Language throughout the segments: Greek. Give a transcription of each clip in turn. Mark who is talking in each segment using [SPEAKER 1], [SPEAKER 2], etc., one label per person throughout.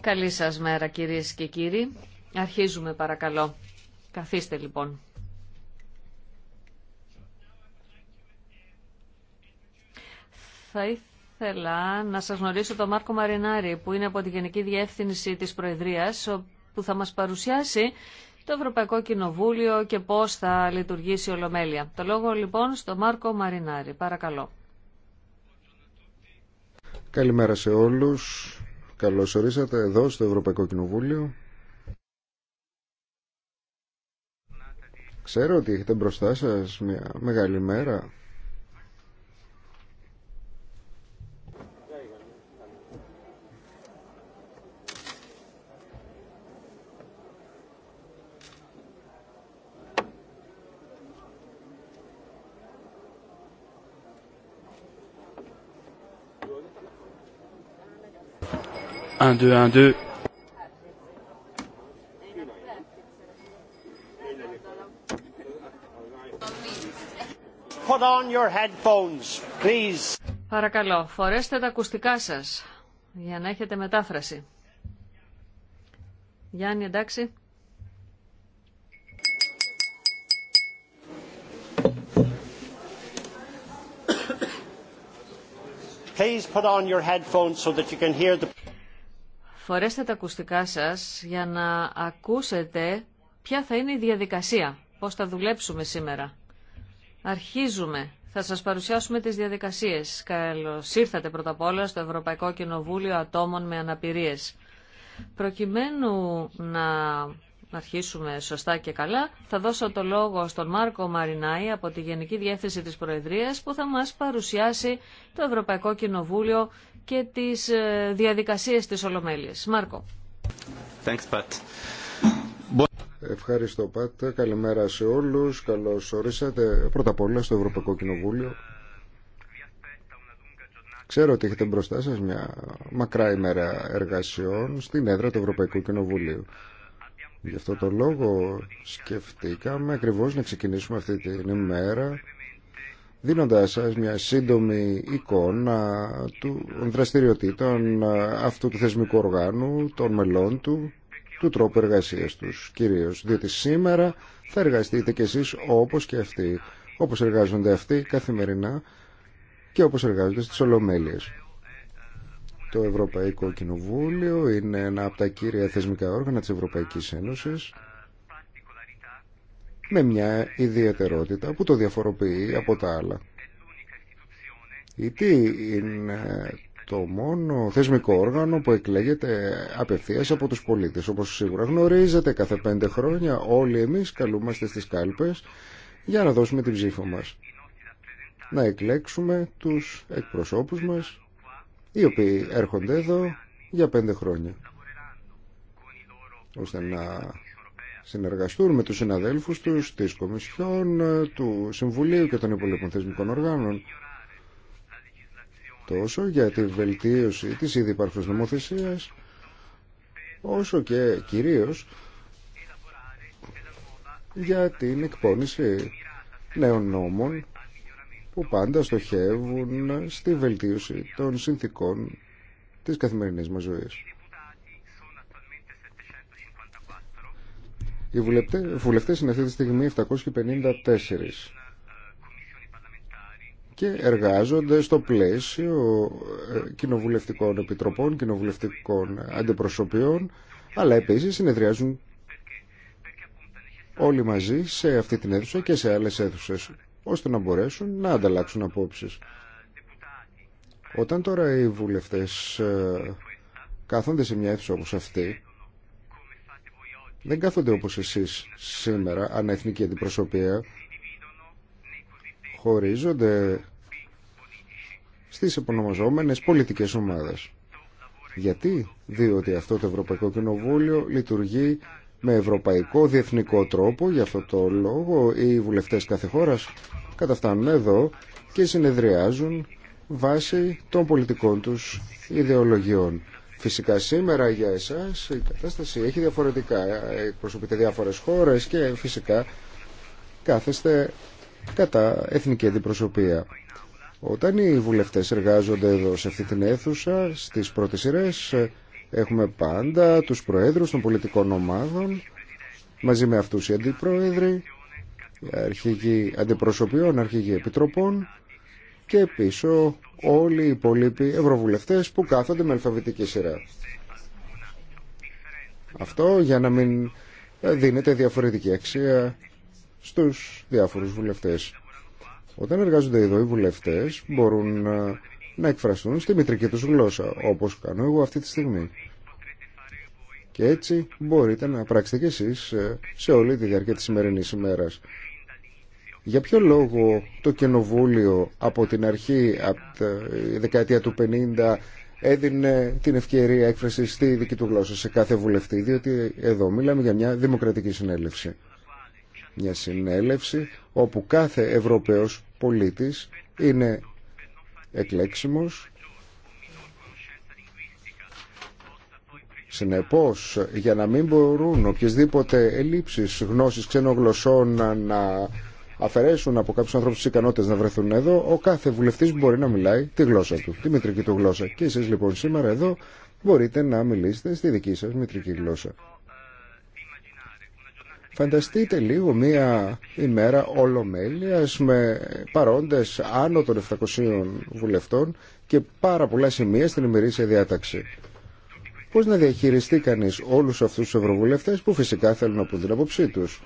[SPEAKER 1] Καλή σας μέρα κυρίες και κύριοι. Αρχίζουμε παρακαλώ. Καθίστε λοιπόν. Θα ήθελα να σας γνωρίσω τον Μάρκο Μαρινάρη που είναι από τη Γενική Διεύθυνση της Προεδρίας που θα μας παρουσιάσει το Ευρωπαϊκό Κοινοβούλιο και πώς θα λειτουργήσει η Ολομέλεια. Το λόγο λοιπόν στο Μάρκο Μαρινάρη. Παρακαλώ.
[SPEAKER 2] Καλημέρα σε όλους. Καλώς ορίσατε εδώ στο Ευρωπαϊκό Κοινοβούλιο. Ξέρω ότι έχετε μπροστά σας μια μεγάλη μέρα
[SPEAKER 3] 1, 2, 1, 2.
[SPEAKER 1] Put on your headphones, please. Παρακαλώ, φορέστε τα ακουστικά σας για να έχετε μετάφραση. Γιάννη, εντάξει.
[SPEAKER 3] Please put on your headphones so that you can hear the
[SPEAKER 1] Φορέστε τα ακουστικά σας για να ακούσετε ποια θα είναι η διαδικασία, πώς θα δουλέψουμε σήμερα. Αρχίζουμε. Θα σας παρουσιάσουμε τις διαδικασίες. Καλώς ήρθατε πρώτα απ' όλα στο Ευρωπαϊκό Κοινοβούλιο Ατόμων με Αναπηρίες. Προκειμένου να αρχίσουμε σωστά και καλά, θα δώσω το λόγο στον Μάρκο Μαρινάη από τη Γενική Διεύθυνση της Προεδρίας που θα μας παρουσιάσει το Ευρωπαϊκό Κοινοβούλιο και τις ε, διαδικασίες της Ολομέλειας. Μάρκο.
[SPEAKER 3] Thanks, Pat.
[SPEAKER 2] Ευχαριστώ Πατ. Καλημέρα σε όλους. Καλώς ορίσατε πρώτα απ' όλα στο Ευρωπαϊκό Κοινοβούλιο. Ξέρω ότι έχετε μπροστά σας μια μακρά ημέρα εργασιών στην έδρα του Ευρωπαϊκού Κοινοβουλίου. Γι' αυτό το λόγο σκεφτήκαμε ακριβώς να ξεκινήσουμε αυτή την ημέρα δίνοντας σας μια σύντομη εικόνα των δραστηριοτήτων αυτού του θεσμικού οργάνου, των μελών του, του τρόπου εργασίας τους κυρίως, διότι σήμερα θα εργαστείτε κι εσείς όπως και αυτοί, όπως εργάζονται αυτοί καθημερινά και όπως εργάζονται στις Ολομέλειες. Το Ευρωπαϊκό Κοινοβούλιο είναι ένα από τα κύρια θεσμικά όργανα της Ευρωπαϊκής Ένωσης με μια ιδιαιτερότητα που το διαφοροποιεί από τα άλλα. Γιατί είναι το μόνο θεσμικό όργανο που εκλέγεται απευθείας από τους πολίτες. Όπως σίγουρα γνωρίζετε, κάθε πέντε χρόνια όλοι εμείς καλούμαστε στις κάλπες για να δώσουμε την ψήφο μας. Να εκλέξουμε τους εκπροσώπους μας, οι οποίοι έρχονται εδώ για πέντε χρόνια, ώστε συνεργαστούν με τους συναδέλφους τους, της Κομισιόν, του Συμβουλίου και των υπολείπων θεσμικών οργάνων τόσο για τη βελτίωση της ήδη υπάρχουσας νομοθεσίας όσο και κυρίως για την εκπόνηση νέων νόμων που πάντα στοχεύουν στη βελτίωση των συνθήκων της καθημερινής μας ζωής. Οι βουλευτές είναι αυτή τη στιγμή 754 και εργάζονται στο πλαίσιο ε, κοινοβουλευτικών επιτροπών, κοινοβουλευτικών αντιπροσωπιών, αλλά επίσης συνεδριάζουν όλοι μαζί σε αυτή την αίθουσα και σε άλλες αίθουσες, ώστε να μπορέσουν να ανταλλάξουν απόψεις. Όταν τώρα οι βουλευτές ε, κάθονται σε μια αίθουσα όπως αυτή, δεν κάθονται όπως εσείς σήμερα, ανεθνική αντιπροσωπεία, χωρίζονται στις επωνομαζόμενες πολιτικές ομάδες. Γιατί, διότι αυτό το Ευρωπαϊκό Κοινοβούλιο λειτουργεί με ευρωπαϊκό διεθνικό τρόπο, για αυτό το λόγο οι βουλευτές κάθε χώρας καταφτάνουν εδώ και συνεδριάζουν βάσει των πολιτικών τους ιδεολογιών. Φυσικά σήμερα για εσάς η κατάσταση έχει διαφορετικά. Ε, εκπροσωπείτε διάφορες χώρες και φυσικά κάθεστε κατά εθνική αντιπροσωπεία. Όταν οι βουλευτές εργάζονται εδώ σε αυτή την αίθουσα, στις πρώτες σειρές, ε, έχουμε πάντα τους προέδρους των πολιτικών ομάδων, μαζί με αυτούς οι αντιπρόεδροι, αρχηγοί αντιπροσωπείων, αρχηγοί επιτροπών και πίσω όλοι οι υπολείποι ευρωβουλευτές που κάθονται με αλφαβητική σειρά. Αυτό για να μην δίνεται διαφορετική αξία στους διάφορους βουλευτές. Όταν εργάζονται εδώ οι βουλευτές μπορούν να εκφραστούν στη μητρική τους γλώσσα, όπως κάνω εγώ αυτή τη στιγμή. Και έτσι μπορείτε να πράξετε κι εσείς σε όλη τη διάρκεια της σημερινής ημέρας. Για ποιο λόγο το κοινοβούλιο από την αρχή, από τη δεκαετία του 50, έδινε την ευκαιρία έκφραση στη δική του γλώσσα σε κάθε βουλευτή, διότι εδώ μιλάμε για μια δημοκρατική συνέλευση. Μια συνέλευση όπου κάθε Ευρωπαίος πολίτης είναι εκλέξιμος Συνεπώς, για να μην μπορούν οποιασδήποτε ελλείψεις γνώσης ξένων γλωσσών να αφαιρέσουν από κάποιου ανθρώπου τι ικανότητε να βρεθούν εδώ, ο κάθε βουλευτή μπορεί να μιλάει τη γλώσσα του, τη μητρική του γλώσσα. Και εσεί λοιπόν σήμερα εδώ μπορείτε να μιλήσετε στη δική σα μητρική γλώσσα. Φανταστείτε λίγο μία ημέρα ολομέλειας με παρόντες άνω των 700 βουλευτών και πάρα πολλά σημεία στην ημερήσια διάταξη. Πώς να διαχειριστεί κανείς όλους αυτούς τους ευρωβουλευτές που φυσικά θέλουν να πούν την απόψή τους.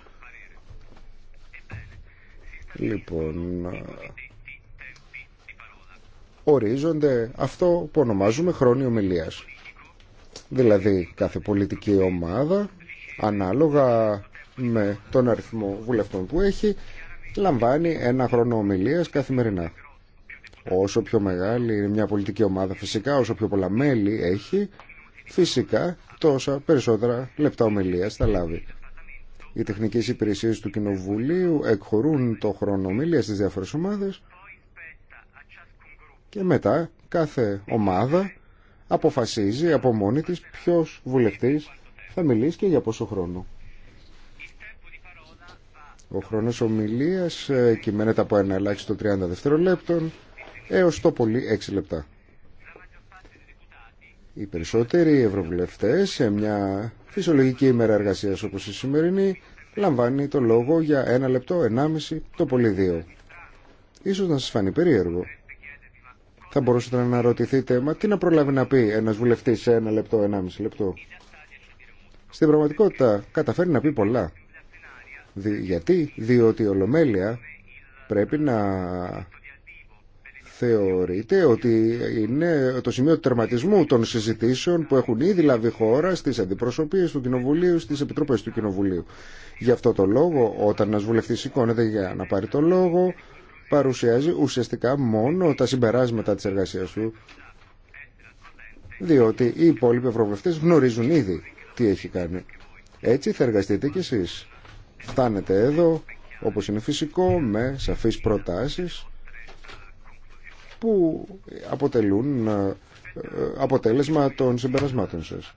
[SPEAKER 2] Λοιπόν, ε, ορίζονται αυτό που ονομάζουμε χρόνοι ομιλίας. Δηλαδή κάθε πολιτική ομάδα ανάλογα με τον αριθμό βουλευτών που έχει λαμβάνει ένα χρόνο ομιλίας καθημερινά. Όσο πιο μεγάλη είναι μια πολιτική ομάδα φυσικά, όσο πιο πολλά μέλη έχει, φυσικά τόσα περισσότερα λεπτά ομιλίας θα λάβει. Οι τεχνικές υπηρεσίες του Κοινοβουλίου εκχωρούν το χρόνο ομιλία στις διάφορες ομάδες και μετά κάθε ομάδα αποφασίζει από μόνη της ποιος βουλευτής θα μιλήσει και για πόσο χρόνο. Ο χρόνος ομιλίας ε, κυμαίνεται από ένα ελάχιστο 30 δευτερολέπτων έως το πολύ 6 λεπτά. Οι περισσότεροι ευρωβουλευτές σε μια φυσιολογική ημέρα εργασία όπω η σημερινή λαμβάνει το λόγο για ένα λεπτό, ενάμιση, το πολύ δύο. Ίσως να σας φανεί περίεργο. Θα μπορούσατε να αναρωτηθείτε, μα τι να προλάβει να πει ένα βουλευτή σε ένα λεπτό, ενάμιση λεπτό. Στην πραγματικότητα καταφέρει να πει πολλά. γιατί, διότι η Ολομέλεια πρέπει να θεωρείτε ότι είναι το σημείο τερματισμού των συζητήσεων που έχουν ήδη λάβει χώρα στις αντιπροσωπείες του Κοινοβουλίου, στις επιτροπές του Κοινοβουλίου. Γι' αυτό το λόγο, όταν ένα βουλευτή σηκώνεται για να πάρει το λόγο, παρουσιάζει ουσιαστικά μόνο τα συμπεράσματα της εργασίας του, διότι οι υπόλοιποι ευρωβουλευτές γνωρίζουν ήδη τι έχει κάνει. Έτσι θα εργαστείτε κι εσείς. Φτάνετε εδώ, όπως είναι φυσικό, με σαφείς προτάσεις που αποτελούν ε, ε, αποτέλεσμα των συμπερασμάτων σας.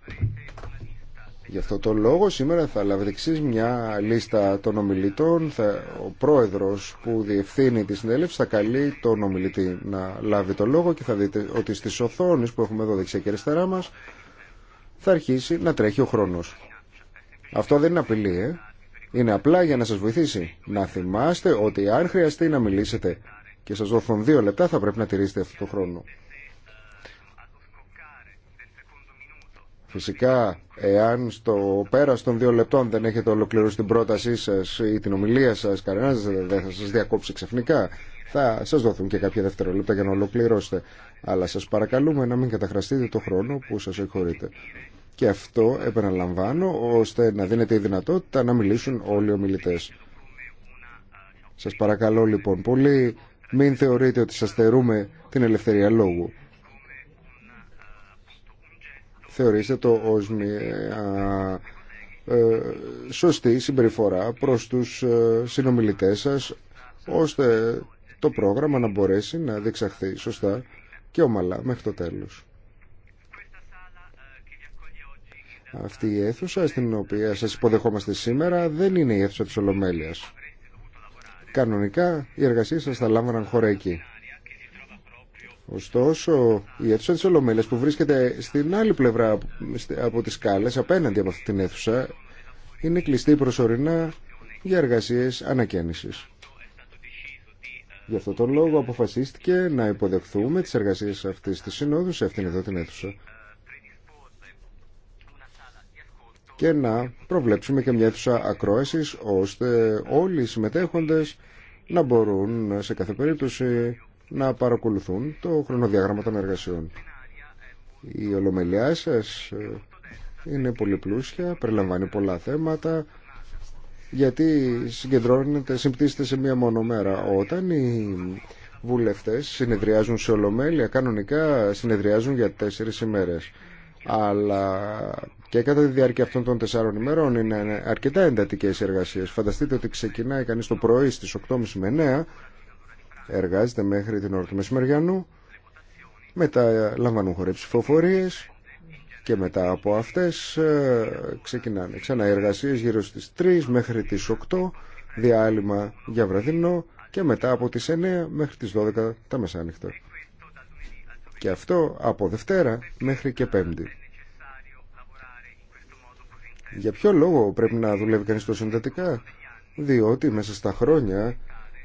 [SPEAKER 2] Γι' αυτό το λόγο σήμερα θα λάβετε μια λίστα των ομιλητών. Θα, ο πρόεδρος που διευθύνει τη συνέλευση θα καλεί τον ομιλητή να λάβει το λόγο και θα δείτε ότι στις οθόνες που έχουμε εδώ δεξιά και αριστερά μας θα αρχίσει να τρέχει ο χρόνος. Αυτό δεν είναι απειλή, ε. Είναι απλά για να σας βοηθήσει. Να θυμάστε ότι αν χρειαστεί να μιλήσετε και σας δόθουν δύο λεπτά θα πρέπει να τηρήσετε αυτό το χρόνο. Φυσικά, εάν στο πέρα των δύο λεπτών δεν έχετε ολοκληρώσει την πρότασή σας ή την ομιλία σας, κανένα δεν θα σας διακόψει ξαφνικά. Θα σας δοθούν και κάποια δευτερόλεπτα για να ολοκληρώσετε. Αλλά σας παρακαλούμε να μην καταχραστείτε το χρόνο που σας εγχωρείτε. Και αυτό επαναλαμβάνω ώστε να δίνετε η δυνατότητα να μιλήσουν όλοι οι ομιλητές. Σας παρακαλώ λοιπόν πολύ μην θεωρείτε ότι σας θερούμε την ελευθερία λόγου. Θεωρήστε το ως μια ε, σωστή συμπεριφορά προς τους ε, συνομιλητές σας ώστε το πρόγραμμα να μπορέσει να διεξαχθεί σωστά και ομαλά μέχρι το τέλος. Αυτή η αίθουσα στην οποία σας υποδεχόμαστε σήμερα δεν είναι η αίθουσα της Ολομέλειας κανονικά οι εργασίες σας θα λάμβαναν χώρα εκεί. Ωστόσο, η αίθουσα της Ολομέλειας που βρίσκεται στην άλλη πλευρά από τις σκάλες, απέναντι από αυτή την αίθουσα, είναι κλειστή προσωρινά για εργασίες ανακαίνησης. Γι' αυτό τον λόγο αποφασίστηκε να υποδεχθούμε τις εργασίες αυτής της Συνόδου σε αυτήν εδώ την αίθουσα. και να προβλέψουμε και μια αίθουσα ακρόασης ώστε όλοι οι συμμετέχοντες να μπορούν σε κάθε περίπτωση να παρακολουθούν το χρονοδιάγραμμα των εργασιών. Η ολομελιά σας ε, είναι πολύ πλούσια, περιλαμβάνει πολλά θέματα γιατί συγκεντρώνεται, συμπτύσσεται σε μία μόνο μέρα. Όταν οι βουλευτές συνεδριάζουν σε ολομέλεια, κανονικά συνεδριάζουν για τέσσερις ημέρες αλλά και κατά τη διάρκεια αυτών των τεσσάρων ημερών είναι αρκετά εντατικέ οι εργασίες. Φανταστείτε ότι ξεκινάει κανείς το πρωί στι 8.30 με 9, εργάζεται μέχρι την ώρα του μεσημεριανού, μετά λαμβάνουν χωρί ψηφοφορίε και μετά από αυτές ε, ξεκινάνε ξανά οι εργασίες γύρω στις 3 μέχρι τις 8, διάλειμμα για βραδινό και μετά από τι 9 μέχρι τι 12 τα μεσάνυχτα. Και αυτό από Δευτέρα μέχρι και Πέμπτη. Για ποιο λόγο πρέπει να δουλεύει κανείς τόσο εντατικά, διότι μέσα στα χρόνια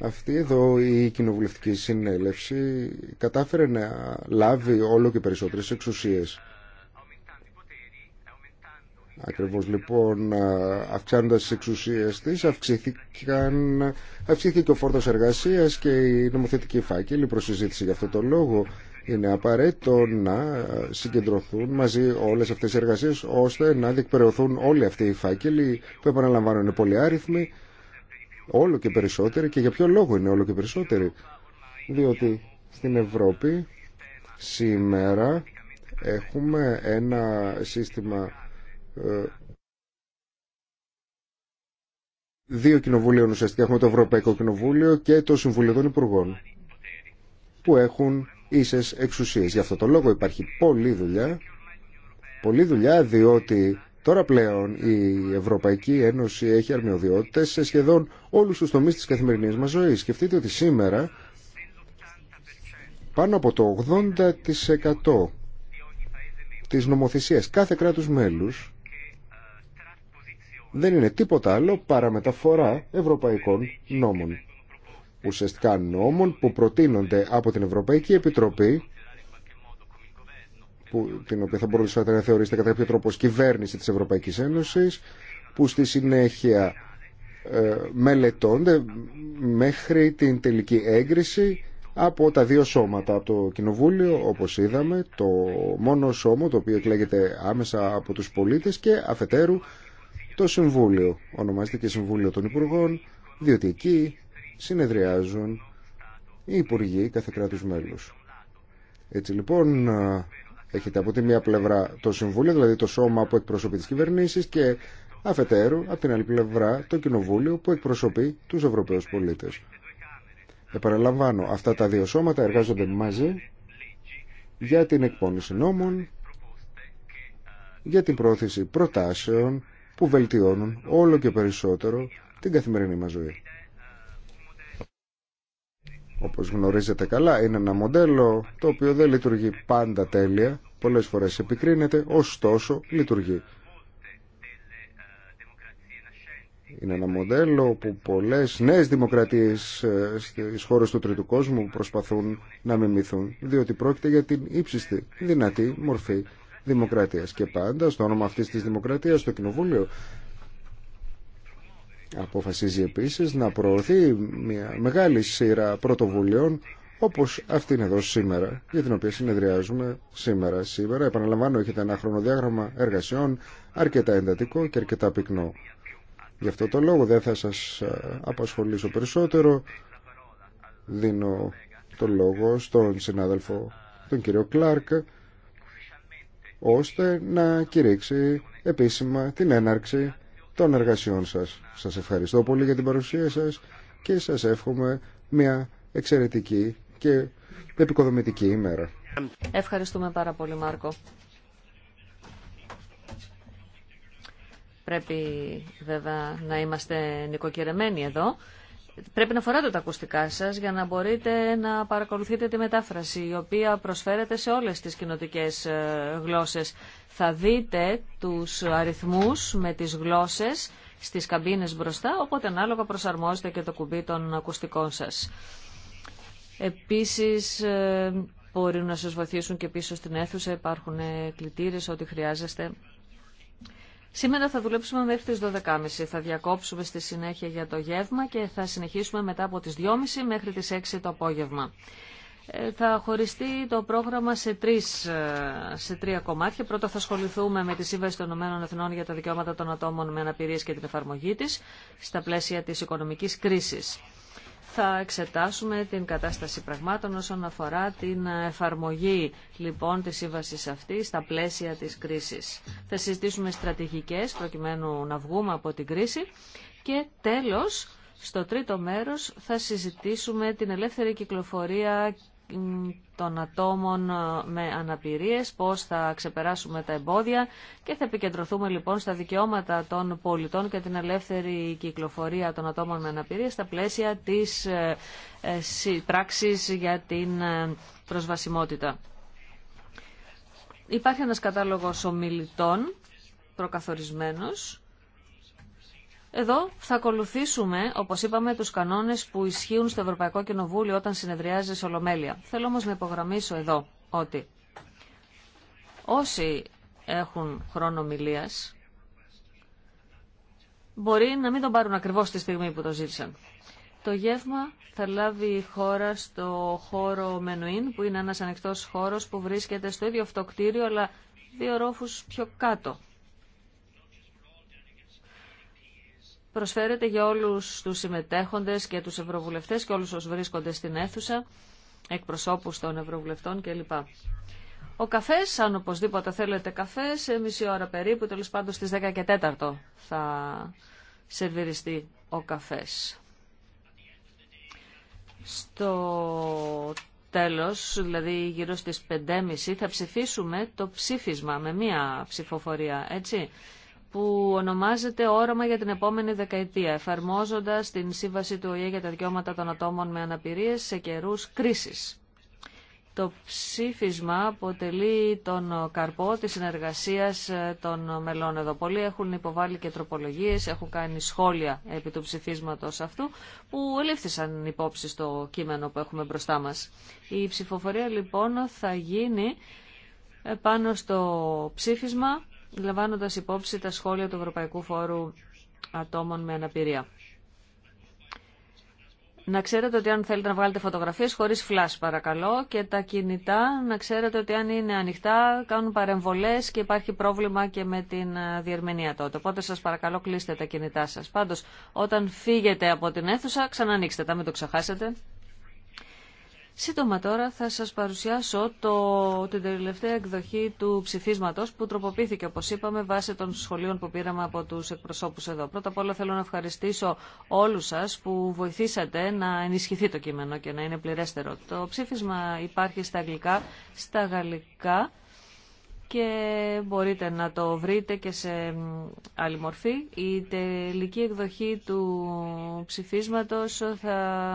[SPEAKER 2] αυτή εδώ η κοινοβουλευτική συνέλευση κατάφερε να λάβει όλο και περισσότερες εξουσίες. Ακριβώς λοιπόν αυξάνοντας τις εξουσίες της αυξήθηκε και ο φόρτος εργασίας και η νομοθετική φάκελη προσυζήτηση για αυτό το λόγο είναι απαραίτητο να συγκεντρωθούν μαζί όλες αυτές οι εργασίες ώστε να διεκπαιρεωθούν όλοι αυτοί οι φάκελοι που επαναλαμβάνουν είναι πολύ άριθμοι, όλο και περισσότεροι και για ποιο λόγο είναι όλο και περισσότεροι. Διότι στην Ευρώπη σήμερα έχουμε ένα σύστημα ε, δύο κοινοβουλίων ουσιαστικά. Έχουμε το Ευρωπαϊκό Κοινοβούλιο και το Συμβουλίο των Υπουργών που έχουν ίσες εξουσίες. Γι' αυτό το λόγο υπάρχει πολλή δουλειά, πολλή δουλειά διότι τώρα πλέον η Ευρωπαϊκή Ένωση έχει αρμιοδιότητες σε σχεδόν όλους τους τομείς της καθημερινής μας ζωής. Σκεφτείτε ότι σήμερα πάνω από το 80% της νομοθεσίας κάθε κράτους μέλους δεν είναι τίποτα άλλο παρά μεταφορά ευρωπαϊκών νόμων ουσιαστικά νόμων που προτείνονται από την Ευρωπαϊκή Επιτροπή που, την οποία θα μπορούσατε να θεωρήσετε κατά κάποιο τρόπο ως κυβέρνηση της Ευρωπαϊκής Ένωσης που στη συνέχεια ε, μελετώνται μέχρι την τελική έγκριση από τα δύο σώματα, από το Κοινοβούλιο, όπως είδαμε, το μόνο σώμα το οποίο εκλέγεται άμεσα από τους πολίτες και αφετέρου το Συμβούλιο. Ονομάζεται και Συμβούλιο των Υπουργών, διότι εκεί συνεδριάζουν οι υπουργοί κάθε κράτους μέλους. Έτσι λοιπόν έχετε από τη μία πλευρά το Συμβούλιο, δηλαδή το σώμα που εκπροσωπεί τις κυβερνήσεις και αφετέρου από την άλλη πλευρά το Κοινοβούλιο που εκπροσωπεί τους Ευρωπαίους πολίτες. Επαναλαμβάνω, αυτά τα δύο σώματα εργάζονται μαζί για την εκπόνηση νόμων, για την πρόθεση προτάσεων που βελτιώνουν όλο και περισσότερο την καθημερινή μας ζωή όπως γνωρίζετε καλά, είναι ένα μοντέλο το οποίο δεν λειτουργεί πάντα τέλεια, πολλές φορές επικρίνεται, ωστόσο λειτουργεί. Είναι ένα μοντέλο που πολλές νέες δημοκρατίες ε, στις χώρες του τρίτου κόσμου προσπαθούν να μιμηθούν, διότι πρόκειται για την ύψιστη, δυνατή μορφή δημοκρατίας. Και πάντα στο όνομα αυτής της δημοκρατίας, στο Κοινοβούλιο, Αποφασίζει επίσης να προωθεί μια μεγάλη σειρά πρωτοβουλειών όπως αυτήν εδώ σήμερα, για την οποία συνεδριάζουμε σήμερα. Σήμερα, επαναλαμβάνω, έχετε ένα χρονοδιάγραμμα εργασιών αρκετά εντατικό και αρκετά πυκνό. Γι' αυτό το λόγο δεν θα σας ε, απασχολήσω περισσότερο. Δίνω το λόγο στον συνάδελφο, τον κύριο Κλάρκ, ώστε να κηρύξει επίσημα την έναρξη των εργασιών σας. Σας ευχαριστώ πολύ για την παρουσία σας και σας εύχομαι μια εξαιρετική και επικοδομητική ημέρα.
[SPEAKER 1] Ευχαριστούμε πάρα πολύ Μάρκο. Πρέπει βέβαια να είμαστε νοικοκυρεμένοι εδώ. Πρέπει να φοράτε τα ακουστικά σας για να μπορείτε να παρακολουθείτε τη μετάφραση η οποία προσφέρεται σε όλες τις κοινοτικές ε, γλώσσες. Θα δείτε τους αριθμούς με τις γλώσσες στις καμπίνες μπροστά, οπότε ανάλογα προσαρμόζετε και το κουμπί των ακουστικών σας. Επίσης, ε, μπορεί να σας βοηθήσουν και πίσω στην αίθουσα, υπάρχουν ε, κλητήρες, ό,τι χρειάζεστε. Σήμερα θα δουλέψουμε μέχρι τις 12.30. Θα διακόψουμε στη συνέχεια για το γεύμα και θα συνεχίσουμε μετά από τις 2.30 μέχρι τις 6 το απόγευμα. Ε, θα χωριστεί το πρόγραμμα σε, τρεις, ε, σε τρία κομμάτια. Πρώτα θα ασχοληθούμε με τη Σύμβαση των Ηνωμένων Εθνών για τα Δικαιώματα των Ατόμων με Αναπηρίες και την εφαρμογή της στα πλαίσια της οικονομικής κρίσης. Θα εξετάσουμε την κατάσταση πραγμάτων όσον αφορά την εφαρμογή λοιπόν της σύμβασης αυτής στα πλαίσια της κρίσης. Θα συζητήσουμε στρατηγικές προκειμένου να βγούμε από την κρίση και τέλος στο τρίτο μέρος θα συζητήσουμε την ελεύθερη κυκλοφορία των ατόμων ε, με αναπηρίες, πώς θα ξεπεράσουμε τα εμπόδια και θα επικεντρωθούμε λοιπόν στα δικαιώματα των πολιτών και την ελεύθερη κυκλοφορία των ατόμων με αναπηρίες στα πλαίσια της ε, ε, πράξης για την προσβασιμότητα. Υπάρχει ένας κατάλογος ομιλητών προκαθορισμένος εδώ θα ακολουθήσουμε, όπως είπαμε, τους κανόνες που ισχύουν στο Ευρωπαϊκό Κοινοβούλιο όταν συνεδριάζει σε Ολομέλεια. Θέλω όμω να υπογραμμίσω εδώ ότι όσοι έχουν χρόνο μιλία μπορεί να μην τον πάρουν ακριβώς τη στιγμή που το ζήτησαν. Το γεύμα θα λάβει η χώρα στο χώρο Μενουίν, που είναι ένας ανοιχτό χώρος που βρίσκεται στο ίδιο αυτοκτήριο, αλλά δύο ρόφους πιο κάτω προσφέρεται για όλους τους συμμετέχοντες και τους ευρωβουλευτές και όλους όσους βρίσκονται στην αίθουσα, εκπροσώπους των ευρωβουλευτών κλπ. Ο καφές, αν οπωσδήποτε θέλετε καφέ, σε μισή ώρα περίπου, τέλο πάντων στις 10 και 4 θα σερβιριστεί ο καφές. Στο τέλος, δηλαδή γύρω στις 5.30 θα ψηφίσουμε το ψήφισμα με μία ψηφοφορία, έτσι που ονομάζεται «Όραμα για την επόμενη δεκαετία», εφαρμόζοντας την Σύμβαση του ΟΗΕ για τα Δικαιώματα των Ατόμων με Αναπηρίες σε καιρούς κρίσης. Το ψήφισμα αποτελεί τον καρπό της συνεργασίας ε, των μελών εδώ. Πολλοί έχουν υποβάλει και τροπολογίες, έχουν κάνει σχόλια επί του ψηφίσματος αυτού που ελήφθησαν υπόψη στο κείμενο που έχουμε μπροστά μας. Η ψηφοφορία λοιπόν θα γίνει ε, πάνω στο ψήφισμα λαμβάνοντας υπόψη τα σχόλια του Ευρωπαϊκού Φόρου Ατόμων με Αναπηρία. Να ξέρετε ότι αν θέλετε να βγάλετε φωτογραφίες χωρίς φλάς παρακαλώ και τα κινητά να ξέρετε ότι αν είναι ανοιχτά κάνουν παρεμβολές και υπάρχει πρόβλημα και με την ε, διερμηνία τότε. Οπότε σας παρακαλώ κλείστε τα κινητά σας. Πάντως όταν φύγετε από την αίθουσα ξανανοίξτε τα, μην το ξεχάσετε. Σύντομα τώρα θα σας παρουσιάσω το, την τελευταία εκδοχή του ψηφίσματος που τροποποιήθηκε όπως είπαμε βάσει των σχολείων που πήραμε από τους εκπροσώπους εδώ. Πρώτα απ' όλα θέλω να ευχαριστήσω όλους σας που βοηθήσατε να ενισχυθεί το κείμενο και να είναι πληρέστερο. Το ψήφισμα υπάρχει στα αγγλικά, στα γαλλικά και μπορείτε να το βρείτε και σε άλλη μορφή. Η τελική εκδοχή του ψηφίσματος θα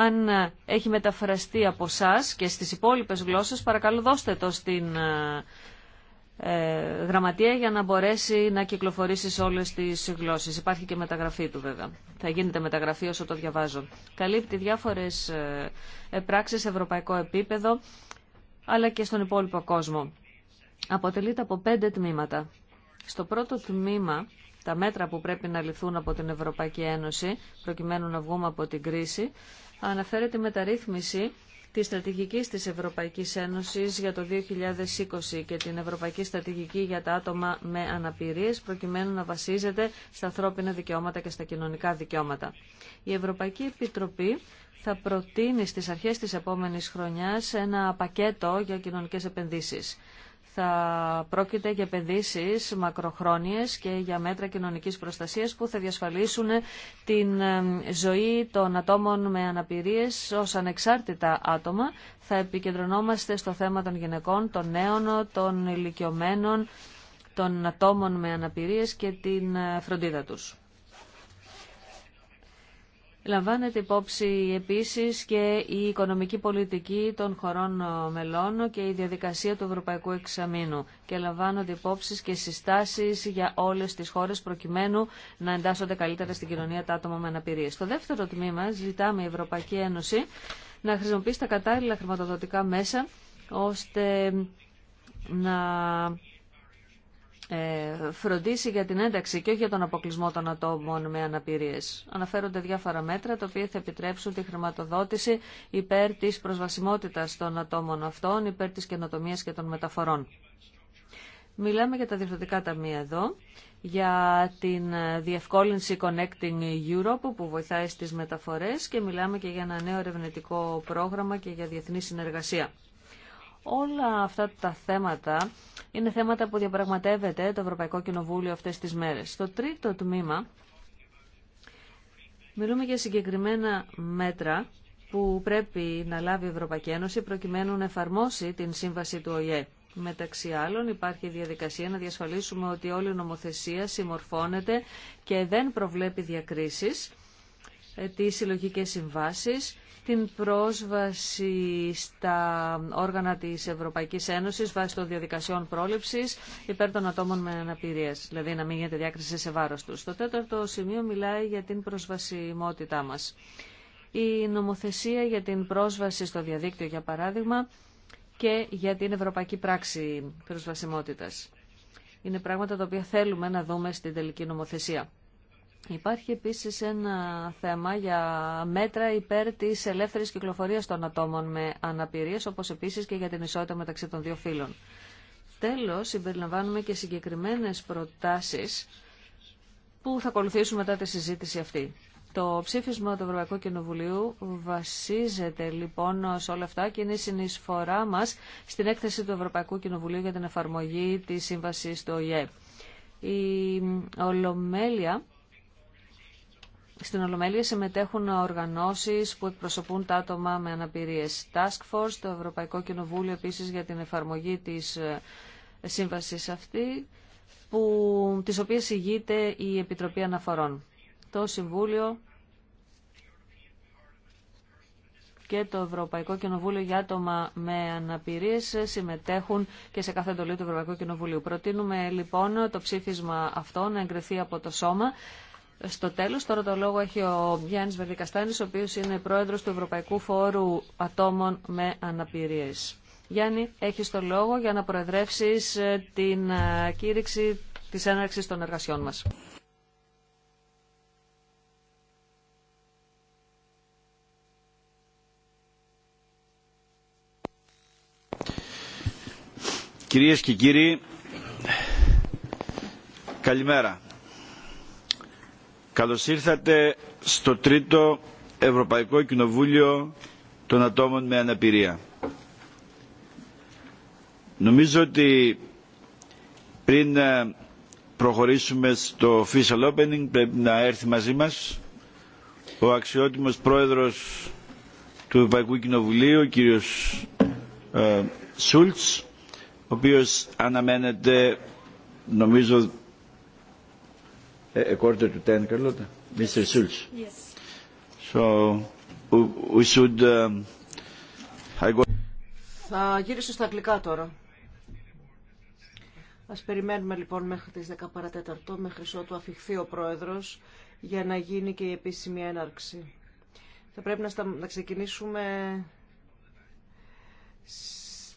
[SPEAKER 1] αν ε, έχει μεταφραστεί από εσά και στις υπόλοιπες γλώσσες, παρακαλώ δώστε το στην ε, ε, γραμματεία για να μπορέσει να κυκλοφορήσει σε όλες τις γλώσσες. Υπάρχει και μεταγραφή του βέβαια. Θα γίνεται μεταγραφή όσο το διαβάζω. Καλύπτει διάφορες ε, πράξεις σε ευρωπαϊκό επίπεδο, αλλά και στον υπόλοιπο κόσμο. Αποτελείται από πέντε τμήματα. Στο πρώτο τμήμα, τα μέτρα που πρέπει να λυθούν από την Ευρωπαϊκή Ένωση, προκειμένου να βγούμε από την κρίση, αναφέρεται η μεταρρύθμιση της στρατηγικής της Ευρωπαϊκής Ένωσης για το 2020 και την Ευρωπαϊκή Στρατηγική για τα άτομα με αναπηρίες προκειμένου να βασίζεται στα ανθρώπινα δικαιώματα και στα κοινωνικά δικαιώματα. Η Ευρωπαϊκή Επιτροπή θα προτείνει στις αρχές της επόμενης χρονιάς ένα πακέτο για κοινωνικές επενδύσεις θα πρόκειται για παιδίσεις μακροχρόνιες και για μέτρα κοινωνική προστασίας που θα διασφαλίσουν την ζωή των ατόμων με αναπηρίες ως ανεξάρτητα άτομα. Θα επικεντρωνόμαστε στο θέμα των γυναικών, των νέων, των ηλικιωμένων, των ατόμων με αναπηρίες και την ε, φροντίδα τους. Λαμβάνεται υπόψη επίσης και η οικονομική πολιτική των χωρών ε, μελών και η διαδικασία του Ευρωπαϊκού Εξαμήνου και λαμβάνονται υπόψη και συστάσεις για όλες τις χώρες προκειμένου να εντάσσονται καλύτερα στην κοινωνία τα άτομα με αναπηρία. Στο δεύτερο τμήμα ζητάμε η Ευρωπαϊκή Ένωση να χρησιμοποιήσει τα κατάλληλα χρηματοδοτικά μέσα ώστε να ε, φροντίσει για την ένταξη και όχι για τον αποκλεισμό των ατόμων με αναπηρίες. Αναφέρονται διάφορα μέτρα τα οποία θα επιτρέψουν τη χρηματοδότηση υπέρ της προσβασιμότητας των ατόμων αυτών, υπέρ της καινοτομίας και των μεταφορών. Μιλάμε για τα διευθυντικά ταμεία εδώ, για την διευκόλυνση Connecting Europe που βοηθάει στις μεταφορές και μιλάμε και για ένα νέο ερευνητικό πρόγραμμα και για διεθνή συνεργασία. Όλα αυτά τα θέματα είναι θέματα που διαπραγματεύεται το Ευρωπαϊκό Κοινοβούλιο αυτές τις μέρες. Στο τρίτο τμήμα μιλούμε για συγκεκριμένα μέτρα που πρέπει να λάβει η Ευρωπαϊκή Ένωση προκειμένου να εφαρμόσει την σύμβαση του ΟΗΕ. Μεταξύ άλλων υπάρχει διαδικασία να διασφαλίσουμε ότι όλη η νομοθεσία συμμορφώνεται και δεν προβλέπει διακρίσεις, ε, τις συλλογικές συμβάσεις την πρόσβαση στα όργανα της Ευρωπαϊκής Ένωσης βάσει των διαδικασιών πρόληψης υπέρ των ατόμων με αναπηρίες, δηλαδή να μην γίνεται διάκριση σε βάρος τους. Το τέταρτο σημείο μιλάει για την προσβασιμότητά μας. Η νομοθεσία για την πρόσβαση στο διαδίκτυο, για παράδειγμα, και για την ευρωπαϊκή πράξη προσβασιμότητας. Είναι πράγματα τα οποία θέλουμε να δούμε στην τελική νομοθεσία. Υπάρχει επίσης ένα θέμα για μέτρα υπέρ της ελεύθερης κυκλοφορίας των ατόμων με αναπηρίες, όπως επίσης και για την ισότητα μεταξύ των δύο φύλων. Τέλος, συμπεριλαμβάνουμε και συγκεκριμένες προτάσεις που θα ακολουθήσουν μετά τη συζήτηση αυτή. Το ψήφισμα του Ευρωπαϊκού Κοινοβουλίου βασίζεται λοιπόν σε όλα αυτά και είναι η συνεισφορά μας στην έκθεση του Ευρωπαϊκού Κοινοβουλίου για την εφαρμογή της σύμβαση του ΟΗΕ. Η Ολομέλεια στην Ολομέλεια συμμετέχουν οργανώσεις που εκπροσωπούν τα άτομα με αναπηρίες. Task Force, το Ευρωπαϊκό Κοινοβούλιο επίσης για την εφαρμογή της ε, σύμβασης αυτή, που, της οποίας ηγείται η Επιτροπή Αναφορών. Το Συμβούλιο και το Ευρωπαϊκό Κοινοβούλιο για άτομα με αναπηρίες ε, συμμετέχουν και σε κάθε εντολή του Ευρωπαϊκού Κοινοβουλίου. Προτείνουμε λοιπόν το ψήφισμα αυτό να εγκριθεί από το Σώμα στο τέλος. Τώρα το λόγο έχει ο Γιάννης Βερδικαστάνης, ο οποίος είναι πρόεδρος του Ευρωπαϊκού Φόρου Ατόμων με Αναπηρίες. Γιάννη, έχεις το λόγο για να προεδρεύσεις ε, την ε, κήρυξη της έναρξης των εργασιών μας.
[SPEAKER 3] Κυρίες και κύριοι, καλημέρα. Καλώς ήρθατε στο τρίτο Ευρωπαϊκό Κοινοβούλιο των Ατόμων με Αναπηρία. Νομίζω ότι πριν ε, προχωρήσουμε στο official opening πρέπει να έρθει μαζί μας ο αξιότιμος πρόεδρος του Ευρωπαϊκού Κοινοβουλίου, ο κύριος ε, Σούλτς, ο οποίος αναμένεται νομίζω θα
[SPEAKER 4] γυρίσω στα αγγλικά τώρα. Ας περιμένουμε λοιπόν μέχρι τις 10 παρατέταρτο, μέχρι ότου αφηχθεί ο Πρόεδρος, για να γίνει και η επίσημη έναρξη. Θα πρέπει να, να ξεκινήσουμε...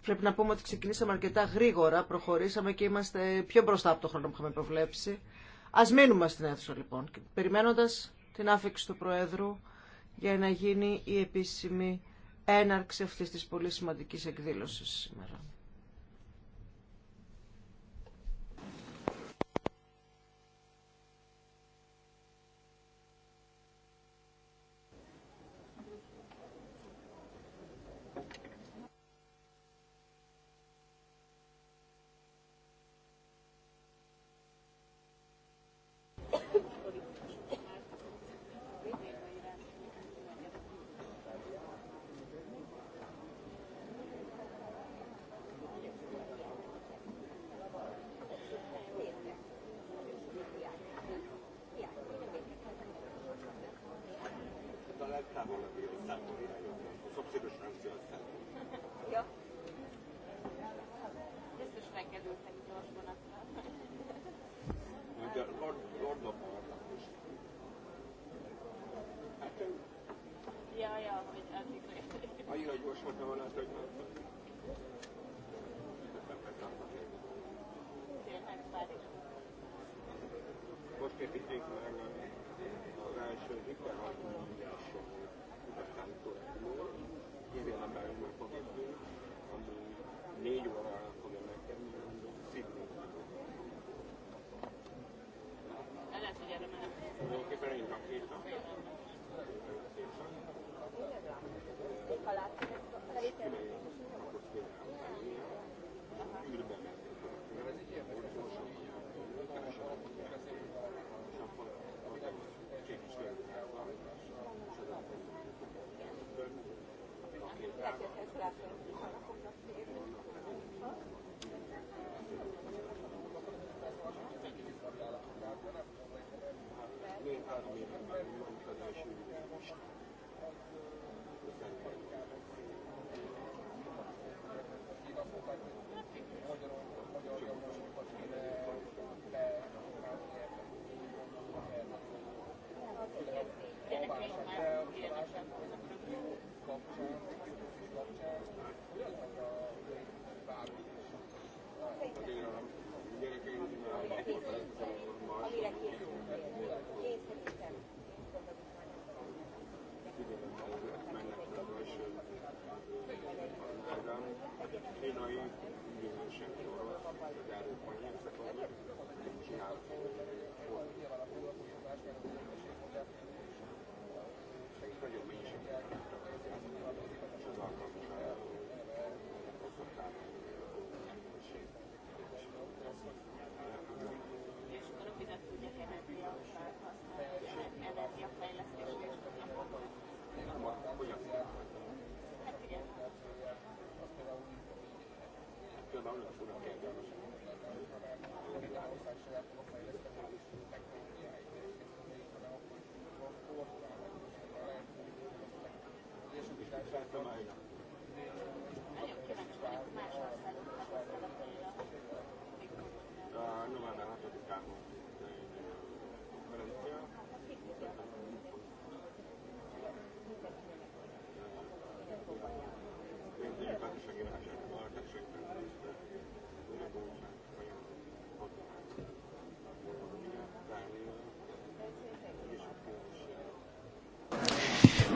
[SPEAKER 4] Πρέπει να πούμε ότι ξεκινήσαμε αρκετά γρήγορα, προχωρήσαμε και είμαστε πιο μπροστά από το χρόνο που είχαμε προβλέψει. Ας μείνουμε στην αίθουσα λοιπόν, περιμένοντας την άφηξη του Προέδρου για να γίνει η επίσημη έναρξη αυτής της πολύ σημαντικής εκδήλωσης σήμερα.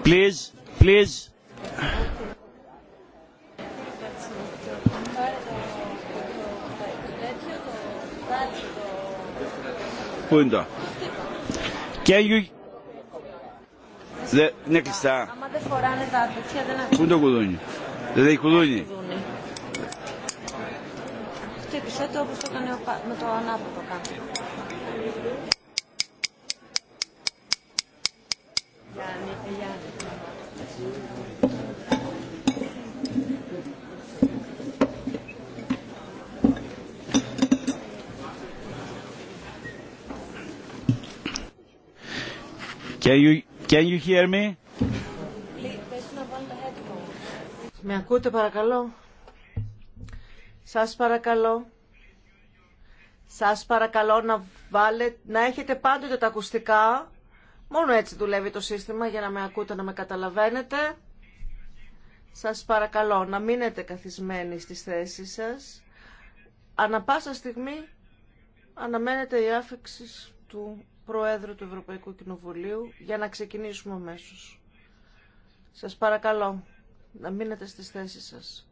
[SPEAKER 3] Please, please. Πού είναι το. Ναι, κλειστά. Πού είναι το κουδούνι. Δεν κουδούνι.
[SPEAKER 1] Χτύπησε το όπως το έκανε με το ανάποδο κάτω.
[SPEAKER 3] Can you, can you hear me?
[SPEAKER 4] Με ακούτε παρακαλώ. Σας παρακαλώ. Σας παρακαλώ να, βάλε, να έχετε πάντοτε τα ακουστικά. Μόνο έτσι δουλεύει το σύστημα για να με ακούτε, να με καταλαβαίνετε. Σας παρακαλώ να μείνετε καθισμένοι στις θέσεις σας. Ανα πάσα στιγμή αναμένεται η άφηξη του Προέδρου του Ευρωπαϊκού Κοινοβουλίου για να ξεκινήσουμε αμέσω. Σας παρακαλώ να μείνετε στις θέσεις σας.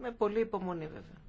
[SPEAKER 4] Με πολύ υπομονή βέβαια.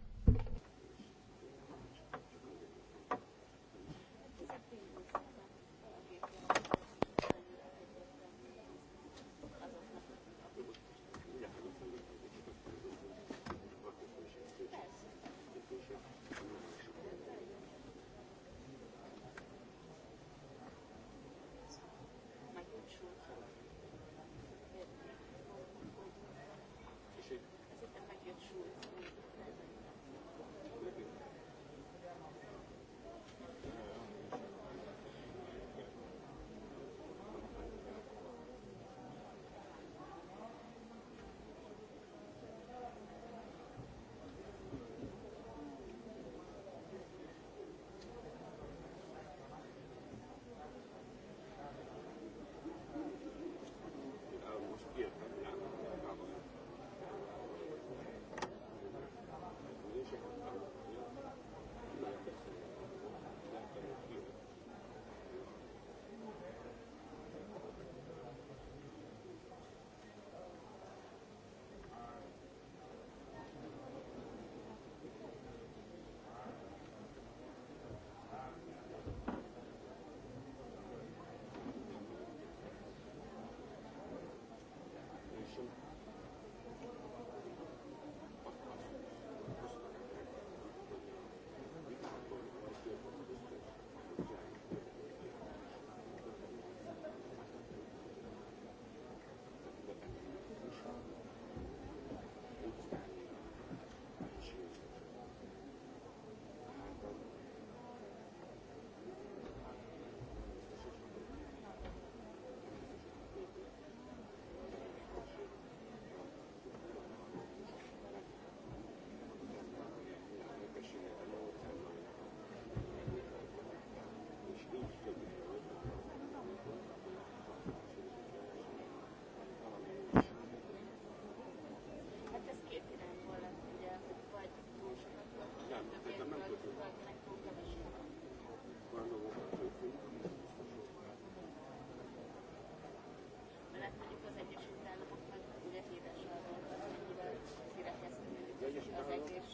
[SPEAKER 5] δεν έχει κανένα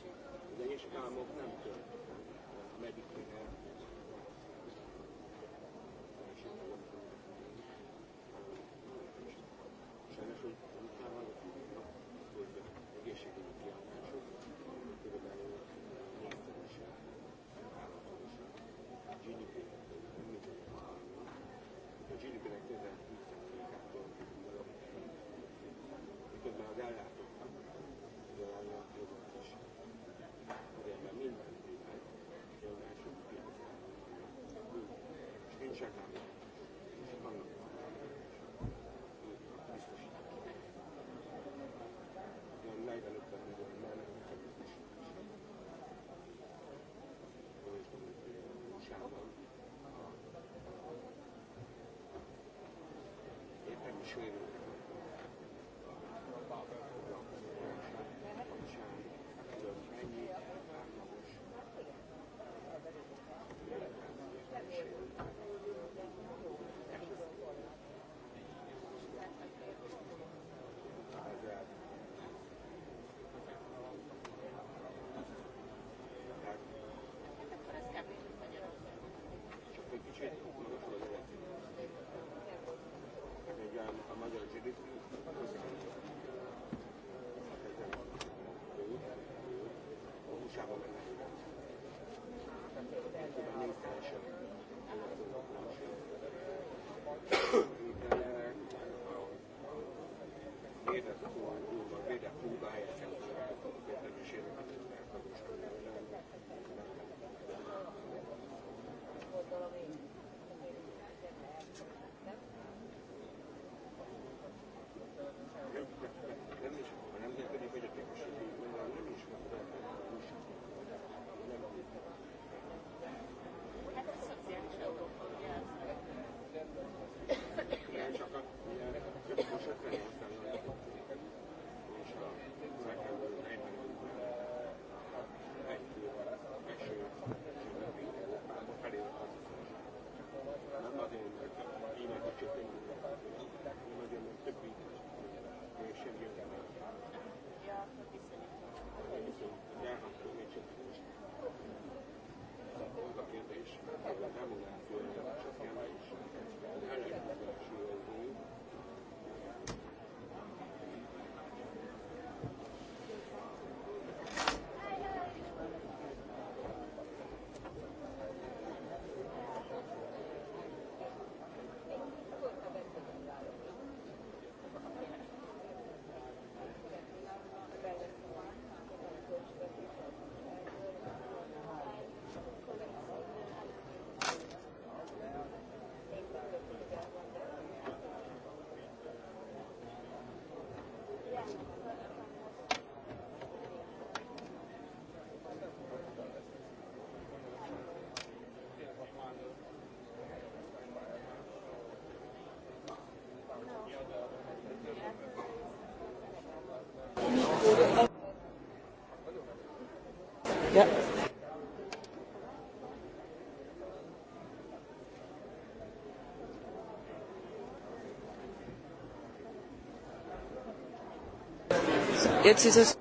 [SPEAKER 5] δεν έχει κανένα δεν έχει με δεν έχει you. Thank you.
[SPEAKER 4] Jetzt ist es.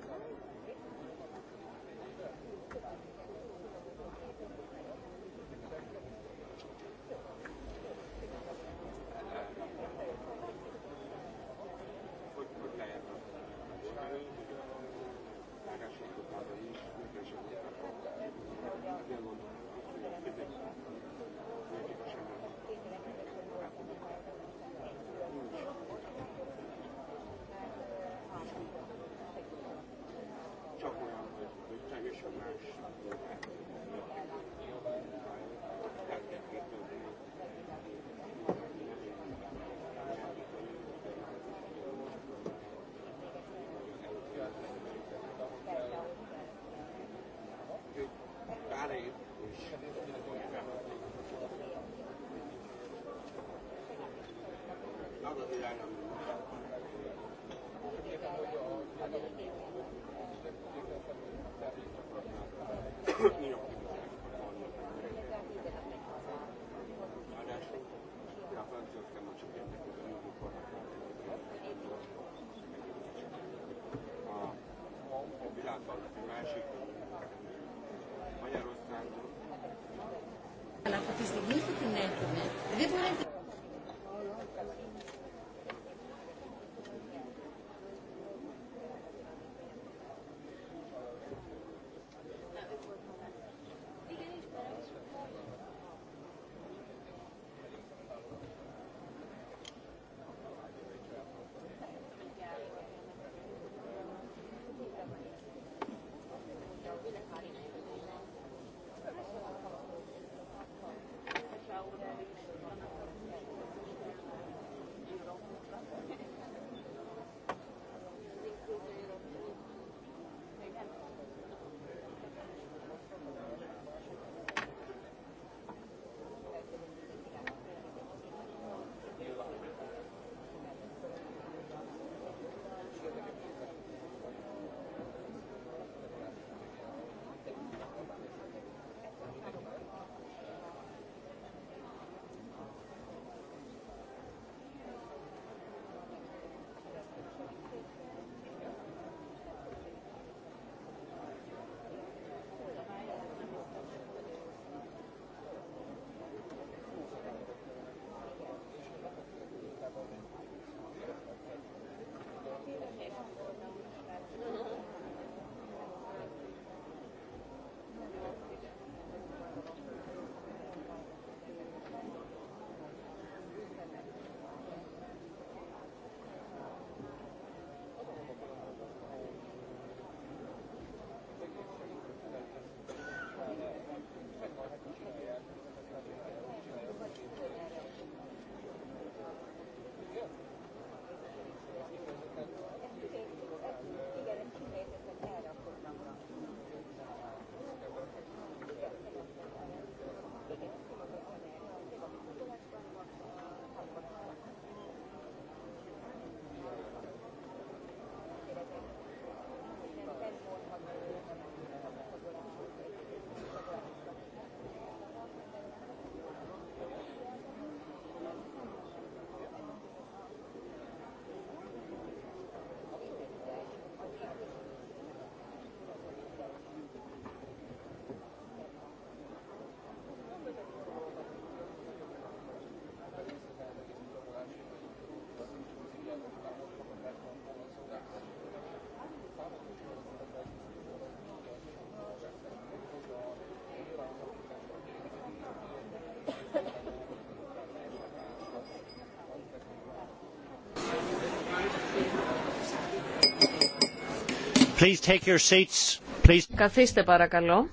[SPEAKER 1] Please take your seats. Please. Καθίστε παρακαλώ.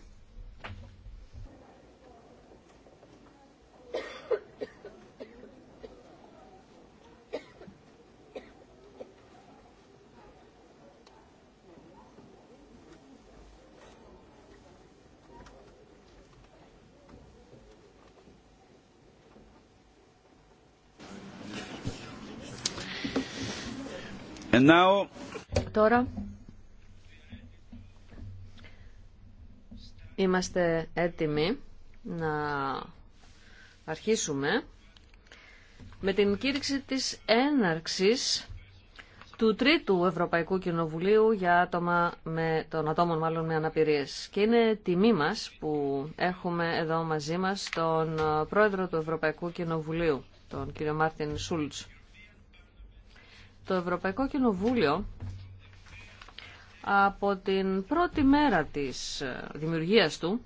[SPEAKER 1] And now... Τώρα Είμαστε έτοιμοι να αρχίσουμε με την κήρυξη της έναρξης του Τρίτου Ευρωπαϊκού Κοινοβουλίου για άτομα με, των ατόμων μάλλον με αναπηρίες. Και είναι τιμή μας που έχουμε εδώ μαζί μας τον Πρόεδρο του Ευρωπαϊκού Κοινοβουλίου, τον κύριο Μάρτιν Σούλτς. Το Ευρωπαϊκό Κοινοβούλιο από την πρώτη μέρα της ε, δημιουργίας του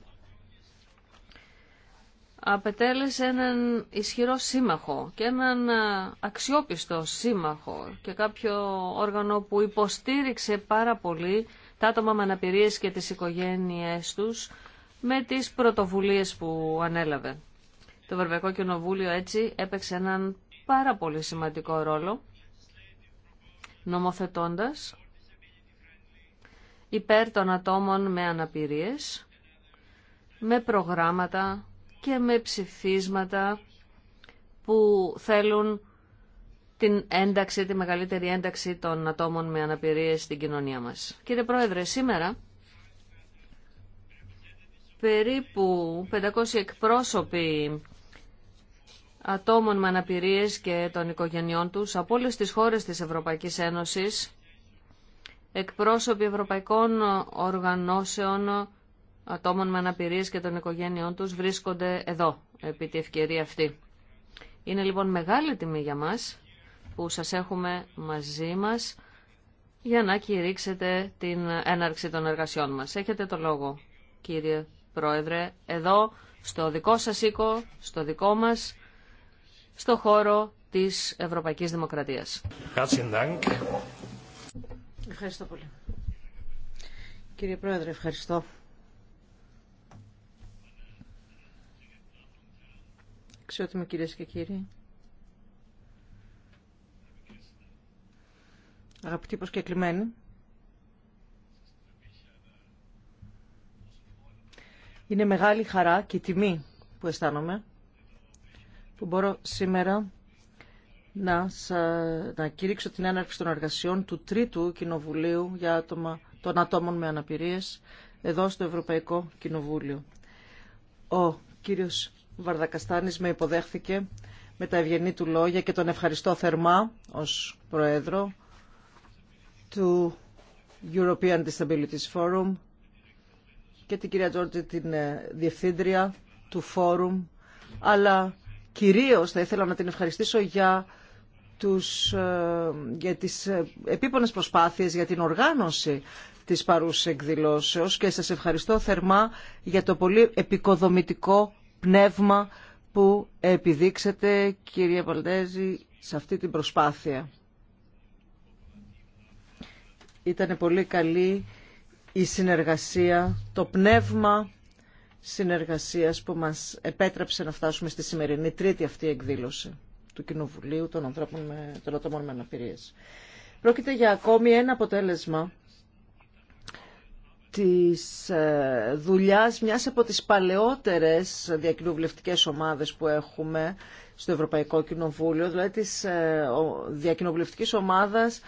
[SPEAKER 1] απετέλεσε έναν ισχυρό σύμμαχο και έναν ε, αξιόπιστο σύμμαχο και κάποιο όργανο που υποστήριξε πάρα πολύ τα άτομα με αναπηρίες και τις οικογένειές τους με τις πρωτοβουλίες που ανέλαβε. Το Ευρωπαϊκό Κοινοβούλιο έτσι έπαιξε έναν πάρα πολύ σημαντικό ρόλο νομοθετώντας υπέρ των ατόμων με αναπηρίες, με προγράμματα και με ψηφίσματα που θέλουν την ένταξη, τη μεγαλύτερη ένταξη των ατόμων με αναπηρίες στην κοινωνία μας. Κύριε Πρόεδρε, σήμερα περίπου 500 εκπρόσωποι ατόμων με αναπηρίες και των οικογενειών τους από όλες τις χώρες της Ευρωπαϊκής Ένωσης εκπρόσωποι ευρωπαϊκών οργανώσεων ατόμων με αναπηρίες και των οικογένειών τους βρίσκονται εδώ επί τη ευκαιρία αυτή. Είναι λοιπόν μεγάλη τιμή για μας που σας έχουμε μαζί μας για να κηρύξετε την έναρξη των εργασιών μας. Έχετε το λόγο, κύριε Πρόεδρε, εδώ στο δικό σας οίκο, στο δικό μας, στο χώρο της Ευρωπαϊκής Δημοκρατίας.
[SPEAKER 4] Ευχαριστώ πολύ. Κύριε Πρόεδρε, ευχαριστώ. με κυρίες και κύριοι. Αγαπητοί προσκεκλημένοι. Είναι μεγάλη χαρά και τιμή που αισθάνομαι που μπορώ σήμερα να, να κηρύξω την έναρξη των εργασιών του Τρίτου Κοινοβουλίου για άτομα, των ατόμων με αναπηρίες εδώ στο Ευρωπαϊκό Κοινοβούλιο. Ο κύριος Βαρδακαστάνης με υποδέχθηκε με τα ευγενή του λόγια και τον ευχαριστώ θερμά ως Προέδρο του European Disabilities Forum και την κυρία Τζόρτζη την ε, Διευθύντρια του Φόρουμ αλλά κυρίως θα ήθελα να την ευχαριστήσω για τους, ε, για τις ε, επίπονες προσπάθειες για την οργάνωση της παρούς εκδηλώσεως και σας ευχαριστώ θερμά για το πολύ επικοδομητικό πνεύμα που επιδείξατε κυρία Βαλτέζη σε αυτή την προσπάθεια. Ήταν πολύ καλή η συνεργασία, το πνεύμα συνεργασίας που μας επέτρεψε να φτάσουμε στη σημερινή τρίτη αυτή εκδήλωση του Κοινοβουλίου των ανθρώπων με, των ατόμων με αναπηρίες. Πρόκειται για ακόμη ένα αποτέλεσμα της ε, δουλειάς μιας από τις παλαιότερες διακοινοβουλευτικές ομάδες που έχουμε στο Ευρωπαϊκό Κοινοβούλιο, δηλαδή της ε, διακοινοβουλευτικής ομάδας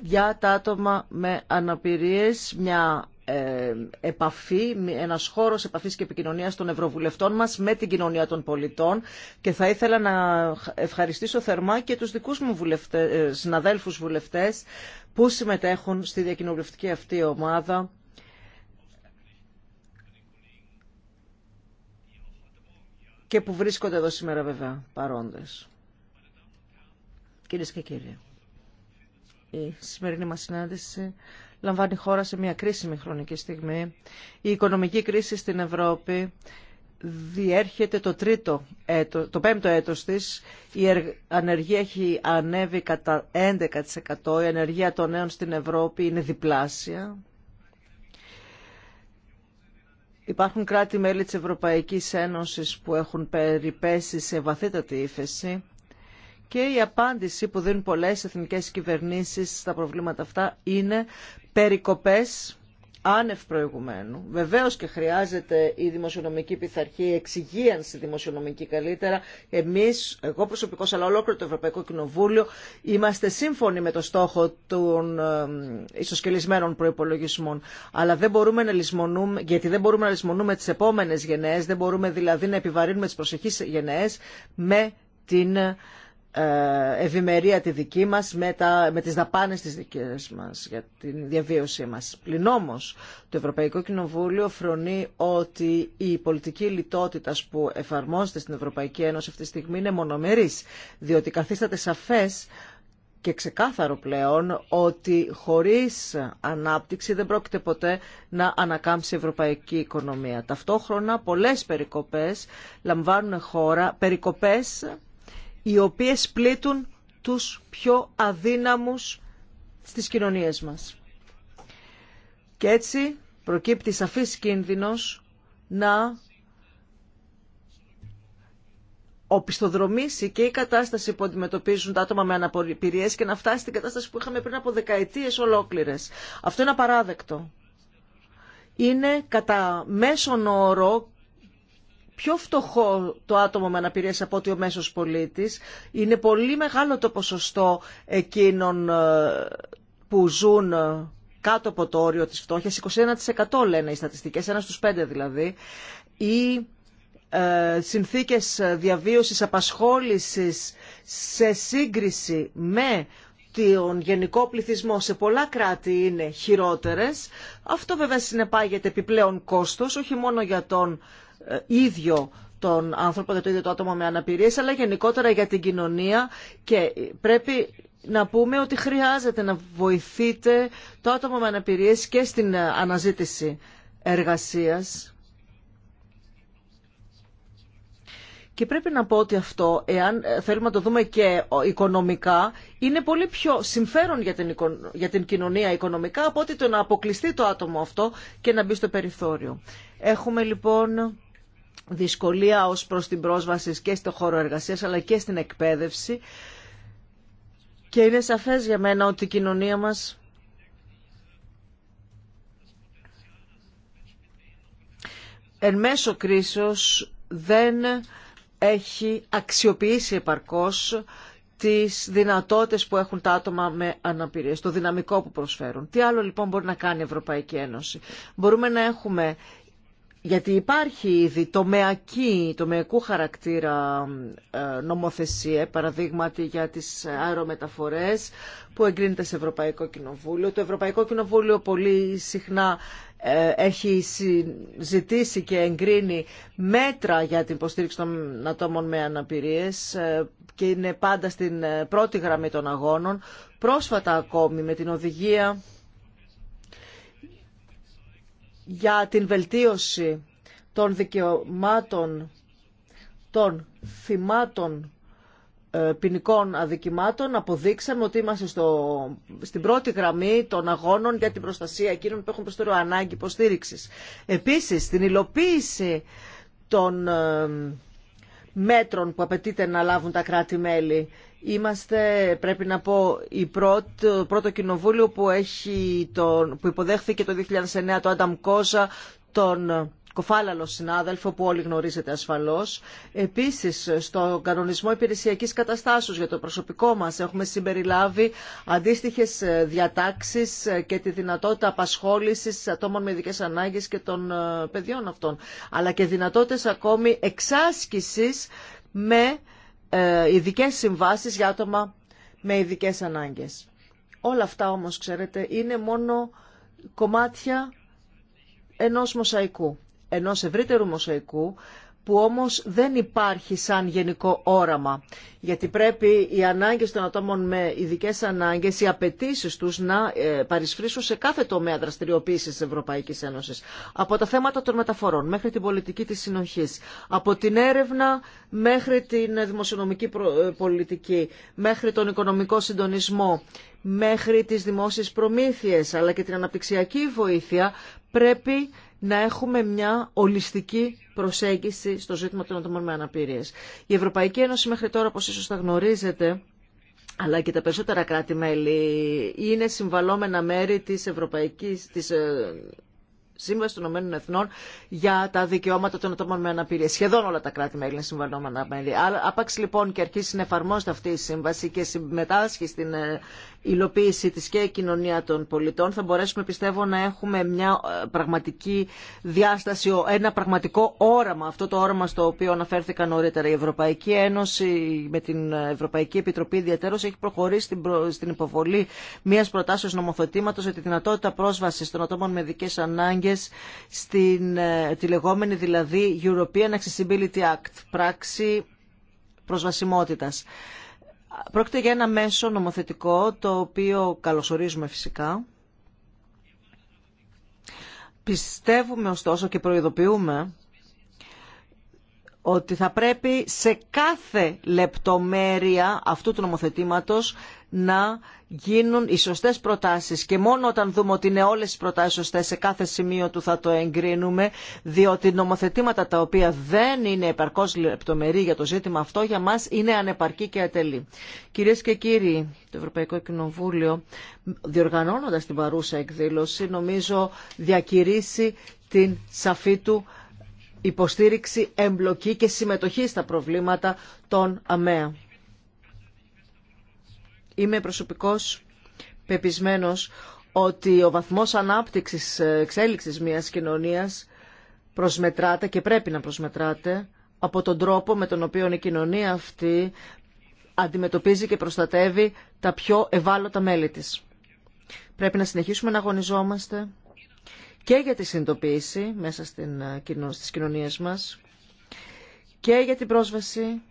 [SPEAKER 4] για τα άτομα με αναπηρίες, μια ε, επαφή, ένας χώρος επαφής και επικοινωνίας των ευρωβουλευτών μας με την κοινωνία των πολιτών και θα ήθελα να ευχαριστήσω θερμά και τους δικούς μου βουλευτές, ε, συναδέλφους βουλευτές που συμμετέχουν στη διακοινοβουλευτική αυτή ομάδα και που βρίσκονται εδώ σήμερα βέβαια παρόντες. Κυρίες και κύριοι, η σημερινή μας συνάντηση λαμβάνει η χώρα σε μια κρίσιμη χρονική στιγμή. Η οικονομική κρίση στην Ευρώπη διέρχεται το, τρίτο το πέμπτο έτος της. Η ανεργία έχει ανέβει κατά 11%. Η ανεργία των νέων στην Ευρώπη είναι διπλάσια. Υπάρχουν κράτη-μέλη της Ευρωπαϊκής Ένωσης που έχουν περιπέσει σε βαθύτατη ύφεση και η απάντηση που δίνουν πολλές εθνικές κυβερνήσεις στα προβλήματα αυτά είναι περικοπές άνευ προηγουμένου. Βεβαίω και χρειάζεται η δημοσιονομική πειθαρχία, η εξυγίανση δημοσιονομική καλύτερα. Εμεί, εγώ προσωπικώ, αλλά ολόκληρο το Ευρωπαϊκό Κοινοβούλιο, είμαστε σύμφωνοι με το στόχο των ε, ισοσκελισμένων προπολογισμών. Αλλά δεν μπορούμε να λησμονούμε, γιατί δεν μπορούμε να λησμονούμε τι επόμενε γενναίε, δεν μπορούμε δηλαδή να επιβαρύνουμε τι προσεχεί γενναίε με την ε, ευημερία τη δική μας με, τα, με τις δαπάνες της δικής μας για την διαβίωσή μας. Πλην όμως, το Ευρωπαϊκό Κοινοβούλιο φρονεί ότι η πολιτική λιτότητας που εφαρμόζεται στην Ευρωπαϊκή Ένωση αυτή τη στιγμή είναι μονομερής, διότι καθίσταται σαφές και ξεκάθαρο πλέον ότι χωρίς ανάπτυξη δεν πρόκειται ποτέ να ανακάμψει η ευρωπαϊκή οικονομία. Ταυτόχρονα πολλές περικοπές λαμβάνουν χώρα, περικοπές οι οποίες πλήττουν τους πιο αδύναμους στις κοινωνίες μας. Και έτσι προκύπτει σαφής κίνδυνος να οπισθοδρομήσει και η κατάσταση που αντιμετωπίζουν τα άτομα με αναπηρίες και να φτάσει στην κατάσταση που είχαμε πριν από δεκαετίες ολόκληρες. Αυτό είναι απαράδεκτο. Είναι κατά μέσον όρο πιο φτωχό το άτομο με αναπηρία από ότι ο μέσος πολίτης. Είναι πολύ μεγάλο το ποσοστό εκείνων ε, που ζουν ε, κάτω από το όριο της φτώχειας, 21% λένε οι στατιστικές, ένα στους πέντε δηλαδή, ή ε, συνθήκες διαβίωσης, απασχόλησης σε σύγκριση με τον γενικό πληθυσμό σε πολλά κράτη είναι χειρότερες. Αυτό βέβαια συνεπάγεται επιπλέον κόστος, όχι μόνο για τον ε, ίδιο τον άνθρωπο, για το ίδιο το άτομο με αναπηρίες, αλλά γενικότερα για την κοινωνία και πρέπει να πούμε ότι χρειάζεται να βοηθείτε το άτομο με αναπηρίες και στην ε, αναζήτηση εργασίας Και πρέπει να πω ότι αυτό, εάν ε, θέλουμε να το δούμε και οικονομικά, είναι πολύ πιο συμφέρον για την, κοινωνία οικονομικά από ότι το να αποκλειστεί το άτομο αυτό και να μπει στο περιθώριο. Έχουμε λοιπόν δυσκολία ως προς την πρόσβαση και στο χώρο εργασίας αλλά και στην εκπαίδευση και είναι σαφές για μένα ότι η κοινωνία μας εν μέσω κρίσεως δεν έχει αξιοποιήσει επαρκώς τις δυνατότητες που έχουν τα άτομα με αναπηρία, το δυναμικό που προσφέρουν. Τι άλλο λοιπόν μπορεί να κάνει η Ευρωπαϊκή Ένωση. Μπορούμε να έχουμε γιατί υπάρχει ήδη τομεακή, τομεακού χαρακτήρα ε, νομοθεσία, παραδείγματι για τις αερομεταφορές που εγκρίνεται σε Ευρωπαϊκό Κοινοβούλιο. Το Ευρωπαϊκό Κοινοβούλιο πολύ συχνά ε, έχει ζητήσει και εγκρίνει μέτρα για την υποστήριξη των ατόμων με αναπηρίες ε, και είναι πάντα στην πρώτη γραμμή των αγώνων. Πρόσφατα ακόμη με την οδηγία για την βελτίωση των δικαιωμάτων των θυμάτων ε, ποινικών αδικημάτων αποδείξαμε ότι είμαστε στο, στην πρώτη γραμμή των αγώνων για την προστασία εκείνων που έχουν περισσότερο ανάγκη υποστήριξη. Επίσης, την υλοποίηση των ε, μέτρων που απαιτείται να λάβουν τα κράτη-μέλη Είμαστε, πρέπει να πω, το πρώτο, κοινοβούλιο που, έχει τον, που υποδέχθηκε το 2009 το Άνταμ Κόζα, τον κοφάλαλο συνάδελφο που όλοι γνωρίζετε ασφαλώς. Επίσης, στο κανονισμό υπηρεσιακής καταστάσεως για το προσωπικό μας έχουμε συμπεριλάβει αντίστοιχες διατάξεις και τη δυνατότητα απασχόλησης ατόμων με ειδικές ανάγκες και των ε, παιδιών αυτών, αλλά και δυνατότητες ακόμη εξάσκησης με ε, ειδικέ συμβάσεις για άτομα με ειδικέ ανάγκες. Όλα αυτά όμως, ξέρετε, είναι μόνο κομμάτια ενός μοσαϊκού, ενός ευρύτερου μοσαϊκού που όμως δεν υπάρχει σαν γενικό όραμα. Γιατί πρέπει οι ανάγκες των ατόμων με ειδικέ ανάγκες, οι απαιτήσει τους να ε, παρισφρήσουν σε κάθε τομέα δραστηριοποίηση της Ευρωπαϊκής Ένωσης. Από τα θέματα των μεταφορών μέχρι την πολιτική της συνοχής, από την έρευνα μέχρι την δημοσιονομική ε, πολιτική, μέχρι τον οικονομικό συντονισμό, μέχρι τις δημόσιες προμήθειες αλλά και την αναπτυξιακή βοήθεια πρέπει να έχουμε μια ολιστική προσέγγιση στο ζήτημα των ατομών με αναπηρίες. Η Ευρωπαϊκή Ένωση μέχρι τώρα, όπως ίσως τα γνωρίζετε, αλλά και τα περισσότερα κράτη-μέλη είναι συμβαλόμενα μέρη της Ευρωπαϊκής, της, ε, Σύμβαση των Ηνωμένων Εθνών για τα δικαιώματα των ατόμων με αναπηρία. Σχεδόν όλα τα κράτη-μέλη είναι συμβαλόμενα μέλη. Άπαξ λοιπόν και αρχίσει να εφαρμόζεται αυτή η σύμβαση και συμμετάσχει στην ε, υλοποίηση της και η κοινωνία των πολιτών θα μπορέσουμε πιστεύω να έχουμε μια ε, πραγματική διάσταση, ένα πραγματικό όραμα, αυτό το όραμα στο οποίο αναφέρθηκαν νωρίτερα. Η Ευρωπαϊκή Ένωση με την Ευρωπαϊκή Επιτροπή ιδιαίτερως έχει προχωρήσει στην υποβολή μιας προτάσεως νομοθετήματος για τη δυνατότητα πρόσβασης των ατόμων με ειδικές ανάγκες στην ε, τη λεγόμενη δηλαδή European Accessibility Act, πράξη προσβασιμότητας. Πρόκειται για ένα μέσο νομοθετικό το οποίο καλωσορίζουμε φυσικά. Πιστεύουμε ωστόσο και προειδοποιούμε ότι θα πρέπει σε κάθε λεπτομέρεια αυτού του νομοθετήματος να γίνουν οι σωστές προτάσεις και μόνο όταν δούμε ότι είναι όλες οι προτάσεις σωστές σε κάθε σημείο του θα το εγκρίνουμε διότι νομοθετήματα τα οποία δεν είναι επαρκώς λεπτομερή για το ζήτημα αυτό για μας είναι ανεπαρκή και ατελή. Κυρίες και κύριοι, το Ευρωπαϊκό Κοινοβούλιο διοργανώνοντας την παρούσα εκδήλωση νομίζω διακηρύσει την σαφή του υποστήριξη, εμπλοκή και συμμετοχή στα προβλήματα των ΑΜΕΑ. Είμαι προσωπικός πεπισμένος ότι ο βαθμός ανάπτυξης, εξέλιξης μιας κοινωνίας προσμετράται και πρέπει να προσμετράται από τον τρόπο με τον οποίο η κοινωνία αυτή αντιμετωπίζει και προστατεύει τα πιο ευάλωτα μέλη της. Πρέπει να συνεχίσουμε να αγωνιζόμαστε και για τη συνειδητοποίηση μέσα στην, ε, στις κοινωνίες μας και για την πρόσβαση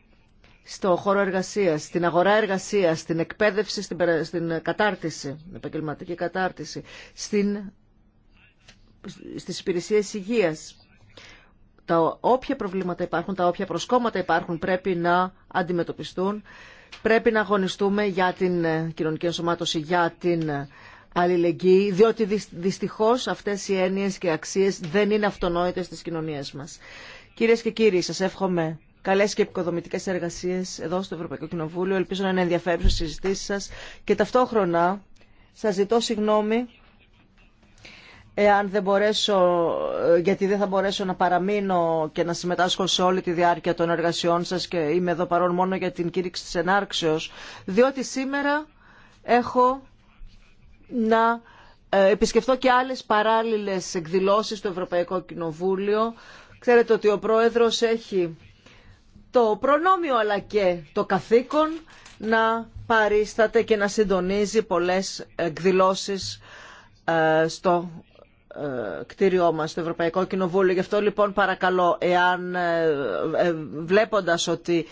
[SPEAKER 4] στο χώρο εργασίας, στην αγορά εργασίας, στην εκπαίδευση, στην, ε, κατάρτιση, επαγγελματική κατάρτιση, στην, στις υπηρεσίες υγείας. Τα όποια προβλήματα υπάρχουν, τα όποια προσκόμματα υπάρχουν πρέπει να αντιμετωπιστούν. Πρέπει να αγωνιστούμε για την ε, κοινωνική ενσωμάτωση, για την αλληλεγγύη, διότι δυστυχώς αυτές οι έννοιες και αξίες δεν είναι αυτονόητες στις κοινωνίες μας. Κυρίες και κύριοι, σας εύχομαι καλέ και επικοδομητικέ εργασίε εδώ στο Ευρωπαϊκό Κοινοβούλιο. Ελπίζω να είναι ενδιαφέρουσε οι συζητήσει σα και ταυτόχρονα σα ζητώ συγγνώμη εάν δεν μπορέσω, γιατί δεν θα μπορέσω να παραμείνω και να συμμετάσχω σε όλη τη διάρκεια των εργασιών σας και είμαι εδώ παρόν μόνο για την κήρυξη της ενάρξεως, διότι σήμερα έχω να ε, επισκεφτώ και άλλες παράλληλες εκδηλώσεις στο Ευρωπαϊκό Κοινοβούλιο. Ξέρετε ότι ο Πρόεδρος έχει το προνόμιο αλλά και το καθήκον να παρίσταται και να συντονίζει πολλές εκδηλώσεις ε, στο ε, κτίριό μας, στο Ευρωπαϊκό Κοινοβούλιο. Γι' αυτό λοιπόν παρακαλώ, εάν βλέποντας ότι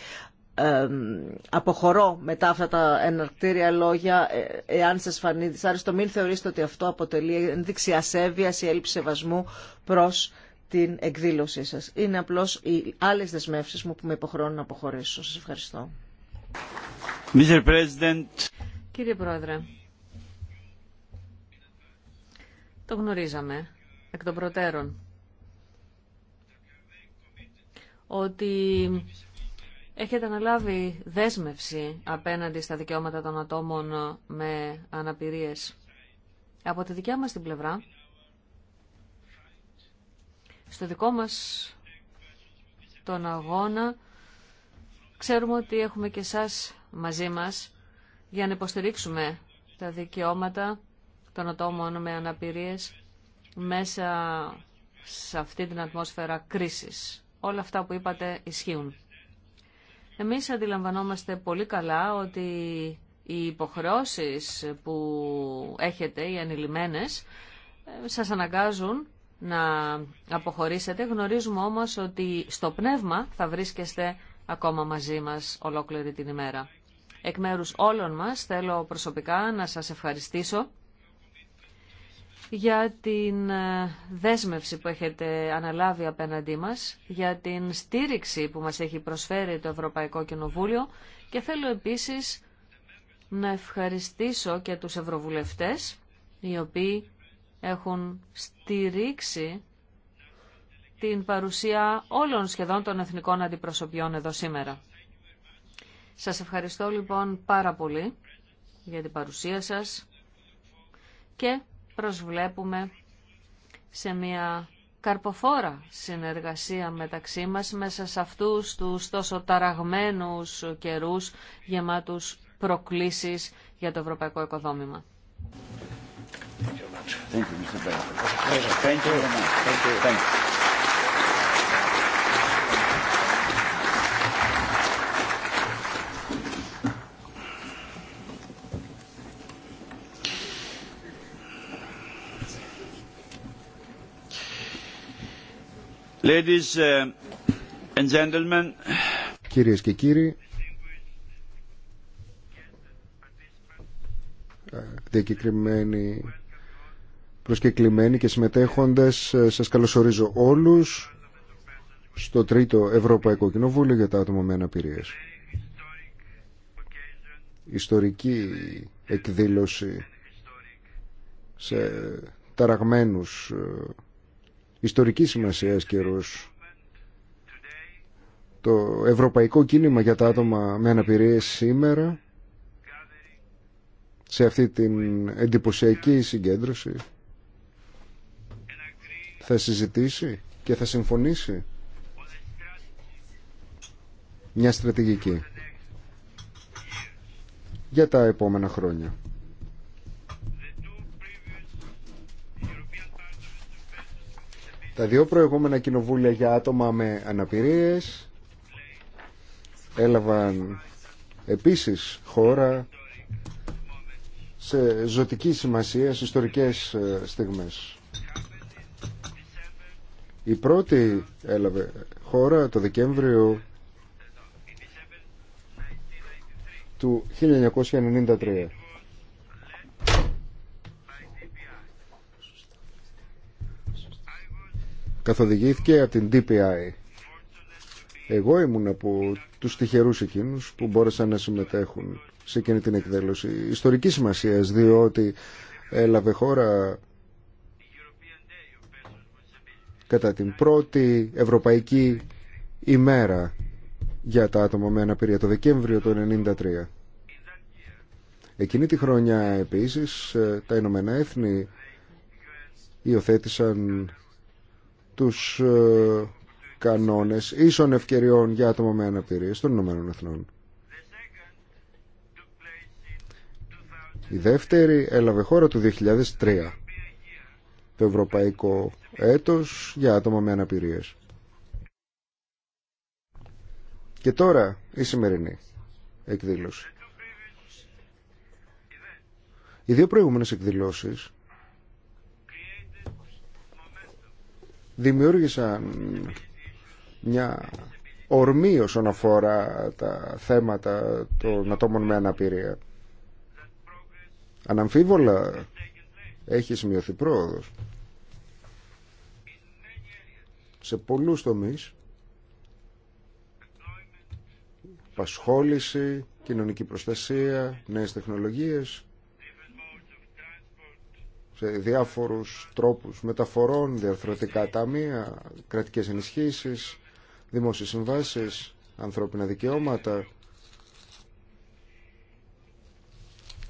[SPEAKER 4] αποχωρώ μετά αυτά τα εναρκτήρια λόγια ε, εάν σας φανεί δυσάρεστο μην θεωρήσετε ότι αυτό αποτελεί ένδειξη ασέβειας ή έλλειψη σεβασμού προς την εκδήλωσή σας. Είναι απλώς οι άλλες δεσμεύσεις μου που με υποχρεώνουν να αποχωρήσω. Σας ευχαριστώ. President. Κύριε Πρόεδρε,
[SPEAKER 1] το γνωρίζαμε εκ των προτέρων ότι έχετε αναλάβει δέσμευση απέναντι στα δικαιώματα των ατόμων με αναπηρίες. Από τη δικιά μας την πλευρά, στο δικό μας τον αγώνα, ξέρουμε ότι έχουμε και εσάς μαζί μας για να υποστηρίξουμε τα δικαιώματα των ατόμων με αναπηρίες μέσα σε αυτή την ατμόσφαιρα κρίσης. Όλα αυτά που είπατε ισχύουν. Εμείς αντιλαμβανόμαστε πολύ καλά ότι οι υποχρεώσεις που έχετε, οι ανηλυμένες, ε, σας αναγκάζουν να αποχωρήσετε. Γνωρίζουμε όμως ότι στο πνεύμα θα βρίσκεστε ακόμα μαζί μας ολόκληρη την ημέρα. Εκ μέρους όλων μας θέλω προσωπικά να σας ευχαριστήσω για την ε, δέσμευση που έχετε αναλάβει απέναντί μας, για την στήριξη που μας έχει προσφέρει το Ευρωπαϊκό Κοινοβούλιο και θέλω επίσης να ευχαριστήσω και τους ευρωβουλευτές οι οποίοι έχουν στηρίξει την παρουσία όλων σχεδόν των εθνικών αντιπροσωπιών εδώ σήμερα. Σας ευχαριστώ λοιπόν πάρα πολύ για την παρουσία σας και προσβλέπουμε σε μια καρποφόρα συνεργασία μεταξύ μας μέσα σε αυτούς τους τόσο ταραγμένους καιρούς γεμάτους προκλήσεις για το ευρωπαϊκό οικοδόμημα.
[SPEAKER 3] Thank Ladies uh,
[SPEAKER 2] Κυρίες και κύριοι, διακεκριμένοι, προσκεκλημένοι και συμμετέχοντες, ε, σας καλωσορίζω όλους στο τρίτο Ευρωπαϊκό Κοινοβούλιο για τα άτομα με αναπηρίες. Ιστορική εκδήλωση σε ταραγμένους ε, Ιστορική σημασία καιρό. Το ευρωπαϊκό κίνημα για τα άτομα με αναπηρίες σήμερα σε αυτή την εντυπωσιακή συγκέντρωση θα συζητήσει και θα συμφωνήσει μια στρατηγική για τα επόμενα χρόνια. Τα δύο προηγούμενα κοινοβούλια για άτομα με αναπηρίες έλαβαν επίσης χώρα σε ζωτική σημασία, στις ιστορικές ε, στιγμές. Η πρώτη έλαβε χώρα το Δεκέμβριο του 1993 καθοδηγήθηκε από την DPI. Εγώ ήμουν από τους τυχερούς εκείνους που μπόρεσαν να συμμετέχουν σε εκείνη την εκδέλωση. ιστορική σημασίας διότι έλαβε χώρα κατά την πρώτη ευρωπαϊκή ημέρα για τα άτομα με αναπηρία το Δεκέμβριο του 1993. Εκείνη τη χρονιά επίσης ε, τα Ηνωμένα Έθνη υιοθέτησαν τους ε, κανόνες ίσων ευκαιριών για άτομα με αναπηρίες των Ηνωμένων Εθνών. Η δεύτερη έλαβε χώρα το 2003, το ευρωπαϊκό έτος για άτομα με αναπηρίες. Και τώρα η σημερινή εκδήλωση. Οι δύο προηγούμενες εκδηλώσεις δημιούργησαν μια ορμή όσον αφορά τα θέματα των ατόμων με αναπηρία. Αναμφίβολα έχει σημειωθεί πρόοδος. Σε πολλούς τομείς Πασχόληση, κοινωνική προστασία, νέες τεχνολογίες σε διάφορους τρόπους μεταφορών, διαρθρωτικά ταμεία, κρατικές ενισχύσεις, δημόσιες συμβάσεις, ανθρώπινα δικαιώματα.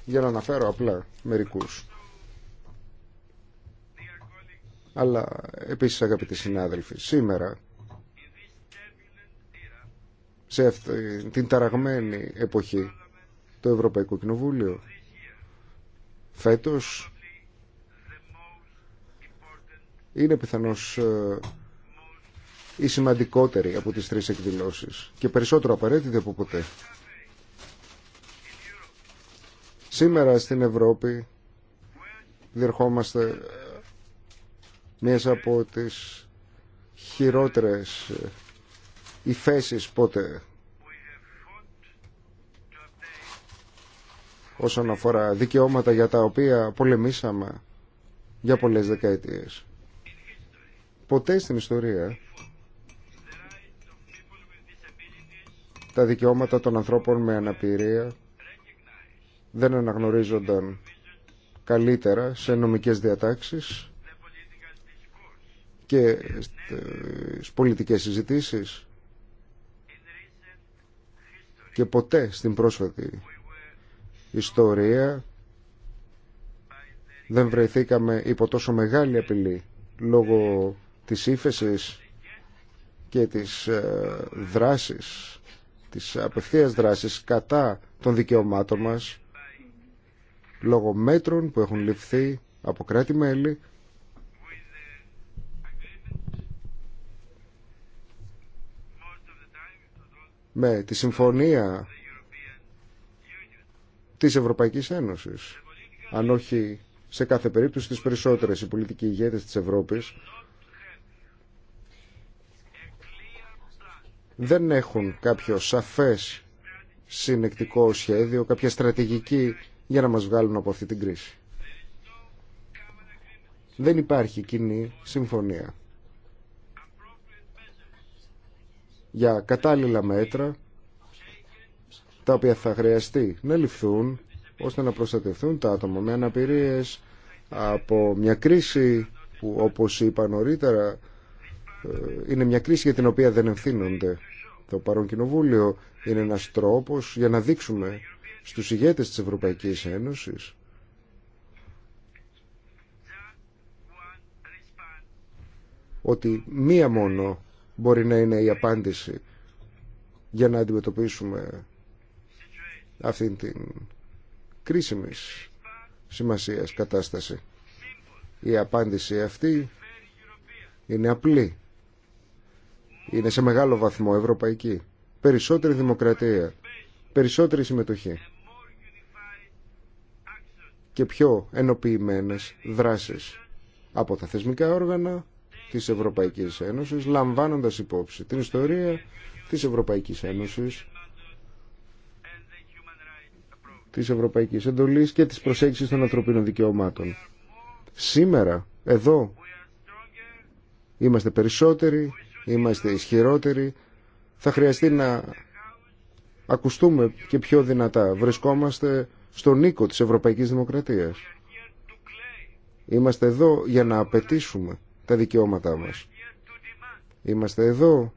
[SPEAKER 2] Για να αναφέρω απλά μερικούς. Αλλά επίσης αγαπητοί συνάδελφοι, σήμερα σε αυτή την ταραγμένη εποχή το Ευρωπαϊκό Κοινοβούλιο φέτος είναι πιθανώς ε, η σημαντικότερη από τις τρεις εκδηλώσεις και περισσότερο απαραίτητη από ποτέ. Σήμερα στην Ευρώπη διερχόμαστε ε, μέσα από τις χειρότερες ε, υφέσεις πότε όσον αφορά δικαιώματα για τα οποία πολεμήσαμε για πολλές δεκαετίες ποτέ στην ιστορία τα δικαιώματα των ανθρώπων με αναπηρία δεν αναγνωρίζονταν καλύτερα σε νομικές διατάξεις και στις πολιτικές συζητήσεις και ποτέ στην πρόσφατη ιστορία δεν βρεθήκαμε υπό τόσο μεγάλη απειλή λόγω της ύφεση και της ε, δράσης, της απευθείας δράσης κατά των δικαιωμάτων μας λόγω μέτρων που έχουν ληφθεί από κράτη-μέλη με τη συμφωνία της Ευρωπαϊκής Ένωσης αν όχι σε κάθε περίπτωση τις περισσότερες οι πολιτικοί της Ευρώπης δεν έχουν κάποιο σαφές συνεκτικό σχέδιο, κάποια στρατηγική για να μας βγάλουν από αυτή την κρίση. Δεν υπάρχει κοινή συμφωνία για κατάλληλα μέτρα τα οποία θα χρειαστεί να ληφθούν ώστε να προστατευτούν τα άτομα με αναπηρίες από μια κρίση που όπως είπα νωρίτερα ε, είναι μια κρίση για την οποία δεν ευθύνονται. Το παρόν κοινοβούλιο είναι ένας τρόπος για να δείξουμε στους ηγέτες της Ευρωπαϊκής Ένωσης ότι μία μόνο μπορεί να είναι η απάντηση για να αντιμετωπίσουμε αυτή την κρίσιμη σημασίας κατάσταση. Η απάντηση αυτή είναι απλή είναι σε μεγάλο βαθμό ευρωπαϊκή. Περισσότερη δημοκρατία, περισσότερη συμμετοχή και πιο ενοποιημένες δράσεις από τα θεσμικά όργανα της Ευρωπαϊκής Ένωσης, λαμβάνοντας υπόψη την ιστορία της Ευρωπαϊκής Ένωσης, της Ευρωπαϊκής Εντολής και της προσέγγισης των ανθρωπίνων δικαιωμάτων. Σήμερα, εδώ, είμαστε περισσότεροι είμαστε ισχυρότεροι, θα χρειαστεί να ακουστούμε και πιο δυνατά. Βρισκόμαστε στον οίκο της Ευρωπαϊκής Δημοκρατίας. Είμαστε εδώ για να απαιτήσουμε τα δικαιώματά μας. Είμαστε εδώ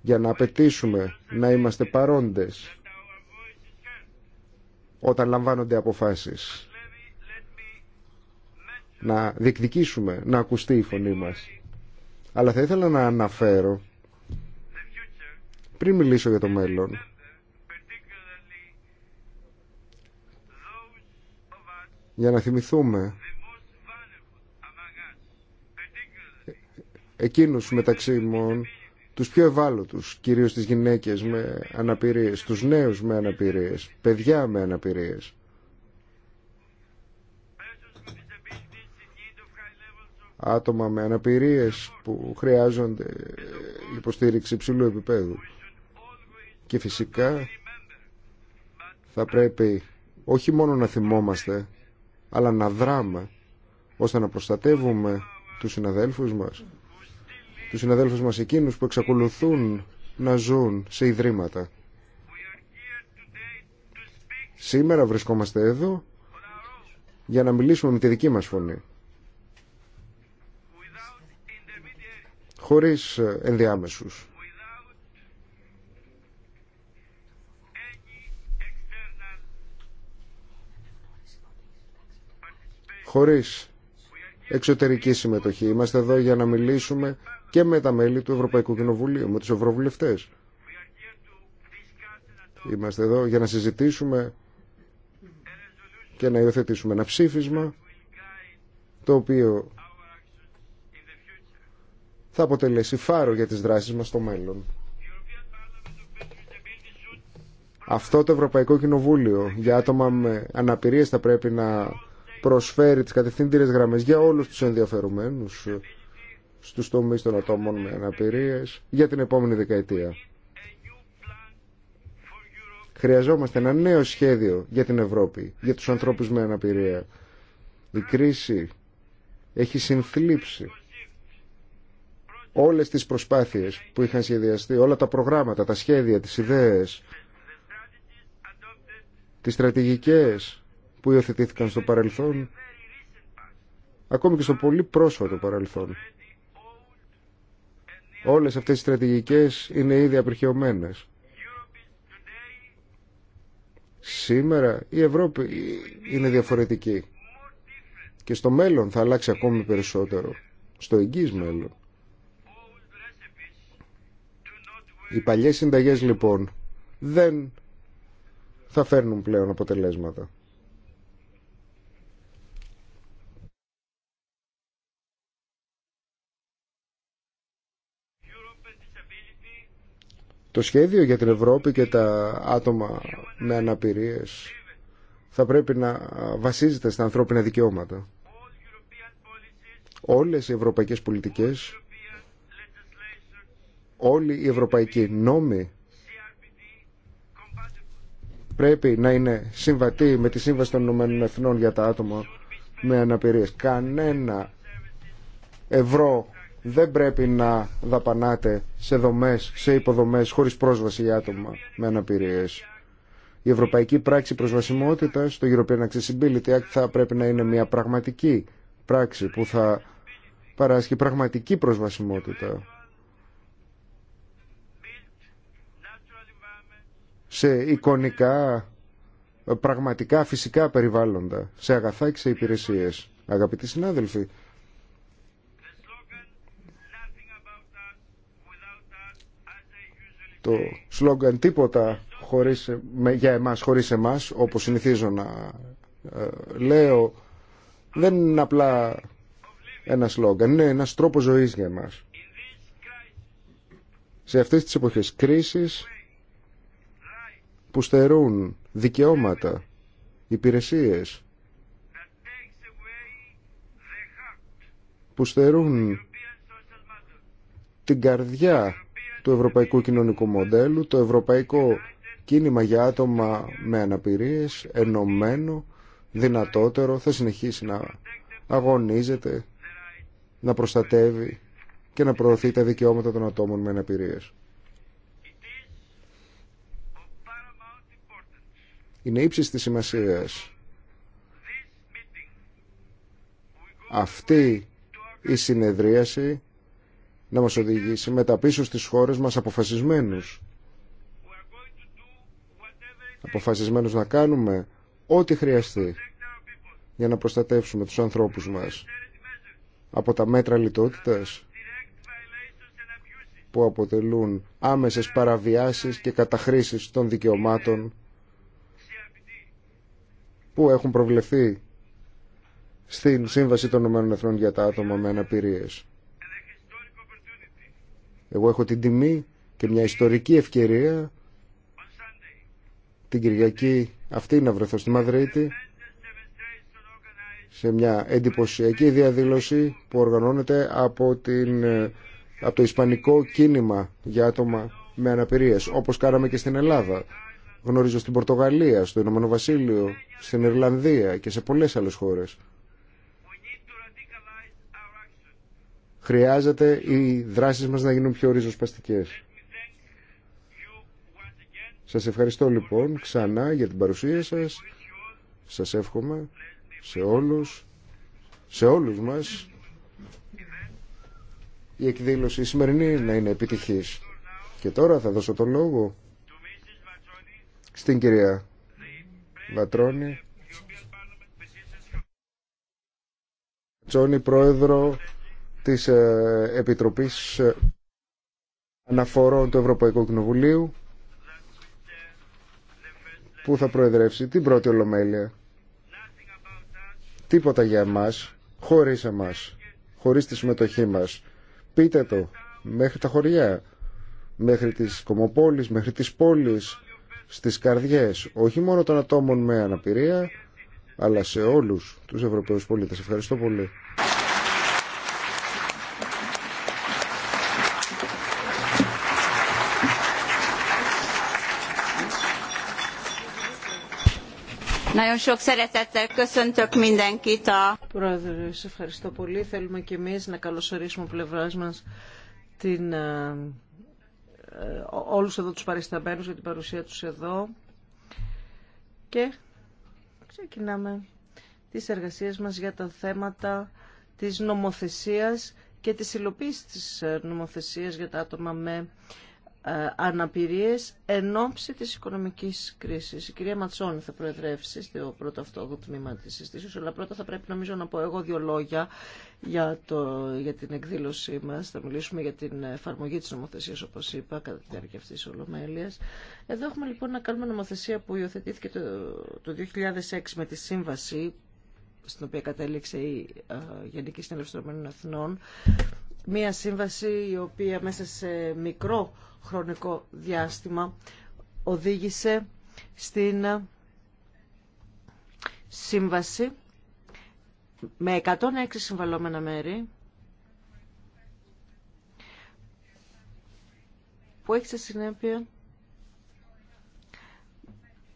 [SPEAKER 2] για να απαιτήσουμε να είμαστε παρόντες όταν λαμβάνονται αποφάσεις να διεκδικήσουμε να ακουστεί η φωνή μας. Αλλά θα ήθελα να αναφέρω, πριν μιλήσω για το μέλλον, για να θυμηθούμε εκείνους μεταξύ μου, τους πιο ευάλωτους, κυρίως τις γυναίκες με αναπηρίες, τους νέους με αναπηρίες, παιδιά με αναπηρίες. άτομα με αναπηρίες που χρειάζονται υποστήριξη ψηλού επίπεδου. Και φυσικά θα πρέπει όχι μόνο να θυμόμαστε, αλλά να δράμε, ώστε να προστατεύουμε τους συναδέλφους μας, τους συναδέλφους μας εκείνους που εξακολουθούν να ζουν σε ιδρύματα. Σήμερα βρισκόμαστε εδώ για να μιλήσουμε με τη δική μας φωνή. χωρίς ενδιάμεσους. Χωρίς εξωτερική συμμετοχή. Είμαστε εδώ για να μιλήσουμε και με τα μέλη του Ευρωπαϊκού Κοινοβουλίου, με τους ευρωβουλευτές. Είμαστε εδώ για να συζητήσουμε και να υιοθετήσουμε ένα ψήφισμα το οποίο θα αποτελέσει φάρο για τις δράσεις μας στο μέλλον. Αυτό το Ευρωπαϊκό Κοινοβούλιο για άτομα με αναπηρίες θα πρέπει να προσφέρει τις κατευθύντηρες γραμμές για όλους τους ενδιαφερομένους στους τομείς των ατόμων με αναπηρίες για την επόμενη δεκαετία. Χρειαζόμαστε ένα νέο σχέδιο για την Ευρώπη, για τους ανθρώπους με αναπηρία. Η κρίση έχει συνθλίψει όλες τις προσπάθειες που είχαν σχεδιαστεί, όλα τα προγράμματα, τα σχέδια, τις ιδέες, τις στρατηγικές που υιοθετήθηκαν στο παρελθόν, ακόμη και στο πολύ πρόσφατο παρελθόν. Όλες αυτές οι στρατηγικές είναι ήδη απερχαιωμένες. Σήμερα η Ευρώπη είναι διαφορετική και στο μέλλον θα αλλάξει ακόμη περισσότερο, στο εγγύς μέλλον. Οι παλιές συνταγές λοιπόν δεν θα φέρνουν πλέον αποτελέσματα. Το σχέδιο για την Ευρώπη και τα άτομα με αναπηρίες θα πρέπει να βασίζεται στα ανθρώπινα δικαιώματα. Όλες οι ευρωπαϊκές πολιτικές όλοι οι ευρωπαϊκοί νόμοι πρέπει να είναι συμβατοί με τη Σύμβαση των Ηνωμένων Εθνών για τα άτομα με αναπηρίες. Κανένα ευρώ δεν πρέπει να δαπανάτε σε δομές, σε υποδομές χωρίς πρόσβαση για άτομα με αναπηρίες. Η Ευρωπαϊκή Πράξη Προσβασιμότητα το European Accessibility Act, θα πρέπει να είναι μια πραγματική πράξη που θα παράσχει πραγματική προσβασιμότητα σε εικονικά, πραγματικά, φυσικά περιβάλλοντα, σε αγαθά και σε υπηρεσίες. Αγαπητοί συνάδελφοι, το σλόγγαν «Τίποτα χωρίς, ε, για εμάς χωρίς εμάς», όπως συνηθίζω να ε, λέω, δεν είναι απλά ένα σλόγγαν, είναι ένας τρόπος ζωής για εμάς. Σε αυτές τις εποχές κρίσης, που στερούν δικαιώματα, υπηρεσίες, που στερούν την καρδιά του ευρωπαϊκού κοινωνικού μοντέλου, το ευρωπαϊκό κίνημα για άτομα με αναπηρίες, ενωμένο, δυνατότερο, θα συνεχίσει να αγωνίζεται, να προστατεύει και να προωθεί τα δικαιώματα των ατόμων με αναπηρίες. είναι ύψη τη σημασία, Αυτή η συνεδρίαση να μας οδηγήσει τα πίσω στις χώρες μας αποφασισμένους. Αποφασισμένους να κάνουμε ό,τι χρειαστεί για να προστατεύσουμε τους ανθρώπους μας από τα μέτρα λιτότητας που αποτελούν άμεσες παραβιάσεις και καταχρήσεις των δικαιωμάτων που έχουν προβλεφθεί στην Σύμβαση των Ηνωμένων Εθνών για τα άτομα με αναπηρίες. Εγώ έχω την τιμή και μια ιστορική ευκαιρία την Κυριακή αυτή να βρεθώ στη Μαδρίτη σε μια εντυπωσιακή διαδήλωση που οργανώνεται από, την, από το Ισπανικό κίνημα για άτομα με αναπηρίες όπως κάναμε και στην Ελλάδα Γνωρίζω στην Πορτογαλία, στο Ηνωμένο Βασίλειο, στην Ιρλανδία και σε πολλές άλλες χώρες. Χρειάζεται οι δράσεις μας να γίνουν πιο ριζοσπαστικές. Σας ευχαριστώ λοιπόν ξανά για την παρουσία σας. Σας εύχομαι σε όλους, σε όλους μας η εκδήλωση σημερινή να είναι επιτυχής. Και τώρα θα δώσω το λόγο στην κυρία Βατρώνη. Τσόνη, πρόεδρο της ε, Επιτροπής ε, Αναφορών του Ευρωπαϊκού Κοινοβουλίου που θα προεδρεύσει την πρώτη ολομέλεια. Τίποτα για μας, χωρίς εμάς, χωρίς τη συμμετοχή μας. Πείτε το, μέχρι τα χωριά, μέχρι τις κομοπόλεις, μέχρι τις πόλεις, στις καρδιές όχι μόνο των ατόμων με αναπηρία αλλά σε όλους τους Ευρωπαίους πολίτες. Ευχαριστώ πολύ.
[SPEAKER 4] Πρόεδρε, σε ευχαριστώ πολύ. Θέλουμε και εμείς να καλωσορίσουμε πλευράς μας την ε, ε, όλους εδώ τους παρισταμένους για την παρουσία τους εδώ και ξεκινάμε τις εργασίες μας για τα θέματα της νομοθεσίας και της υλοποίησης της ε, νομοθεσίας για τα άτομα με ε, αναπηρίες εν ώψη της οικονομικής κρίσης. Η κυρία Ματσόνη θα προεδρεύσει στο πρώτο αυτό τμήμα της συστήσεως, αλλά πρώτα θα πρέπει νομίζω να πω εγώ δύο λόγια για, το, για την εκδήλωσή μας. Θα μιλήσουμε για την εφαρμογή της νομοθεσίας, όπως είπα, κατά τη διάρκεια αυτής της ολομέλειας. Εδώ έχουμε λοιπόν να κάνουμε νομοθεσία που υιοθετήθηκε το, το 2006 με τη σύμβαση στην οποία κατέληξε η ε, Γενική Συνέλευση των Εθνών, μία σύμβαση η οποία μέσα σε μικρό χρονικό διάστημα οδήγησε στην σύμβαση με 106 συμβαλόμενα μέρη που έχει σε συνέπεια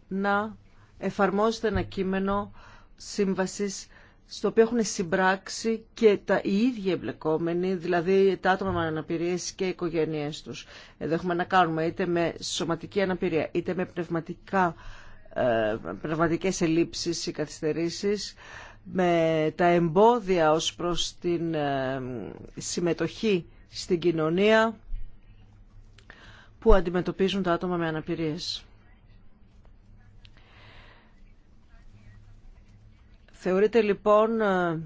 [SPEAKER 4] να εφαρμόζεται ένα κείμενο σύμβασης στο οποίο έχουν συμπράξει και τα οι ίδιοι εμπλεκόμενοι, δηλαδή τα άτομα με αναπηρίες και οι οικογένειές τους. Εδώ έχουμε να κάνουμε είτε με σωματική αναπηρία, είτε με πνευματικά, ε, πνευματικές ελλείψεις ή καθυστερήσεις, με τα εμπόδια ως προς την ε, συμμετοχή στην κοινωνία που αντιμετωπίζουν τα άτομα με αναπηρίες. Θεωρείται λοιπόν ε,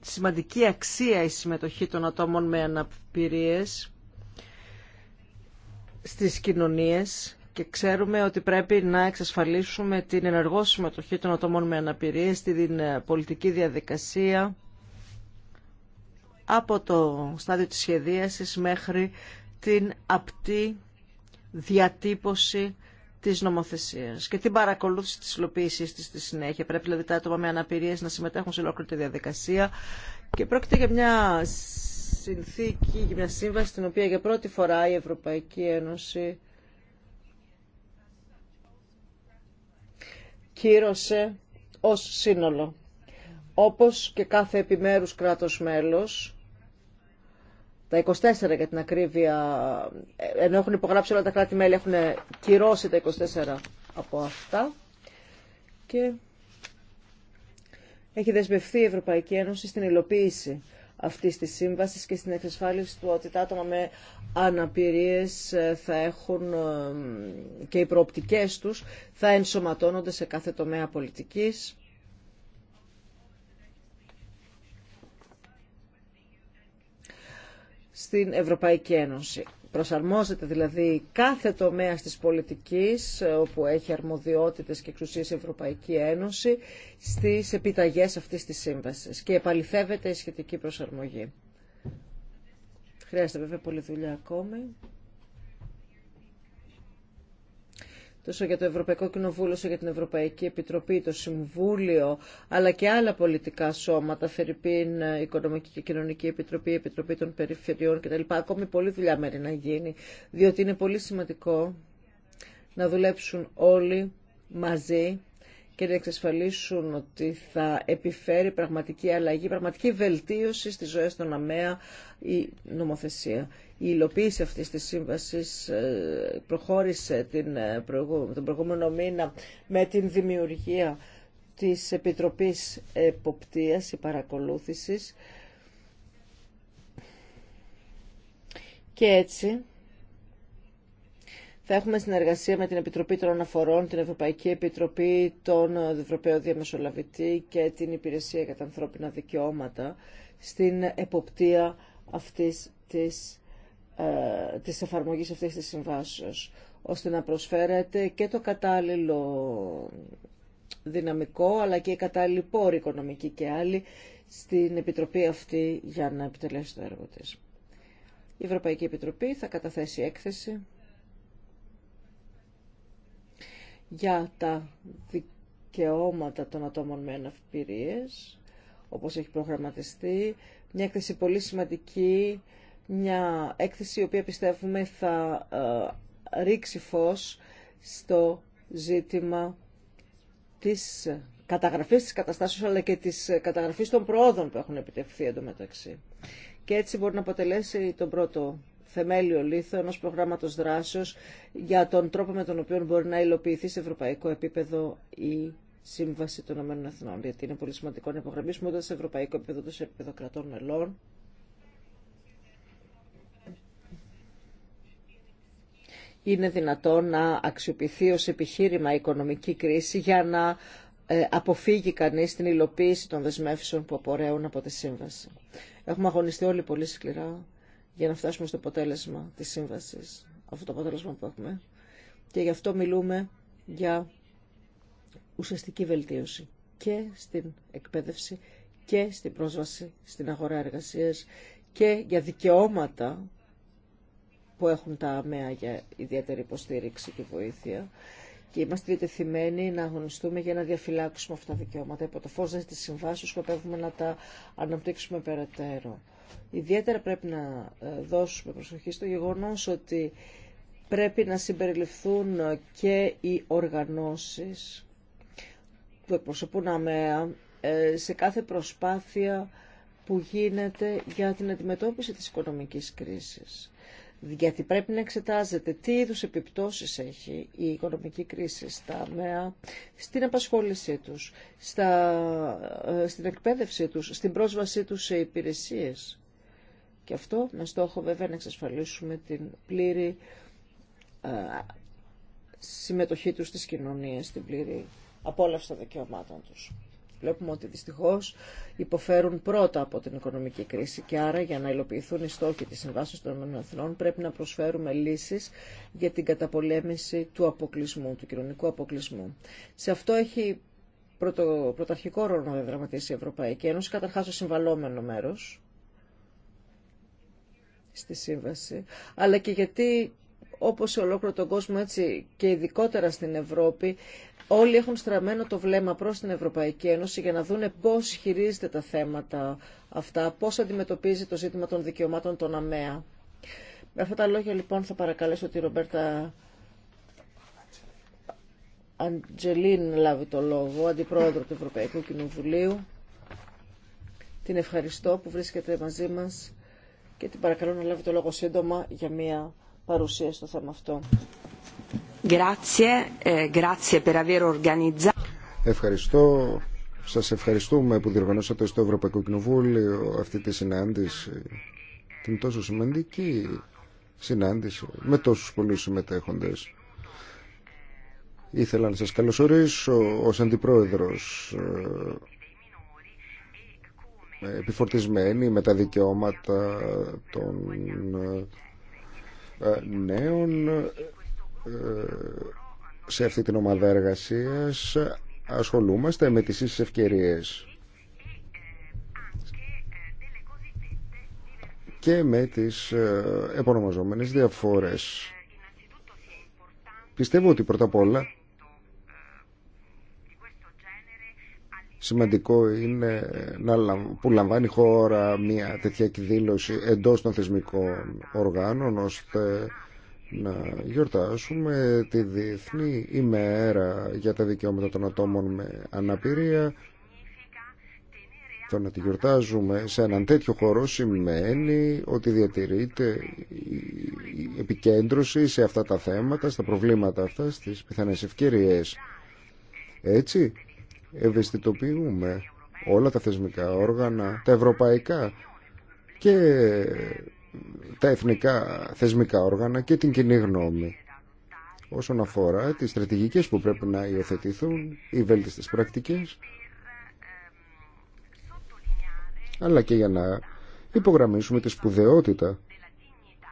[SPEAKER 4] σημαντική αξία η συμμετοχή των ατόμων με αναπηρίες στις κοινωνίες και ξέρουμε ότι πρέπει να εξασφαλίσουμε την ενεργό συμμετοχή των ατόμων με αναπηρίες στην ε, πολιτική διαδικασία από το στάδιο της σχεδίασης μέχρι την απτή διατύπωση της νομοθεσίας και την παρακολούθηση της υλοποίησής της στη συνέχεια. Πρέπει δηλαδή τα άτομα με αναπηρίες να συμμετέχουν σε ολόκληρη τη διαδικασία και πρόκειται για μια συνθήκη, για μια σύμβαση την οποία για πρώτη φορά η Ευρωπαϊκή Ένωση κύρωσε ως σύνολο. Όπως και κάθε επιμέρους κράτος μέλος τα 24 για την ακρίβεια, ενώ έχουν υπογράψει όλα τα κράτη-μέλη, έχουν κυρώσει τα 24 από αυτά και έχει δεσμευθεί η Ευρωπαϊκή Ένωση στην υλοποίηση αυτή τη σύμβαση και στην εξασφάλιση του ότι τα άτομα με αναπηρίε ε, θα έχουν ε, και οι προοπτικέ του θα ενσωματώνονται σε κάθε τομέα πολιτική. στην Ευρωπαϊκή Ένωση. Προσαρμόζεται δηλαδή κάθε τομέα της πολιτικής όπου έχει αρμοδιότητες και εξουσίες η Ευρωπαϊκή Ένωση στις επιταγές αυτής της σύμβασης και επαληθεύεται η σχετική προσαρμογή. Χρειάζεται βέβαια πολλή δουλειά ακόμη. τόσο για το Ευρωπαϊκό Κοινοβούλιο, όσο για την Ευρωπαϊκή Επιτροπή, το Συμβούλιο, αλλά και άλλα πολιτικά σώματα, Φερρυπίν, Οικονομική και Κοινωνική Επιτροπή, Επιτροπή των Περιφερειών κτλ. Ακόμη πολλή δουλειά μέρη να γίνει, διότι είναι πολύ σημαντικό να δουλέψουν όλοι μαζί και να εξασφαλίσουν ότι θα επιφέρει πραγματική αλλαγή, πραγματική βελτίωση στις ζωές των ΑΜΕΑ η νομοθεσία. Η υλοποίηση αυτής της σύμβασης ε, προχώρησε την ε, τον προηγούμενο μήνα με την δημιουργία της Επιτροπής Εποπτείας ή Παρακολούθησης και έτσι θα έχουμε συνεργασία με την Επιτροπή των Αναφορών, την Ευρωπαϊκή Επιτροπή, τον Ευρωπαίο Διαμεσολαβητή και την Υπηρεσία για τα Ανθρώπινα Δικαιώματα στην εποπτεία αυτής της, ε, της εφαρμογής αυτής της συμβάσεως, ώστε να προσφέρεται και το κατάλληλο δυναμικό, αλλά και οι κατάλληλοι πόροι οικονομικοί και άλλοι στην Επιτροπή αυτή για να επιτελέσει το έργο της. Η Ευρωπαϊκή Επιτροπή θα καταθέσει έκθεση για τα δικαιώματα των ατόμων με αναφυπηρίες, όπως έχει προγραμματιστεί. Μια έκθεση πολύ σημαντική, μια έκθεση η οποία πιστεύουμε θα ε, ρίξει φως στο ζήτημα της καταγραφής της καταστάσεως αλλά και της καταγραφής των προόδων που έχουν επιτευχθεί εντωμεταξύ. Και έτσι μπορεί να αποτελέσει τον πρώτο θεμέλιο λίθο ενός προγράμματος δράσεως για τον τρόπο με τον οποίο μπορεί να υλοποιηθεί σε ευρωπαϊκό επίπεδο η Σύμβαση των Ηνωμένων Εθνών. Γιατί είναι πολύ σημαντικό να υπογραμμίσουμε όταν σε ευρωπαϊκό επίπεδο, όταν σε επίπεδο κρατών μελών, είναι δυνατό να αξιοποιηθεί ως επιχείρημα η οικονομική κρίση για να ε, αποφύγει κανείς την υλοποίηση των δεσμεύσεων που απορρέουν από τη Σύμβαση. Έχουμε αγωνιστεί όλοι πολύ σκληρά για να φτάσουμε στο αποτέλεσμα της σύμβασης, αυτό το αποτέλεσμα που έχουμε. Και γι' αυτό μιλούμε για ουσιαστική βελτίωση και στην εκπαίδευση και στην πρόσβαση στην αγορά εργασίας και για δικαιώματα που έχουν τα ΑΜΕΑ για ιδιαίτερη υποστήριξη και βοήθεια και είμαστε διατεθειμένοι να αγωνιστούμε για να διαφυλάξουμε αυτά τα δικαιώματα. Υπό το φως της συμβάσεως σκοπεύουμε να τα αναπτύξουμε περαιτέρω. Ιδιαίτερα πρέπει να ε, δώσουμε προσοχή στο γεγονός ότι πρέπει να συμπεριληφθούν και οι οργανώσεις που εκπροσωπούν αμαία ε, σε κάθε προσπάθεια που γίνεται για την αντιμετώπιση της οικονομικής κρίσης γιατί πρέπει να εξετάζεται τι είδους επιπτώσεις έχει η οικονομική κρίση στα νέα, στην απασχόλησή τους, στα, ε, στην εκπαίδευσή τους, στην πρόσβασή τους σε υπηρεσίες. Και αυτό με στόχο βέβαια να εξασφαλίσουμε την πλήρη ε, συμμετοχή τους στις κοινωνίες, την πλήρη απόλαυση των δικαιωμάτων τους. Βλέπουμε ότι δυστυχώς υποφέρουν πρώτα από την οικονομική κρίση και άρα για να υλοποιηθούν οι στόχοι της Συμβάσεως των ΕΕ πρέπει να προσφέρουμε λύσεις για την καταπολέμηση του αποκλεισμού, του κοινωνικού αποκλεισμού. Σε αυτό έχει πρωτο, πρωταρχικό ρόλο να διαδραματίσει η Ευρωπαϊκή Ένωση, καταρχάς ο συμβαλόμενο μέρος στη σύμβαση, αλλά και γιατί όπως σε ολόκληρο τον κόσμο έτσι και ειδικότερα στην Ευρώπη όλοι έχουν στραμμένο το βλέμμα προς την Ευρωπαϊκή Ένωση για να δούνε πώς χειρίζεται τα θέματα αυτά, πώς αντιμετωπίζει το ζήτημα των δικαιωμάτων των ΑΜΕΑ. Με αυτά τα λόγια λοιπόν θα παρακαλέσω τη Ρομπέρτα Αντζελίν λάβει το λόγο, αντιπρόεδρο του Ευρωπαϊκού Κοινοβουλίου. Την ευχαριστώ που βρίσκεται μαζί μας και την παρακαλώ να λάβει το λόγο σύντομα για μία παρουσία στο αυτό.
[SPEAKER 2] Ε, Ευχαριστώ. Σα ευχαριστούμε που διοργανώσατε στο Ευρωπαϊκό Κοινοβούλιο αυτή τη συνάντηση, την τόσο σημαντική συνάντηση με τόσου πολλού συμμετέχοντε. Ήθελα να σα καλωσορίσω ω αντιπρόεδρο. Ε, επιφορτισμένη με τα δικαιώματα των ε, νέων ε, σε αυτή την ομάδα εργασίας ασχολούμαστε με τις ίσες ευκαιρίες και με τις ε, επωνομαζόμενες διαφορές. Πιστεύω ότι πρώτα απ' όλα Σημαντικό είναι να, που λαμβάνει η χώρα μια τέτοια εκδήλωση εντός των θεσμικών οργάνων ώστε να γιορτάσουμε τη Διεθνή ημέρα για τα δικαιώματα των ατόμων με αναπηρία. Το να τη γιορτάζουμε σε έναν τέτοιο χώρο σημαίνει ότι διατηρείται η επικέντρωση σε αυτά τα θέματα, στα προβλήματα αυτά, στις πιθανές ευκαιρίες. Έτσι, ευαισθητοποιούμε όλα τα θεσμικά όργανα, τα ευρωπαϊκά και τα εθνικά θεσμικά όργανα και την κοινή γνώμη όσον αφορά τις στρατηγικές που πρέπει να υιοθετηθούν, οι βέλτιστες πρακτικές, αλλά και για να υπογραμμίσουμε τη σπουδαιότητα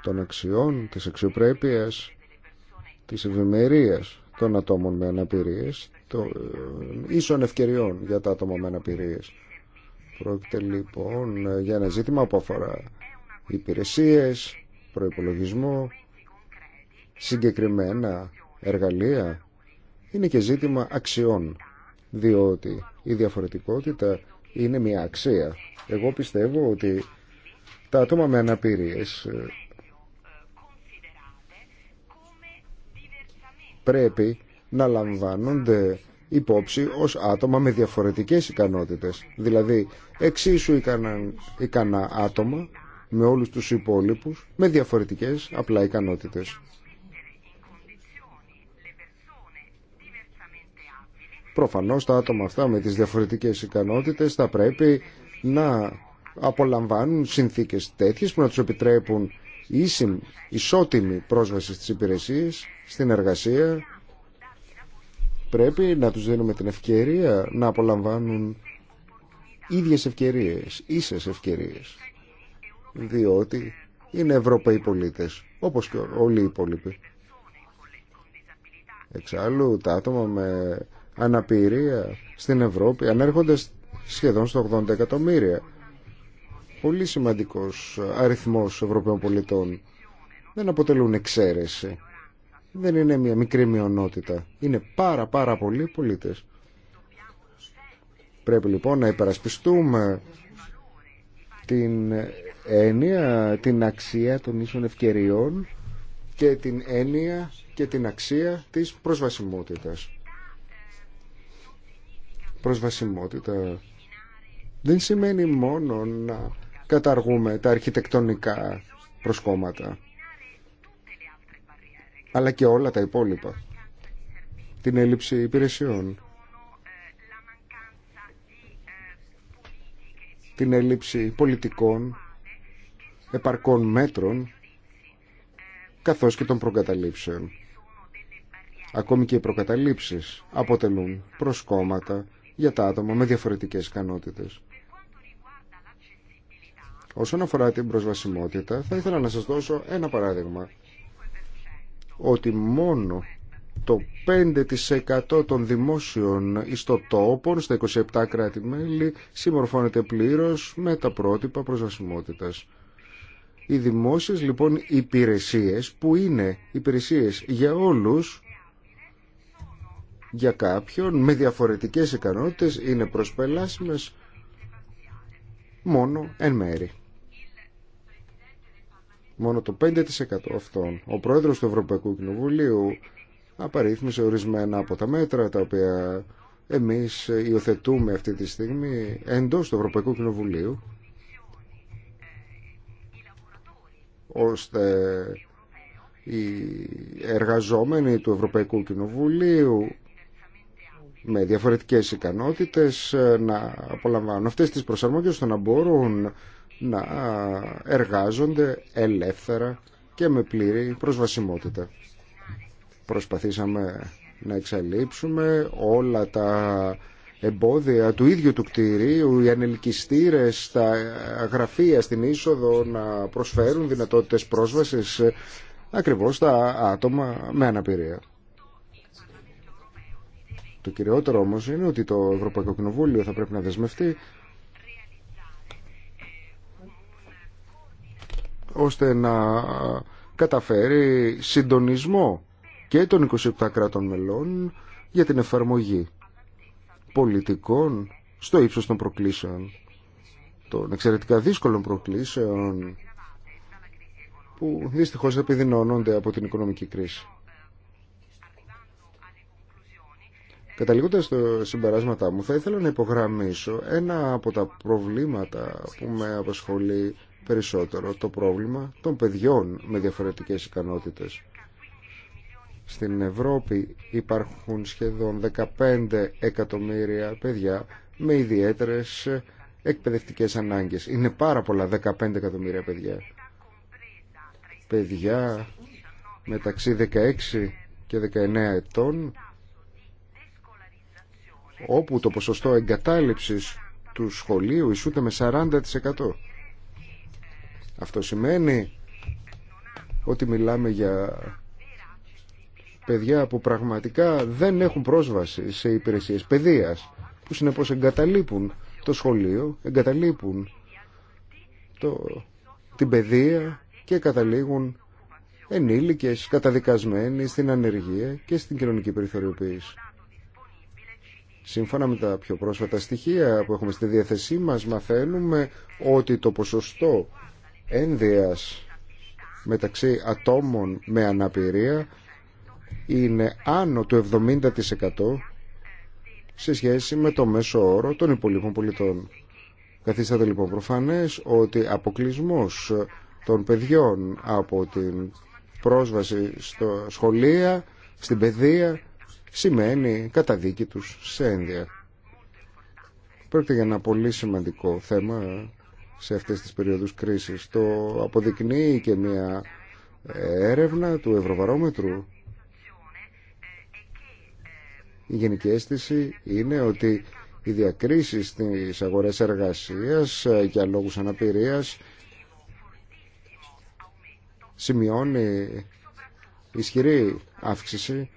[SPEAKER 2] των αξιών, της αξιοπρέπειας, της ευημερίας των ατόμων με αναπηρίες, των ε, ίσων ευκαιριών για τα άτομα με αναπηρίες. Πρόκειται λοιπόν για ένα ζήτημα που αφορά υπηρεσίες, προϋπολογισμό, συγκεκριμένα εργαλεία. Είναι και ζήτημα αξιών, διότι η διαφορετικότητα είναι μια αξία. Εγώ πιστεύω ότι τα άτομα με αναπηρίες ε, πρέπει να λαμβάνονται υπόψη ως άτομα με διαφορετικές ικανότητες. Δηλαδή εξίσου ικανα, ικανά άτομα με όλους τους υπόλοιπους με διαφορετικές απλά ικανότητες. Προφανώς τα άτομα αυτά με τις διαφορετικές ικανότητες θα πρέπει να απολαμβάνουν συνθήκες τέτοιες που να τους επιτρέπουν ίση, ισότιμη πρόσβαση στις υπηρεσίες, στην εργασία. Πρέπει να τους δίνουμε την ευκαιρία να απολαμβάνουν ίδιες ευκαιρίες, ίσες ευκαιρίες. Διότι είναι Ευρωπαίοι πολίτες, όπως και όλοι οι υπόλοιποι. Εξάλλου, τα άτομα με αναπηρία στην Ευρώπη ανέρχονται σχεδόν στο 80 εκατομμύρια πολύ σημαντικός αριθμός Ευρωπαίων πολιτών. Δεν αποτελούν εξαίρεση. Δεν είναι μια μικρή μειονότητα. Είναι πάρα πάρα πολλοί πολίτες. Πρέπει λοιπόν να υπερασπιστούμε την έννοια, την αξία των ίσων ευκαιριών και την έννοια και την αξία της προσβασιμότητας. Προσβασιμότητα δεν σημαίνει μόνο να καταργούμε τα αρχιτεκτονικά προσκόμματα αλλά και όλα τα υπόλοιπα την έλλειψη υπηρεσιών την έλλειψη πολιτικών επαρκών μέτρων καθώς και των προκαταλήψεων. Ακόμη και οι προκαταλήψεις αποτελούν προσκόμματα για τα άτομα με διαφορετικές ικανότητες. Όσον αφορά την προσβασιμότητα, θα ήθελα να σας δώσω ένα παράδειγμα. Ότι μόνο το 5% των δημόσιων ιστοτόπων στα 27 κράτη-μέλη συμμορφώνεται πλήρως με τα πρότυπα προσβασιμότητας. Οι δημόσιες λοιπόν υπηρεσίες που είναι υπηρεσίες για όλους, για κάποιον, με διαφορετικές ικανότητες, είναι προσπελάσιμες μόνο εν μέρη μόνο το 5% αυτών. Ο πρόεδρος του Ευρωπαϊκού Κοινοβουλίου απαρίθμησε ορισμένα από τα μέτρα τα οποία εμείς υιοθετούμε αυτή τη στιγμή εντός του Ευρωπαϊκού Κοινοβουλίου ώστε οι εργαζόμενοι του Ευρωπαϊκού Κοινοβουλίου με διαφορετικές ικανότητες να απολαμβάνουν αυτές τις προσαρμογές ώστε να μπορούν να εργάζονται ελεύθερα και με πλήρη προσβασιμότητα. Προσπαθήσαμε να εξαλείψουμε όλα τα εμπόδια του ίδιου του κτηρίου, οι ανελκυστήρες, τα γραφεία στην είσοδο να προσφέρουν δυνατότητες πρόσβασης ακριβώς τα άτομα με αναπηρία. Το κυριότερο όμως είναι ότι το Ευρωπαϊκό Κοινοβούλιο θα πρέπει να δεσμευτεί ώστε να καταφέρει συντονισμό και των 27 κρατών μελών για την εφαρμογή πολιτικών στο ύψος των προκλήσεων, των εξαιρετικά δύσκολων προκλήσεων που δυστυχώς επιδεινώνονται από την οικονομική κρίση. Καταλήγοντας στο συμπεράσματά μου, θα ήθελα να υπογραμμίσω ένα από τα προβλήματα που με απασχολεί περισσότερο το πρόβλημα των παιδιών με διαφορετικές ικανότητες. Στην Ευρώπη υπάρχουν σχεδόν 15 εκατομμύρια παιδιά με ιδιαίτερες εκπαιδευτικές ανάγκες. Είναι πάρα πολλά 15 εκατομμύρια παιδιά. Παιδιά μεταξύ 16 και 19 ετών όπου το ποσοστό εγκατάλειψης του σχολείου ισούται με 40%. Αυτό σημαίνει ότι μιλάμε για παιδιά που πραγματικά δεν έχουν πρόσβαση σε υπηρεσίες παιδείας, που συνεπώς εγκαταλείπουν το σχολείο, εγκαταλείπουν το, την παιδεία και καταλήγουν ενήλικες καταδικασμένοι στην ανεργία και στην κοινωνική περιθωριοποίηση. Σύμφωνα με τα πιο πρόσφατα στοιχεία που έχουμε στη διαθεσή μας μαθαίνουμε ότι το ποσοστό ένδυας μεταξύ ατόμων με αναπηρία είναι άνω του 70% σε σχέση με το μέσο όρο των υπολείπων πολιτών. Καθίσταται λοιπόν προφανές ότι αποκλεισμός των παιδιών από την πρόσβαση στο σχολεία, στην παιδεία, σημαίνει καταδίκη τους σε ένδια. Πρόκειται για ένα πολύ σημαντικό θέμα σε αυτές τις περίοδους κρίσης. Το αποδεικνύει και μια έρευνα του Ευρωβαρόμετρου. Η γενική αίσθηση είναι ότι οι διακρίσεις στις αγορές εργασίας για λόγους αναπηρίας σημειώνει ισχυρή αύξηση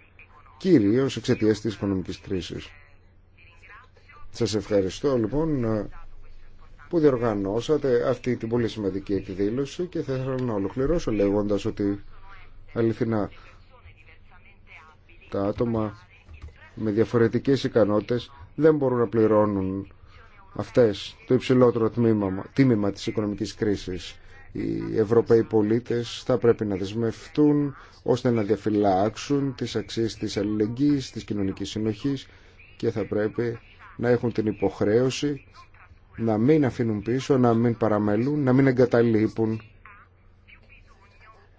[SPEAKER 2] κυρίως εξαιτίας της οικονομικής κρίσης. Σας ευχαριστώ λοιπόν που διοργανώσατε αυτή την πολύ σημαντική εκδήλωση και θα ήθελα να ολοκληρώσω λέγοντας ότι αληθινά τα άτομα με διαφορετικές ικανότητες δεν μπορούν να πληρώνουν αυτές το υψηλότερο τμήμα, τίμημα της οικονομικής κρίσης. Οι Ευρωπαίοι πολίτες θα πρέπει να δεσμευτούν ώστε να διαφυλάξουν τις αξίες της αλληλεγγύης, της κοινωνικής συνοχής και θα πρέπει να έχουν την υποχρέωση να μην αφήνουν πίσω, να μην παραμελούν, να μην εγκαταλείπουν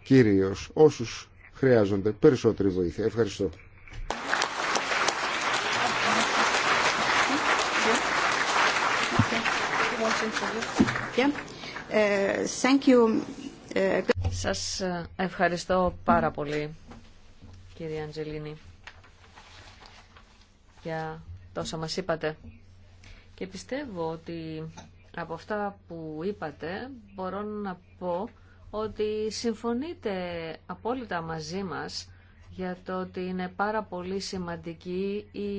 [SPEAKER 2] κυρίως όσους χρειάζονται περισσότερη βοήθεια. Ευχαριστώ.
[SPEAKER 1] Σας ευχαριστώ πάρα πολύ, κύριε Αντζελίνη, για τόσα μας είπατε. Και πιστεύω ότι από αυτά που είπατε μπορώ να πω ότι συμφωνείτε απόλυτα μαζί μας για το ότι είναι πάρα πολύ σημαντική η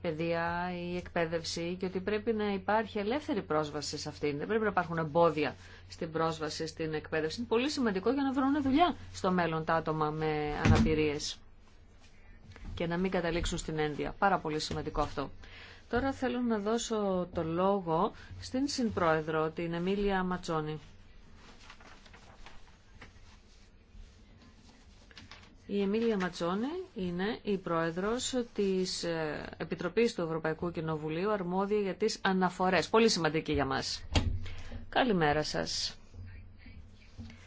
[SPEAKER 1] παιδεία, η εκπαίδευση και ότι πρέπει να υπάρχει ελεύθερη πρόσβαση σε αυτήν. Δεν πρέπει να υπάρχουν εμπόδια στην πρόσβαση στην εκπαίδευση. Είναι πολύ σημαντικό για να βρουν δουλειά στο μέλλον τα άτομα με αναπηρίες και να μην καταλήξουν στην ένδια. Πάρα πολύ σημαντικό αυτό. Τώρα θέλω να δώσω το λόγο στην Συμπρόεδρο, την Εμίλια Ματσόνη. Η Εμίλια Ματσόνη είναι η Πρόεδρος της ε, Επιτροπής του Ευρωπαϊκού Κοινοβουλίου αρμόδια για τις αναφορές. Πολύ σημαντική για μας. Καλημέρα σας.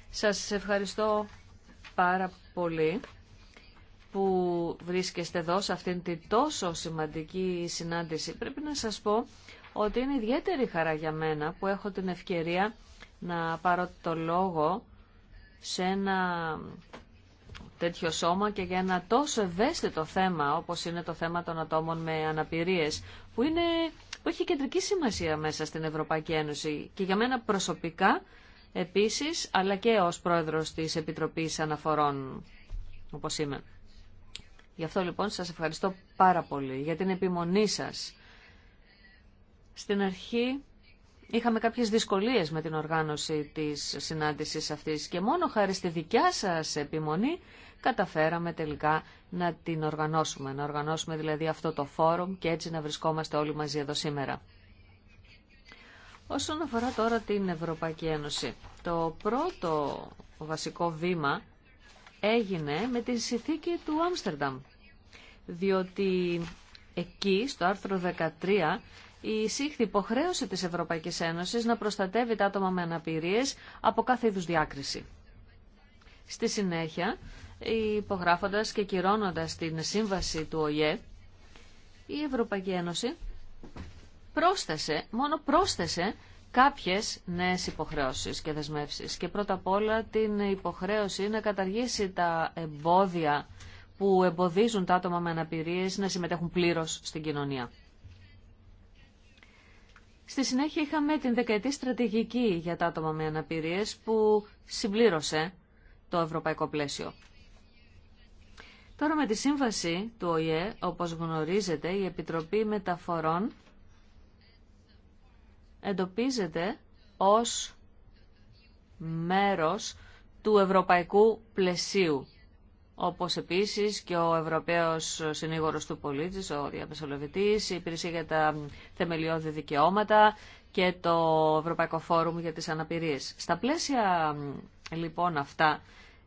[SPEAKER 1] Σας ευχαριστώ πάρα πολύ που βρίσκεστε εδώ σε αυτήν την τόσο σημαντική συνάντηση. Πρέπει να σας πω ότι είναι ιδιαίτερη χαρά για μένα που έχω την ευκαιρία να πάρω το λόγο σε ένα τέτοιο σώμα και για ένα τόσο ευαίσθητο θέμα όπως είναι το θέμα των ατόμων με αναπηρίες που, είναι, που έχει κεντρική σημασία μέσα στην Ευρωπαϊκή Ένωση και για μένα προσωπικά επίσης αλλά και ως πρόεδρος της Επιτροπής Αναφορών όπως είμαι. Γι' αυτό λοιπόν σας ευχαριστώ πάρα πολύ για την επιμονή σας. Στην αρχή είχαμε κάποιες δυσκολίες με την οργάνωση της συνάντησης αυτής και μόνο χάρη στη δικιά σας επιμονή καταφέραμε τελικά να την οργανώσουμε. Να οργανώσουμε δηλαδή αυτό το φόρουμ και έτσι να βρισκόμαστε όλοι μαζί εδώ σήμερα. Όσον αφορά τώρα την Ευρωπαϊκή Ένωση, το πρώτο βασικό βήμα έγινε με τη συνθήκη του Άμστερνταμ διότι εκεί στο άρθρο 13 η εισήχθη υποχρέωση της Ευρωπαϊκής Ένωσης να προστατεύει τα άτομα με αναπηρίες από κάθε είδους διάκριση. Στη συνέχεια, υπογράφοντας και κυρώνοντας την σύμβαση του ΟΙΕ, η Ευρωπαϊκή Ένωση πρόσθεσε, μόνο πρόσθεσε κάποιες νέες υποχρεώσεις και δεσμεύσεις. Και πρώτα απ' όλα την υποχρέωση να καταργήσει τα εμπόδια που εμποδίζουν τα άτομα με αναπηρίες να συμμετέχουν πλήρως στην κοινωνία. Στη συνέχεια είχαμε την δεκαετή στρατηγική για τα άτομα με αναπηρίες που συμπλήρωσε το ευρωπαϊκό πλαίσιο. Τώρα με τη σύμβαση του ΟΗΕ, όπως γνωρίζετε, η Επιτροπή Μεταφορών εντοπίζεται ως μέρος του ευρωπαϊκού πλαισίου όπως επίσης και ο Ευρωπαίος Συνήγορος του Πολίτη, ο Διαπεσολευητής... η Υπηρεσία για τα Θεμελιώδη Δικαιώματα και το Ευρωπαϊκό Φόρουμ για τις Αναπηρίες. Στα πλαίσια λοιπόν αυτά,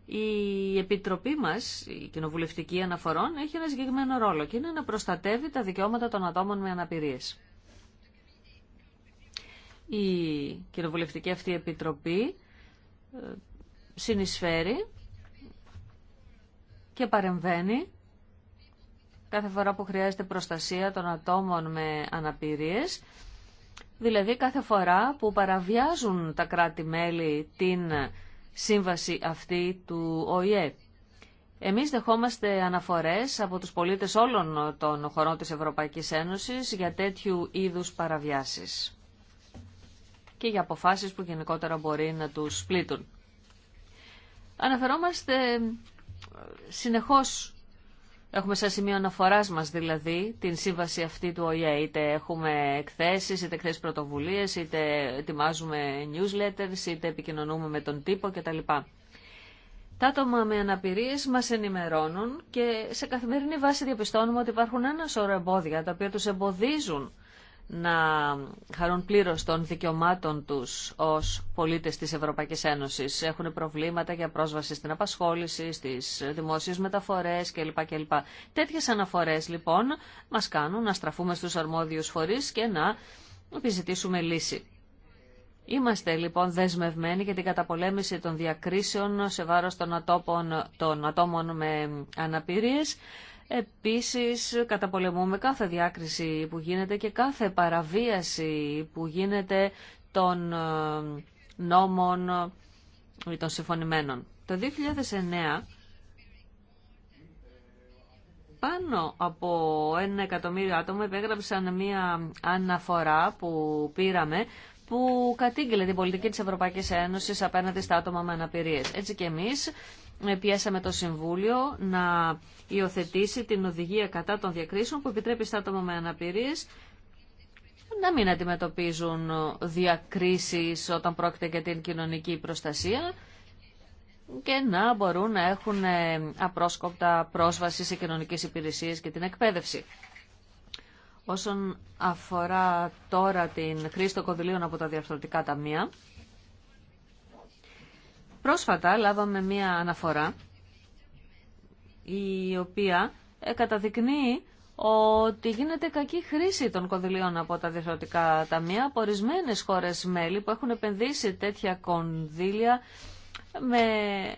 [SPEAKER 1] η Επιτροπή μας, η Κοινοβουλευτική Αναφορών, έχει ένα συγκεκριμένο ρόλο και είναι να προστατεύει τα δικαιώματα των ατόμων με αναπηρίες. Η Κοινοβουλευτική αυτή Επιτροπή ε, συνεισφέρει και παρεμβαίνει κάθε φορά που χρειάζεται προστασία των ατόμων με αναπηρίες, δηλαδή κάθε φορά που παραβιάζουν τα κράτη-μέλη την σύμβαση αυτή του ΟΗΕ. Εμείς δεχόμαστε αναφορές από τους πολίτες όλων των χωρών της Ευρωπαϊκής Ένωσης για τέτοιου είδους παραβιάσεις και για αποφάσεις που γενικότερα μπορεί να τους πλήττουν. Αναφερόμαστε συνεχώς έχουμε σαν σημείο αναφοράς μας δηλαδή την σύμβαση αυτή του ΟΗΕ. Είτε έχουμε εκθέσεις, είτε εκθέσεις πρωτοβουλίες, είτε ετοιμάζουμε newsletters, είτε επικοινωνούμε με τον τύπο κτλ. Τα άτομα με αναπηρίες μας ενημερώνουν και σε καθημερινή βάση διαπιστώνουμε ότι υπάρχουν ένα σώρο εμπόδια τα οποία τους εμποδίζουν να χαρούν πλήρως των δικαιωμάτων τους ως πολίτες της Ευρωπαϊκής Ένωσης. Έχουν προβλήματα για πρόσβαση στην απασχόληση, στις δημόσιες μεταφορές κλπ. κλπ. Τέτοιες αναφορές λοιπόν μας κάνουν να στραφούμε στους αρμόδιους φορείς και να επιζητήσουμε λύση. Είμαστε λοιπόν δεσμευμένοι για την καταπολέμηση των διακρίσεων σε βάρος των, ατόπων, των ατόμων με αναπηρίες Επίσης καταπολεμούμε κάθε διάκριση που γίνεται και κάθε παραβίαση που γίνεται των ε, νόμων ή των συμφωνημένων. Το 2009 πάνω από ένα εκατομμύριο άτομα υπέγραψαν μία αναφορά που πήραμε που κατήγγειλε την πολιτική της Ευρωπαϊκής Ένωσης απέναντι στα άτομα με αναπηρίες. Έτσι και εμείς πιέσαμε το Συμβούλιο να υιοθετήσει την οδηγία κατά των διακρίσεων που επιτρέπει στα άτομα με αναπηρίες να μην αντιμετωπίζουν διακρίσεις όταν πρόκειται για την κοινωνική προστασία και να μπορούν να έχουν ε, απρόσκοπτα πρόσβαση σε κοινωνικές υπηρεσίες και την εκπαίδευση. Όσον αφορά τώρα την χρήση των κονδυλίων από τα διαφορετικά ταμεία, Πρόσφατα λάβαμε μία αναφορά η οποία ε, καταδεικνύει ότι γίνεται κακή χρήση των κονδυλίων από τα διευθυντικά ταμεία από ορισμένε χώρες μέλη που έχουν επενδύσει τέτοια κονδύλια με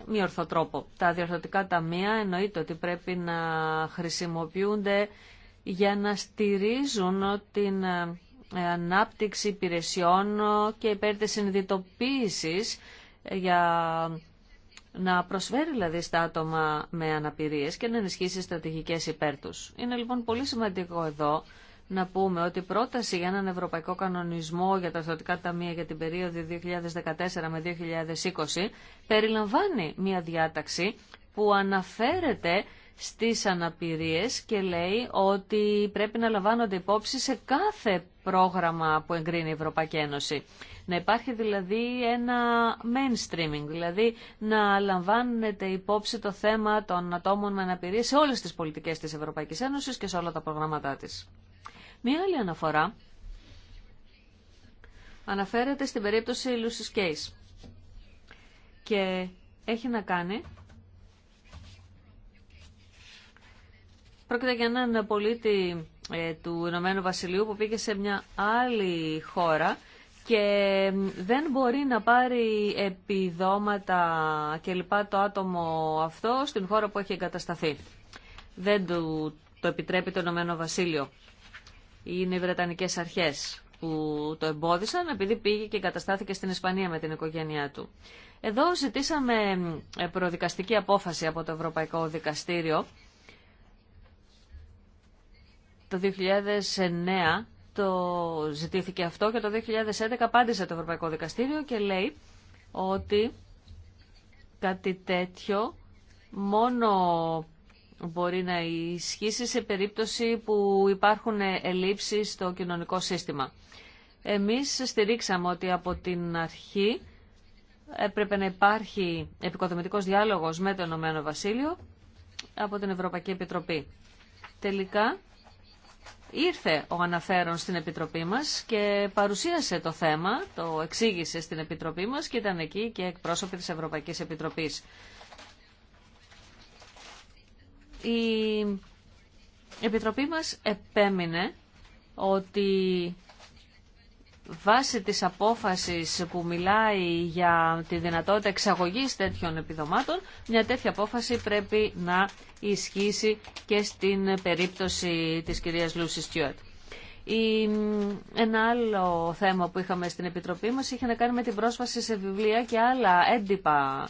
[SPEAKER 1] μη ορθό τρόπο. Τα διορθωτικά ταμεία εννοείται ότι πρέπει να χρησιμοποιούνται για να στηρίζουν την ε, ανάπτυξη υπηρεσιών και υπέρ της συνειδητοποίησης για να προσφέρει δηλαδή στα άτομα με αναπηρίες και να ενισχύσει στρατηγικές υπέρ τους. Είναι λοιπόν πολύ σημαντικό εδώ να πούμε ότι η πρόταση για έναν ευρωπαϊκό κανονισμό για τα στρατιωτικά ταμεία για την περίοδο 2014 με 2020 περιλαμβάνει μια διάταξη που αναφέρεται στις αναπηρίες και λέει ότι πρέπει να λαμβάνονται υπόψη σε κάθε πρόγραμμα που εγκρίνει η Ευρωπαϊκή Ένωση. Να υπάρχει δηλαδή ένα mainstreaming, δηλαδή να λαμβάνεται υπόψη το θέμα των ατόμων με αναπηρία σε όλες τις πολιτικές της Ευρωπαϊκής Ένωσης και σε όλα τα προγράμματά της. Μία άλλη αναφορά αναφέρεται στην περίπτωση Lucy's Case και έχει να κάνει Πρόκειται για έναν πολίτη ε, του Ηνωμένου Βασιλείου που πήγε σε μια άλλη χώρα και δεν μπορεί να πάρει επιδόματα και λοιπά το άτομο αυτό στην χώρα που έχει εγκατασταθεί. Δεν του το επιτρέπει το Ηνωμένο Βασίλειο. Είναι οι Βρετανικές αρχές που το εμπόδισαν επειδή πήγε και εγκαταστάθηκε στην Ισπανία με την οικογένειά του. Εδώ ζητήσαμε ε, προδικαστική απόφαση από το Ευρωπαϊκό Δικαστήριο το 2009 το ζητήθηκε αυτό και το 2011 απάντησε το Ευρωπαϊκό Δικαστήριο και λέει ότι κάτι τέτοιο μόνο μπορεί να ισχύσει σε περίπτωση που υπάρχουν ελλείψεις στο κοινωνικό σύστημα. Εμείς στηρίξαμε ότι από την αρχή έπρεπε να υπάρχει επικοδομητικός διάλογος με το Ηνωμένο Βασίλειο από την Ευρωπαϊκή Επιτροπή. Τελικά Ήρθε ο αναφέρον στην Επιτροπή μας και παρουσίασε το θέμα, το εξήγησε στην Επιτροπή μας και ήταν εκεί και εκπρόσωποι της Ευρωπαϊκής Επιτροπής. Η Επιτροπή μας επέμεινε ότι βάσει της απόφασης που μιλάει για τη δυνατότητα εξαγωγής τέτοιων επιδομάτων, μια τέτοια απόφαση πρέπει να ισχύσει και στην περίπτωση της κυρίας Λούση Στιούαρτ. Ένα άλλο θέμα που είχαμε στην Επιτροπή μας είχε να κάνει με την πρόσβαση σε βιβλία και άλλα έντυπα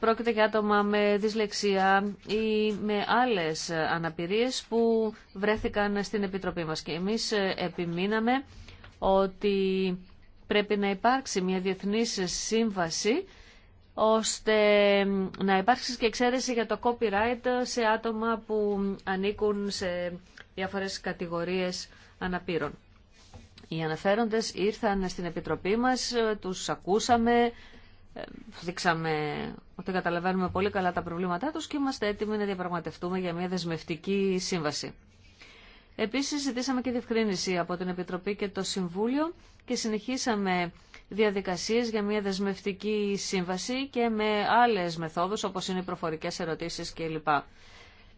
[SPEAKER 1] Πρόκειται για άτομα με δυσλεξία ή με άλλες αναπηρίες που βρέθηκαν στην Επιτροπή μας. Και εμείς ε, επιμείναμε ότι πρέπει να υπάρξει μια διεθνής σύμβαση ώστε να υπάρξει και εξαίρεση για το copyright σε άτομα που ανήκουν σε διάφορες κατηγορίες αναπήρων. Οι αναφέροντες ήρθαν στην Επιτροπή μας, ε, τους ακούσαμε, ε, δείξαμε ότι καταλαβαίνουμε πολύ καλά τα προβλήματά τους και είμαστε έτοιμοι να διαπραγματευτούμε για μια δεσμευτική σύμβαση. Επίσης ζητήσαμε και διευκρίνηση από την Επιτροπή και το Συμβούλιο και συνεχίσαμε διαδικασίες για μια δεσμευτική σύμβαση και με άλλες μεθόδους όπως είναι οι προφορικές ερωτήσεις κλπ.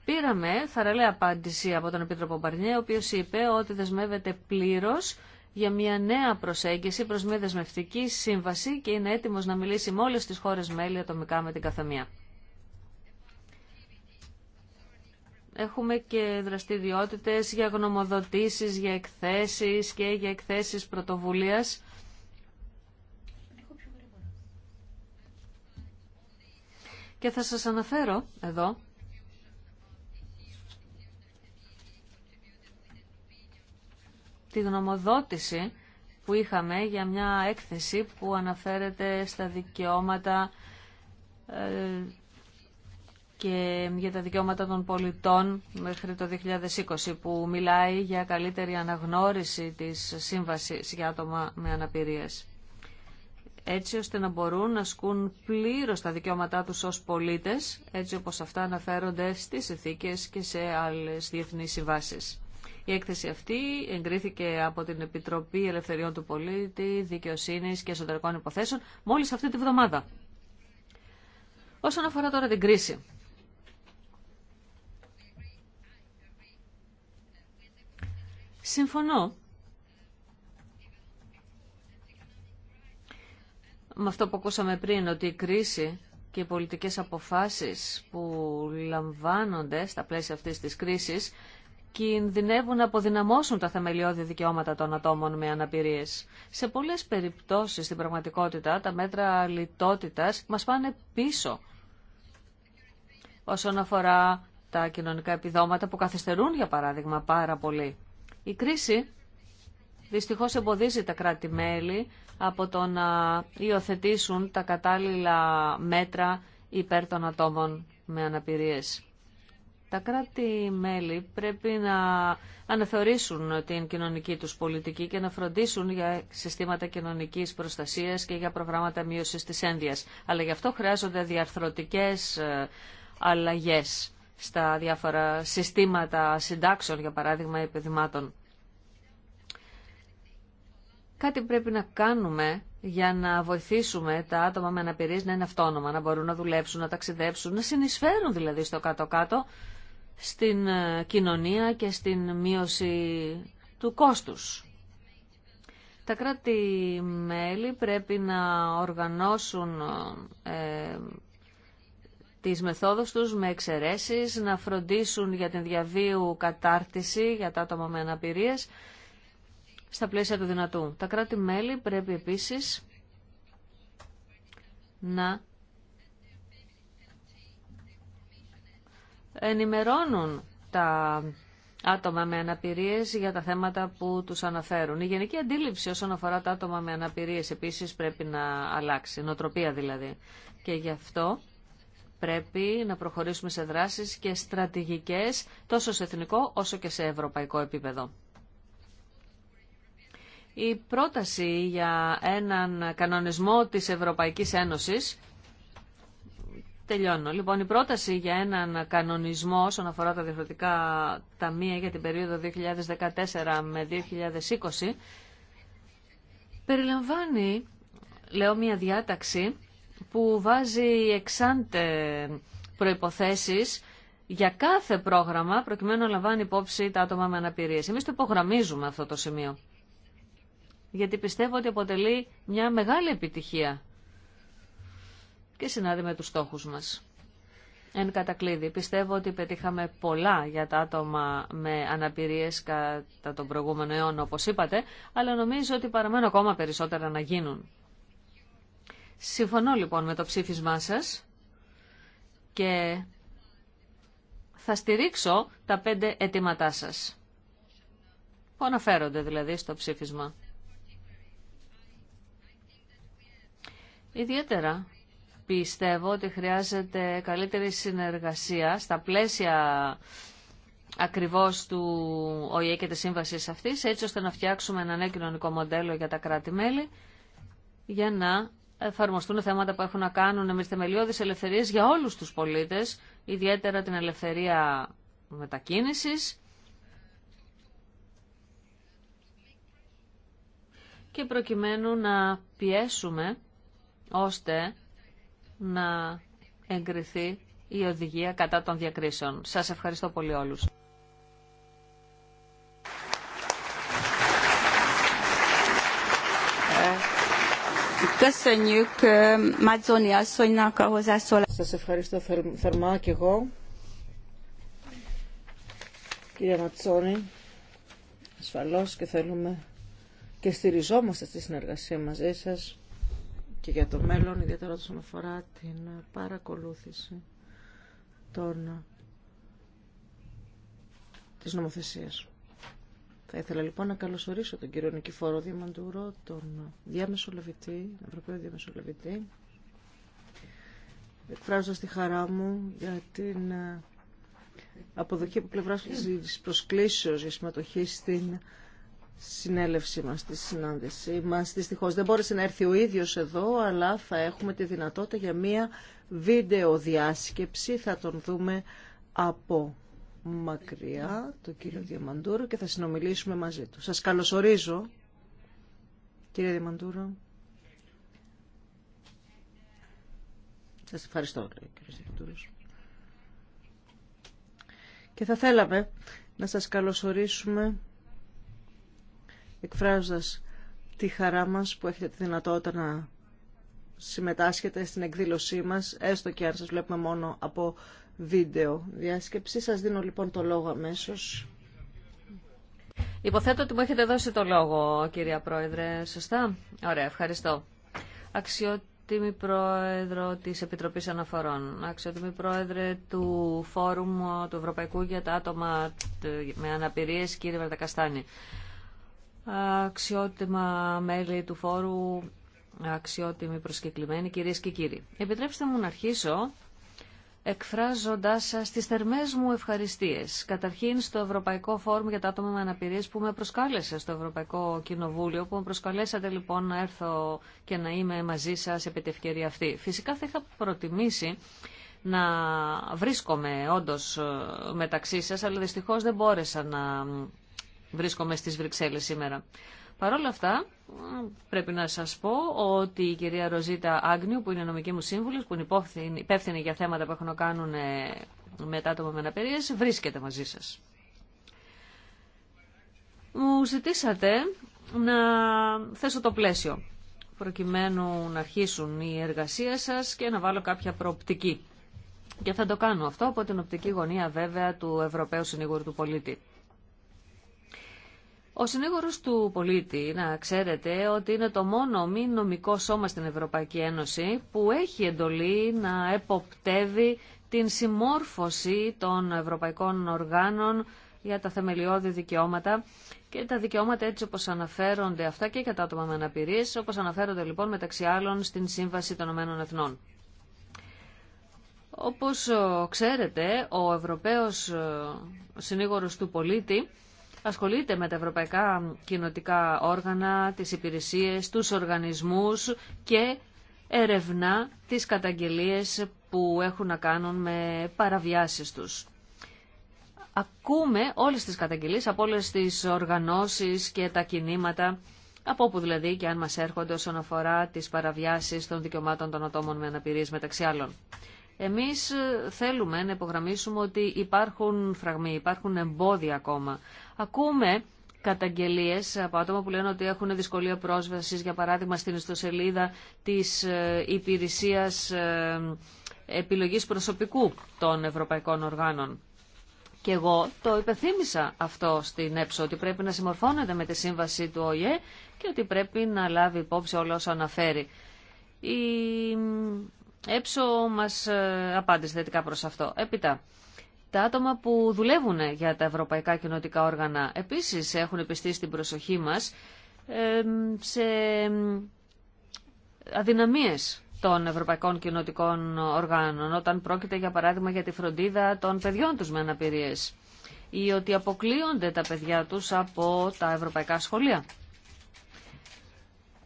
[SPEAKER 1] Πήραμε θαραλέα απάντηση από τον Επίτροπο Μπαρνιέ, ο οποίος είπε ότι δεσμεύεται πλήρως για μια νέα προσέγγιση προς μια δεσμευτική σύμβαση και είναι έτοιμος να μιλήσει με όλες τις χώρες μέλη ατομικά με την καθεμία. Έχουμε και δραστηριότητες για γνωμοδοτήσεις, για εκθέσεις και για εκθέσεις πρωτοβουλίας. Και θα σας αναφέρω εδώ τη γνωμοδότηση που είχαμε για μια έκθεση που αναφέρεται στα δικαιώματα ε, και για τα δικαιώματα των πολιτών μέχρι το 2020 που μιλάει για καλύτερη αναγνώριση της σύμβασης για άτομα με αναπηρίες έτσι ώστε να μπορούν να ασκούν πλήρως τα δικαιώματά τους ως πολίτες, έτσι όπως αυτά αναφέρονται στις ηθίκες και σε άλλες διεθνείς συμβάσεις. Η έκθεση αυτή εγκρίθηκε από την Επιτροπή Ελευθεριών του Πολίτη, Δικαιοσύνης και Εσωτερικών Υποθέσεων μόλις αυτή τη βδομάδα. Όσον αφορά τώρα την κρίση. Συμφωνώ με αυτό που ακούσαμε πριν, ότι η κρίση και οι πολιτικές αποφάσεις που λαμβάνονται στα πλαίσια αυτής της κρίσης κινδυνεύουν να αποδυναμώσουν τα θεμελιώδη δικαιώματα των ατόμων με αναπηρίες. Σε πολλές περιπτώσεις στην πραγματικότητα τα μέτρα λιτότητας μας πάνε πίσω όσον αφορά τα κοινωνικά επιδόματα που καθυστερούν για παράδειγμα πάρα πολύ. Η κρίση δυστυχώς εμποδίζει τα κράτη-μέλη από το να υιοθετήσουν τα κατάλληλα μέτρα υπέρ των ατόμων με αναπηρίες. Τα κράτη-μέλη πρέπει να αναθεωρήσουν την κοινωνική τους πολιτική και να φροντίσουν για συστήματα κοινωνικής προστασίας και για προγράμματα μείωσης της ένδυας. Αλλά γι' αυτό χρειάζονται διαρθρωτικές ε, αλλαγές στα διάφορα συστήματα συντάξεων, για παράδειγμα, επιδημάτων. Κάτι πρέπει να κάνουμε για να βοηθήσουμε τα άτομα με αναπηρίες να είναι αυτόνομα, να μπορούν να δουλέψουν, να ταξιδέψουν, να συνεισφέρουν δηλαδή στο κάτω-κάτω στην ε, κοινωνία και στην μείωση του κόστους. Τα κράτη-μέλη πρέπει να οργανώσουν ε, τις μεθόδους τους με εξαιρέσεις, να φροντίσουν για την διαβίου κατάρτιση για τα άτομα με αναπηρίες στα πλαίσια του δυνατού. Τα κράτη-μέλη πρέπει επίσης να ενημερώνουν τα άτομα με αναπηρίες για τα θέματα που τους αναφέρουν. Η γενική αντίληψη όσον αφορά τα άτομα με αναπηρίες επίσης πρέπει να αλλάξει, νοτροπία δηλαδή. Και γι' αυτό πρέπει να προχωρήσουμε σε δράσεις και στρατηγικές τόσο σε εθνικό όσο και σε ευρωπαϊκό επίπεδο. Η πρόταση για έναν κανονισμό της Ευρωπαϊκής Ένωσης τελειώνω. Λοιπόν, η πρόταση για έναν κανονισμό όσον αφορά τα διαφορετικά ταμεία για την περίοδο 2014 με 2020 περιλαμβάνει, λέω, μια διάταξη που βάζει εξάντε προϋποθέσεις για κάθε πρόγραμμα προκειμένου να λαμβάνει υπόψη τα άτομα με αναπηρίες. Εμείς το υπογραμμίζουμε αυτό το σημείο. Γιατί πιστεύω ότι αποτελεί μια μεγάλη επιτυχία και συνάδει με τους στόχους μας. Εν κατακλείδη, πιστεύω ότι πετύχαμε πολλά για τα άτομα με αναπηρίες κατά τον προηγούμενο αιώνα, όπως είπατε, αλλά νομίζω ότι παραμένουν ακόμα περισσότερα να γίνουν. Συμφωνώ λοιπόν με το ψήφισμά σας και θα στηρίξω τα πέντε αιτήματά σας, που αναφέρονται δηλαδή στο ψήφισμα. Ιδιαίτερα πιστεύω ότι χρειάζεται καλύτερη συνεργασία στα πλαίσια ακριβώς του ΟΗΕ και της σύμβασης αυτής, έτσι ώστε να φτιάξουμε ένα νέο κοινωνικό μοντέλο για τα κράτη-μέλη, για να εφαρμοστούν θέματα που έχουν να κάνουν με θεμελιώδεις ελευθερίες για όλους τους πολίτες, ιδιαίτερα την ελευθερία μετακίνησης και προκειμένου να πιέσουμε ώστε να εγκριθεί η οδηγία κατά των διακρίσεων. Σας ευχαριστώ πολύ όλους.
[SPEAKER 4] Σας ευχαριστώ θερμά και εγώ. Κύριε Ματσόνη, ασφαλώς και θέλουμε και στηριζόμαστε στη συνεργασία μαζί σας και για το μέλλον, ιδιαίτερα όσον αφορά την παρακολούθηση των... της νομοθεσίας. Θα ήθελα λοιπόν να καλωσορίσω τον κύριο Νικηφόρο Διαμαντούρο, τον διαμεσολαβητή, Ευρωπαίο διαμεσολαβητή, εκφράζοντας τη χαρά μου για την αποδοχή από πλευρά της προσκλήσεως για συμμετοχή στην συνέλευσή μας, στη συνάντησή μας. Δυστυχώς δεν μπόρεσε να έρθει ο ίδιος εδώ, αλλά θα έχουμε τη δυνατότητα για μία βίντεο διάσκεψη. Θα τον δούμε από μακριά, τον κύριο Διαμαντούρο, και θα συνομιλήσουμε μαζί του. Σας καλωσορίζω, κύριε Διαμαντούρο. Σας ευχαριστώ, κύριε Διαμαντούρο. Και θα θέλαμε να σας καλωσορίσουμε εκφράζοντας τη χαρά μας που έχετε τη δυνατότητα να συμμετάσχετε στην εκδήλωσή μας, έστω και αν σας βλέπουμε μόνο από βίντεο διάσκεψη. Σας δίνω λοιπόν το λόγο αμέσως. Υποθέτω ότι μου έχετε δώσει το
[SPEAKER 1] λόγο, κυρία Πρόεδρε. Σωστά. Ωραία, ευχαριστώ. Αξιότιμη Πρόεδρο της Επιτροπής Αναφορών, αξιότιμη Πρόεδρε του Φόρουμ του Ευρωπαϊκού για τα άτομα ε, με αναπηρίες, κύριε Βαρτακαστάνη αξιότιμα μέλη του φόρου, αξιότιμοι προσκεκλημένοι, κυρίες και κύριοι. Επιτρέψτε μου να αρχίσω εκφράζοντάς σας τις θερμές μου ευχαριστίες. Καταρχήν στο Ευρωπαϊκό Φόρουμ για τα άτομα με αναπηρίες που με προσκάλεσε στο Ευρωπαϊκό Κοινοβούλιο, που με προσκαλέσατε λοιπόν να έρθω και να είμαι μαζί σας επί τη ευκαιρία αυτή. Φυσικά θα είχα προτιμήσει να βρίσκομαι όντως ε, μεταξύ σας, αλλά δυστυχώς δεν μπόρεσα να βρίσκομαι στις Βρυξέλλες σήμερα. Παρ' όλα αυτά, πρέπει να σας πω ότι η κυρία Ροζίτα Άγνιου, που είναι νομική μου σύμβουλος, που είναι υπεύθυνη για θέματα που έχουν να κάνουν ε, με τα άτομα με αναπηρίες, βρίσκεται μαζί σας. Μου ζητήσατε να θέσω το πλαίσιο, προκειμένου να αρχίσουν οι εργασίες σας και να βάλω κάποια προοπτική. Και θα το κάνω αυτό από την οπτική γωνία βέβαια του Ευρωπαίου Συνήγορου του Πολίτη. Ο Συνήγορο του πολίτη, να ξέρετε, ότι είναι το μόνο μη νομικό σώμα στην Ευρωπαϊκή Ένωση που έχει εντολή να εποπτεύει την συμμόρφωση των ευρωπαϊκών οργάνων για τα θεμελιώδη δικαιώματα και τα δικαιώματα έτσι όπως αναφέρονται αυτά και για τα άτομα με αναπηρίες, όπως αναφέρονται λοιπόν μεταξύ άλλων στην Σύμβαση των Ηνωμένων Εθνών. Όπως ξέρετε, ο Ευρωπαίος ε, Συνήγορος του Πολίτη ασχολείται με τα ευρωπαϊκά κοινοτικά όργανα, τις υπηρεσίες, τους οργανισμούς και ερευνά τις καταγγελίες που έχουν να κάνουν με παραβιάσεις τους. Ακούμε όλες τις καταγγελίες από όλες τις οργανώσεις και τα κινήματα, από όπου δηλαδή και αν μας έρχονται όσον αφορά τις παραβιάσεις των δικαιωμάτων των ατόμων με αναπηρίες μεταξύ άλλων. Εμείς θέλουμε να υπογραμμίσουμε ότι υπάρχουν φραγμοί, υπάρχουν εμπόδια ακόμα Ακούμε καταγγελίες από άτομα που λένε ότι έχουν δυσκολία πρόσβασης, για παράδειγμα στην ιστοσελίδα της ε, υπηρεσίας ε, επιλογής προσωπικού των ευρωπαϊκών οργάνων. Και εγώ το υπεθύμησα αυτό στην ΕΠΣΟ, ότι πρέπει να συμμορφώνεται με τη σύμβαση του ΟΗΕ και ότι πρέπει να λάβει υπόψη όλο όσα αναφέρει. Η ΕΠΣΟ μας ε, απάντησε θετικά προς αυτό. Έπειτα, τα άτομα που δουλεύουν για τα ευρωπαϊκά κοινωτικά όργανα επίσης έχουν επιστήσει την προσοχή μας σε αδυναμίες των ευρωπαϊκών κοινωτικών οργάνων όταν πρόκειται για παράδειγμα για τη φροντίδα των παιδιών τους με αναπηρίες ή ότι αποκλείονται τα παιδιά τους από τα ευρωπαϊκά σχολεία.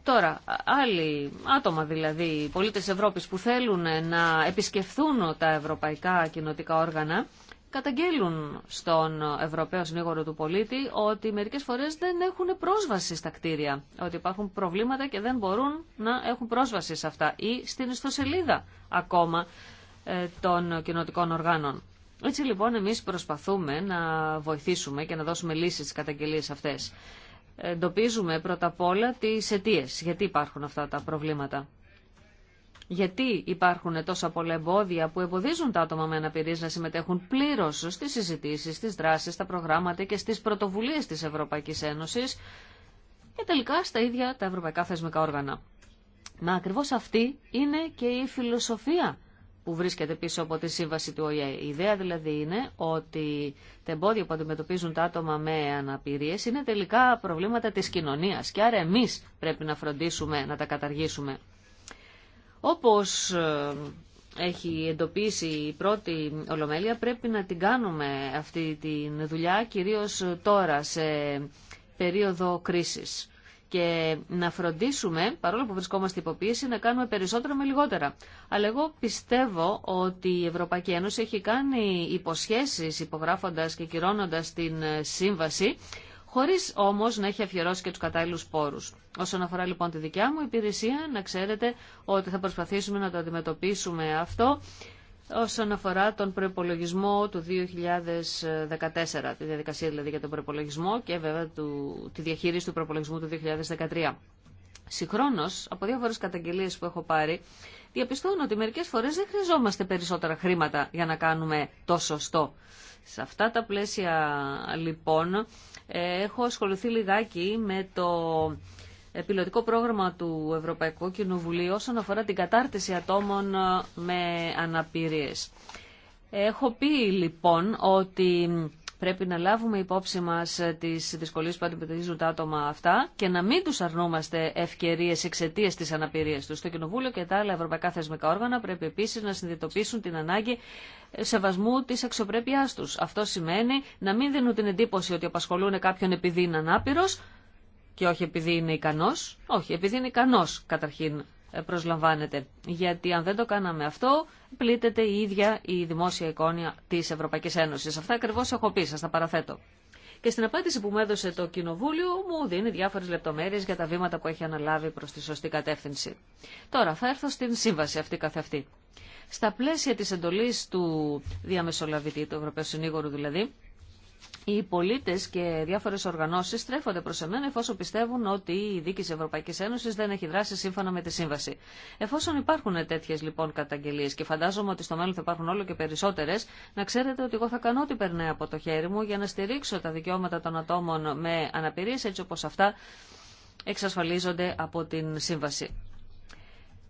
[SPEAKER 1] Τώρα, άλλοι άτομα δηλαδή, πολίτες Ευρώπης που θέλουν να επισκεφθούν τα ευρωπαϊκά κοινωτικά όργανα, καταγγέλουν στον Ευρωπαίο Συνήγορο του Πολίτη ότι μερικές φορές δεν έχουν πρόσβαση στα κτίρια, ότι υπάρχουν προβλήματα και δεν μπορούν να έχουν πρόσβαση σε αυτά ή στην ιστοσελίδα ακόμα ε, των κοινοτικών οργάνων. Έτσι λοιπόν εμείς προσπαθούμε να βοηθήσουμε και να δώσουμε λύσεις στις καταγγελίες αυτές. Εντοπίζουμε πρώτα απ' όλα τις αιτίε γιατί υπάρχουν αυτά τα προβλήματα γιατί υπάρχουν τόσα πολλά εμπόδια που εμποδίζουν τα άτομα με αναπηρίες να συμμετέχουν πλήρω στι συζητήσει, στις δράσει, στα προγράμματα και στι πρωτοβουλίε τη Ευρωπαϊκή Ένωση και τελικά στα ίδια τα ευρωπαϊκά θεσμικά όργανα. Μα ακριβώ αυτή είναι και η φιλοσοφία που βρίσκεται πίσω από τη σύμβαση του ΟΗΕ. Η ιδέα δηλαδή είναι ότι τα εμπόδια που αντιμετωπίζουν τα άτομα με αναπηρίε είναι τελικά προβλήματα τη κοινωνία, και άρα εμεί πρέπει να φροντίσουμε να τα καταργήσουμε. Όπως ε, έχει εντοπίσει η πρώτη Ολομέλεια, πρέπει να την κάνουμε αυτή τη δουλειά, κυρίως τώρα σε περίοδο κρίσης. Και να φροντίσουμε, παρόλο που βρισκόμαστε υποποίηση να κάνουμε περισσότερα με λιγότερα. Αλλά εγώ πιστεύω ότι η Ευρωπαϊκή Ένωση έχει κάνει υποσχέσεις, υπογράφοντας και κυρώνοντας την ε, σύμβαση, Χωρί όμω να έχει αφιερώσει και του κατάλληλου πόρου. Όσον αφορά λοιπόν τη δικιά μου υπηρεσία, να ξέρετε ότι θα προσπαθήσουμε να το αντιμετωπίσουμε αυτό όσον αφορά τον προπολογισμό του 2014, τη διαδικασία δηλαδή για τον προπολογισμό και βέβαια του, τη διαχείριση του προπολογισμού του 2013. Συγχρόνω, από δύο φορέ καταγγελίε που έχω πάρει, διαπιστώνω ότι μερικέ φορέ δεν χρειαζόμαστε περισσότερα χρήματα για να κάνουμε το σωστό. Σε αυτά τα πλαίσια λοιπόν ε, έχω ασχοληθεί λιγάκι με το πιλωτικό πρόγραμμα του Ευρωπαϊκού Κοινοβουλίου όσον αφορά την κατάρτιση ατόμων ε, με αναπηρίες. Έχω πει λοιπόν ότι Πρέπει να λάβουμε υπόψη μας ε, τις δυσκολίες που αντιμετωπίζουν τα άτομα αυτά και να μην τους αρνούμαστε ευκαιρίες εξαιτία της αναπηρίας τους. Το Κοινοβούλιο και τα άλλα ευρωπαϊκά θεσμικά όργανα πρέπει επίσης να συνειδητοποιήσουν την ανάγκη ε, σεβασμού της αξιοπρέπειάς τους. Αυτό σημαίνει να μην δίνουν την εντύπωση ότι απασχολούν κάποιον επειδή είναι ανάπηρος και όχι επειδή είναι ικανός. Όχι, επειδή είναι ικανός καταρχήν ε, προσλαμβάνεται. Γιατί αν δεν το κάναμε αυτό, πλήττεται η ίδια η δημόσια εικόνα της Ευρωπαϊκής Ένωσης. Αυτά ακριβώ έχω πει, σα τα παραθέτω. Και στην απάντηση που μου έδωσε το Κοινοβούλιο μου δίνει διάφορε λεπτομέρειε για τα βήματα που έχει αναλάβει προ τη σωστή κατεύθυνση. Τώρα θα έρθω στην σύμβαση αυτή καθε αυτή. Στα πλαίσια τη εντολή του διαμεσολαβητή, του Ευρωπαίου Συνήγορου δηλαδή, οι πολίτε και διάφορες οργανώσεις στρέφονται προς εμένα εφόσον πιστεύουν ότι η δίκη τη ευρωπαϊκή Ένωση δεν έχει δράσει σύμφωνα με τη σύμβαση. Εφόσον υπάρχουν τέτοιε λοιπόν καταγγελίες και φαντάζομαι ότι στο μέλλον θα υπάρχουν όλο και περισσότερες, να ξέρετε ότι εγώ θα κάνω ό,τι περνάει από το χέρι μου για να στηρίξω τα δικαιώματα των ατόμων με αναπηρίες έτσι όπω αυτά εξασφαλίζονται από την σύμβαση.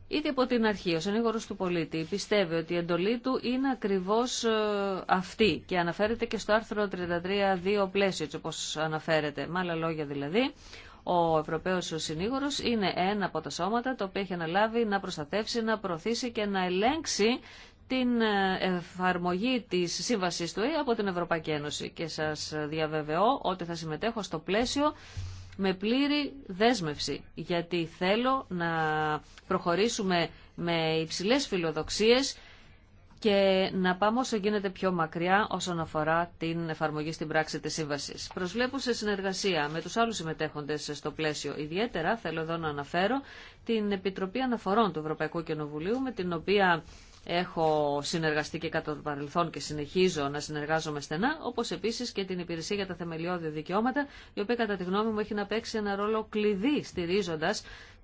[SPEAKER 1] Ήδη από την αρχή ο συνήγορος του πολίτη πιστεύει ότι η εντολή του είναι ακριβώς ε, αυτή και αναφέρεται και στο άρθρο 33.2 πλαίσιο έτσι όπως αναφέρεται. Με άλλα λόγια δηλαδή, ο Ευρωπαίος Συνήγορος είναι ένα από τα σώματα το οποίο έχει αναλάβει να προστατεύσει, να προωθήσει και να ελέγξει την ε, εφαρμογή της σύμβασης του ΕΕ από την Ευρωπαϊκή Ένωση. Και σας διαβεβαιώ ότι θα συμμετέχω στο πλαίσιο με πλήρη δέσμευση, γιατί θέλω να προχωρήσουμε με υψηλές φιλοδοξίες και να πάμε όσο γίνεται πιο μακριά όσον αφορά την εφαρμογή στην πράξη της σύμβασης. Προσβλέπω σε συνεργασία με τους άλλους συμμετέχοντες στο πλαίσιο. Ιδιαίτερα θέλω εδώ να αναφέρω την Επιτροπή Αναφορών του Ευρωπαϊκού Κοινοβουλίου, με την οποία Έχω συνεργαστεί και κατά το παρελθόν και συνεχίζω να συνεργάζομαι στενά, όπω επίση και την Υπηρεσία για τα Θεμελιώδη Δικαιώματα, η οποία κατά τη γνώμη μου έχει να παίξει ένα ρόλο κλειδί στηρίζοντα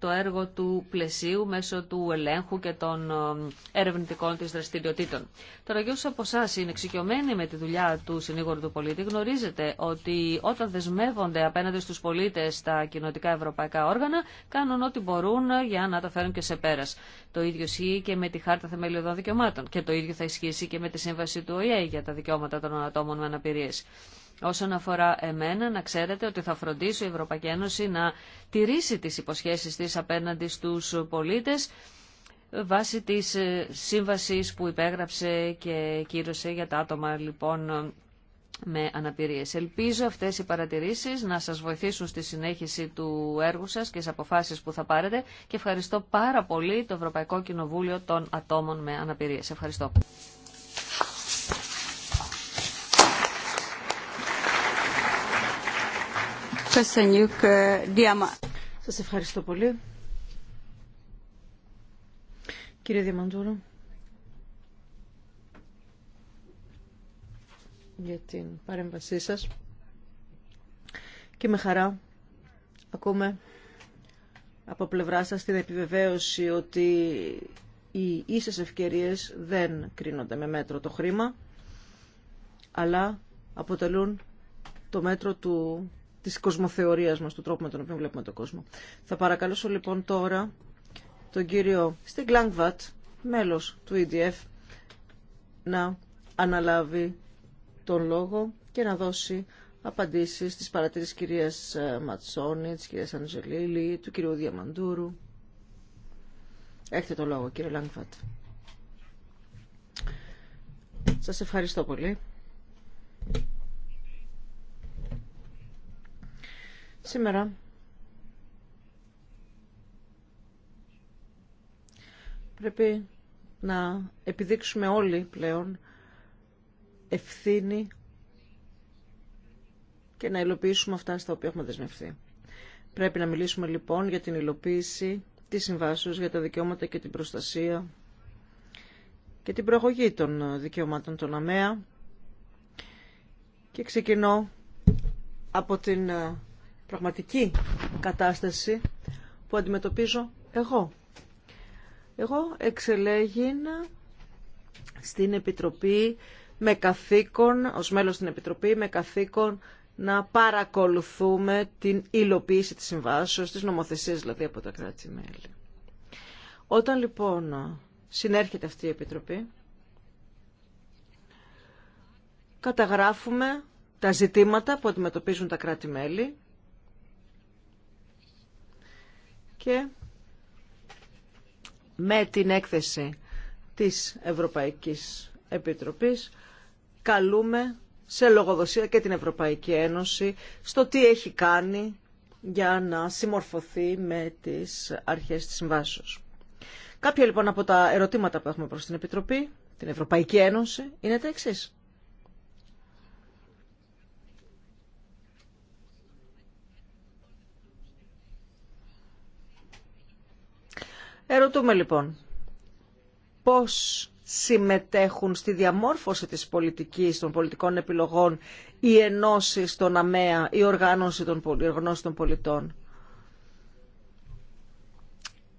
[SPEAKER 1] το έργο του πλαισίου μέσω του ελέγχου και των ε, ερευνητικών της δραστηριοτήτων. Τώρα για πόσας από εσά είναι εξοικειωμένοι με τη δουλειά του συνήγορου του πολίτη, γνωρίζετε ότι όταν δεσμεύονται απέναντι στους πολίτες τα κοινοτικά ευρωπαϊκά όργανα, κάνουν ό,τι μπορούν για να τα φέρουν και σε πέρας. Το ίδιο ισχύει και με τη Χάρτα Θεμελιωδών Δικαιωμάτων και το ίδιο θα ισχύσει και με τη Σύμβαση του ΟΗΕ για τα δικαιώματα των ατόμων με αναπηρίες. Όσον αφορά εμένα, να ξέρετε ότι θα φροντίσω η Ευρωπαϊκή Ένωση να τηρήσει τις υποσχέσεις της απέναντι στους πολίτες βάσει της ε, σύμβασης που υπέγραψε και κύρωσε για τα άτομα λοιπόν με αναπηρίες. Ελπίζω αυτές οι παρατηρήσεις να σας βοηθήσουν στη συνέχιση του έργου σας και στις αποφάσεις που θα πάρετε και ευχαριστώ πάρα πολύ το Ευρωπαϊκό Κοινοβούλιο των Ατόμων με Αναπηρίες. Ευχαριστώ.
[SPEAKER 4] Σας ευχαριστώ πολύ. Κύριε Διαμαντούρο, για την παρέμβασή σας και με χαρά ακούμε από πλευρά σας την επιβεβαίωση ότι οι ίσες ευκαιρίες δεν κρίνονται με μέτρο το χρήμα, αλλά αποτελούν το μέτρο του Τη κοσμοθεωρίας μας, του τρόπου με τον οποίο βλέπουμε τον κόσμο. Θα παρακαλώσω λοιπόν τώρα τον κύριο Λάγκβατ, μέλος του EDF, να αναλάβει τον λόγο και να δώσει απαντήσεις στις παρατηρήσεις της κυρίας ε, Ματσόνη, τη κύρια Αντζελίλη, του κυρίου Διαμαντούρου. Έχετε το λόγο κύριε Λάγκβατ. Σας ευχαριστώ πολύ. Σήμερα πρέπει να επιδείξουμε όλοι πλέον ευθύνη και να υλοποιήσουμε αυτά στα οποία έχουμε δεσμευθεί. Πρέπει να μιλήσουμε λοιπόν για την υλοποίηση της συμβάσεως για τα δικαιώματα και την προστασία και την προαγωγή των δικαιωμάτων των ΑΜΕΑ και ξεκινώ από την ε, πραγματική κατάσταση που αντιμετωπίζω εγώ. Εγώ εξελέγην στην Επιτροπή με καθήκον, ως μέλος στην Επιτροπή, με καθήκον να παρακολουθούμε την υλοποίηση της συμβάσεως, της νομοθεσίας δηλαδή από τα κράτη-μέλη. Όταν λοιπόν συνέρχεται αυτή η Επιτροπή, καταγράφουμε τα ζητήματα που αντιμετωπίζουν τα κράτη-μέλη και με την έκθεση της Ευρωπαϊκής Επιτροπής καλούμε σε λογοδοσία και την Ευρωπαϊκή Ένωση στο τι έχει κάνει για να συμμορφωθεί με τις αρχές της συμβάσεως. Κάποια λοιπόν από τα ερωτήματα που έχουμε προς την Επιτροπή, την Ευρωπαϊκή Ένωση, είναι τα εξής. Ερωτούμε λοιπόν πώς συμμετέχουν στη διαμόρφωση της πολιτικής, των πολιτικών επιλογών, οι ενώσει των ΑΜΕΑ, η οργάνωση των, οργανώση των πολιτών.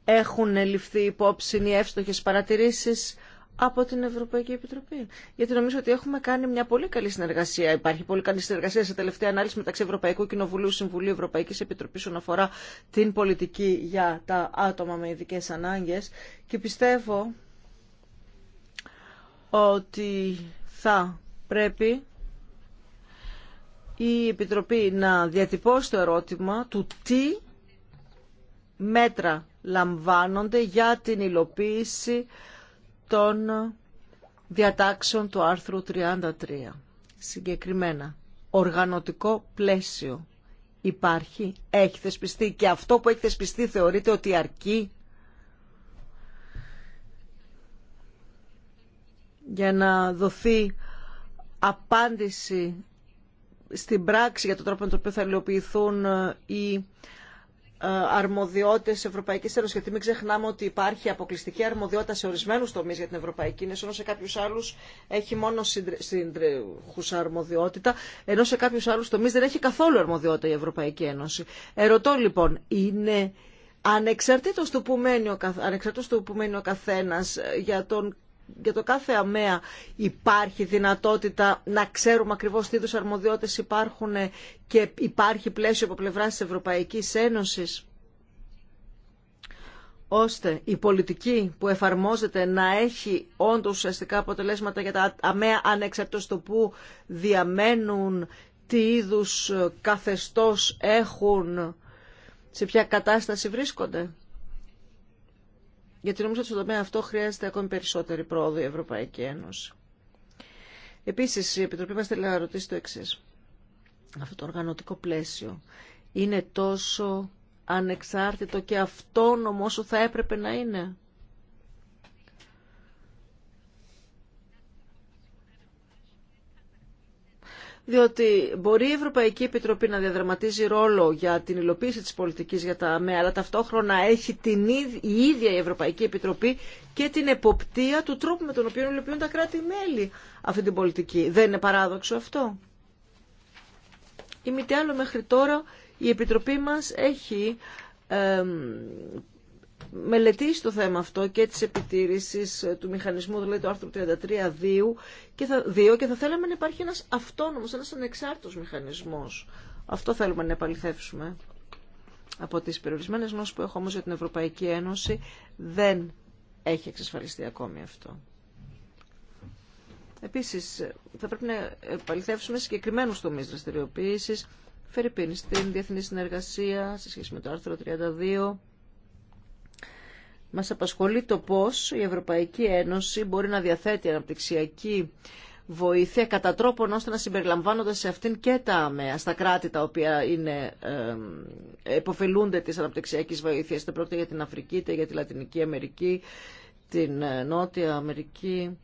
[SPEAKER 4] Έχουν ληφθεί υπόψη οι εύστοχες παρατηρήσεις από την Ευρωπαϊκή Επιτροπή. Γιατί νομίζω ότι έχουμε κάνει μια πολύ καλή συνεργασία. Υπάρχει πολύ καλή συνεργασία σε τελευταία ανάλυση μεταξύ Ευρωπαϊκού Κοινοβουλίου, Συμβουλίου Ευρωπαϊκή Επιτροπή όσον αφορά την πολιτική για τα άτομα με ειδικέ ανάγκε. Και πιστεύω ότι θα πρέπει η Επιτροπή να διατυπώσει το ερώτημα του τι μέτρα λαμβάνονται για την υλοποίηση των διατάξεων του άρθρου 33. Συγκεκριμένα, οργανωτικό πλαίσιο υπάρχει, έχει θεσπιστεί και αυτό που έχει θεσπιστεί θεωρείται ότι αρκεί για να δοθεί απάντηση στην πράξη για τον τρόπο με τον οποίο θα υλοποιηθούν ε, οι ε, αρμοδιότητε τη Ευρωπαϊκή Ένωση. Γιατί μην ξεχνάμε ότι υπάρχει αποκλειστική αρμοδιότητα σε ορισμένου τομεί για την Ευρωπαϊκή Ένωση, ενώ σε κάποιου άλλου έχει μόνο συντρέχουσα αρμοδιότητα, ενώ σε κάποιου άλλου τομεί δεν έχει καθόλου αρμοδιότητα η Ευρωπαϊκή Ένωση. Ερωτώ λοιπόν, είναι ανεξαρτήτως του που μένει ο, καθ... ο καθένας ε, για τον για το κάθε αμαία υπάρχει δυνατότητα να ξέρουμε ακριβώς τι είδους αρμοδιότητες υπάρχουν και υπάρχει πλαίσιο από πλευράς της Ευρωπαϊκής Ένωσης ώστε η πολιτική που εφαρμόζεται να έχει όντως ουσιαστικά αποτελέσματα για τα αμαία ανεξαρτήτως το που διαμένουν, τι είδους καθεστώς έχουν, σε ποια κατάσταση βρίσκονται γιατί νομίζω ότι στον τομέα αυτό χρειάζεται ακόμη περισσότερη πρόοδο η Ευρωπαϊκή Ένωση. Επίσης, η Επιτροπή μα θέλει να ρωτήσει το εξής. Αυτό το οργανωτικό πλαίσιο είναι τόσο ανεξάρτητο και αυτόνομο όσο θα έπρεπε να είναι. διότι μπορεί η Ευρωπαϊκή Επιτροπή να διαδραματίζει ρόλο για την υλοποίηση της πολιτικής για τα ΑΜΕ, αλλά ταυτόχρονα έχει την ίδια, η ίδια η Ευρωπαϊκή Επιτροπή και την εποπτεία του τρόπου με τον οποίο υλοποιούν τα κράτη-μέλη αυτή την πολιτική. Δεν είναι παράδοξο αυτό. Ή μη τι άλλο μέχρι τώρα η Επιτροπή μας έχει μελετήσει το θέμα αυτό και της επιτήρησης ε, του μηχανισμού, δηλαδή το άρθρο 33 και θα, και θα θέλαμε να υπάρχει ένας αυτόνομος, ένας ανεξάρτητος μηχανισμός. Αυτό θέλουμε να επαληθεύσουμε. Από τις περιορισμένες γνώσεις που έχω όμως για την Ευρωπαϊκή Ένωση δεν έχει εξασφαλιστεί ακόμη αυτό. Επίσης, ε, θα πρέπει να επαληθεύσουμε συγκεκριμένους τομείς δραστηριοποίησης, φερειπίνη στην διεθνή συνεργασία σε σχέση με το άρθρο 32, μας απασχολεί το πώς η Ευρωπαϊκή Ένωση μπορεί να διαθέτει αναπτυξιακή βοήθεια κατά τρόπον ώστε να συμπεριλαμβάνονται σε αυτήν και τα ΑΜΕΑ, στα κράτη τα οποία είναι, ε, υποφελούνται της αναπτυξιακής βοήθειας. Είτε πρόκειται για την Αφρική, είτε για τη Λατινική Αμερική, την ε, Νότια Αμερική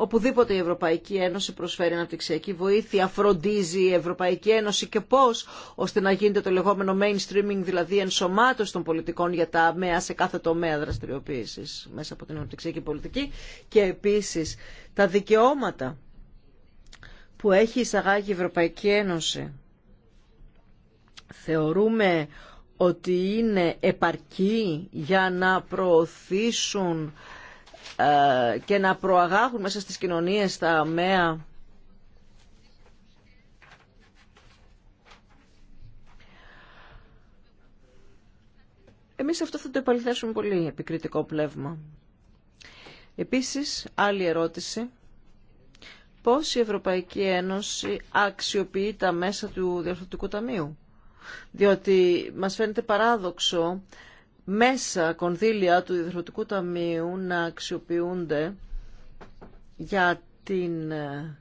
[SPEAKER 4] Οπουδήποτε η Ευρωπαϊκή Ένωση προσφέρει αναπτυξιακή βοήθεια, φροντίζει η Ευρωπαϊκή Ένωση και πώς, ώστε να γίνεται το λεγόμενο mainstreaming, δηλαδή ενσωμάτωση των πολιτικών για τα αμαία σε κάθε τομέα δραστηριοποίηση μέσα από την αναπτυξιακή πολιτική και επίσης τα δικαιώματα που έχει εισαγάγει η Ευρωπαϊκή Ένωση. Θεωρούμε ότι είναι επαρκή για να προωθήσουν ε, και να προαγάγουν μέσα στις κοινωνίες τα αμαία Εμείς αυτό θα το επαληθέσουμε πολύ επικριτικό πλεύμα. Επίσης, άλλη ερώτηση. Πώς η Ευρωπαϊκή Ένωση αξιοποιεί τα μέσα του Διορθωτικού Ταμείου. Διότι μας φαίνεται παράδοξο μέσα κονδύλια του Ιδρυτικού Ταμείου να αξιοποιούνται για την ε,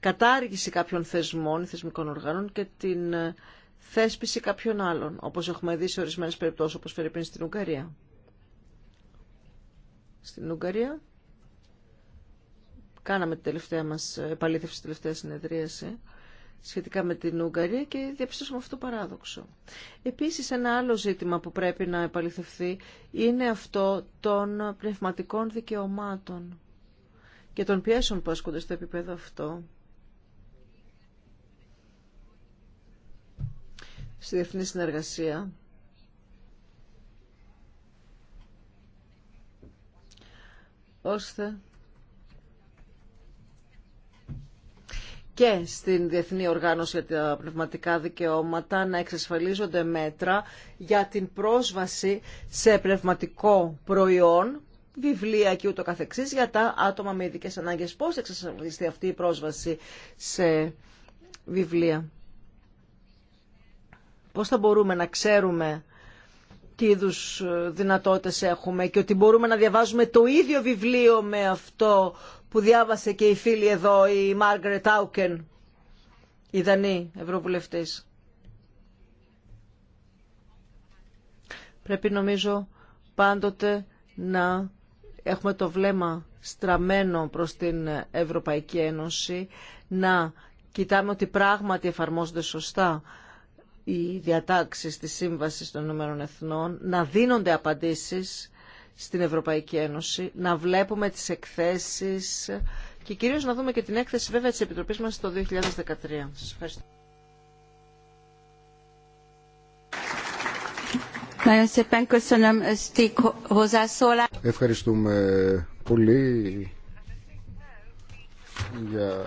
[SPEAKER 4] κατάργηση κάποιων θεσμών, θεσμικών οργάνων και την ε, θέσπιση κάποιων άλλων, όπως έχουμε δει σε ορισμένες περιπτώσεις, όπως φέρει στην Ουγγαρία. Στην Ουγγαρία κάναμε την τελευταία μας επαλήθευση, τη τελευταία συνεδρίαση σχετικά με την Ουγγαρία και διαπιστώσαμε αυτό το παράδοξο. Επίσης ένα άλλο ζήτημα που πρέπει να επαληθευθεί είναι αυτό των πνευματικών δικαιωμάτων και των πιέσεων που ασκούνται στο επίπεδο αυτό. Στη διεθνή συνεργασία. ώστε και στην Διεθνή Οργάνωση για τα Πνευματικά Δικαιώματα να εξασφαλίζονται μέτρα για την πρόσβαση σε πνευματικό προϊόν, βιβλία και ούτω καθεξής για τα άτομα με ειδικές ανάγκες. Πώς θα αυτή η πρόσβαση σε βιβλία. Πώς θα μπορούμε να ξέρουμε τι είδου ε, δυνατότητες έχουμε και ότι μπορούμε να διαβάζουμε το ίδιο βιβλίο με αυτό που διάβασε και η φίλη εδώ, η Μάργαρετ Άουκεν, η Δανή Ευρωβουλευτής. Πρέπει νομίζω πάντοτε να έχουμε το βλέμμα στραμμένο προς την Ευρωπαϊκή Ένωση, να κοιτάμε ότι πράγματι εφαρμόζονται σωστά οι διατάξεις της Σύμβασης των Ηνωμένων Εθνών, να δίνονται απαντήσεις στην Ευρωπαϊκή Ένωση, να βλέπουμε τις εκθέσεις και κυρίως να δούμε και την έκθεση βέβαια της Επιτροπής μας το 2013. Σας
[SPEAKER 3] ευχαριστώ.
[SPEAKER 2] Ευχαριστούμε πολύ για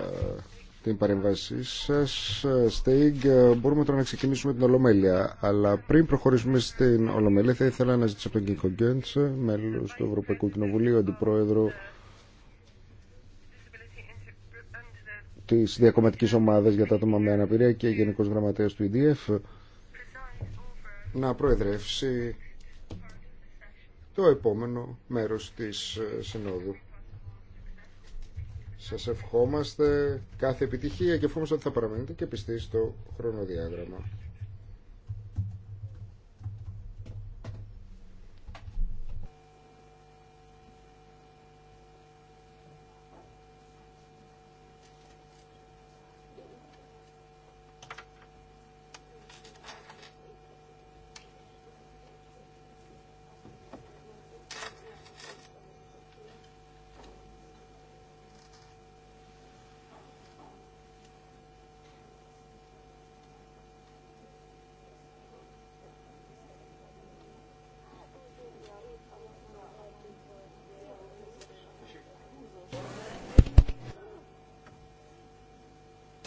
[SPEAKER 2] την παρέμβασή σας. Στέιγκ, μπορούμε τώρα να ξεκινήσουμε την Ολομέλεια. Αλλά πριν προχωρήσουμε στην Ολομέλεια, θα ήθελα να ζητήσω από τον Κίκο Γκέντς, μέλος του Ευρωπαϊκού Κοινοβουλίου, αντιπρόεδρο της Διακομματικής Ομάδας για τα άτομα με αναπηρία και Γενικός Γραμματέας του EDF, να προεδρεύσει το επόμενο μέρος της Συνόδου. Σας ευχόμαστε κάθε επιτυχία και ευχόμαστε ότι θα παραμείνετε και πιστοί στο χρονοδιάγραμμα.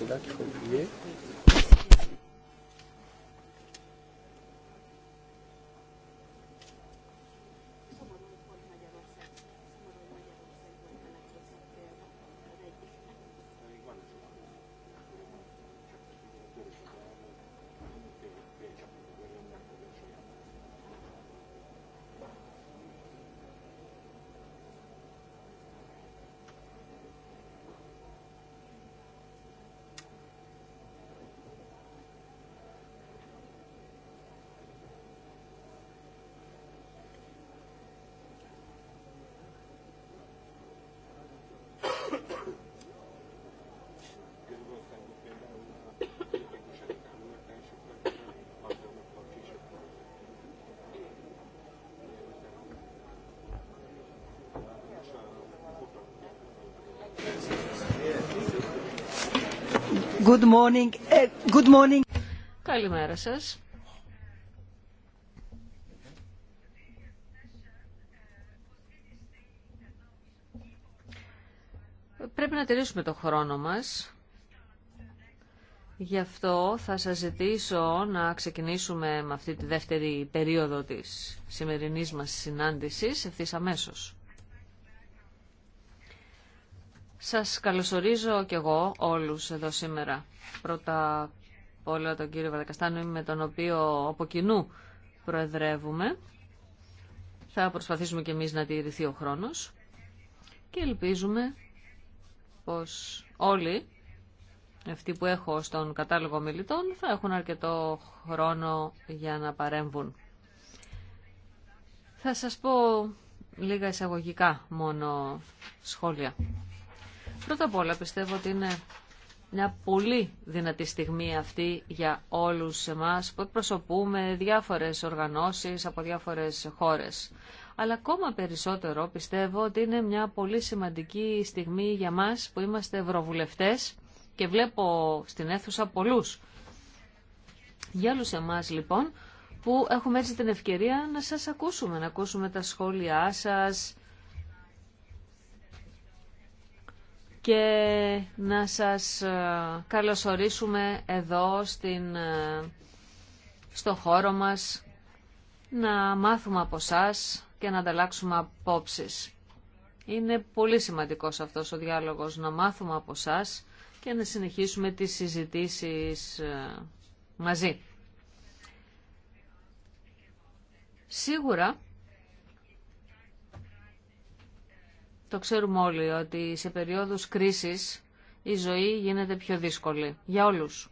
[SPEAKER 5] Είναι εδώ που
[SPEAKER 4] Good morning. Ε, good morning.
[SPEAKER 1] Καλημέρα σας. Πρέπει να τηρήσουμε το χρόνο μας. Γι' αυτό θα σας ζητήσω να ξεκινήσουμε με αυτή τη δεύτερη περίοδο της σημερινής μας συνάντησης ευθύς αμέσως. Σας καλωσορίζω και εγώ όλους εδώ σήμερα. Πρώτα απ' όλα τον κύριο Βαδακαστάνου με τον οποίο από κοινού προεδρεύουμε. Θα προσπαθήσουμε και εμείς να τηρηθεί ο χρόνος και ελπίζουμε πως όλοι αυτοί που έχω στον κατάλογο μιλητών θα έχουν αρκετό χρόνο για να παρέμβουν. Θα σας πω λίγα εισαγωγικά μόνο σχόλια. Πρώτα απ' όλα πιστεύω ότι είναι μια πολύ δυνατή στιγμή αυτή για όλους εμάς που εκπροσωπούμε διάφορες οργανώσεις από διάφορες χώρες. Αλλά ακόμα περισσότερο πιστεύω ότι είναι μια πολύ σημαντική στιγμή για μας που είμαστε ευρωβουλευτές και βλέπω στην αίθουσα πολλούς. Για όλους εμάς λοιπόν που έχουμε έτσι την ευκαιρία να σας ακούσουμε, να ακούσουμε τα σχόλιά σας, και να σας ε, καλωσορίσουμε εδώ στην, ε, στο χώρο μας να μάθουμε από σας και να ανταλλάξουμε απόψεις. Είναι πολύ σημαντικός αυτός ο διάλογος να μάθουμε από σας και να συνεχίσουμε τις συζητήσεις ε, μαζί. Σίγουρα Το ξέρουμε όλοι ότι σε περίοδους κρίσης η ζωή γίνεται πιο δύσκολη για όλους.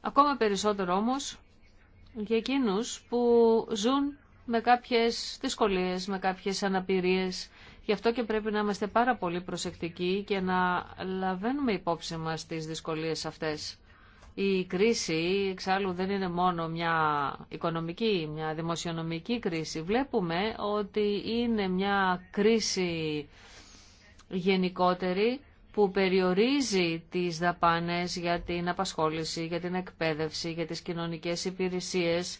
[SPEAKER 1] Ακόμα περισσότερο όμως για εκείνους που ζουν με κάποιες δυσκολίες, με κάποιες αναπηρίες. Γι' αυτό και πρέπει να είμαστε πάρα πολύ προσεκτικοί και να λαβαίνουμε υπόψη μας τις δυσκολίες αυτές. Η κρίση εξάλλου δεν είναι μόνο μια οικονομική, μια δημοσιονομική κρίση. Βλέπουμε ότι είναι μια κρίση γενικότερη που περιορίζει τις δαπάνες για την απασχόληση, για την εκπαίδευση, για τις κοινωνικές υπηρεσίες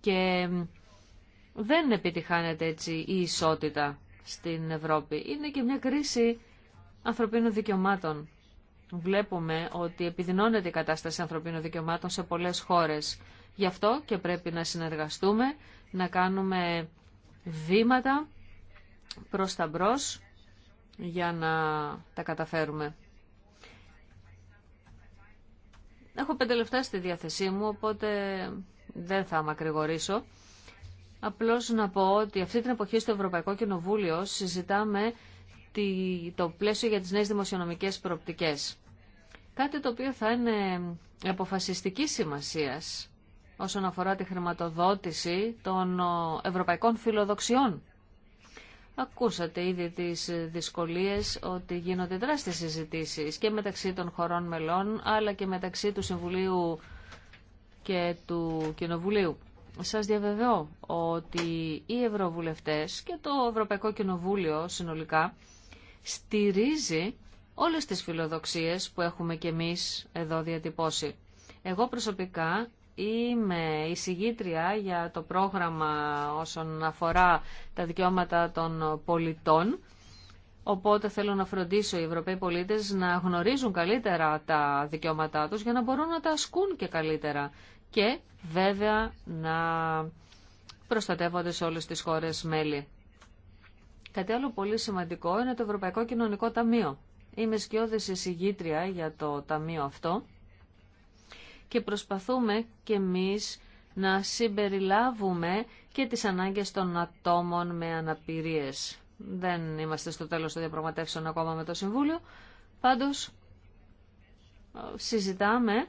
[SPEAKER 1] και δεν επιτυχάνεται έτσι η ισότητα στην Ευρώπη. Είναι και μια κρίση ανθρωπίνων δικαιωμάτων βλέπουμε ότι επιδεινώνεται η κατάσταση ανθρωπίνων δικαιωμάτων σε πολλές χώρες. Γι' αυτό και πρέπει να συνεργαστούμε, να κάνουμε βήματα προς τα μπρος για να τα καταφέρουμε. Έχω πέντε λεφτά στη διάθεσή μου, οπότε δεν θα μακρηγορήσω. Απλώς να πω ότι αυτή την εποχή στο Ευρωπαϊκό Κοινοβούλιο συζητάμε το πλαίσιο για τις νέες δημοσιονομικές προοπτικές. Κάτι το οποίο θα είναι αποφασιστική σημασίας όσον αφορά τη χρηματοδότηση των ευρωπαϊκών φιλοδοξιών. Ακούσατε ήδη τις δυσκολίες ότι γίνονται δράστιες συζητήσει και μεταξύ των χωρών μελών αλλά και μεταξύ του Συμβουλίου και του Κοινοβουλίου. Σας διαβεβαιώ ότι οι Ευρωβουλευτές και το Ευρωπαϊκό Κοινοβούλιο συνολικά στηρίζει όλες τις φιλοδοξίες που έχουμε κι εμείς εδώ διατυπώσει. Εγώ προσωπικά είμαι εισηγήτρια για το πρόγραμμα όσον αφορά τα δικαιώματα των πολιτών, οπότε θέλω να φροντίσω οι Ευρωπαίοι πολίτες να γνωρίζουν καλύτερα τα δικαιώματά τους για να μπορούν να τα ασκούν και καλύτερα και βέβαια να προστατεύονται σε όλες τις χώρες μέλη. Κάτι άλλο πολύ σημαντικό είναι το Ευρωπαϊκό Κοινωνικό Ταμείο. Είμαι σκιώδης εισηγήτρια για το ταμείο αυτό και προσπαθούμε και εμείς να συμπεριλάβουμε και τις ανάγκες των ατόμων με αναπηρίες. Δεν είμαστε στο τέλος των διαπραγματεύσεων ακόμα με το Συμβούλιο, πάντως συζητάμε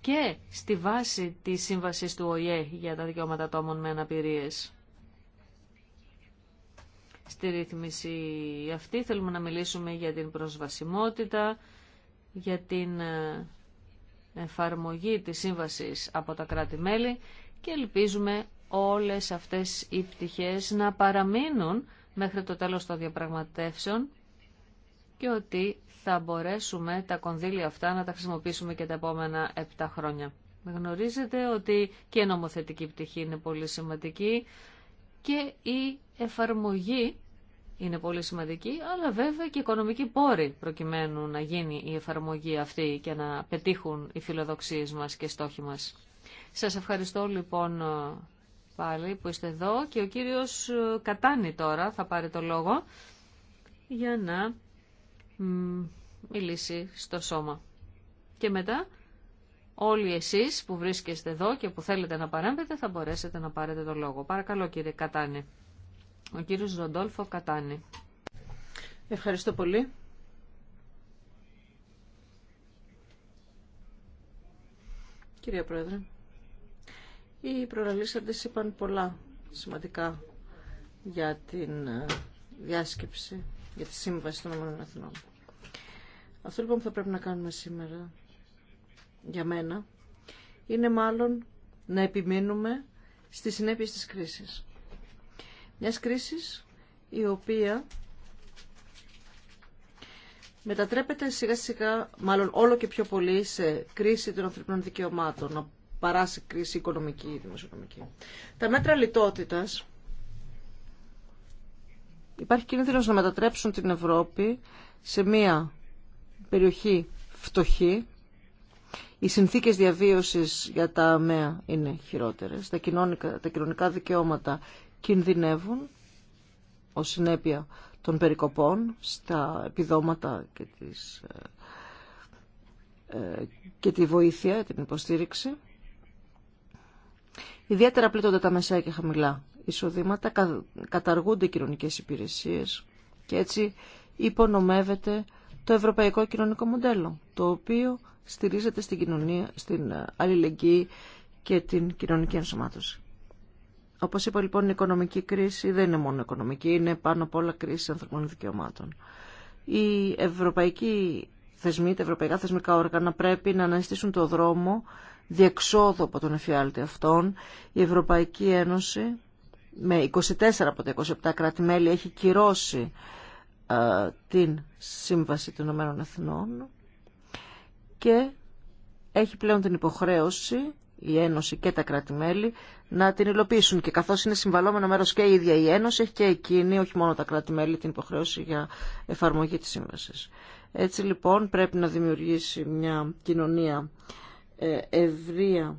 [SPEAKER 1] και στη βάση της σύμβασης του ΟΗΕ για τα δικαιώματα ατόμων με αναπηρίες στη ρύθμιση αυτή. Θέλουμε να μιλήσουμε για την προσβασιμότητα, για την ε, εφαρμογή της σύμβασης από τα κράτη-μέλη και ελπίζουμε όλες αυτές οι πτυχές να παραμείνουν μέχρι το τέλος των διαπραγματεύσεων και ότι θα μπορέσουμε τα κονδύλια αυτά να τα χρησιμοποιήσουμε και τα επόμενα 7 χρόνια. Γνωρίζετε ότι και η νομοθετική πτυχή είναι πολύ σημαντική και η εφαρμογή είναι πολύ σημαντική, αλλά βέβαια και οικονομικοί πόροι προκειμένου να γίνει η εφαρμογή αυτή και να πετύχουν οι φιλοδοξίες μας και στόχοι μας. Σας ευχαριστώ λοιπόν πάλι που είστε εδώ και ο κύριος Κατάνη τώρα θα πάρει το λόγο για να μιλήσει στο σώμα. Και μετά όλοι εσείς που βρίσκεστε εδώ και που θέλετε να παρέμβετε θα μπορέσετε να πάρετε το λόγο. Παρακαλώ κύριε Κατάνη. Ο κύριος Ροντόλφο
[SPEAKER 4] Κατάνη. Ευχαριστώ πολύ. Κυρία Πρόεδρε, οι προλαλήσαντες είπαν πολλά σημαντικά για την ε, διάσκεψη, για τη σύμβαση των Εθνών. Αυτό λοιπόν που θα πρέπει να κάνουμε σήμερα, για μένα, είναι μάλλον να επιμείνουμε στις συνέπειες της κρίσης μιας κρίσης η οποία μετατρέπεται σιγά σιγά, μάλλον όλο και πιο πολύ, σε κρίση των ανθρωπινών δικαιωμάτων, να παράσει κρίση οικονομική ή δημοσιονομική. Τα μέτρα λιτότητας υπάρχει κίνδυνος να μετατρέψουν την Ευρώπη σε μια περιοχή φτωχή, οι συνθήκες διαβίωσης για τα αμαία είναι χειρότερες, τα κοινωνικά, τα κοινωνικά δικαιώματα κινδυνεύουν ως συνέπεια των περικοπών στα επιδόματα και, τις, ε, ε, και τη βοήθεια, την υποστήριξη. Ιδιαίτερα πλήττονται τα μεσαία και χαμηλά εισοδήματα, καταργούνται οι κοινωνικές υπηρεσίες και έτσι υπονομεύεται το ευρωπαϊκό κοινωνικό μοντέλο, το οποίο στηρίζεται στην, κοινωνία, στην ε, αλληλεγγύη και την κοινωνική ενσωμάτωση. Όπως είπα λοιπόν η οικονομική κρίση δεν είναι μόνο οικονομική, είναι πάνω απ' όλα κρίση ανθρωπίνων δικαιωμάτων. η ευρωπαϊκή θεσμοί, τα ευρωπαϊκά θεσμικά όργανα πρέπει να αναζητήσουν το δρόμο διεξόδου από τον εφιάλτη αυτών. Η Ευρωπαϊκή Ένωση με 24 από τα 27 κράτη-μέλη έχει κυρώσει ε, την Σύμβαση των Ηνωμένων Εθνών και έχει πλέον την υποχρέωση η Ένωση και τα κράτη-μέλη να την υλοποιήσουν. Και καθώς είναι συμβαλόμενο μέρος και η ίδια η Ένωση, έχει και εκείνη, όχι μόνο τα κράτη-μέλη, την υποχρέωση για εφαρμογή της σύμβασης. Έτσι λοιπόν πρέπει να δημιουργήσει μια κοινωνία ε, ευρεία,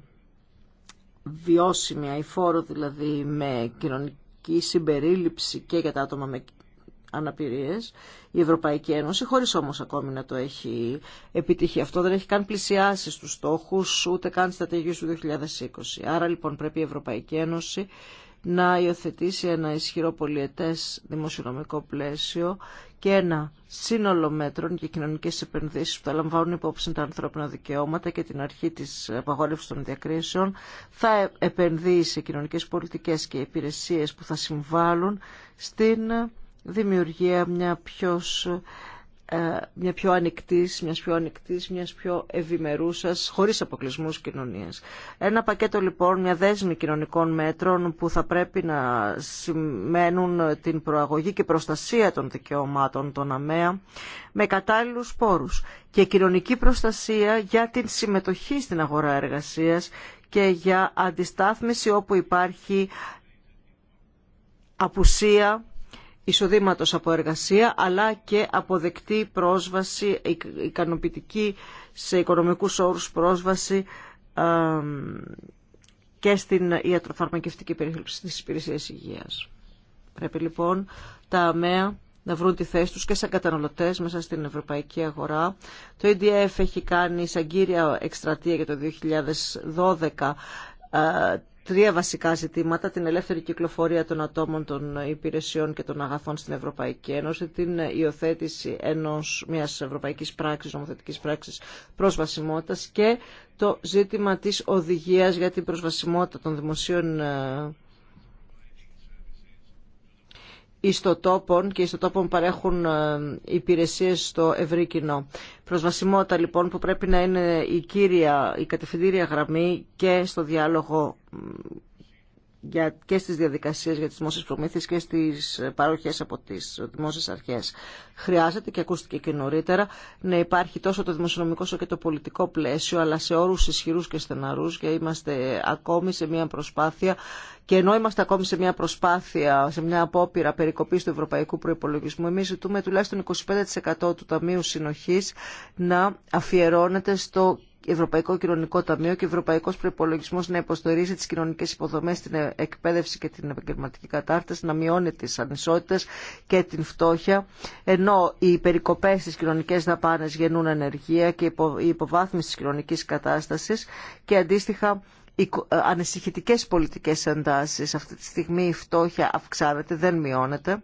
[SPEAKER 4] βιώσιμη, αηφόρο δηλαδή με κοινωνική συμπερίληψη και για τα άτομα με αναπηρίες η Ευρωπαϊκή Ένωση, χωρίς όμως ακόμη να το έχει επιτύχει αυτό, δεν έχει καν πλησιάσει στους στόχους, ούτε καν στρατηγίες του 2020. Άρα λοιπόν πρέπει η Ευρωπαϊκή Ένωση να υιοθετήσει ένα ισχυρό πολιετές δημοσιονομικό πλαίσιο και ένα σύνολο μέτρων και κοινωνικές επενδύσεις που θα λαμβάνουν υπόψη τα ανθρώπινα δικαιώματα και την αρχή της απαγόρευσης των διακρίσεων, θα επενδύσει σε κοινωνικέ πολιτικές και υπηρεσίε που θα συμβάλλουν στην δημιουργία μια πιο, ε, μια πιο ανοιχτής, μιας πιο ανοιχτής, μιας πιο ευημερούσας, χωρίς αποκλεισμούς κοινωνίας. Ένα πακέτο λοιπόν, μια δέσμη κοινωνικών μέτρων που θα πρέπει να σημαίνουν την προαγωγή και προστασία των δικαιωμάτων των ΑΜΕΑ με κατάλληλους πόρους και κοινωνική προστασία για την συμμετοχή στην αγορά εργασίας και για αντιστάθμιση όπου υπάρχει απουσία εισοδήματος από εργασία αλλά και αποδεκτή πρόσβαση, ικανοποιητική σε οικονομικούς όρους πρόσβαση και στην ιατροφαρμακευτική περίθαλψη της υπηρεσίας υγείας. Πρέπει λοιπόν τα ΑΜΕΑ να βρουν τη θέση τους και σαν καταναλωτές μέσα στην ευρωπαϊκή αγορά. Το EDF ε έχει κάνει σαν κύρια εκστρατεία για το 2012 τρία βασικά ζητήματα, την ελεύθερη κυκλοφορία των ατόμων, των υπηρεσιών και των αγαθών στην Ευρωπαϊκή Ένωση, την υιοθέτηση ενός, μιας ευρωπαϊκής πράξης, νομοθετικής πράξης προσβασιμότητας και το ζήτημα της οδηγίας για την προσβασιμότητα των δημοσίων ε, ιστοτόπων και ιστοτόπων παρέχουν ε, υπηρεσίες στο ευρύ κοινό. Προσβασιμότητα λοιπόν που πρέπει να είναι η κύρια, η κατευθυντήρια γραμμή και στο διάλογο για, και στις διαδικασίες για τις δημόσιες προμήθειες και στις παροχές από τις δημόσιες αρχές. Χρειάζεται και ακούστηκε και νωρίτερα να υπάρχει τόσο το δημοσιονομικό όσο και το πολιτικό πλαίσιο αλλά σε όρους ισχυρούς και στεναρούς και είμαστε ακόμη σε μια προσπάθεια και ενώ είμαστε ακόμη σε μια προσπάθεια, σε μια απόπειρα περικοπής του ευρωπαϊκού προϋπολογισμού, εμείς ζητούμε τουλάχιστον 25% του Ταμείου Συνοχής να αφιερώνεται στο Ευρωπαϊκό Κοινωνικό Ταμείο και Ευρωπαϊκό Προπολογισμό να υποστηρίζει τι κοινωνικέ υποδομέ, την εκπαίδευση και την επαγγελματική κατάρτιση, να μειώνει τι ανισότητε και την φτώχεια, ενώ οι περικοπέ στι κοινωνικέ δαπάνε γεννούν ενεργεία και η υποβάθμιση τη κοινωνική κατάσταση και αντίστοιχα οι ε, ανησυχητικές πολιτικές εντάσεις. Αυτή τη στιγμή η φτώχεια αυξάνεται, δεν μειώνεται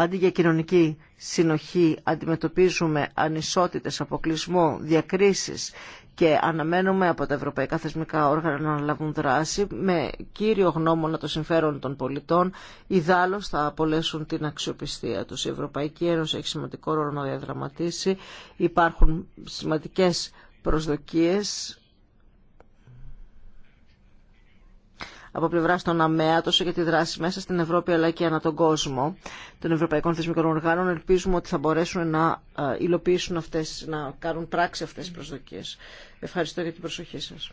[SPEAKER 4] Αντί για κοινωνική συνοχή αντιμετωπίζουμε ανισότητες, αποκλεισμό, διακρίσεις και αναμένουμε από τα ευρωπαϊκά θεσμικά όργανα να αναλάβουν δράση με κύριο γνώμονα το συμφέρον των πολιτών, ιδάλλως θα απολέσουν την αξιοπιστία τους. Η Ευρωπαϊκή Ένωση έχει σημαντικό ρόλο να διαδραματίσει, υπάρχουν σημαντικές προσδοκίες από πλευρά των ΑΜΕΑ, τόσο για τη δράση μέσα στην Ευρώπη αλλά και ανά τον κόσμο των Ευρωπαϊκών Θεσμικών Οργάνων. Ελπίζουμε ότι θα μπορέσουν να ε, υλοποιήσουν αυτές, να κάνουν πράξη αυτές τις προσδοκίες. Ευχαριστώ για την προσοχή σας.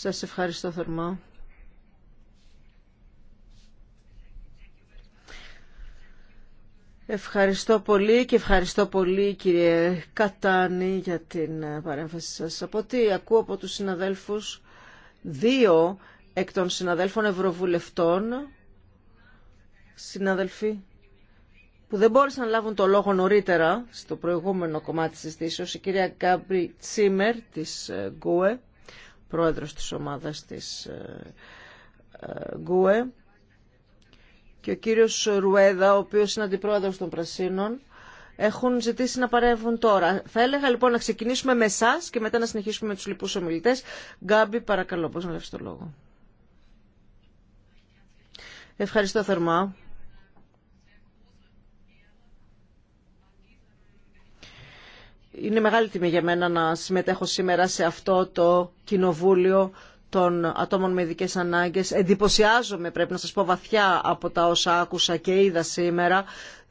[SPEAKER 4] Σας ευχαριστώ θερμά. Ευχαριστώ πολύ και ευχαριστώ πολύ κύριε Κατάνη για την ε, παρέμφαση σας. Από ό,τι ακούω από τους συναδέλφους, δύο εκ των συναδέλφων ευρωβουλευτών, συναδελφοί, που δεν μπόρεσαν να λάβουν το λόγο νωρίτερα στο προηγούμενο κομμάτι της συστήσεως, η κυρία Γκάμπρι Τσίμερ της ε, Γκουε, πρόεδρος της ομάδας της ε, ΓΚΟΕ, και ο κύριος Ρουέδα, ο οποίος είναι αντιπρόεδρος των Πρασίνων, έχουν ζητήσει να παρέμβουν τώρα. Θα έλεγα λοιπόν να ξεκινήσουμε με εσά και μετά να συνεχίσουμε με τους λοιπούς ομιλητές. Γκάμπι, παρακαλώ, πώς να λάβεις το λόγο. Ευχαριστώ θερμά. Είναι μεγάλη τιμή για μένα να συμμετέχω σήμερα σε αυτό το κοινοβούλιο των ατόμων με ειδικέ ανάγκε Εντυπωσιάζομαι, πρέπει να σα πω βαθιά, από τα όσα άκουσα και είδα σήμερα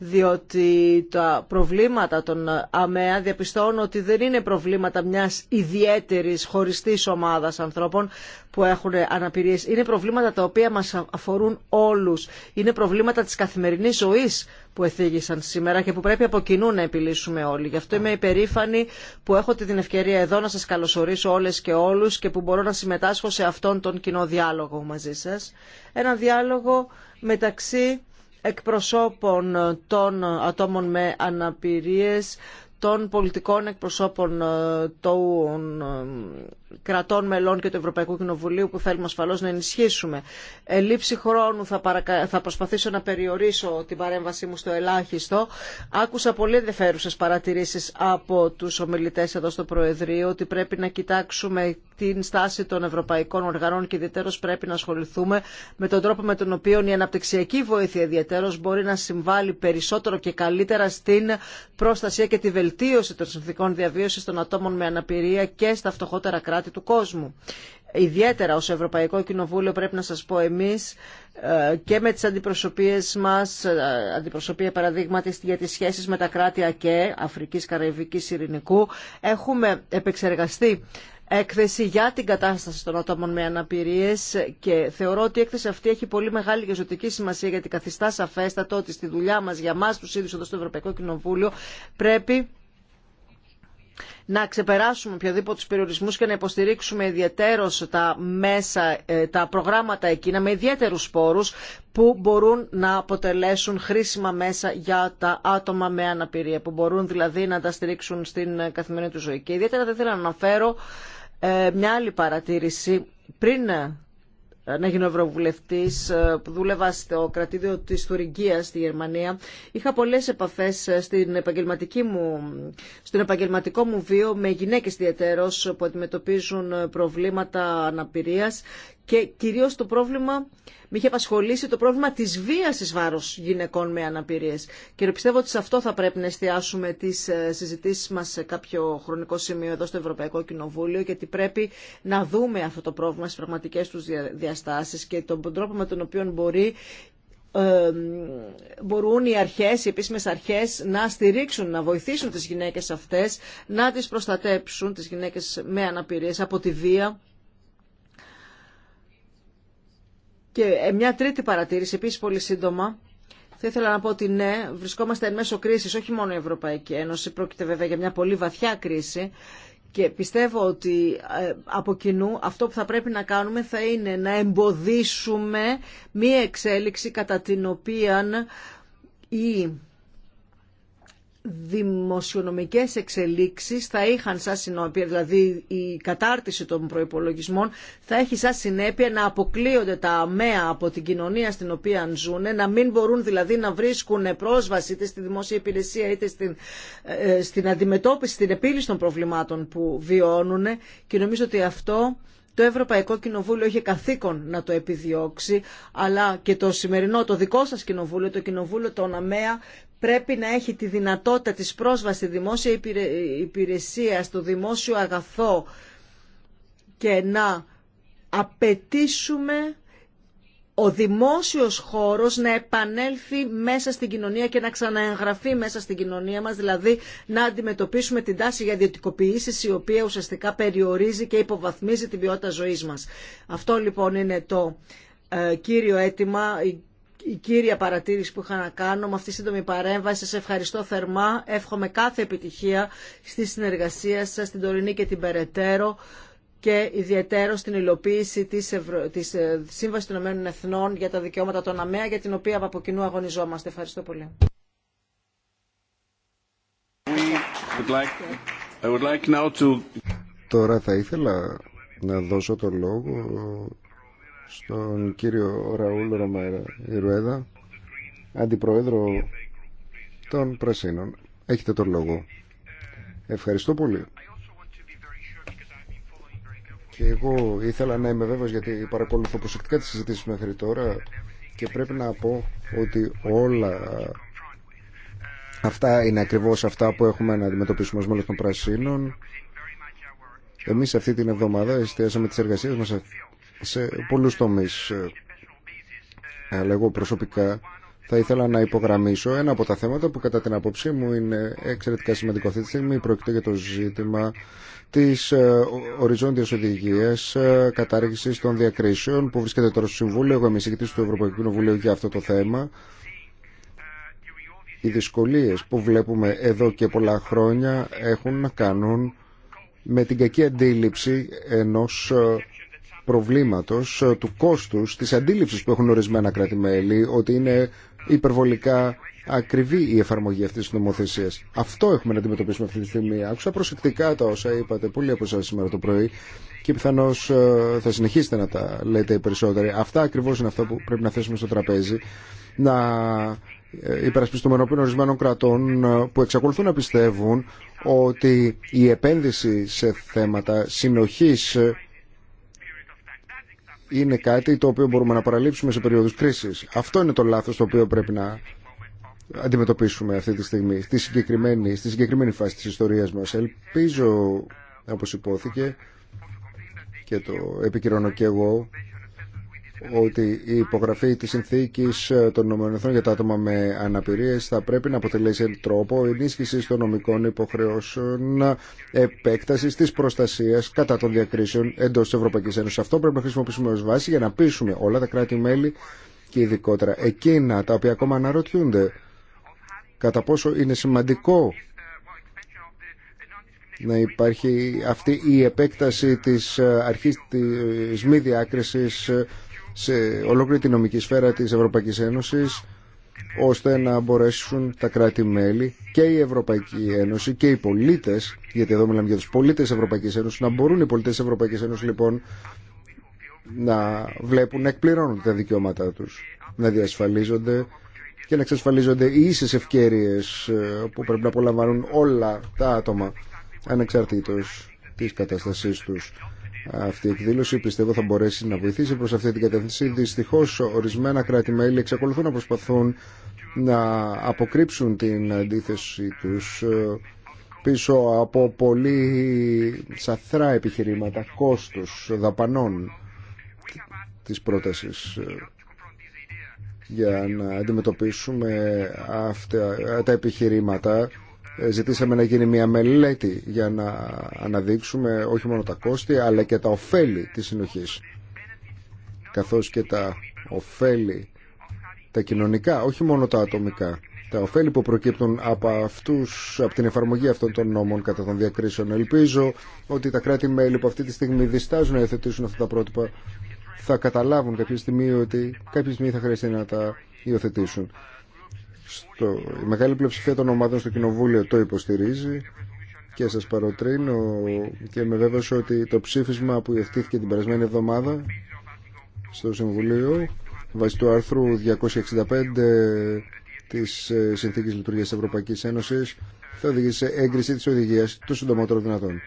[SPEAKER 4] διότι τα προβλήματα των ΑΜΕΑ διαπιστώνω ότι δεν είναι προβλήματα μιας ιδιαίτερης χωριστής ομάδας ανθρώπων που έχουν αναπηρίες. Είναι προβλήματα τα οποία μας αφορούν όλους. Είναι προβλήματα της καθημερινής ζωής που εθίγησαν σήμερα και που πρέπει από κοινού να επιλύσουμε όλοι. Γι' αυτό είμαι υπερήφανη που έχω την ευκαιρία εδώ να σας καλωσορίσω όλες και όλους και που μπορώ να συμμετάσχω σε αυτόν τον κοινό διάλογο μαζί σας. Ένα διάλογο μεταξύ εκπροσώπων των ατόμων με αναπηρίες, των πολιτικών εκπροσώπων ε, των κρατών μελών και του Ευρωπαϊκού Κοινοβουλίου που θέλουμε ασφαλώς να ενισχύσουμε. Ελήψη χρόνου θα, θα προσπαθήσω να περιορίσω την παρέμβασή μου στο ελάχιστο. Άκουσα πολύ ενδιαφέρουσε παρατηρήσεις από τους ομιλητές εδώ στο Προεδρείο ότι πρέπει να κοιτάξουμε την στάση των ευρωπαϊκών οργανών και ιδιαίτερως πρέπει να ασχοληθούμε με τον τρόπο με τον οποίο η αναπτυξιακή βοήθεια ιδιαίτερως μπορεί να συμβάλλει περισσότερο και καλύτερα στην προστασία και τη βελτίωση των συνθήκων διαβίωσης των ατόμων με αναπηρία και στα φτωχότερα κράτη του κόσμου. Ιδιαίτερα ως Ευρωπαϊκό Κοινοβούλιο πρέπει να σας πω εμείς ε, και με τις αντιπροσωπείες μας, ε, αντιπροσωπεία παραδείγματι για τις σχέσεις με τα κράτη ΑΚΕ, Αφρικής, Καραϊβικής, Ειρηνικού, έχουμε επεξεργαστεί έκθεση για την κατάσταση των ατόμων με αναπηρίε και θεωρώ ότι η έκθεση αυτή έχει πολύ μεγάλη και ζωτική σημασία γιατί καθιστά σαφέστατο ότι στη δουλειά μας για μας του ίδιους εδώ στο Ευρωπαϊκό Κοινοβούλιο πρέπει να ξεπεράσουμε οποιοδήποτε τους περιορισμούς και να υποστηρίξουμε ιδιαίτερω τα μέσα, ε, τα προγράμματα εκείνα με ιδιαίτερου πόρους που μπορούν να αποτελέσουν χρήσιμα μέσα για τα άτομα με αναπηρία, που μπορούν δηλαδή να τα στηρίξουν στην καθημερινή του ζωή. Και ιδιαίτερα θα ήθελα να αναφέρω ε, μια άλλη παρατήρηση πριν ε, να γίνω ευρωβουλευτή, ε, που δούλευα στο κρατήδιο τη Τουρκία στη Γερμανία, είχα πολλέ επαφέ ε, στην επαγγελματική μου, στον επαγγελματικό μου βίο με γυναίκε ιδιαίτερω που αντιμετωπίζουν προβλήματα αναπηρία και κυρίω το πρόβλημα, με είχε απασχολήσει το πρόβλημα τη βία εις γυναικών με αναπηρίε. Και πιστεύω ότι σε αυτό θα πρέπει να εστιάσουμε τι ε, συζητήσει μα σε κάποιο χρονικό σημείο εδώ στο Ευρωπαϊκό Κοινοβούλιο, γιατί πρέπει να δούμε αυτό το πρόβλημα στι πραγματικέ του διαστάσει και τον τρόπο με τον οποίο μπορεί ε, μπορούν οι αρχές, οι επίσημες αρχές να στηρίξουν, να βοηθήσουν τις γυναίκες αυτές, να τις προστατέψουν, τις γυναίκες με αναπηρίες από τη βία Και ε, μια τρίτη παρατήρηση, επίση πολύ σύντομα. Θα ήθελα να πω ότι ναι, βρισκόμαστε εν μέσω κρίση, όχι μόνο η Ευρωπαϊκή Ένωση, πρόκειται βέβαια για μια πολύ βαθιά κρίση. Και πιστεύω ότι ε, από κοινού αυτό που θα πρέπει να κάνουμε θα είναι να εμποδίσουμε μία εξέλιξη κατά την οποία η δημοσιονομικές εξελίξεις θα είχαν σαν συνέπεια, δηλαδή η κατάρτιση των προϋπολογισμών θα έχει σαν συνέπεια να αποκλείονται τα αμαία από την κοινωνία στην οποία ζουν, να μην μπορούν δηλαδή να βρίσκουν πρόσβαση είτε στη δημόσια υπηρεσία είτε στην, ε, στην αντιμετώπιση, στην επίλυση των προβλημάτων που βιώνουν και νομίζω ότι αυτό το Ευρωπαϊκό Κοινοβούλιο είχε καθήκον να το επιδιώξει, αλλά και το σημερινό, το δικό σας Κοινοβούλιο, το Κοινοβούλιο των ΑΜΕΑ, πρέπει να έχει τη δυνατότητα της πρόσβασης στη δημόσια υπηρεσία, στο δημόσιο αγαθό και να απαιτήσουμε ο δημόσιος χώρος να επανέλθει μέσα στην κοινωνία και να ξαναεγγραφεί μέσα στην κοινωνία μας, δηλαδή να αντιμετωπίσουμε την τάση για ιδιωτικοποιήσεις η οποία ουσιαστικά περιορίζει και υποβαθμίζει την ποιότητα ζωής μας. Αυτό λοιπόν είναι το ε, κύριο αίτημα, η κύρια παρατήρηση που είχα να κάνω με αυτή τη σύντομη παρέμβαση. ευχαριστώ θερμά. Εύχομαι κάθε επιτυχία στη συνεργασία σας, στην τωρινή και την περαιτέρω και ιδιαίτερο στην υλοποίηση της, Ευρω... της ε, Σύμβασης των Ηνωμένων Εθνών για τα δικαιώματα των ΑΜΕΑ, για την οποία από κοινού αγωνιζόμαστε. Ευχαριστώ πολύ.
[SPEAKER 2] Τώρα θα ήθελα να δώσω το λόγο στον κύριο Ραούλ Ρομέρα Ιρουέδα, αντιπρόεδρο των Πρασίνων. Έχετε τον λόγο. Ευχαριστώ πολύ. Και εγώ ήθελα να είμαι βέβαιος γιατί παρακολουθώ προσεκτικά τις συζητήσεις μέχρι τώρα και πρέπει να πω ότι όλα αυτά είναι ακριβώς αυτά που έχουμε να αντιμετωπίσουμε ως μέλος των Πρασίνων. Εμείς αυτή την εβδομάδα εστιάσαμε τις εργασίες μας σε πολλούς τομείς. Αλλά εγώ προσωπικά θα ήθελα να υπογραμμίσω ένα από τα θέματα που κατά την απόψή μου είναι εξαιρετικά σημαντικό αυτή τη στιγμή. Πρόκειται για το ζήτημα της ε, οριζόντιας οδηγίας ε, κατάργησης των διακρίσεων που βρίσκεται τώρα στο Συμβούλιο. Εγώ είμαι συγκεκριτής του Ευρωπαϊκού Κοινοβουλίου για αυτό το θέμα. Οι δυσκολίες που βλέπουμε εδώ και πολλά χρόνια έχουν να κάνουν με την κακή αντίληψη ενός ε, προβλήματος ε, του κόστους της αντίληψης που έχουν ορισμένα κράτη-μέλη ότι είναι υπερβολικά ακριβή η εφαρμογή αυτής της νομοθεσίας. Αυτό έχουμε να αντιμετωπίσουμε αυτή τη στιγμή. Άκουσα προσεκτικά τα όσα είπατε πολλοί από εσάς σήμερα το πρωί και πιθανώς ε, θα συνεχίσετε να τα λέτε περισσότεροι. Αυτά ακριβώς είναι αυτά που πρέπει να θέσουμε στο τραπέζι. Να ε, υπερασπιστούμε ενώπιον ορισμένων κρατών που εξακολουθούν να πιστεύουν ότι η επένδυση σε θέματα συνοχής είναι κάτι το οποίο μπορούμε να παραλείψουμε σε περίοδους κρίσης. Αυτό είναι το λάθος το οποίο πρέπει να αντιμετωπίσουμε αυτή τη στιγμή, στη συγκεκριμένη, στη συγκεκριμένη φάση της ιστορίας μας. Ελπίζω, όπως υπόθηκε και το επικυρώνω και εγώ, ότι η υπογραφή της συνθήκης ε, των ΗΠΑ για τα άτομα με αναπηρίες θα πρέπει να αποτελέσει τρόπο ενίσχυσης των νομικών υποχρεώσεων επέκταση της προστασίας κατά των διακρίσεων εντός της Ευρωπαϊκής Ένωσης. Αυτό πρέπει να χρησιμοποιήσουμε ως βάση για να πείσουμε όλα τα κράτη-μέλη και ειδικότερα εκείνα τα οποία ακόμα αναρωτιούνται κατά πόσο είναι σημαντικό να υπάρχει αυτή η επέκταση της ε, αρχής της μη διάκρισης ε, σε ολόκληρη τη νομική σφαίρα της Ευρωπαϊκής Ένωσης ώστε να μπορέσουν τα κράτη-μέλη και η Ευρωπαϊκή Ένωση και οι πολίτες, γιατί εδώ μιλάμε για τους πολίτες της Ευρωπαϊκής Ένωσης, να μπορούν οι πολίτες της Ευρωπαϊκής Ένωσης λοιπόν να βλέπουν να εκπληρώνουν τα δικαιώματά τους, να διασφαλίζονται και να εξασφαλίζονται οι ίσες ευκαιρίες ε, που πρέπει να απολαμβάνουν όλα τα άτομα ανεξαρτήτως της κατάστασής τους. Αυτή η εκδήλωση πιστεύω θα μπορέσει να βοηθήσει προς αυτή την κατεύθυνση. Δυστυχώς ορισμένα κράτη-μέλη εξακολουθούν να προσπαθούν να αποκρύψουν την αντίθεση τους ε, πίσω από πολύ σαθρά επιχειρήματα κόστους δαπανών της πρότασης ε, για να αντιμετωπίσουμε αυτά τα επιχειρήματα ε, ζητήσαμε να γίνει μια μελέτη για να αναδείξουμε όχι μόνο τα κόστη αλλά και τα ωφέλη της συνοχής καθώς και τα ωφέλη τα κοινωνικά, όχι μόνο τα ατομικά τα ωφέλη που προκύπτουν από, αυτούς, από την εφαρμογή αυτών των νόμων κατά των διακρίσεων. Ελπίζω ότι τα κράτη-μέλη που αυτή τη στιγμή διστάζουν να υιοθετήσουν αυτά τα πρότυπα θα καταλάβουν κάποια στιγμή ότι κάποια στιγμή θα χρειαστεί να τα υιοθετήσουν στο, η μεγάλη πλειοψηφία των ομάδων στο Κοινοβούλιο το υποστηρίζει και σας παροτρύνω και με βέβαιος ότι το ψήφισμα που και την περασμένη εβδομάδα στο Συμβουλίο βάσει του άρθρου 265 της ε, Συνθήκης Λειτουργίας της Ευρωπαϊκής Ένωσης θα οδηγήσει σε έγκριση της οδηγίας το συντομότερο δυνατόν.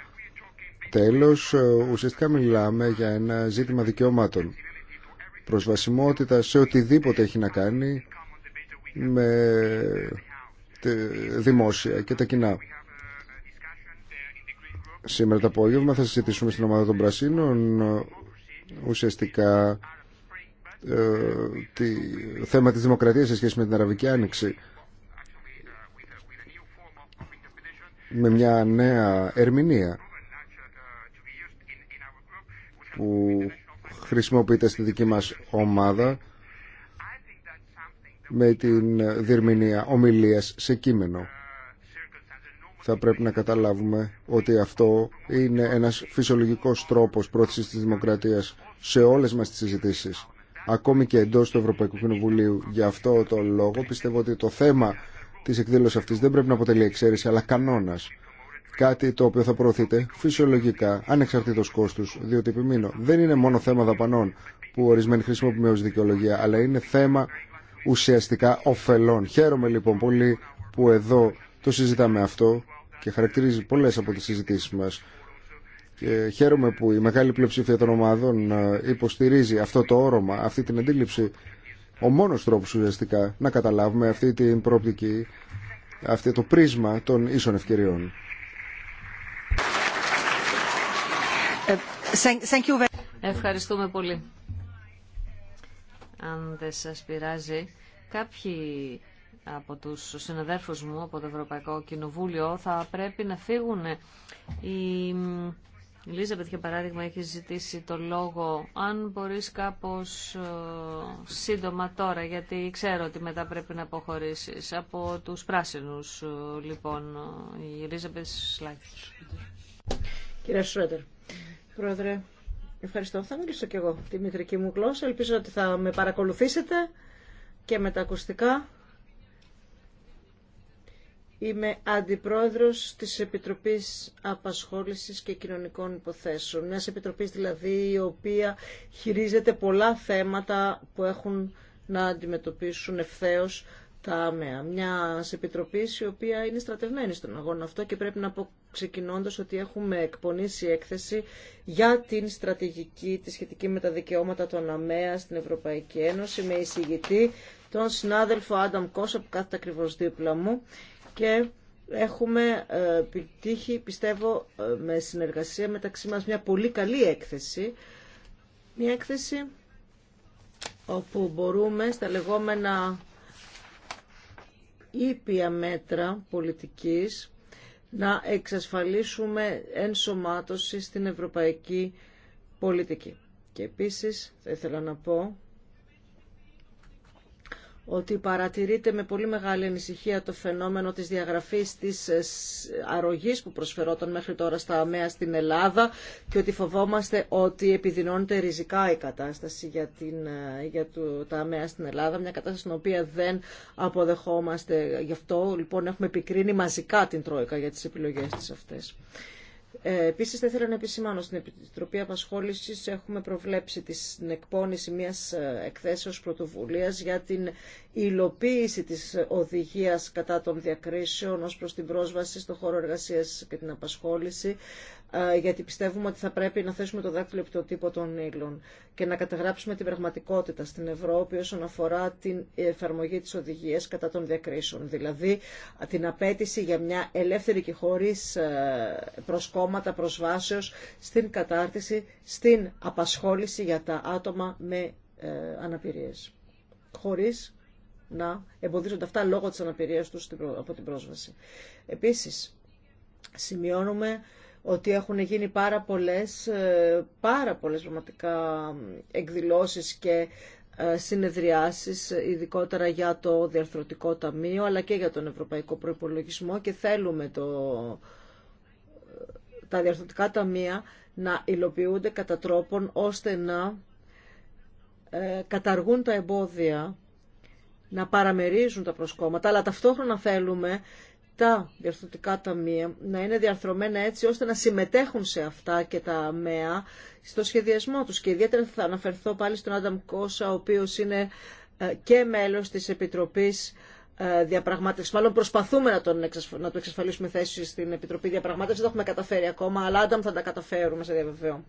[SPEAKER 2] Τέλος, ε, ουσιαστικά μιλάμε για ένα ζήτημα δικαιωμάτων. Προσβασιμότητα σε οτιδήποτε έχει να κάνει με δημόσια και τα κοινά. Σήμερα το απόγευμα θα συζητήσουμε στην ομάδα των Πρασίνων ε, ουσιαστικά ε, το θέμα της δημοκρατίας σε σχέση με την Αραβική Άνοιξη με μια νέα ερμηνεία που χρησιμοποιείται στη δική μας ομάδα με την διερμηνία ομιλίας σε κείμενο. Θα πρέπει να καταλάβουμε ότι αυτό είναι ένας φυσιολογικός τρόπος πρόθεσης της δημοκρατίας σε όλες μας τις συζητήσεις, ακόμη και εντός του Ευρωπαϊκού Κοινοβουλίου. Γι' αυτό το λόγο πιστεύω ότι το θέμα της εκδήλωσης αυτής δεν πρέπει να αποτελεί εξαίρεση, αλλά κανόνας. Κάτι το οποίο θα προωθείται φυσιολογικά, ανεξαρτήτως κόστους, διότι επιμείνω. Δεν είναι μόνο θέμα δαπανών που ορισμένοι χρησιμοποιούμε ως δικαιολογία, αλλά είναι θέμα ουσιαστικά ωφελών. Χαίρομαι λοιπόν πολύ που εδώ το συζητάμε αυτό και χαρακτηρίζει πολλές από τις συζητήσεις μας. Και χαίρομαι που η μεγάλη πλειοψηφία των ομάδων ε, υποστηρίζει αυτό το όρομα, αυτή την αντίληψη. Ο μόνος τρόπος ουσιαστικά να καταλάβουμε αυτή την πρόπτικη αυτό το πρίσμα των ίσων ευκαιριών.
[SPEAKER 1] Ε, Ευχαριστούμε πολύ αν δεν σας πειράζει, κάποιοι από τους συναδέρφους μου από το Ευρωπαϊκό Κοινοβούλιο θα πρέπει να φύγουν. Η Λίζαπετ, για παράδειγμα, έχει ζητήσει το λόγο αν μπορείς κάπως ε, σύντομα τώρα, γιατί ξέρω ότι μετά πρέπει να αποχωρήσεις. Από τους πράσινους, ε, λοιπόν,
[SPEAKER 4] η Λίζαπετ Σλάκη. Κύριε Σρότερ, Πρόεδρε, Ευχαριστώ. Θα μιλήσω κι εγώ τη μητρική μου γλώσσα. Ελπίζω ότι θα με παρακολουθήσετε και με τα ακουστικά. Είμαι αντιπρόεδρος της Επιτροπής Απασχόλησης και Κοινωνικών Υποθέσεων. Μιας επιτροπής δηλαδή η οποία χειρίζεται πολλά θέματα που έχουν να αντιμετωπίσουν ευθέως τα ΑΜΕΑ, μια επιτροπή η οποία είναι στρατευμένη στον αγώνα αυτό και πρέπει να πω ξεκινώντα ότι έχουμε εκπονήσει έκθεση για την στρατηγική τη σχετική με τα δικαιώματα των ΑΜΕΑ στην Ευρωπαϊκή Ένωση με εισηγητή τον συνάδελφο Άνταμ Κόσα που κάθεται ακριβώ δίπλα μου και έχουμε ε, επιτύχει πιστεύω ε, με συνεργασία μεταξύ μας μια πολύ καλή έκθεση μια έκθεση όπου μπορούμε στα λεγόμενα ήπια μέτρα πολιτικής να εξασφαλίσουμε ενσωμάτωση στην ευρωπαϊκή πολιτική. Και επίσης θα ήθελα να πω ότι παρατηρείται με πολύ μεγάλη ανησυχία το φαινόμενο της διαγραφής της ε, αρρωγής που προσφερόταν μέχρι τώρα στα ΑΜΕΑ στην Ελλάδα και ότι φοβόμαστε ότι επιδεινώνεται ριζικά η κατάσταση για, την, ε, για το, τα ΑΜΕΑ στην Ελλάδα, μια κατάσταση στην οποία δεν αποδεχόμαστε. Γι' αυτό λοιπόν έχουμε επικρίνει μαζικά την Τρόικα για τις επιλογές της αυτές. Ε, επίσης θα ήθελα να επισημάνω στην Επιτροπή Απασχόλησης έχουμε προβλέψει την εκπόνηση μιας ε, εκθέσεως πρωτοβουλίας για την υλοποίηση της οδηγίας κατά των διακρίσεων ως προς την πρόσβαση στον χώρο εργασίας και την απασχόληση ε, γιατί πιστεύουμε ότι θα πρέπει να θέσουμε το δάκτυλο επί το τύπο των Ήλων και να καταγράψουμε την πραγματικότητα στην Ευρώπη όσον αφορά την εφαρμογή της οδηγίας κατά των διακρίσεων. Δηλαδή την απέτηση για μια ελεύθερη και χωρίς ε, προσκόμματα προσβάσεως στην κατάρτιση, στην απασχόληση για τα άτομα με ε, αναπηρίες. Χωρίς να εμποδίζονται αυτά λόγω της αναπηρίας τους από την πρόσβαση. Επίσης, σημειώνουμε ότι έχουν γίνει πάρα πολλές, ε, πάρα πολλές πραγματικά εκδηλώσεις και ε, συνεδριάσεις, ειδικότερα για το Διαρθρωτικό Ταμείο, αλλά και για τον Ευρωπαϊκό Προϋπολογισμό και θέλουμε το, ε, τα Διαρθρωτικά Ταμεία να υλοποιούνται κατά τρόπον ώστε να καταργούν τα εμπόδια να παραμερίζουν τα προσκόμματα, αλλά ταυτόχρονα θέλουμε τα διαρθρωτικά ταμεία να είναι διαρθρωμένα έτσι ώστε να συμμετέχουν σε αυτά και τα ΜΕΑ στο σχεδιασμό τους. Και ιδιαίτερα θα αναφερθώ πάλι στον Άνταμ Κώσα, ο οποίος είναι ε, και μέλος της Επιτροπής ε, διαπραγμάτευση. Μάλλον προσπαθούμε να, τον να του εξασφαλίσουμε θέση στην Επιτροπή Διαπραγμάτευση. Δεν το έχουμε καταφέρει ακόμα, αλλά άνταμ θα τα καταφέρουμε, σε διαβεβαιώ.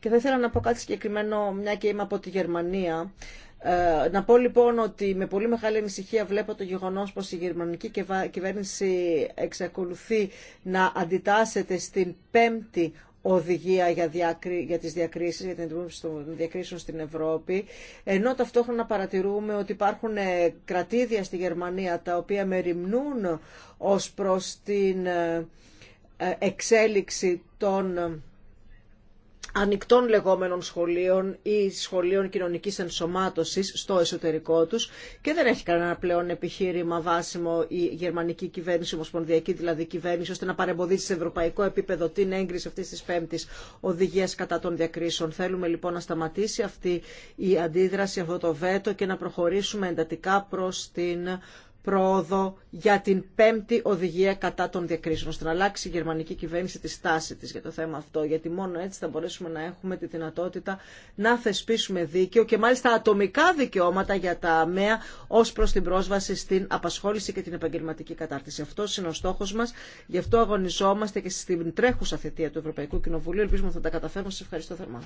[SPEAKER 4] Και θα ήθελα να πω κάτι συγκεκριμένο, μια και είμαι από τη Γερμανία. Ε, να πω λοιπόν ότι με πολύ μεγάλη ανησυχία βλέπω το γεγονός πως η γερμανική κυβέρνηση εξακολουθεί να αντιτάσσεται στην πέμπτη οδηγία για, διακρί, για τις διακρίσεις, για την αντιμετώπιση των διακρίσεων στην Ευρώπη, ενώ ταυτόχρονα παρατηρούμε ότι υπάρχουν ε, κρατήδια στη Γερμανία τα οποία μεριμνούν ως προς την ε, ε, εξέλιξη των ανοιχτών λεγόμενων σχολείων ή σχολείων κοινωνικής ενσωμάτωσης στο εσωτερικό τους και δεν έχει κανένα πλέον επιχείρημα βάσιμο η γερμανική κυβέρνηση, η ομοσπονδιακή δηλαδή κυβέρνηση, ώστε να παρεμποδίσει σε ευρωπαϊκό επίπεδο την έγκριση αυτής της πέμπτης οδηγίας κατά των διακρίσεων. Θέλουμε λοιπόν να σταματήσει αυτή η αντίδραση, αυτό το βέτο και να προχωρήσουμε εντατικά προς την πρόοδο για την πέμπτη οδηγία κατά των διακρίσεων, ώστε να αλλάξει η γερμανική κυβέρνηση τη στάση τη για το θέμα αυτό, γιατί μόνο έτσι θα μπορέσουμε να έχουμε τη δυνατότητα να θεσπίσουμε δίκαιο και μάλιστα ατομικά δικαιώματα για τα αμαία ω προ την πρόσβαση στην απασχόληση και την επαγγελματική κατάρτιση. Αυτό είναι ο στόχο μα. γι' αυτό αγωνιζόμαστε και στην τρέχουσα θετία του Ευρωπαϊκού Κοινοβουλίου. Ελπίζουμε θα τα καταφέρουμε. Σα ευχαριστώ θερμά.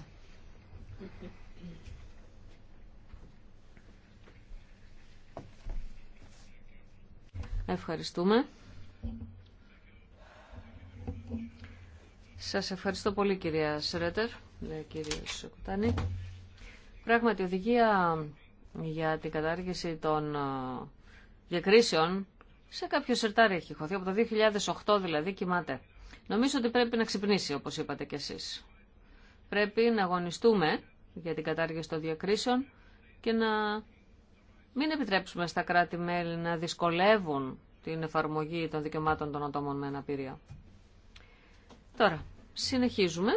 [SPEAKER 1] Ευχαριστούμε. Σας ευχαριστώ πολύ κυρία Σρέτερ, κύριε Σεκουτάνη. Πράγματι, οδηγία για την κατάργηση των ε, διακρίσεων σε κάποιο σερτάρι έχει χωθεί. Από το 2008 δηλαδή κοιμάται. Νομίζω ότι πρέπει να ξυπνήσει, όπως είπατε κι εσείς. Πρέπει να αγωνιστούμε για την κατάργηση των διακρίσεων και να μην επιτρέψουμε στα κράτη-μέλη να δυσκολεύουν την εφαρμογή των δικαιωμάτων των ατόμων με αναπηρία. Τώρα, συνεχίζουμε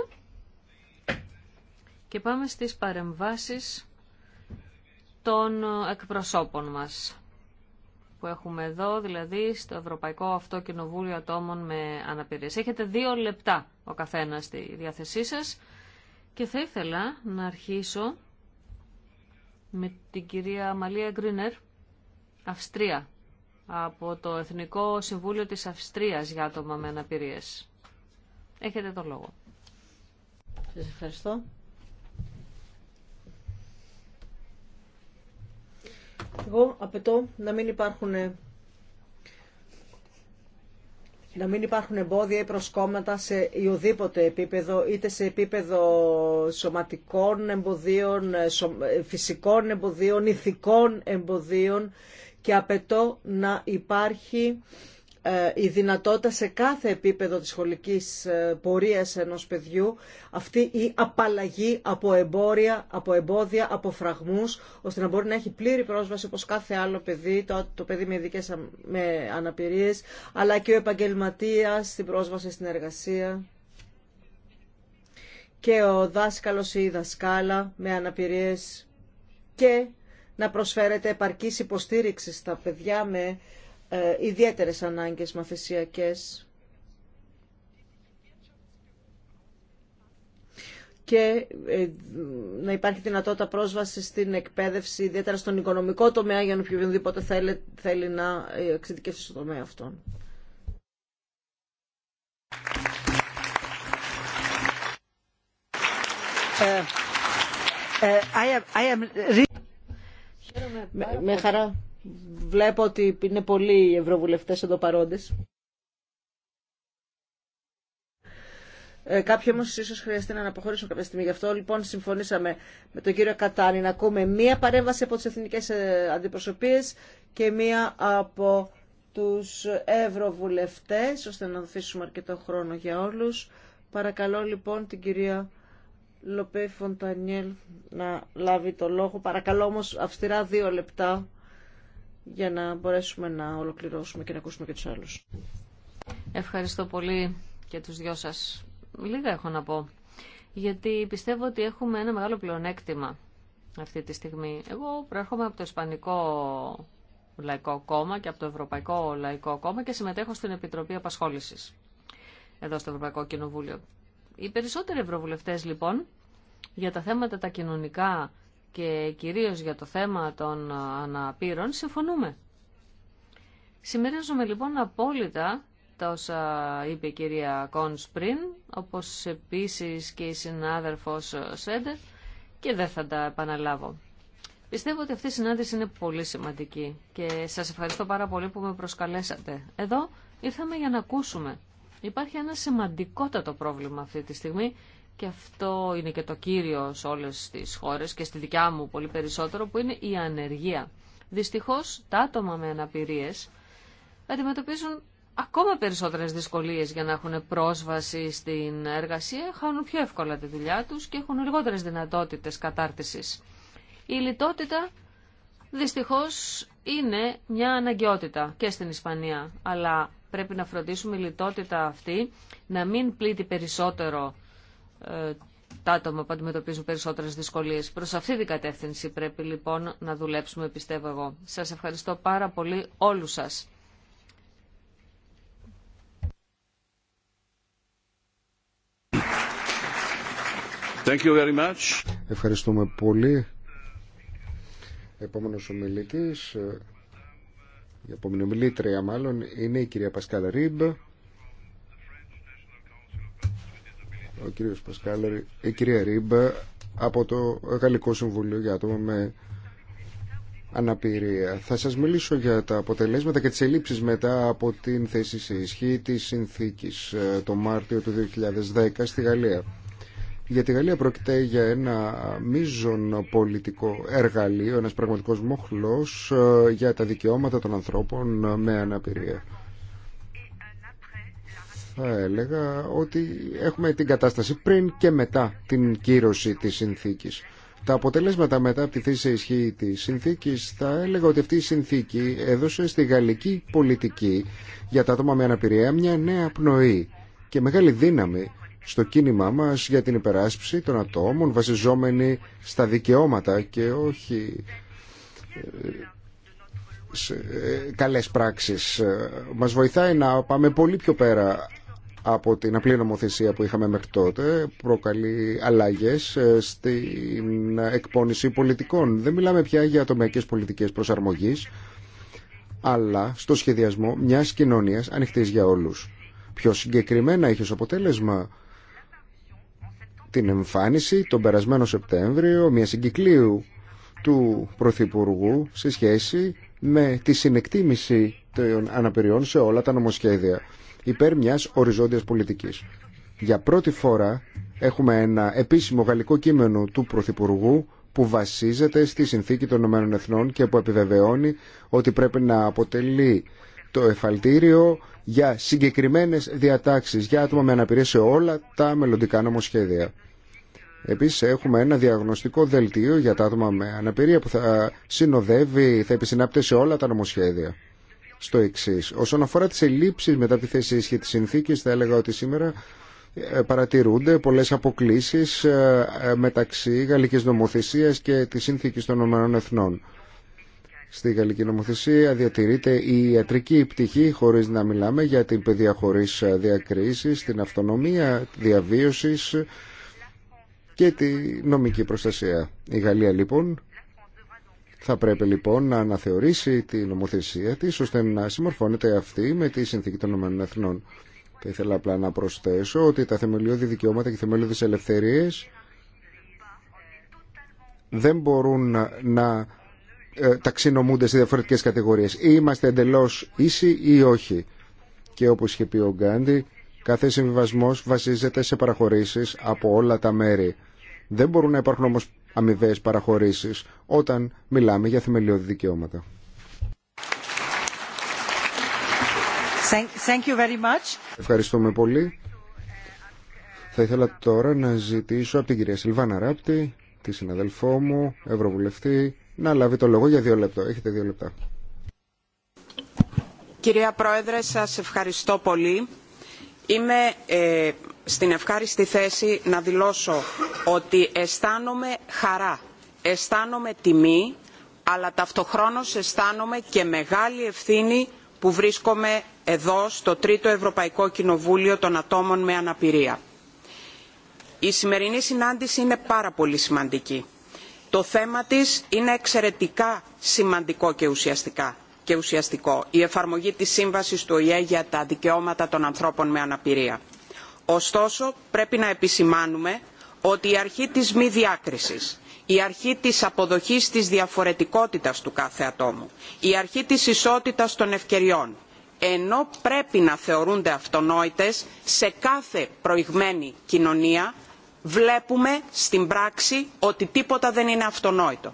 [SPEAKER 1] και πάμε στις παρεμβάσεις των εκπροσώπων μας που έχουμε εδώ, δηλαδή στο Ευρωπαϊκό Αυτό Κοινοβούλιο Ατόμων με Αναπηρίες. Έχετε δύο λεπτά ο καθένας στη διάθεσή σας και θα ήθελα να αρχίσω με την κυρία Μαλία Γκρίνερ, Αυστρία, από το Εθνικό Συμβούλιο της Αυστρίας για άτομα με αναπηρίες. Έχετε το λόγο. Σας ευχαριστώ.
[SPEAKER 4] Εγώ απαιτώ να μην υπάρχουν να μην υπάρχουν εμπόδια ή προσκόμματα σε οδήποτε επίπεδο, είτε σε επίπεδο σωματικών εμποδίων, φυσικών εμποδίων, ηθικών εμποδίων και απαιτώ να υπάρχει ε, η δυνατότητα σε κάθε επίπεδο της σχολικής ε, πορείας ενός παιδιού αυτή η απαλλαγή από εμπόρια, από εμπόδια, από φραγμούς ώστε να μπορεί να έχει πλήρη πρόσβαση όπως κάθε άλλο παιδί, το, το παιδί με ειδικέ με αναπηρίες αλλά και ο επαγγελματίας στην πρόσβαση στην εργασία και ο δάσκαλος ή η δασκάλα με αναπηρίες και να προσφέρεται επαρκής υποστήριξη στα παιδιά με ε, ιδιαίτερες ανάγκες μαθησιακές και ε, να υπάρχει δυνατότητα πρόσβαση στην εκπαίδευση, ιδιαίτερα στον οικονομικό τομέα, για να οποιοδήποτε θέλει, θέλει να ε, εξειδικεύσει στον τομέα αυτόν. Ε, I am, I am... με χαρά Βλέπω ότι είναι πολλοί οι ευρωβουλευτές εδώ παρόντες. Ε, κάποιοι όμως ίσω χρειαστεί να αναποχωρήσουν κάποια στιγμή. Γι' αυτό λοιπόν συμφωνήσαμε με τον κύριο Κατάνη να ακούμε μία παρέμβαση από τις εθνικές ε, αντιπροσωπείες και μία από τους ευρωβουλευτές, ώστε να δοθήσουμε αρκετό χρόνο για όλους. Παρακαλώ λοιπόν την κυρία Λοπέ Φοντανιέλ να λάβει το λόγο. Παρακαλώ όμω αυστηρά δύο λεπτά για να μπορέσουμε να ολοκληρώσουμε και να ακούσουμε και τους άλλους.
[SPEAKER 1] Ευχαριστώ πολύ και τους δυο σας. Λίγα έχω να πω. Γιατί πιστεύω ότι έχουμε ένα μεγάλο πλεονέκτημα αυτή τη στιγμή. Εγώ προέρχομαι από το Ισπανικό Λαϊκό Κόμμα και από το Ευρωπαϊκό Λαϊκό Κόμμα και συμμετέχω στην Επιτροπή Απασχόλησης εδώ στο Ευρωπαϊκό Κοινοβούλιο. Οι περισσότεροι ευρωβουλευτές λοιπόν για τα θέματα τα κοινωνικά και κυρίως για το θέμα των ε, αναπήρων συμφωνούμε. Συμμερίζομαι λοιπόν απόλυτα τα όσα είπε η κυρία Κόνς πριν, όπως επίσης και η συνάδελφος Σέντερ και δεν θα τα επαναλάβω. Πιστεύω ότι αυτή η συνάντηση είναι πολύ σημαντική και σας ευχαριστώ πάρα πολύ που με προσκαλέσατε. Εδώ ήρθαμε για να ακούσουμε. Υπάρχει ένα σημαντικότατο πρόβλημα αυτή τη στιγμή και αυτό είναι και το κύριο σε όλες τις χώρες και στη δικιά μου πολύ περισσότερο, που είναι η ανεργία. Δυστυχώς τα άτομα με αναπηρίες αντιμετωπίζουν ακόμα περισσότερες δυσκολίες για να έχουν πρόσβαση στην εργασία, χάνουν πιο εύκολα τη δουλειά τους και έχουν λιγότερες δυνατότητες κατάρτισης. Η λιτότητα δυστυχώς είναι μια αναγκαιότητα και στην Ισπανία, αλλά πρέπει να φροντίσουμε η λιτότητα αυτή να μην πλήττει περισσότερο ε, τα άτομα που αντιμετωπίζουν περισσότερες δυσκολίες. Προς αυτή την κατεύθυνση πρέπει λοιπόν να δουλέψουμε, πιστεύω εγώ. Σας ευχαριστώ πάρα πολύ όλους σας.
[SPEAKER 2] Thank you very much. Ευχαριστούμε πολύ. Επόμενος ομιλητής, ε, η επόμενη ομιλήτρια μάλλον, είναι η κυρία Πασκάλα Ρίμπ ο κύριος Πασκάλερ, η κυρία Ρίμπα από το Γαλλικό Συμβουλίο για άτομα με αναπηρία. Θα σας μιλήσω για τα αποτελέσματα και τις ελλείψεις μετά από την θέση σε ισχύ της συνθήκης ε, το Μάρτιο του 2010 στη Γαλλία. Για τη Γαλλία πρόκειται για ένα μείζον πολιτικό εργαλείο, ένας πραγματικός μοχλός ε, για τα δικαιώματα των ανθρώπων με αναπηρία θα έλεγα ότι έχουμε την κατάσταση πριν και μετά την κύρωση της συνθήκης. Τα αποτελέσματα μετά από τη θέση ισχύ της συνθήκης θα έλεγα ότι αυτή η συνθήκη έδωσε στη γαλλική πολιτική για τα άτομα με αναπηρία μια νέα πνοή και μεγάλη δύναμη στο κίνημά μας για την υπεράσπιση των ατόμων βασιζόμενη στα δικαιώματα και όχι ε, σε ε, καλές πράξεις. Ε, μας βοηθάει να πάμε πολύ πιο πέρα από την απλή νομοθεσία που είχαμε μέχρι τότε προκαλεί αλλαγές ε, στην εκπόνηση πολιτικών. Δεν μιλάμε πια για ατομικέ πολιτικές προσαρμογής, αλλά στο σχεδιασμό μιας κοινωνίας ανοιχτή για όλους. Πιο συγκεκριμένα είχε ως αποτέλεσμα την εμφάνιση τον περασμένο Σεπτέμβριο μια συγκυκλίου του Πρωθυπουργού σε σχέση με τη συνεκτίμηση των αναπηριών σε όλα τα νομοσχέδια υπέρ μια οριζόντιας πολιτικής. Για πρώτη φορά έχουμε ένα επίσημο γαλλικό κείμενο του Πρωθυπουργού που βασίζεται στη συνθήκη των Ηνωμένων Εθνών και που επιβεβαιώνει ότι πρέπει να αποτελεί το εφαλτήριο για συγκεκριμένες διατάξεις για άτομα με αναπηρία σε όλα τα μελλοντικά νομοσχέδια. Επίσης έχουμε ένα διαγνωστικό δελτίο για τα άτομα με αναπηρία που θα συνοδεύει, θα επισυνάπτει σε όλα τα νομοσχέδια στο εξή. Όσον αφορά τι ελλείψει μετά τη θέση ισχύ τη συνθήκη, θα έλεγα ότι σήμερα ε, παρατηρούνται πολλές αποκλήσεις ε, ε, μεταξύ γαλλικής νομοθεσίας και της Σύνθηκης των Ηνωμένων Εθνών. Στη γαλλική νομοθεσία διατηρείται η ιατρική πτυχή χωρίς να μιλάμε για την παιδεία χωρίς διακρίσεις, την αυτονομία διαβίωσης και τη νομική προστασία. Η Γαλλία λοιπόν θα πρέπει λοιπόν να αναθεωρήσει τη νομοθεσία τη, ώστε να συμμορφώνεται αυτή με τη συνθήκη των Εθνών. Θα ήθελα απλά να προσθέσω ότι τα θεμελιώδη δικαιώματα και θεμελιώδη ελευθερίες δεν μπορούν να ε, ταξινομούνται σε διαφορετικές κατηγορίες. είμαστε εντελώς ίσοι ή όχι. Και όπως είχε πει ο Γκάντι, κάθε συμβιβασμός βασίζεται σε παραχωρήσεις από όλα τα μέρη. Δεν μπορούν να υπάρχουν όμως αμοιβέ παραχωρήσει όταν μιλάμε για θεμελιώδη δικαιώματα.
[SPEAKER 4] Thank you very much.
[SPEAKER 2] Ευχαριστούμε πολύ. Θα ήθελα τώρα να ζητήσω από την κυρία Σιλβάνα Ράπτη, τη συναδελφό μου, Ευρωβουλευτή, να λάβει το λόγο για δύο λεπτά. Έχετε δύο λεπτά.
[SPEAKER 6] Κυρία Πρόεδρε, σας ευχαριστώ πολύ Είμαι ε, στην ευχάριστη θέση να δηλώσω ότι αισθάνομαι χαρά, αισθάνομαι τιμή, αλλά ταυτοχρόνως αισθάνομαι και μεγάλη ευθύνη που βρίσκομαι εδώ στο Τρίτο Ευρωπαϊκό Κοινοβούλιο των Ατόμων με Αναπηρία. Η σημερινή συνάντηση είναι πάρα πολύ σημαντική. Το θέμα της είναι εξαιρετικά σημαντικό και ουσιαστικά και ουσιαστικό η εφαρμογή της σύμβασης του οηε για τα δικαιώματα των ανθρώπων με αναπηρία. ωστόσο πρέπει να επισημάνουμε ότι η αρχή της μη διάκρισης η αρχή της αποδοχής της διαφορετικότητας του κάθε ατόμου η αρχή της ισότητας των ευκαιριών ενώ πρέπει να θεωρούνται αυτονόητες σε κάθε προηγμένη κοινωνία βλέπουμε στην πράξη ότι τίποτα δεν είναι αυτονόητο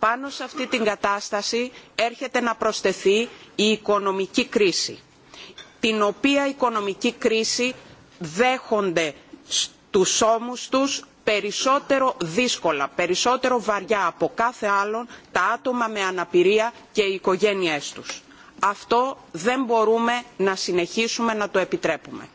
[SPEAKER 6] πάνω σε αυτή την κατάσταση έρχεται να προσθεθεί η οικονομική κρίση την οποία οικονομική κρίση δέχονται στους ώμους τους περισσότερο δύσκολα περισσότερο βαριά από κάθε άλλον τα άτομα με αναπηρία και οι οικογένειές τους. αυτό δεν μπορούμε να συνεχίσουμε να το επιτρέπουμε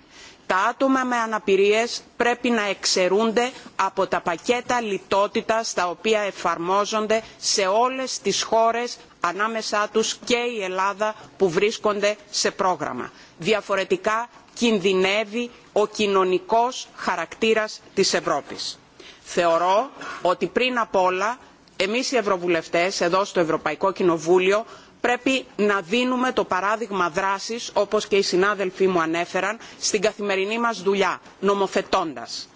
[SPEAKER 6] τα άτομα με αναπηρίες πρέπει να εξαιρούνται από τα πακέτα λιτότητας τα οποία εφαρμόζονται σε όλες τις χώρες ανάμεσά τους και η ελλάδα που βρίσκονται σε πρόγραμμα. διαφορετικά κινδυνεύει ο κοινωνικός χαρακτήρας της ευρώπης. θεωρώ ότι πριν απ' όλα εμείς οι ευρωβουλευτές εδώ στο ευρωπαϊκό κοινοβούλιο πρέπει να δίνουμε το παράδειγμα δράσης όπως και οι συνάδελφοί μου ανέφεραν στην καθημερινή μας δουλειά νομοθετώντας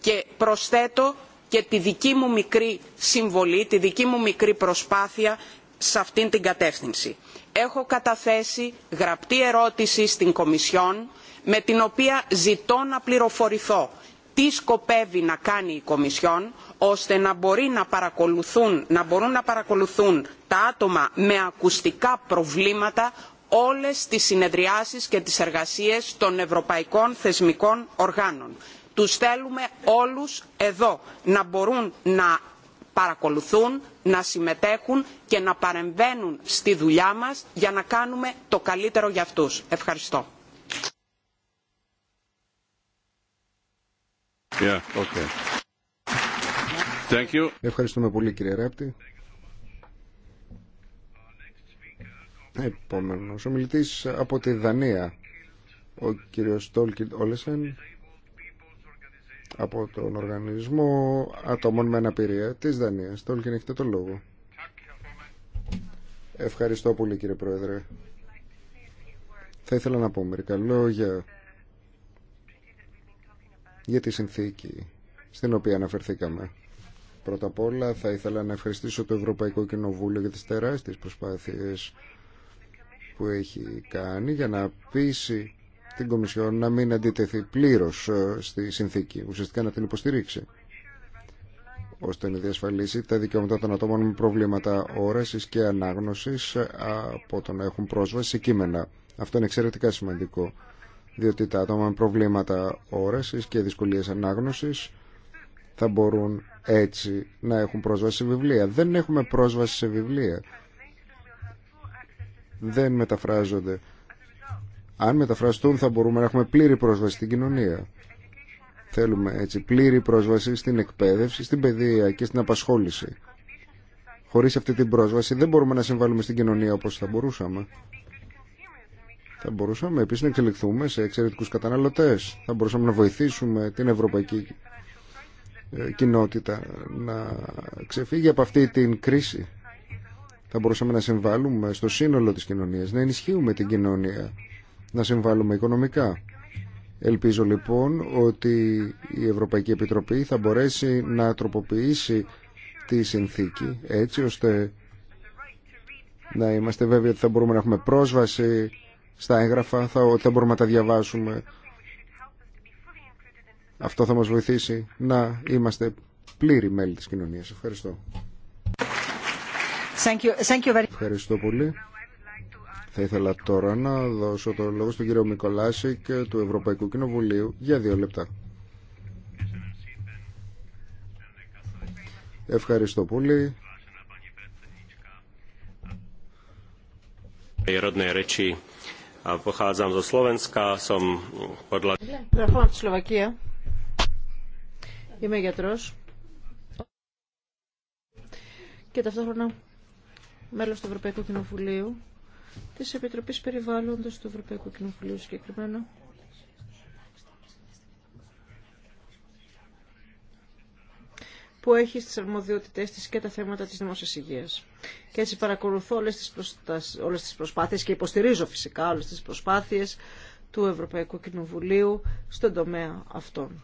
[SPEAKER 6] και προσθέτω και τη δική μου μικρή συμβολή τη δική μου μικρή προσπάθεια σε αυτήν την κατεύθυνση. έχω καταθέσει γραπτή ερώτηση στην κομισιόν με την οποία ζητώ να πληροφορηθώ τι σκοπεύει να κάνει η κομισιόν ώστε να, μπορεί να, παρακολουθούν, να μπορούν να παρακολουθούν τα άτομα με ακουστικά προβλήματα όλες τις συνεδριάσεις και τις εργασίες των ευρωπαϊκών θεσμικών οργάνων. Τους θέλουμε όλους εδώ να μπορούν να παρακολουθούν, να συμμετέχουν και να παρεμβαίνουν στη δουλειά μας για να κάνουμε το καλύτερο για αυτούς. Ευχαριστώ.
[SPEAKER 2] Yeah, Ευχαριστούμε πολύ κύριε Ράπτη. Επόμενος ομιλητής από τη Δανία, ο κύριος Τόλκιν Όλεσεν, από τον Οργανισμό Ατόμων με Αναπηρία της Δανίας. Τόλκιν, έχετε το λόγο. Ευχαριστώ πολύ κύριε Πρόεδρε. Θα ήθελα να πω μερικά λόγια για τη συνθήκη στην οποία αναφερθήκαμε. Πρώτα απ' όλα θα ήθελα να ευχαριστήσω το Ευρωπαϊκό Κοινοβούλιο για τις τεράστιες προσπάθειες που έχει κάνει για να πείσει την Κομισιόν να μην αντιτεθεί πλήρως ε, στη συνθήκη, ουσιαστικά να την υποστηρίξει ώστε να διασφαλίσει τα δικαιώματα των ατόμων με προβλήματα όρασης και ανάγνωσης ε, από το να έχουν πρόσβαση σε κείμενα. Αυτό είναι εξαιρετικά σημαντικό, διότι τα άτομα με προβλήματα όρασης και δυσκολίες ανάγνωσης θα μπορούν έτσι να έχουν πρόσβαση σε βιβλία. Δεν έχουμε πρόσβαση σε βιβλία. Δεν μεταφράζονται. Αν μεταφραστούν θα μπορούμε να έχουμε πλήρη πρόσβαση στην κοινωνία. Θέλουμε έτσι πλήρη πρόσβαση στην εκπαίδευση, στην παιδεία και στην απασχόληση. Χωρίς αυτή την πρόσβαση δεν μπορούμε να συμβάλλουμε στην κοινωνία όπως θα μπορούσαμε. Θα μπορούσαμε επίσης να εξελιχθούμε σε εξαιρετικούς καταναλωτές. Θα μπορούσαμε να βοηθήσουμε την ευρωπαϊκή κοινότητα να ξεφύγει από αυτή την κρίση. Θα μπορούσαμε να συμβάλλουμε στο σύνολο της κοινωνίας, να ενισχύουμε την κοινωνία, να συμβάλλουμε οικονομικά. Ελπίζω λοιπόν ότι η Ευρωπαϊκή Επιτροπή θα μπορέσει να τροποποιήσει τη συνθήκη έτσι ώστε να είμαστε βέβαιοι ότι θα μπορούμε να έχουμε πρόσβαση στα έγγραφα, ότι θα μπορούμε να τα διαβάσουμε, αυτό θα μας βοηθήσει να είμαστε πλήρη μέλη της κοινωνίας. Ευχαριστώ.
[SPEAKER 3] Thank
[SPEAKER 2] Ευχαριστώ πολύ. Θα ήθελα τώρα να δώσω το λόγο στον κύριο Μικολάση και του Ευρωπαϊκού Κοινοβουλίου για δύο λεπτά. Ευχαριστώ πολύ.
[SPEAKER 3] Προέρχομαι από
[SPEAKER 4] τη Σλοβακία. Είμαι γιατρός και ταυτόχρονα μέλος του Ευρωπαϊκού Κοινοβουλίου της Επιτροπής Περιβάλλοντος του Ευρωπαϊκού Κοινοβουλίου συγκεκριμένα. που έχει στις αρμοδιότητές της και τα θέματα της δημόσιας υγείας. Και έτσι παρακολουθώ όλες τις, προσπάθειες και υποστηρίζω φυσικά όλες τις προσπάθειες του Ευρωπαϊκού Κοινοβουλίου στον τομέα αυτών.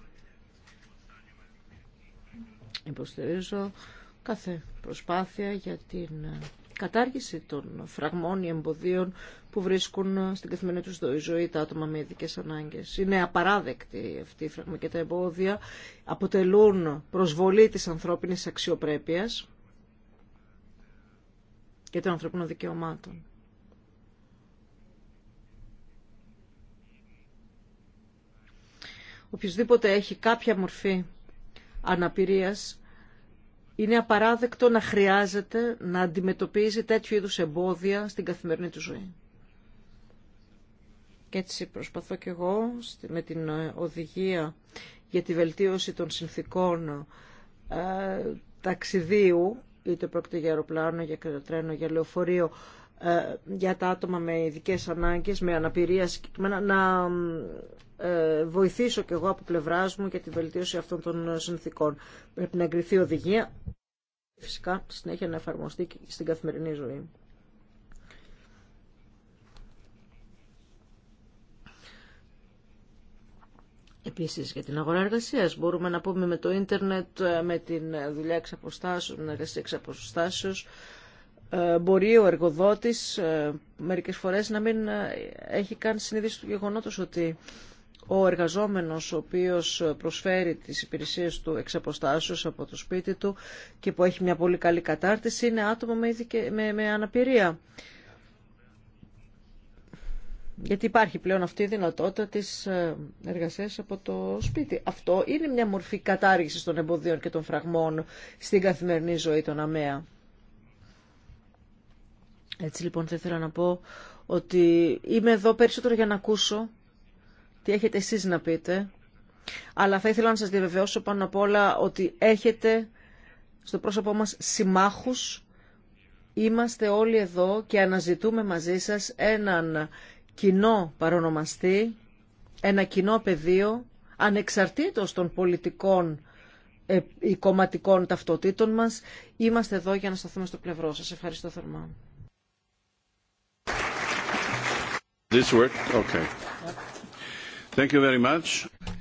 [SPEAKER 4] Υποστηρίζω κάθε προσπάθεια για την ε, κατάργηση των φραγμών ή εμποδίων που βρίσκουν ε, στην καθημερινή του ζωή τα άτομα με ειδικέ ανάγκε. Είναι απαράδεκτη αυτή η φραγμή και τα εμπόδια αποτελούν προσβολή της ανθρώπινης αξιοπρέπειας και των ανθρωπίνων δικαιωμάτων. Οποιουσδήποτε έχει κάποια μορφή αναπηρίας είναι απαράδεκτο να χρειάζεται να αντιμετωπίζει τέτοιου είδους εμπόδια στην καθημερινή του ζωή. Και έτσι προσπαθώ και εγώ με την ε, οδηγία για τη βελτίωση των συνθήκων ε, ταξιδίου, είτε πρόκειται για αεροπλάνο, για τρένο, για λεωφορείο, ε, για τα άτομα με ειδικές ανάγκες, με αναπηρία συγκεκριμένα, να ε, βοηθήσω κι εγώ από πλευρά μου για τη βελτίωση αυτών των συνθήκων. Πρέπει να εγκριθεί οδηγία, φυσικά στη συνέχεια να εφαρμοστεί και στην καθημερινή ζωή. Επίσης για την αγορά εργασίας μπορούμε να πούμε με το ίντερνετ, ε, με την δουλειά εξ αποστάσεως, με την εργασία εξ αποστάσεως, ε, μπορεί ο εργοδότης μερικές φορές να μην έχει καν συνείδηση του γεγονότος ότι ο εργαζόμενος ο οποίος προσφέρει τις υπηρεσίες του εξ από το σπίτι του και που έχει μια πολύ καλή κατάρτιση είναι άτομο με, με, με αναπηρία. Γιατί υπάρχει πλέον αυτή η δυνατότητα της ε, εργασίας από το σπίτι. Αυτό είναι μια μορφή κατάργησης των εμποδίων και των φραγμών στην καθημερινή ζωή των ΑΜΕΑ. Έτσι λοιπόν θα ήθελα να πω ότι είμαι εδώ περισσότερο για να ακούσω τι έχετε εσείς να πείτε, αλλά θα ήθελα να σας διαβεβαιώσω πάνω απ' όλα ότι έχετε στο πρόσωπό μας συμμάχους, είμαστε όλοι εδώ και αναζητούμε μαζί σας έναν κοινό παρονομαστή, ένα κοινό πεδίο, ανεξαρτήτως των πολιτικών ή ε, κομματικών ταυτοτήτων μας. Είμαστε εδώ για να σταθούμε στο πλευρό σας. Ευχαριστώ θερμά.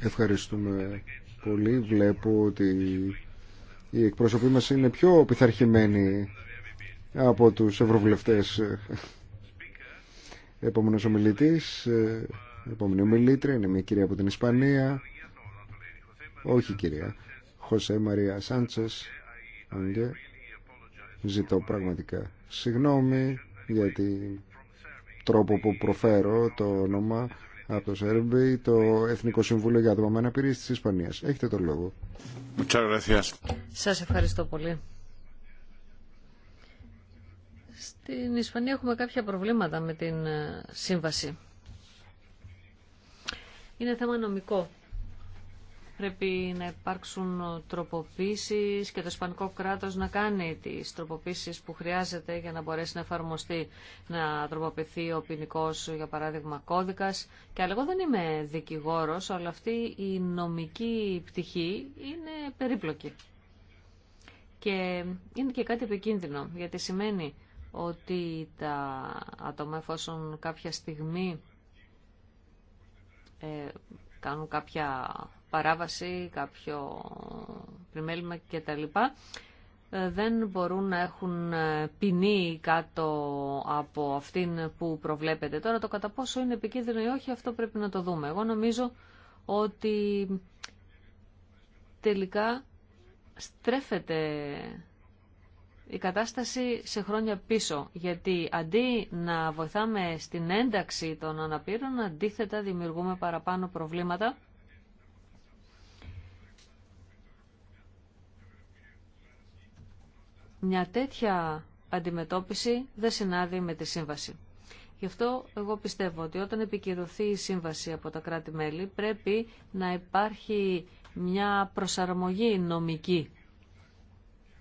[SPEAKER 2] Ευχαριστούμε πολύ. Βλέπω ότι οι εκπρόσωποι μας είναι πιο πειθαρχημένοι από τους ευρωβουλευτές. Επόμενος ομιλητής, επόμενη ομιλήτρια είναι μια κυρία από την Ισπανία. Όχι κυρία, Χωσέ Μαρία Σάντσες. Ζητώ πραγματικά συγγνώμη για την τρόπο που προφέρω το όνομα από το ΣΕΡΜΠΕΙ, το Εθνικό Συμβούλιο για Άτομα με τη της Ισπανίας. Έχετε τον λόγο.
[SPEAKER 1] Σα ευχαριστώ πολύ. Στην Ισπανία έχουμε κάποια προβλήματα με την ε, σύμβαση. Είναι θέμα νομικό πρέπει να υπάρξουν τροποποίησεις και το Ισπανικό κράτος να κάνει τις τροποποίησεις που χρειάζεται για να μπορέσει να εφαρμοστεί, να τροποποιηθεί ο ποινικό, για παράδειγμα, κώδικας. Και αλλά εγώ δεν είμαι δικηγόρος, αλλά αυτή η νομική πτυχή είναι περίπλοκη. Και είναι και κάτι επικίνδυνο, γιατί σημαίνει ότι τα άτομα εφόσον κάποια στιγμή ε, κάνουν κάποια παράβαση, κάποιο πλημέλημα κτλ. Ε, δεν μπορούν να έχουν ε, ποινή κάτω από αυτήν που προβλέπεται. Τώρα το κατά πόσο είναι επικίνδυνο ή όχι αυτό πρέπει να το δούμε. Εγώ νομίζω ότι τελικά στρέφεται η κατάσταση σε χρόνια πίσω. Γιατί αντί να βοηθάμε στην ένταξη των αναπήρων, αντίθετα δημιουργούμε παραπάνω προβλήματα Μια τέτοια αντιμετώπιση δεν συνάδει με τη σύμβαση. Γι' αυτό εγώ πιστεύω ότι όταν επικυρωθεί η σύμβαση από τα κράτη-μέλη πρέπει να υπάρχει μια προσαρμογή νομική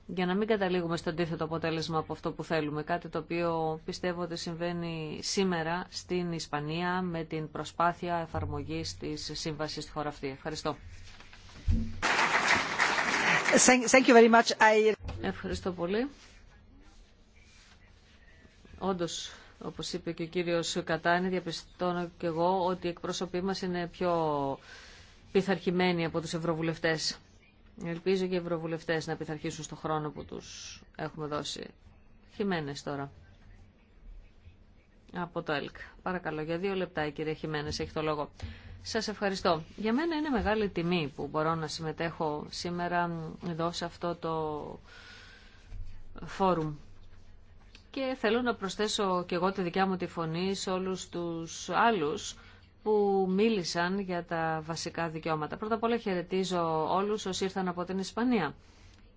[SPEAKER 1] για να μην καταλήγουμε στο αντίθετο αποτέλεσμα από αυτό που θέλουμε. Κάτι το οποίο πιστεύω ότι συμβαίνει σήμερα στην Ισπανία με την προσπάθεια εφαρμογής της σύμβασης στη χώρα αυτή. Ευχαριστώ. Ευχαριστώ πολύ. Όντω όπως είπε και ο κύριος Κατάνη, διαπιστώνω και εγώ ότι οι εκπρόσωποι μα είναι πιο πειθαρχημένοι από τους ευρωβουλευτές. Ελπίζω και οι ευρωβουλευτές να πειθαρχήσουν στον χρόνο που τους έχουμε δώσει. Χιμένες τώρα από το ΕΛΚ. Παρακαλώ, για δύο λεπτά η κυρία Χιμένες έχει το λόγο. Σας ευχαριστώ. Για μένα είναι μεγάλη τιμή που μπορώ να συμμετέχω σήμερα εδώ σε αυτό το φόρουμ. Και θέλω να προσθέσω και εγώ τη δικιά μου τη φωνή σε όλους τους άλλους που μίλησαν για τα βασικά δικαιώματα. Πρώτα απ' όλα χαιρετίζω όλους όσοι ήρθαν από την Ισπανία.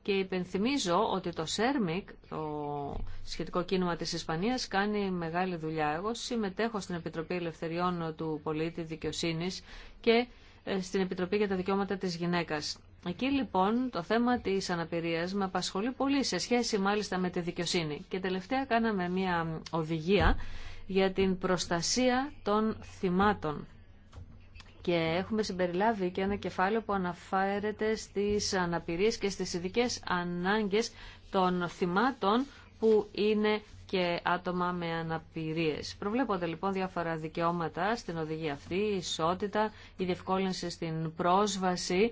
[SPEAKER 1] Και υπενθυμίζω ότι το ΣΕΡΜΙΚ, το σχετικό κίνημα της Ισπανίας, κάνει μεγάλη δουλειά. Εγώ συμμετέχω στην Επιτροπή Ελευθεριών του Πολίτη Δικαιοσύνης και ε, στην Επιτροπή για τα Δικαιώματα της Γυναίκας. Εκεί λοιπόν το θέμα της αναπηρίας με απασχολεί πολύ σε σχέση μάλιστα με τη δικαιοσύνη. Και τελευταία κάναμε μια οδηγία για την προστασία των θυμάτων και έχουμε συμπεριλάβει και ένα κεφάλαιο που αναφέρεται στις αναπηρίες και στις ειδικέ ανάγκες των θυμάτων που είναι και άτομα με αναπηρίες. Προβλέπονται λοιπόν διάφορα δικαιώματα στην οδηγία αυτή, η ισότητα, η διευκόλυνση στην πρόσβαση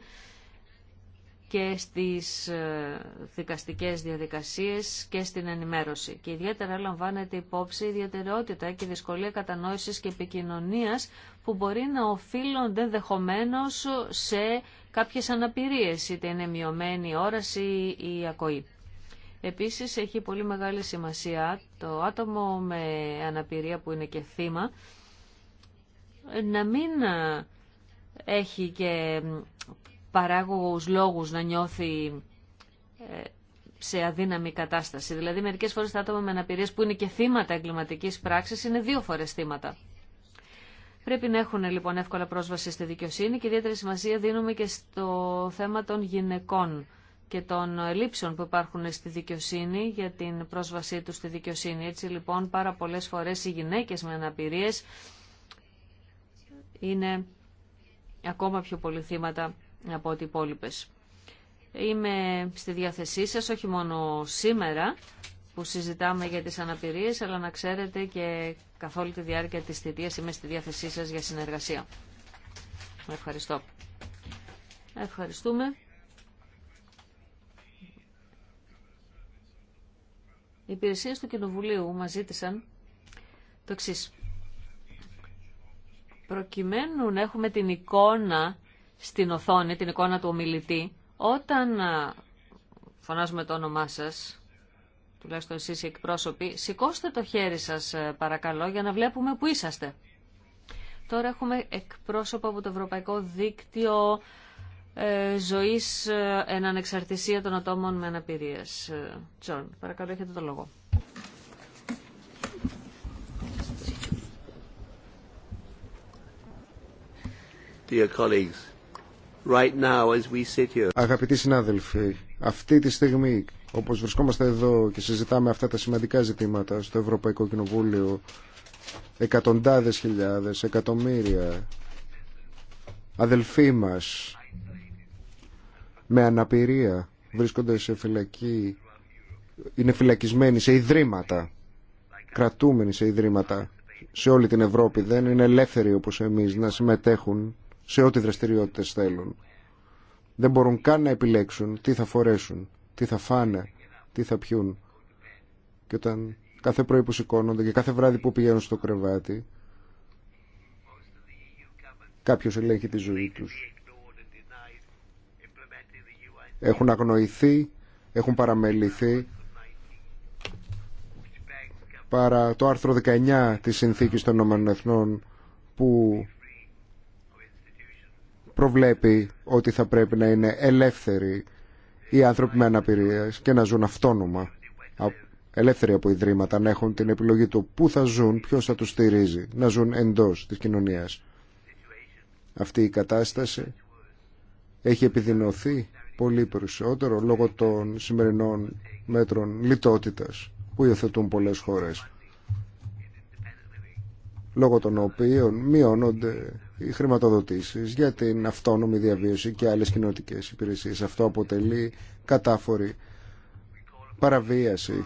[SPEAKER 1] και στις ε, δικαστικές διαδικασίες και στην ενημέρωση. Και ιδιαίτερα λαμβάνεται υπόψη η ιδιαιτερότητα και δυσκολία κατανόησης και επικοινωνίας που μπορεί να οφείλονται δεχομένω σε κάποιες αναπηρίες, είτε είναι μειωμένη η όραση ή η ακοή. Επίσης έχει πολύ μεγάλη σημασία το άτομο με αναπηρία που είναι και θύμα να μην ε, έχει και παράγωγους λόγους να νιώθει ε, σε αδύναμη κατάσταση. Δηλαδή, μερικές φορές τα άτομα με αναπηρίες που είναι και θύματα εγκληματικής πράξης... είναι δύο φορές θύματα. Πρέπει να έχουν λοιπόν εύκολα πρόσβαση στη δικαιοσύνη και ιδιαίτερη σημασία δίνουμε και στο θέμα των γυναικών και των ελλείψεων που υπάρχουν στη δικαιοσύνη για την πρόσβασή τους στη δικαιοσύνη. Έτσι λοιπόν πάρα πολλές φορές οι γυναίκες με αναπηρίες είναι ακόμα πιο πολύ θύματα από ό,τι υπόλοιπε. Είμαι στη διάθεσή σας όχι μόνο σήμερα που συζητάμε για τις αναπηρίες, αλλά να ξέρετε και καθ' όλη τη διάρκεια της θητείας είμαι στη διάθεσή σας για συνεργασία. Ευχαριστώ. Ευχαριστούμε. Οι υπηρεσίες του Κοινοβουλίου μας ζήτησαν το εξή. Προκειμένου να έχουμε την εικόνα στην οθόνη την εικόνα του ομιλητή, όταν φωνάζουμε το όνομά σας, τουλάχιστον εσείς οι εκπρόσωποι, σηκώστε το χέρι σας ε, παρακαλώ για να βλέπουμε που είσαστε. Τώρα έχουμε εκπρόσωπο από το Ευρωπαϊκό Δίκτυο ε, Ζωής ε, εν ανεξαρτησία των ατόμων με αναπηρίες. Τζον, παρακαλώ έχετε το λόγο.
[SPEAKER 5] Dear colleagues,
[SPEAKER 2] Αγαπητοί συνάδελφοι, αυτή τη στιγμή όπως βρισκόμαστε εδώ και συζητάμε αυτά τα σημαντικά ζητήματα στο Ευρωπαϊκό Κοινοβούλιο εκατοντάδες χιλιάδες, εκατομμύρια αδελφοί μας με αναπηρία βρίσκονται σε φυλακή είναι φυλακισμένοι σε ιδρύματα κρατούμενοι σε ιδρύματα σε όλη την Ευρώπη δεν είναι ελεύθεροι όπως εμείς να συμμετέχουν σε ό,τι δραστηριότητες θέλουν. Δεν μπορούν καν να επιλέξουν τι θα φορέσουν, τι θα φάνε, τι θα πιούν. Και όταν κάθε πρωί που σηκώνονται και κάθε βράδυ που πηγαίνουν στο κρεβάτι, κάποιος ελέγχει τη ζωή τους. Έχουν αγνοηθεί, έχουν παραμεληθεί παρά το άρθρο 19 της Συνθήκης των Ηνωμένων Εθνών που προβλέπει ότι θα πρέπει να είναι ελεύθεροι οι άνθρωποι με αναπηρία και να ζουν αυτόνομα, ελεύθεροι από ιδρύματα, να έχουν την επιλογή του πού θα ζουν, ποιος θα τους στηρίζει, να ζουν εντός της κοινωνίας. Αυτή η κατάσταση έχει επιδεινωθεί πολύ περισσότερο λόγω των σημερινών μέτρων λιτότητας που υιοθετούν πολλές χώρες λόγω των οποίων μειώνονται χρηματοδοτήσεις για την αυτόνομη διαβίωση και άλλες κοινωτικές υπηρεσίες. Αυτό αποτελεί κατάφορη παραβίαση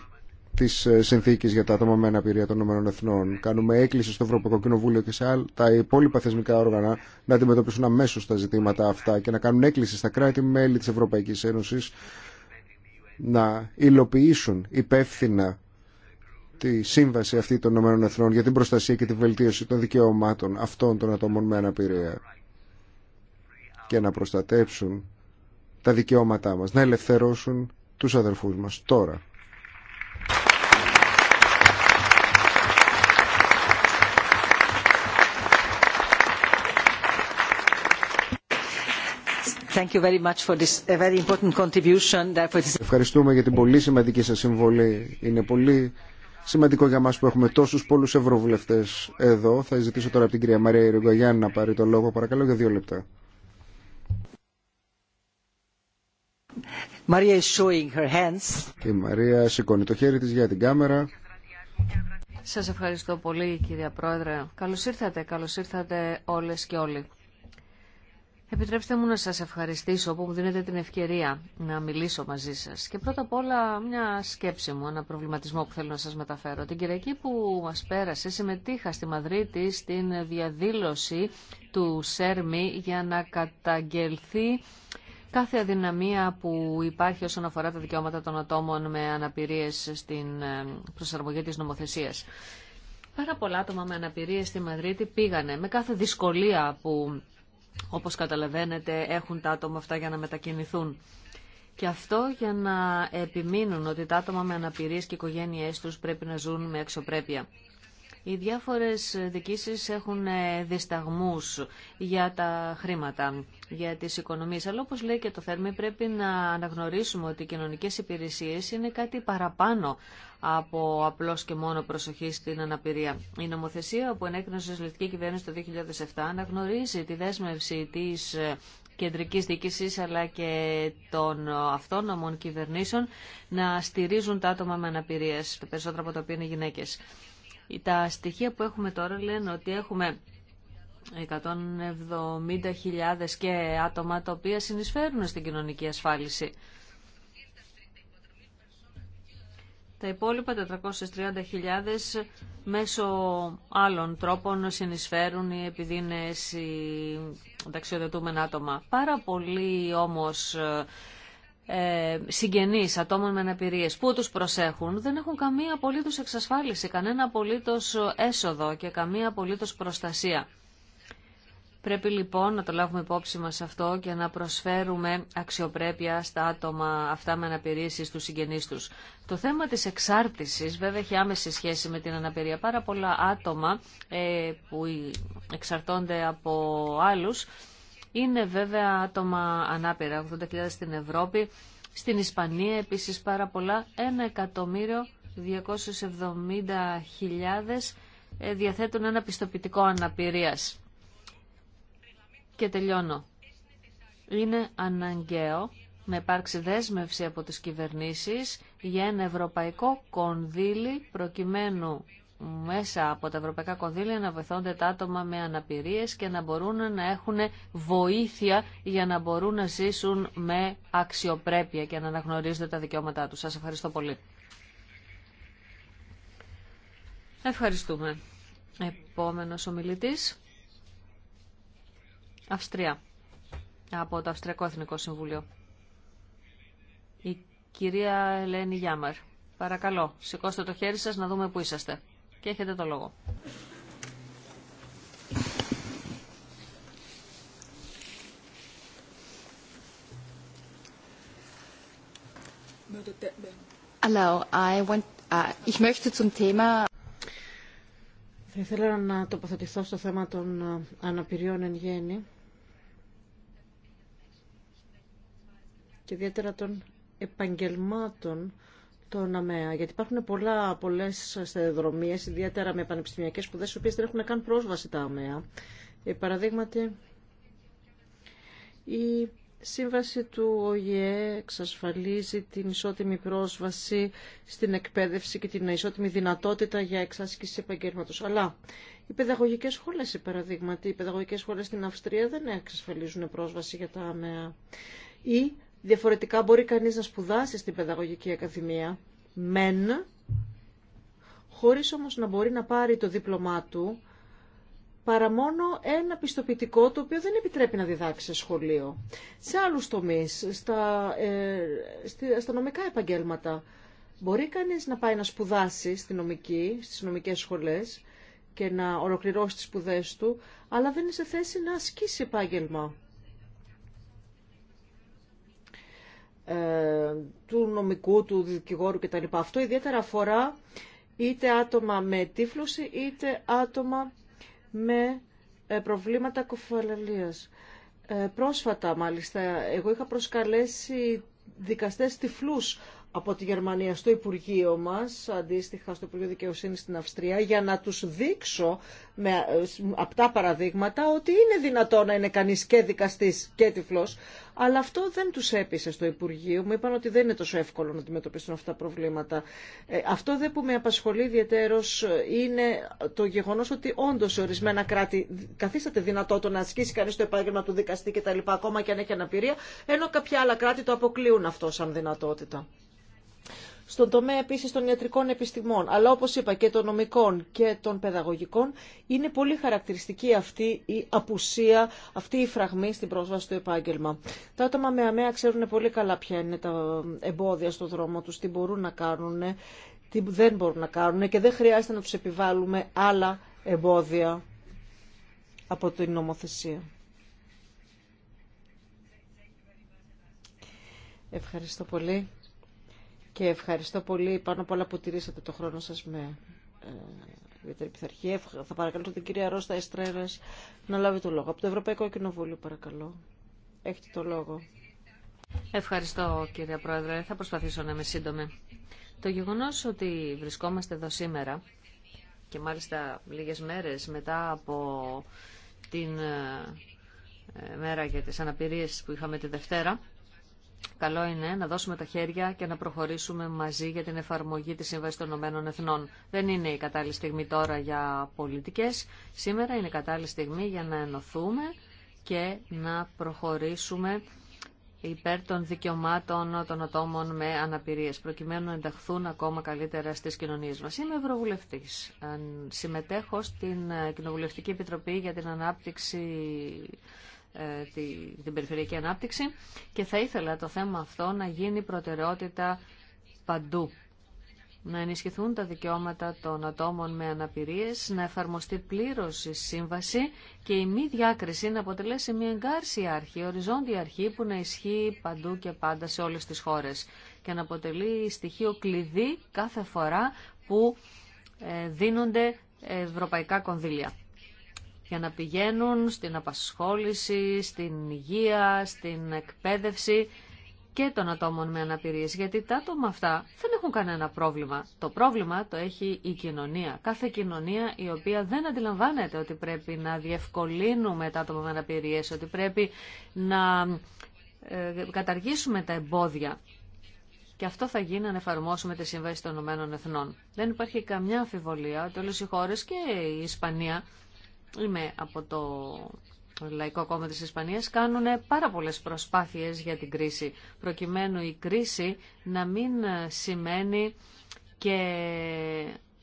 [SPEAKER 2] τη ε, συνθήκη για τα άτομα με αναπηρία των ΗΠΑ. Κάνουμε έκκληση στο Ευρωπαϊκό Κοινοβούλιο και σε άλλα τα υπόλοιπα θεσμικά όργανα να αντιμετωπίσουν αμέσω τα ζητήματα αυτά και να κάνουν έκκληση στα κράτη-μέλη τη Ευρωπαϊκή Ένωση να υλοποιήσουν υπεύθυνα τη σύμβαση αυτή των Ηνωμένων Εθνών για την προστασία και τη βελτίωση των δικαιωμάτων αυτών των ατόμων με αναπηρία και να προστατέψουν τα δικαιώματά μας, να ελευθερώσουν τους αδερφούς μας τώρα.
[SPEAKER 4] Thank you very much for this very important contribution.
[SPEAKER 2] Ευχαριστούμε για την πολύ σημαντική σας συμβολή. Είναι πολύ σημαντικό για μας που έχουμε τόσους πολλούς ευρωβουλευτές εδώ. Θα ζητήσω τώρα από την κυρία Μαρία Ιρουγκογιάννη να πάρει το λόγο, παρακαλώ, για δύο λεπτά.
[SPEAKER 4] Maria is showing
[SPEAKER 2] Η Μαρία σηκώνει το χέρι της για την κάμερα.
[SPEAKER 4] Σας ευχαριστώ
[SPEAKER 1] πολύ κυρία Πρόεδρε. Καλώς ήρθατε, καλώς ήρθατε όλες και όλοι. Επιτρέψτε μου να σας ευχαριστήσω που μου δίνετε την ευκαιρία να μιλήσω μαζί σας. Και πρώτα απ' όλα μια σκέψη μου, ένα προβληματισμό που θέλω να σας μεταφέρω. Την Κυριακή που μας πέρασε συμμετείχα στη Μαδρίτη στην διαδήλωση του ΣΕΡΜΗ για να καταγγελθεί κάθε αδυναμία που υπάρχει όσον αφορά τα δικαιώματα των ατόμων με αναπηρίες στην ε, προσαρμογή της νομοθεσίας. Πάρα πολλά άτομα με αναπηρίες στη Μαδρίτη πήγανε με κάθε δυσκολία που όπως καταλαβαίνετε έχουν τα άτομα αυτά για να μετακινηθούν. Και αυτό για να επιμείνουν ότι τα άτομα με αναπηρίες και οι οικογένειές τους πρέπει να ζουν με αξιοπρέπεια. Οι διάφορες δικήσεις έχουν ε, δισταγμούς για τα χρήματα, για τις οικονομίες. Αλλά όπως λέει και το Θέρμη πρέπει να αναγνωρίσουμε ότι οι κοινωνικές υπηρεσίες είναι κάτι παραπάνω από απλώς και μόνο προσοχή στην αναπηρία. Η νομοθεσία που ενέκρινε η λευτική Κυβέρνηση το 2007 αναγνωρίζει τη δέσμευση της ε, κεντρικής διοίκησης αλλά και των αυτόνομων κυβερνήσεων να στηρίζουν τα άτομα με αναπηρίε, το περισσότερο από τα οποία είναι γυναίκε. Τα στοιχεία που έχουμε τώρα λένε ότι έχουμε 170.000 και άτομα τα οποία συνεισφέρουν στην κοινωνική ασφάλιση. Τα υπόλοιπα 430.000 μέσω άλλων τρόπων συνεισφέρουν ή επειδή είναι συνταξιοδοτούμενα άτομα. Πάρα πολλοί όμως ε, ε, συγγενείς ατόμων με αναπηρίες που τους προσέχουν δεν έχουν καμία απολύτως εξασφάλιση, κανένα απολύτως έσοδο και καμία απολύτως προστασία. Πρέπει λοιπόν να το λάβουμε υπόψη μας αυτό και να προσφέρουμε αξιοπρέπεια στα άτομα αυτά με αναπηρίες στους συγγενείς τους. Το θέμα της εξάρτησης βέβαια έχει άμεση σχέση με την αναπηρία. Πάρα πολλά άτομα ε, που εξαρτώνται από άλλους είναι βέβαια άτομα ανάπηρα, 80.000 στην Ευρώπη, στην Ισπανία επίσης πάρα πολλά, 1.270.000 ε, διαθέτουν ένα πιστοποιητικό αναπηρίας. Και τελειώνω. Είναι αναγκαίο να υπάρξει δέσμευση από τις κυβερνήσεις για ένα ευρωπαϊκό κονδύλι προκειμένου μέσα από τα ευρωπαϊκά κονδύλια να βοηθώνται τα άτομα με αναπηρίες και να μπορούν να έχουν βοήθεια για να μπορούν να ζήσουν με αξιοπρέπεια και να αναγνωρίζονται τα δικαιώματά τους. Σας ευχαριστώ πολύ. Ευχαριστούμε. Επόμενος ομιλητής. Αυστρία. Από το Αυστριακό Εθνικό Συμβούλιο. Η κυρία Ελένη Γιάμαρ. Παρακαλώ, σηκώστε το χέρι σας να δούμε πού είσαστε και έχετε το λόγο.
[SPEAKER 5] Uh,
[SPEAKER 4] Θα ήθελα να τοποθετηθώ στο θέμα των ε, αναπηριών εν γέννη και ιδιαίτερα των επαγγελμάτων τον Γιατί υπάρχουν πολλά, πολλές σταδιοδρομίες, ιδιαίτερα με πανεπιστημιακές σπουδές, οι οποίες δεν έχουν καν πρόσβαση τα ΑΜΕΑ. Ε, παραδείγματι, η σύμβαση του ΟΙΕ εξασφαλίζει την ισότιμη πρόσβαση στην εκπαίδευση και την ισότιμη δυνατότητα για εξάσκηση επαγγέλματο. Αλλά οι παιδαγωγικέ σχολέ, οι παιδαγωγικέ σχολέ στην Αυστρία δεν εξασφαλίζουν πρόσβαση για τα ΑΜΕΑ. Ή Διαφορετικά μπορεί κανείς να σπουδάσει στην Παιδαγωγική Ακαδημία, μεν, χωρίς όμως να μπορεί να πάρει το δίπλωμά του, παρά μόνο ένα πιστοποιητικό το οποίο δεν επιτρέπει να διδάξει σε σχολείο. Σε άλλους τομείς, στα, ε, στα νομικά επαγγέλματα, μπορεί κανείς να πάει να σπουδάσει στη νομική, στις νομικές σχολές και να ολοκληρώσει τις σπουδές του, αλλά δεν είναι σε θέση να ασκήσει επάγγελμα. Ε, του νομικού, του δικηγόρου κτλ. Αυτό ιδιαίτερα αφορά είτε άτομα με τύφλωση είτε άτομα με ε, προβλήματα κοφαλαλίας. Ε, πρόσφατα μάλιστα εγώ είχα προσκαλέσει δικαστές τυφλούς από τη Γερμανία στο Υπουργείο μας, αντίστοιχα στο Υπουργείο Δικαιοσύνης στην Αυστρία, για να τους δείξω με ε, απτά παραδείγματα ότι είναι δυνατό να είναι κανείς και δικαστής και τυφλός, αλλά αυτό δεν τους έπεισε στο Υπουργείο. Μου είπαν ότι δεν είναι τόσο εύκολο να αντιμετωπίσουν αυτά τα προβλήματα. Ε, αυτό δεν που με απασχολεί ιδιαίτερω ε, είναι το γεγονός ότι όντως σε ορισμένα κράτη καθίσταται δυνατό το να ασκήσει κανείς το επάγγελμα του δικαστή κτλ. ακόμα και αν έχει αναπηρία, ενώ κάποια άλλα κράτη το αποκλείουν αυτό σαν δυνατότητα στον τομέα επίσης των ιατρικών επιστημών, αλλά όπως είπα και των νομικών και των παιδαγωγικών, είναι πολύ χαρακτηριστική αυτή η απουσία, αυτή η φραγμή στην πρόσβαση στο επάγγελμα. Τα άτομα με αμαία ξέρουν πολύ καλά ποια είναι τα εμπόδια στο δρόμο τους, τι μπορούν να κάνουν, τι δεν μπορούν να κάνουν και δεν χρειάζεται να τους επιβάλλουμε άλλα εμπόδια από την νομοθεσία. Ευχαριστώ πολύ και ευχαριστώ πολύ πάνω απ' όλα που τηρήσατε το χρόνο σας με ιδιαίτερη ε, πειθαρχία. Θα παρακαλώ την κυρία Ρώστα Εστρέρας να λάβει το λόγο. Από το Ευρωπαϊκό Κοινοβούλιο παρακαλώ. Έχετε το λόγο. Ευχαριστώ κύριε Πρόεδρε. Θα προσπαθήσω να είμαι
[SPEAKER 1] σύντομη. Το γεγονός ότι βρισκόμαστε εδώ σήμερα και μάλιστα λίγες μέρες μετά από την ε, μέρα για τις αναπηρίες που είχαμε τη Δευτέρα καλό είναι να δώσουμε τα χέρια και να προχωρήσουμε μαζί για την εφαρμογή της Σύμβασης των Ηνωμένων Εθνών. Δεν είναι η κατάλληλη στιγμή τώρα για πολιτικές. Σήμερα είναι η κατάλληλη στιγμή για να ενωθούμε και να προχωρήσουμε υπέρ των δικαιωμάτων των ατόμων με αναπηρίες, προκειμένου να ενταχθούν ακόμα καλύτερα στις κοινωνίες μας. Είμαι ευρωβουλευτής. Συμμετέχω στην Κοινοβουλευτική Επιτροπή για την Ανάπτυξη ε, την περιφερειακή ανάπτυξη και θα ήθελα το θέμα αυτό να γίνει προτεραιότητα παντού. Να ενισχυθούν τα δικαιώματα των ατόμων με αναπηρίες, να εφαρμοστεί πλήρως η σύμβαση και η μη διάκριση να αποτελέσει μια εγκάρση αρχή, οριζόντια αρχή που να ισχύει παντού και πάντα σε όλες τις χώρες και να αποτελεί στοιχείο κλειδί κάθε φορά που ε, δίνονται ευρωπαϊκά κονδύλια για να πηγαίνουν στην απασχόληση, στην υγεία, στην εκπαίδευση και των ατόμων με αναπηρίες, γιατί τα άτομα αυτά δεν έχουν κανένα πρόβλημα. Το πρόβλημα το έχει η κοινωνία. Κάθε κοινωνία η οποία δεν αντιλαμβάνεται ότι πρέπει να διευκολύνουμε τα άτομα με αναπηρίες, ότι πρέπει να ε, καταργήσουμε τα εμπόδια. Και αυτό θα γίνει αν εφαρμόσουμε τη Σύμβαση των Ηνωμένων Εθνών. Δεν υπάρχει καμιά αμφιβολία ότι όλες οι χώρες και η Ισπανία είμαι από το Λαϊκό Κόμμα της Ισπανίας, κάνουν πάρα πολλές προσπάθειες για την κρίση, προκειμένου η κρίση να μην σημαίνει και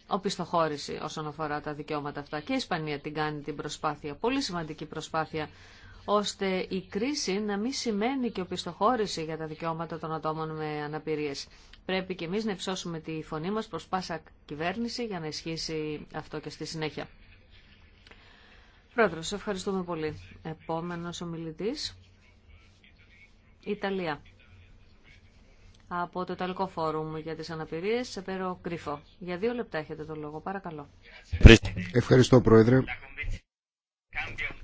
[SPEAKER 1] οπισθοχώρηση όσον αφορά τα δικαιώματα αυτά. Και η Ισπανία την κάνει την προσπάθεια, πολύ σημαντική προσπάθεια, ώστε η κρίση να μην σημαίνει και οπισθοχώρηση για τα δικαιώματα των ατόμων με αναπηρίες. Πρέπει και εμείς να υψώσουμε τη φωνή μας προς πάσα κυβέρνηση για να ισχύσει αυτό και στη συνέχεια. Πρόεδρος, ευχαριστούμε πολύ. Επόμενος ομιλητής, Ιταλία. Από το Ιταλικό Φόρουμ για τις Αναπηρίες, σε πέρο κρυφό. Για δύο λεπτά έχετε το λόγο, παρακαλώ.
[SPEAKER 2] Ευχαριστώ, Πρόεδρε.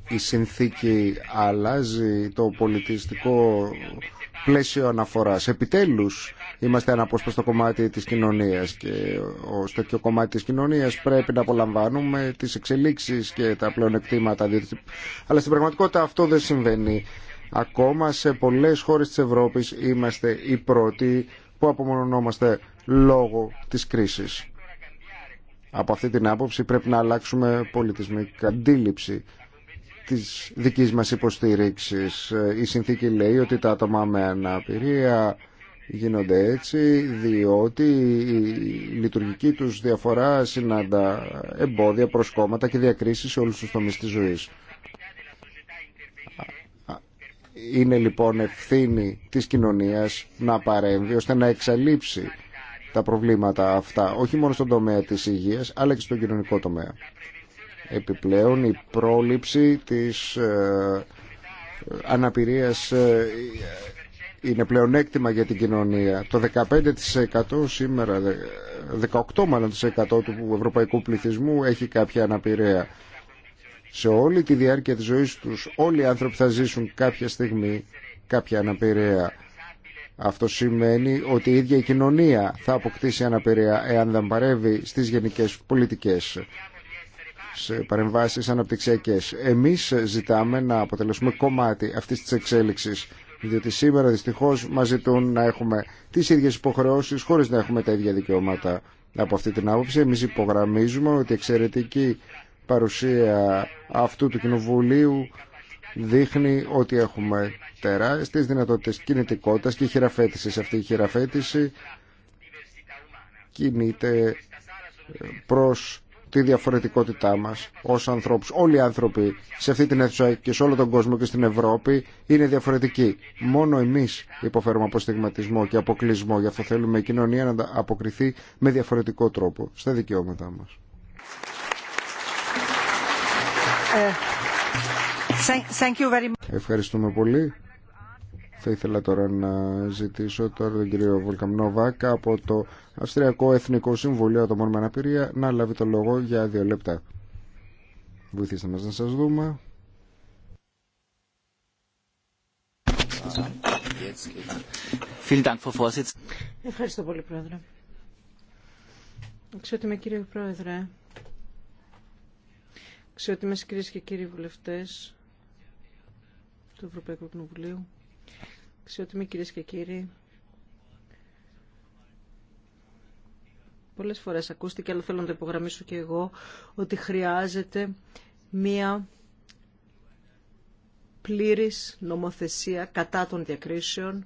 [SPEAKER 2] Η συνθήκη αλλάζει το πολιτιστικό πλαίσιο αναφοράς. Επιτέλους είμαστε ένα απόσπαστο κομμάτι της κοινωνίας και ως τέτοιο κομμάτι της κοινωνίας πρέπει να απολαμβάνουμε τις εξελίξεις και τα πλεονεκτήματα. Αλλά στην πραγματικότητα αυτό δεν συμβαίνει. Ακόμα σε πολλές χώρες της Ευρώπης είμαστε οι πρώτοι που απομονωνόμαστε λόγω της κρίσης. Από αυτή την άποψη πρέπει να αλλάξουμε πολιτισμική αντίληψη της δικής μας υποστήριξης. Η συνθήκη λέει ότι τα άτομα με αναπηρία γίνονται έτσι διότι η λειτουργική τους διαφορά συναντά εμπόδια, προσκόμματα και διακρίσεις σε όλους τους τομείς της ζωής. Είναι λοιπόν ευθύνη της κοινωνίας να παρέμβει ώστε να εξαλείψει τα προβλήματα αυτά όχι μόνο στον τομέα της υγείας αλλά και στον κοινωνικό τομέα. Επιπλέον η πρόληψη της ε, αναπηρίας ε, είναι πλεονέκτημα για την κοινωνία. Το 15% σήμερα, 18% του ευρωπαϊκού πληθυσμού έχει κάποια αναπηρία. Σε όλη τη διάρκεια της ζωής τους όλοι οι άνθρωποι θα ζήσουν κάποια στιγμή κάποια αναπηρία. Αυτό σημαίνει ότι η ίδια η κοινωνία θα αποκτήσει αναπηρία εάν δεν παρεύει στις γενικές πολιτικές σε παρεμβάσεις αναπτυξιακές. Εμείς ζητάμε να αποτελεσούμε κομμάτι αυτής της εξέλιξης διότι σήμερα δυστυχώς μας ζητούν να έχουμε τις ίδιες υποχρεώσεις χωρίς να έχουμε τα ίδια δικαιώματα. Από αυτή την άποψη εμείς υπογραμμίζουμε ότι η εξαιρετική παρουσία αυτού του Κοινοβουλίου δείχνει ότι έχουμε τεράστιες δυνατότητες κινητικότητας και χειραφέτησης. Αυτή η χειραφέτηση κινείται προς τη διαφορετικότητά μας ως ανθρώπους. Όλοι οι άνθρωποι σε αυτή την αίθουσα και σε όλο τον κόσμο και στην Ευρώπη είναι διαφορετικοί. Μόνο εμείς υποφέρουμε από στιγματισμό και αποκλεισμό. Γι' αυτό θέλουμε η κοινωνία να αποκριθεί με διαφορετικό τρόπο στα δικαιώματά μας. Ε, Ευχαριστούμε πολύ. Θα ήθελα τώρα να ζητήσω τώρα τον κύριο Βολκαμνόβακ από το Αυστριακό Εθνικό Συμβουλίο Ατομών με Αναπηρία να λάβει το λόγο για δύο λεπτά. Βοηθήστε μας να σας δούμε.
[SPEAKER 4] Ευχαριστώ πολύ, Πρόεδρε. Εξότιμε κύριε Πρόεδρε, εξότιμες κυρίες και κύριοι βουλευτές του Ευρωπαϊκού Κοινοβουλίου, Αξιότιμοι κύριε και κύριοι, πολλές φορές ακούστηκε, αλλά θέλω να το υπογραμμίσω και εγώ, ότι χρειάζεται μία πλήρης νομοθεσία κατά των διακρίσεων,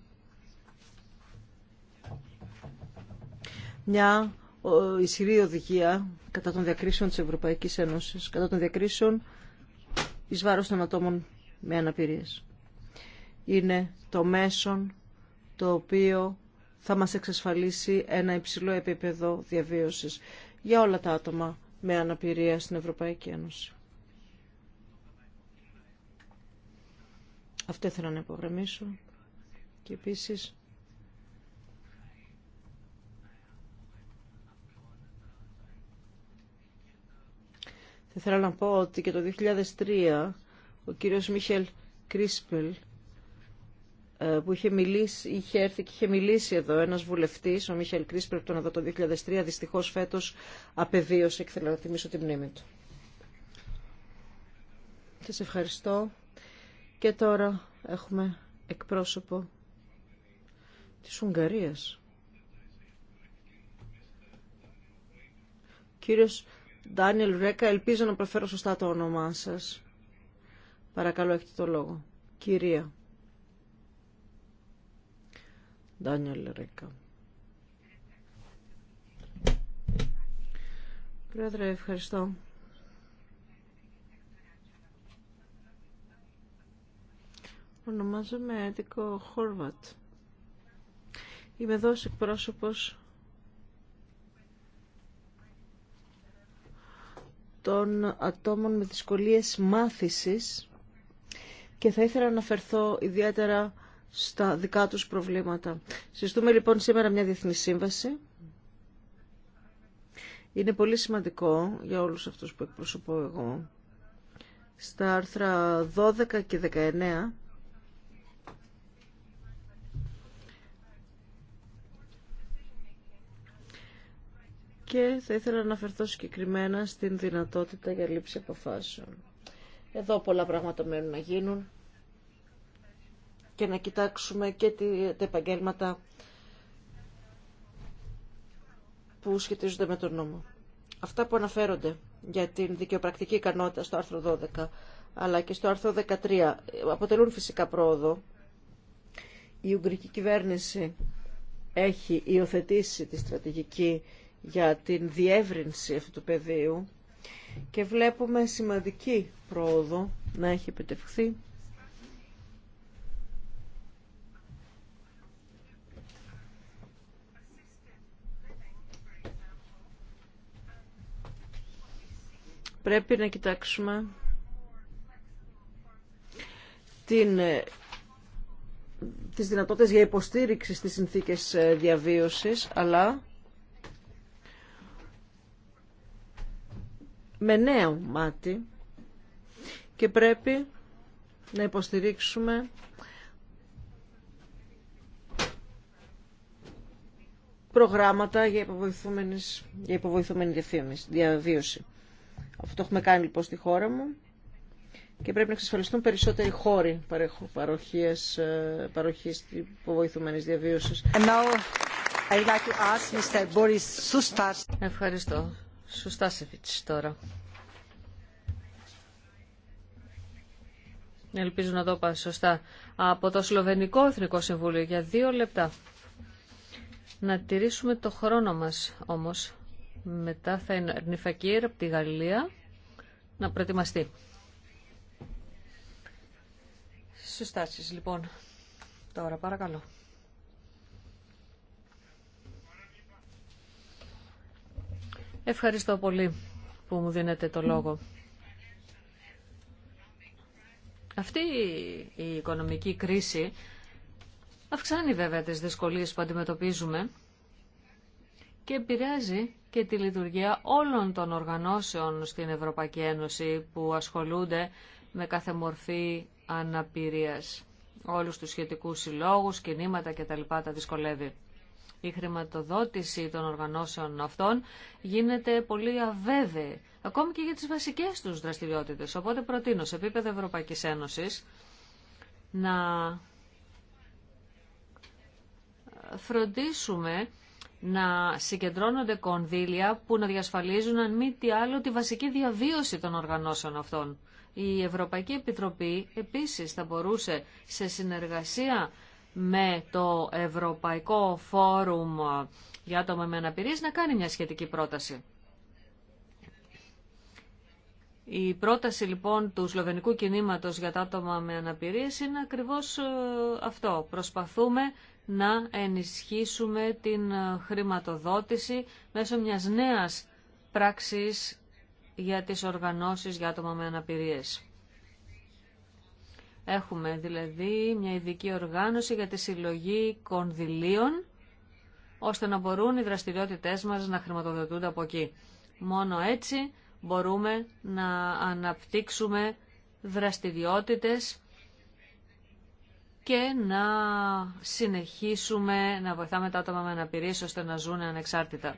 [SPEAKER 4] μια ισχυρή οδηγία κατά των διακρίσεων της Ευρωπαϊκής Ένωσης, κατά των διακρίσεων εις βάρος των ατόμων με αναπηρίες είναι το μέσον το οποίο θα μας εξασφαλίσει ένα υψηλό επίπεδο διαβίωσης για όλα τα άτομα με αναπηρία στην Ευρωπαϊκή Ένωση. Αυτό ήθελα να υπογραμμίσω και επίσης θα ήθελα να πω ότι και το 2003 ο κύριος Μίχελ Κρίσπελ ε, που είχε, μιλήσει, είχε έρθει και είχε μιλήσει εδώ ένας βουλευτής, ο Μιχαήλ πρέπει το 2003, δυστυχώς φέτος απεβίωσε και θέλω να θυμίσω τη μνήμη του. Σα ευχαριστώ. Και τώρα έχουμε εκπρόσωπο της Ουγγαρίας. Κύριος Ντάνιελ Ρέκα, ελπίζω να προφέρω σωστά το όνομά σας. Παρακαλώ, έχετε το λόγο. Κυρία. Ντάνιελ Πρόεδρε, ευχαριστώ. Ονομάζομαι Έντικο Χόρβατ. Είμαι εδώ ως εκπρόσωπος των ατόμων με δυσκολίες μάθησης και θα ήθελα να αναφερθώ ιδιαίτερα στα δικά τους προβλήματα. Συστούμε λοιπόν σήμερα μια διεθνή σύμβαση. Είναι πολύ σημαντικό για όλους αυτούς που εκπροσωπώ εγώ. Στα άρθρα 12 και 19 και θα ήθελα να αναφερθώ συγκεκριμένα στην δυνατότητα για λήψη αποφάσεων. Εδώ πολλά πράγματα μένουν να γίνουν και να κοιτάξουμε και τα επαγγέλματα που σχετίζονται με τον νόμο. Αυτά που αναφέρονται για την δικαιοπρακτική ικανότητα στο άρθρο 12 αλλά και στο άρθρο 13 αποτελούν φυσικά πρόοδο. Η Ουγγρική κυβέρνηση έχει υιοθετήσει τη στρατηγική για την διεύρυνση αυτού του πεδίου και βλέπουμε σημαντική πρόοδο να έχει επιτευχθεί πρέπει να κοιτάξουμε την, ε, τις δυνατότητες για υποστήριξη στις συνθήκες ε, διαβίωσης, αλλά με νέο μάτι και πρέπει να υποστηρίξουμε προγράμματα για υποβοηθούμενη, για υποβοηθούμενη διαβίωση. Αυτό το έχουμε κάνει λοιπόν στη χώρα μου και πρέπει να εξασφαλιστούν περισσότεροι χώροι παροχής, ε, παροχής υποβοηθούμενης διαβίωσης. like to ask Mr. Boris Ευχαριστώ. Σουστάσεβιτς τώρα.
[SPEAKER 1] Ελπίζω να το είπα σωστά. Από το Σλοβενικό Εθνικό Συμβούλιο για δύο λεπτά. Να τηρήσουμε το χρόνο μας όμως. Μετά θα είναι Ερνιφακύρ από τη Γαλλία να προετοιμαστεί. Συστάσεις λοιπόν. Τώρα παρακαλώ. Ευχαριστώ πολύ που μου δίνετε το λόγο. Αυτή η οικονομική κρίση αυξάνει βέβαια τις δυσκολίες που αντιμετωπίζουμε και επηρεάζει και τη λειτουργία όλων των οργανώσεων στην Ευρωπαϊκή Ένωση που ασχολούνται με κάθε μορφή αναπηρίας. Όλους τους σχετικούς συλλόγους, κινήματα κτλ. τα δυσκολεύει. Η χρηματοδότηση των οργανώσεων αυτών γίνεται πολύ αβέβαιη, ακόμη και για τις βασικές τους δραστηριότητες. Οπότε προτείνω σε επίπεδο Ευρωπαϊκής Ένωσης να φροντίσουμε να συγκεντρώνονται κονδύλια που να διασφαλίζουν αν μη τι άλλο τη βασική διαβίωση των οργανώσεων αυτών. Η Ευρωπαϊκή Επιτροπή επίσης θα μπορούσε σε συνεργασία με το Ευρωπαϊκό Φόρουμ για άτομα με αναπηρίες να κάνει μια σχετική πρόταση. Η πρόταση λοιπόν του Σλοβενικού κινήματος για τα άτομα με αναπηρίες είναι ακριβώς ε, αυτό. Προσπαθούμε να ενισχύσουμε την ε, χρηματοδότηση μέσω μιας νέας πράξης για τις οργανώσεις για άτομα με αναπηρίες. Έχουμε δηλαδή μια ειδική οργάνωση για τη συλλογή κονδυλίων, ώστε να μπορούν οι δραστηριότητές μας να χρηματοδοτούνται από εκεί. Μόνο έτσι μπορούμε να αναπτύξουμε δραστηριότητες και να συνεχίσουμε να βοηθάμε τα άτομα με αναπηρίες ώστε να ζουν ανεξάρτητα.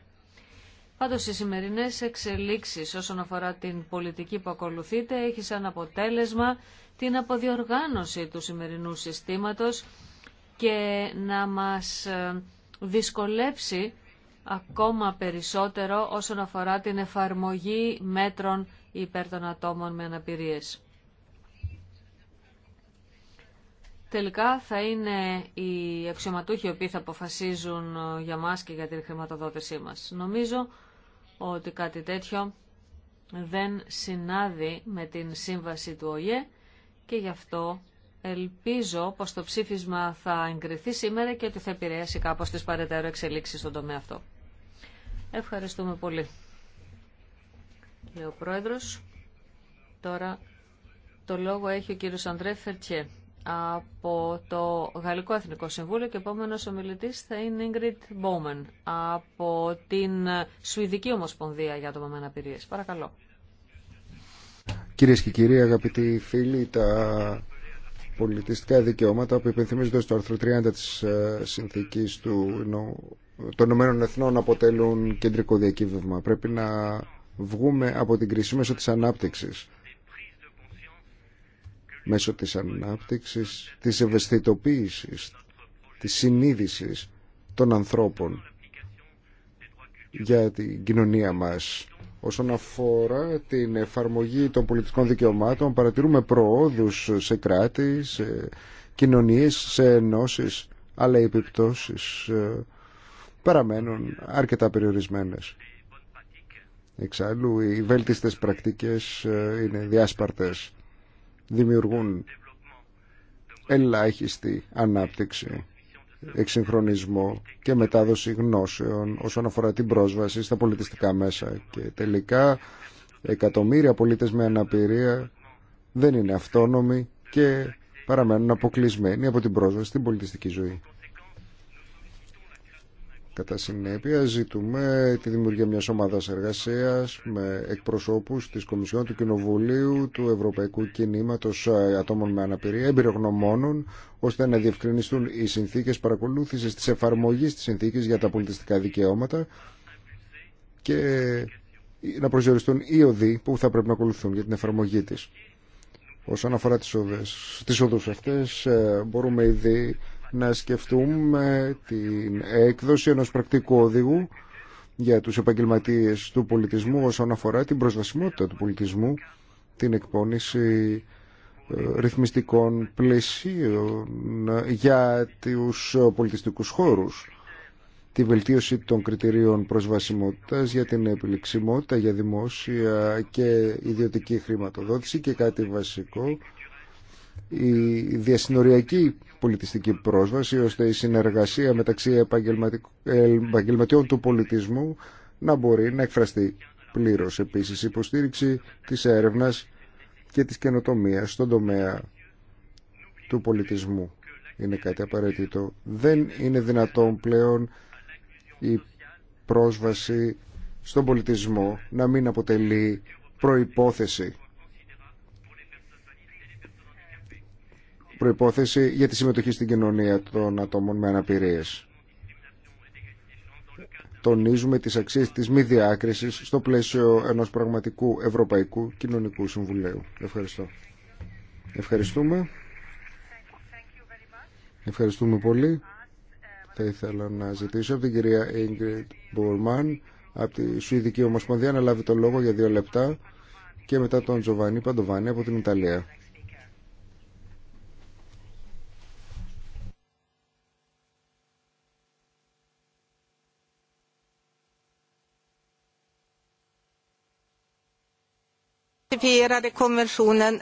[SPEAKER 1] Πάντως οι σημερινές εξελίξεις όσον αφορά την πολιτική που ακολουθείται έχει σαν αποτέλεσμα την αποδιοργάνωση του σημερινού συστήματος και να μας ε, δυσκολέψει ακόμα περισσότερο όσον αφορά την εφαρμογή μέτρων υπέρ των ατόμων με αναπηρίες. τελικά θα είναι οι αξιωματούχοι οι οποίοι θα αποφασίζουν ε, για μας και για την χρηματοδότησή μας. Νομίζω ότι κάτι τέτοιο δεν συνάδει με την σύμβαση του ΟΗΕ και γι' αυτό ελπίζω πως το ψήφισμα θα εγκριθεί σήμερα και ότι θα επηρεάσει κάπως τις παρετέρω εξελίξεις στον τομέα αυτό. Ευχαριστούμε πολύ. Λέω Πρόεδρος. Τώρα το λόγο έχει ο κύριος Αντρέ Φερτιέ από το Γαλλικό Εθνικό Συμβούλιο και επόμενο ομιλητής θα είναι Ingrid Bowman από την Σουηδική Ομοσπονδία για το με Παρακαλώ.
[SPEAKER 2] Κυρίες και κύριοι, αγαπητοί φίλοι, τα πολιτιστικά δικαιώματα που υπενθυμίζονται στο άρθρο 30 της ε, συνθήκης του, των Ηνωμένων Εθνών αποτελούν κεντρικό διακύβευμα. Πρέπει να βγούμε από την κρίση μέσω της ανάπτυξης μέσω της ανάπτυξης, της ευαισθητοποίησης, της συνείδησης των ανθρώπων για την κοινωνία μας. Όσον αφορά την εφαρμογή των πολιτικών δικαιωμάτων, παρατηρούμε προόδους σε κράτη, σε κοινωνίες, σε ενώσεις, αλλά οι επιπτώσεις ε, παραμένουν αρκετά περιορισμένες. Εξάλλου, οι βέλτιστες πρακτικές ε, είναι διάσπαρτες δημιουργούν ελάχιστη ανάπτυξη, εξυγχρονισμό και μετάδοση γνώσεων όσον αφορά την πρόσβαση στα πολιτιστικά μέσα. Και τελικά εκατομμύρια πολίτες με αναπηρία δεν είναι αυτόνομοι και παραμένουν αποκλεισμένοι από την πρόσβαση στην πολιτιστική ζωή. Κατά συνέπεια ζητούμε τη δημιουργία μιας ομάδας εργασίας με εκπροσώπους της Κομισιόν του Κοινοβουλίου, του Ευρωπαϊκού Κινήματος Ατόμων με Αναπηρία, εμπειρογνωμόνων, ώστε να διευκρινιστούν οι συνθήκες παρακολούθησης της εφαρμογής της συνθήκης για τα πολιτιστικά δικαιώματα και να προσδιοριστούν οι οδοί που θα πρέπει να ακολουθούν για την εφαρμογή της. Όσον αφορά τις, οδού τις ε, μπορούμε ήδη να σκεφτούμε την έκδοση ενός πρακτικού οδηγού για τους επαγγελματίες του πολιτισμού όσον αφορά την προσβασιμότητα του πολιτισμού, την εκπόνηση ε, ρυθμιστικών πλαισίων ε, για τους πολιτιστικούς χώρους τη βελτίωση των κριτηρίων προσβασιμότητας για την επιλεξιμότητα για δημόσια και ιδιωτική χρηματοδότηση και κάτι βασικό η διασυνοριακή πολιτιστική πρόσβαση ώστε η συνεργασία μεταξύ επαγγελματιών του πολιτισμού να μπορεί να εκφραστεί πλήρως επίσης η υποστήριξη της έρευνας και της καινοτομίας στον τομέα του πολιτισμού είναι κάτι απαραίτητο δεν είναι δυνατόν πλέον η πρόσβαση στον πολιτισμό να μην αποτελεί προϋπόθεση προϋπόθεση για τη συμμετοχή στην κοινωνία των ατόμων με αναπηρίες. Τονίζουμε τις αξίες της μη διάκρισης στο πλαίσιο ενός πραγματικού Ευρωπαϊκού Κοινωνικού Συμβουλίου. Ευχαριστώ. Ευχαριστούμε. Ευχαριστούμε πολύ. Θα ήθελα να ζητήσω από την κυρία Ingrid Μπορμάν από τη Σουηδική Ομοσπονδία να λάβει το λόγο για δύο λεπτά και μετά τον Τζοβάνι Παντοβάνι από την Ιταλία.
[SPEAKER 4] Σα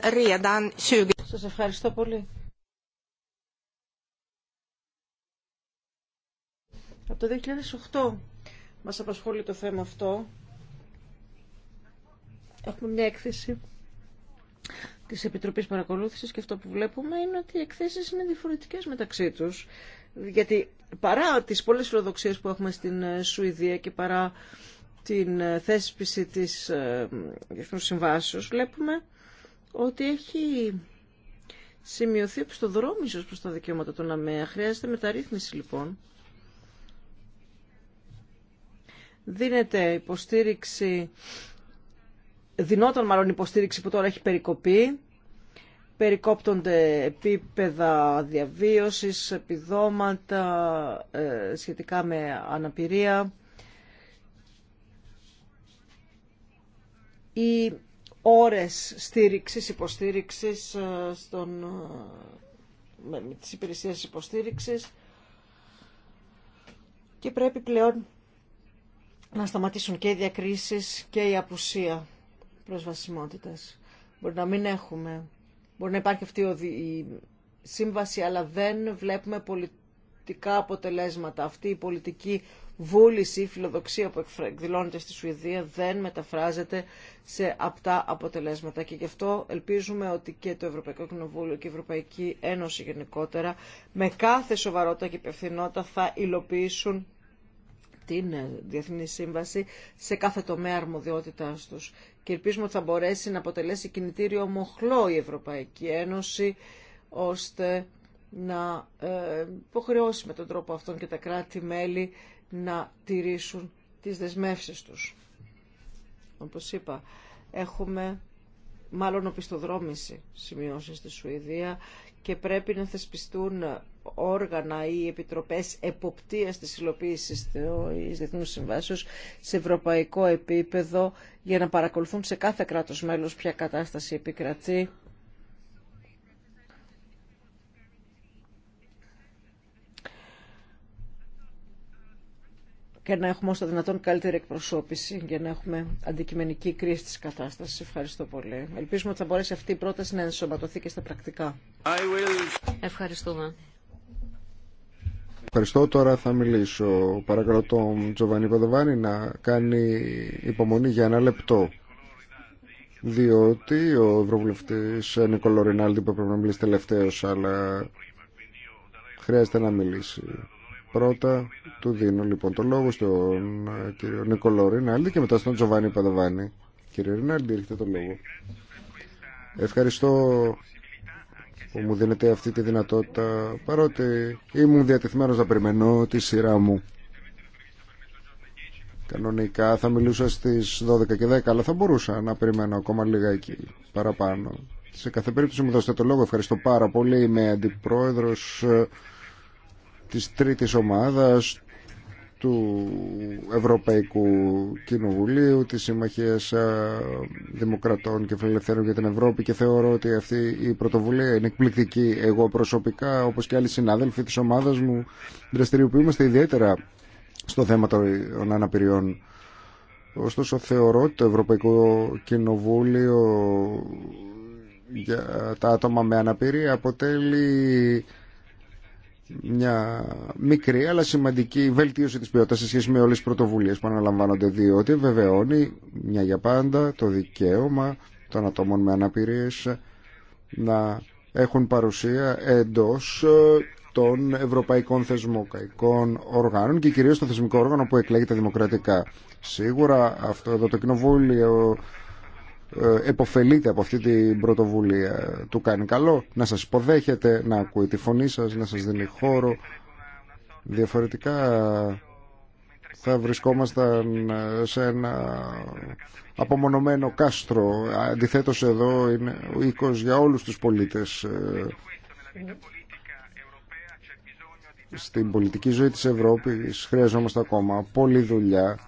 [SPEAKER 4] redan ευχαριστώ πολύ. Από το 2008 μας απασχολεί το θέμα αυτό. Έχουμε μια έκθεση της Επιτροπής Παρακολούθησης και αυτό που βλέπουμε είναι ότι οι εκθέσεις είναι διαφορετικές μεταξύ τους. Γιατί παρά τις πολλές φιλοδοξίες που έχουμε στην Σουηδία και παρά την ε, θέσπιση της ε, Διεθνούς Συμβάσεως βλέπουμε ότι έχει σημειωθεί ίσως προς τα δικαιώματα των ΑΜΕΑ. Χρειάζεται μεταρρύθμιση λοιπόν. Δίνεται υποστήριξη, δινόταν μάλλον υποστήριξη που τώρα έχει περικοπεί, περικόπτονται επίπεδα διαβίωσης, επιδόματα ε, σχετικά με αναπηρία οι ώρες στήριξης, υποστήριξης ε, στον, ε, με, με τις υπηρεσίες υποστήριξης και πρέπει πλέον να σταματήσουν και οι διακρίσεις και η απουσία προσβασιμότητας. Μπορεί να μην έχουμε, μπορεί να υπάρχει αυτή η σύμβαση, αλλά δεν βλέπουμε πολιτικά αποτελέσματα. Αυτή η πολιτική βούληση ή φιλοδοξία που εκδηλώνεται στη Σουηδία δεν μεταφράζεται σε αυτά αποτελέσματα. Και γι' αυτό ελπίζουμε ότι και το Ευρωπαϊκό Κοινοβούλιο και η Ευρωπαϊκή Ένωση γενικότερα με κάθε σοβαρότητα και υπευθυνότητα θα υλοποιήσουν την ε, Διεθνή Σύμβαση σε κάθε τομέα αρμοδιότητάς τους. Και ελπίζουμε ότι θα μπορέσει να αποτελέσει κινητήριο μοχλό η Ευρωπαϊκή Ένωση ώστε να ε, υποχρεώσει με τον τρόπο αυτόν και τα κράτη-μέλη να τηρήσουν τις δεσμεύσεις τους. Όπως είπα, έχουμε μάλλον οπισθοδρόμηση σημειώσει στη Σουηδία και πρέπει να θεσπιστούν όργανα ή επιτροπές εποπτείας της υλοποίησης της Διεθνούς Συμβάσεως σε ευρωπαϊκό επίπεδο για να παρακολουθούν σε κάθε κράτος μέλος ποια κατάσταση επικρατεί και να έχουμε όσο δυνατόν καλύτερη εκπροσώπηση για να έχουμε αντικειμενική κρίση της κατάστασης. Ευχαριστώ πολύ. Ελπίζουμε ότι θα μπορέσει αυτή η πρόταση να ενσωματωθεί και στα πρακτικά. Ευχαριστούμε.
[SPEAKER 2] Ευχαριστώ. Τώρα θα μιλήσω. Παρακαλώ τον Τζοβανί Παδοβάνη να κάνει υπομονή για ένα λεπτό. Διότι ο Ευρωβουλευτή Νικόλο Ρινάλντι που έπρεπε να μιλήσει τελευταίο, αλλά χρειάζεται να μιλήσει. Πρώτα του δίνω λοιπόν το λόγο στον ε, κύριο Νικολό Ρινάλντι και μετά στον Τζοβάνι Παδαβάνη. Κύριε Ρινάλντι, έρχεται το λόγο. Ευχαριστώ που μου δίνετε αυτή τη δυνατότητα, παρότι ήμουν διατεθειμένος να περιμένω τη σειρά μου. Κανονικά θα μιλούσα στις 12 και 10, αλλά θα μπορούσα να περιμένω ακόμα λιγάκι παραπάνω. Σε κάθε περίπτωση μου δώσετε το λόγο. Ευχαριστώ πάρα πολύ. Είμαι αντιπρόεδρος ε, της τρίτης ομάδας του Ευρωπαϊκού Κοινοβουλίου, της Συμμαχίας ε, Δημοκρατών και Φιλελευθέρων για την Ευρώπη και θεωρώ ότι αυτή η πρωτοβουλία είναι εκπληκτική. Εγώ προσωπικά, όπως και άλλοι συνάδελφοι της ομάδας μου, δραστηριοποιούμαστε ιδιαίτερα στο θέμα των αναπηριών. Ωστόσο θεωρώ ότι το Ευρωπαϊκό Κοινοβούλιο για τα άτομα με αναπηρία αποτελεί μια μικρή αλλά σημαντική βελτίωση της ποιότητας σε σχέση με όλες τις πρωτοβουλίες που αναλαμβάνονται διότι βεβαιώνει μια για πάντα το δικαίωμα των ατόμων με αναπηρίες να έχουν παρουσία εντός ε, των ευρωπαϊκών θεσμοκαϊκών οργάνων και κυρίως το θεσμικό όργανο που εκλέγεται δημοκρατικά. Σίγουρα αυτό εδώ το κοινοβούλιο ε, εποφελείται από αυτή την πρωτοβουλία. Του κάνει καλό να σας υποδέχεται, να ακούει τη φωνή σας, να σας δίνει χώρο. Διαφορετικά θα βρισκόμασταν σε ένα απομονωμένο κάστρο. Αντιθέτως εδώ είναι ο οίκος για όλους τους πολίτες. Ε, στην πολιτική ζωή της Ευρώπης χρειαζόμαστε ακόμα πολλή δουλειά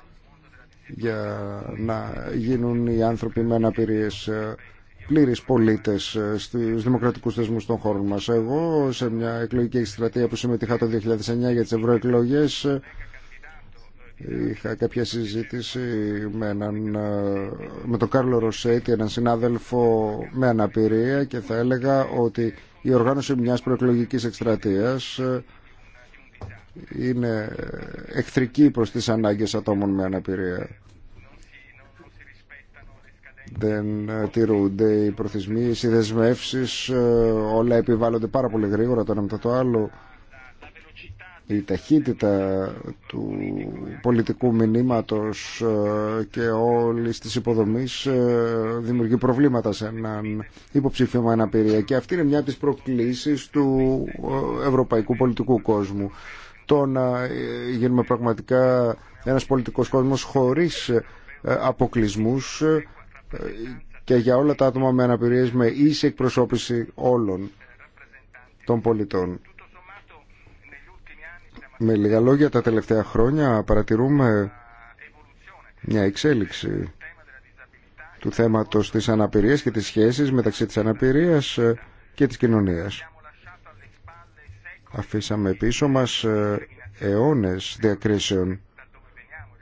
[SPEAKER 2] για να γίνουν οι άνθρωποι με αναπηρίες ε, πλήρεις πολίτες ε, στους δημοκρατικούς θεσμούς των χώρων μας. Εγώ σε μια εκλογική εκστρατεία που συμμετείχα το 2009 για τις ευρωεκλογέ. Ε, είχα κάποια συζήτηση με, έναν, με τον Κάρλο Ροσέτη, έναν συνάδελφο με αναπηρία και θα έλεγα ότι η οργάνωση μιας προεκλογικής εκστρατείας είναι εχθρική προς τις ανάγκες ατόμων με αναπηρία. Δεν τηρούνται οι προθεσμοί, οι δεσμεύσει, ε, όλα επιβάλλονται πάρα πολύ γρήγορα το ένα μετά το άλλο. Η ταχύτητα του πολιτικού μηνύματος ε, και όλη της υποδομής ε, δημιουργεί προβλήματα σε έναν υποψήφιο με αναπηρία και αυτή είναι μια από τις προκλήσεις του ευρωπαϊκού πολιτικού κόσμου το να ε, γίνουμε πραγματικά ένας πολιτικός κόσμος χωρίς ε, αποκλεισμούς ε, και για όλα τα άτομα με αναπηρίες με ίση εκπροσώπηση όλων των πολιτών. Με λίγα λόγια τα τελευταία χρόνια παρατηρούμε μια εξέλιξη του θέματος της αναπηρίας και της σχέσης μεταξύ της αναπηρίας και της κοινωνίας. Αφήσαμε πίσω μας ε, αιώνες διακρίσεων.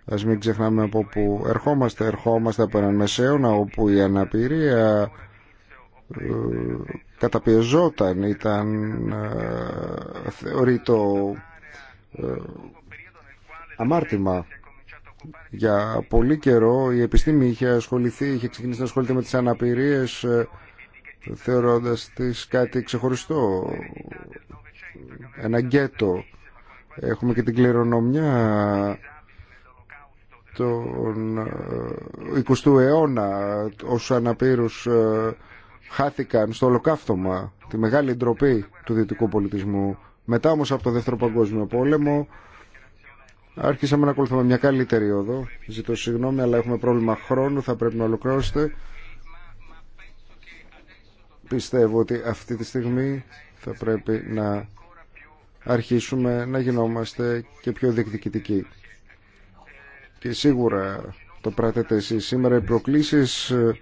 [SPEAKER 2] Ας μην ξεχνάμε από που ερχόμαστε. Ερχόμαστε από έναν μεσαίωνα όπου η αναπηρία ε, καταπιεζόταν, ήταν ε, θεωρείτο ε, αμάρτημα. Για πολύ καιρό η επιστήμη είχε ασχοληθεί, είχε ξεκινήσει να ασχολείται με τις αναπηρίες ε, θεωρώντας τις κάτι ξεχωριστό ένα γκέτο. Έχουμε και την κληρονομιά τον 20ου ε, αιώνα όσους αναπήρους ε, χάθηκαν στο ολοκαύτωμα τη μεγάλη ντροπή του δυτικού πολιτισμού μετά όμως από το δεύτερο παγκόσμιο πόλεμο άρχισαμε να ακολουθούμε μια καλύτερη οδό ζητώ συγγνώμη αλλά έχουμε πρόβλημα χρόνου θα πρέπει να ολοκληρώσετε πιστεύω ότι αυτή τη στιγμή θα πρέπει να αρχίσουμε να γινόμαστε και πιο διεκδικητικοί. Και σίγουρα το πράτετε εσείς σήμερα οι προκλήσεις ε,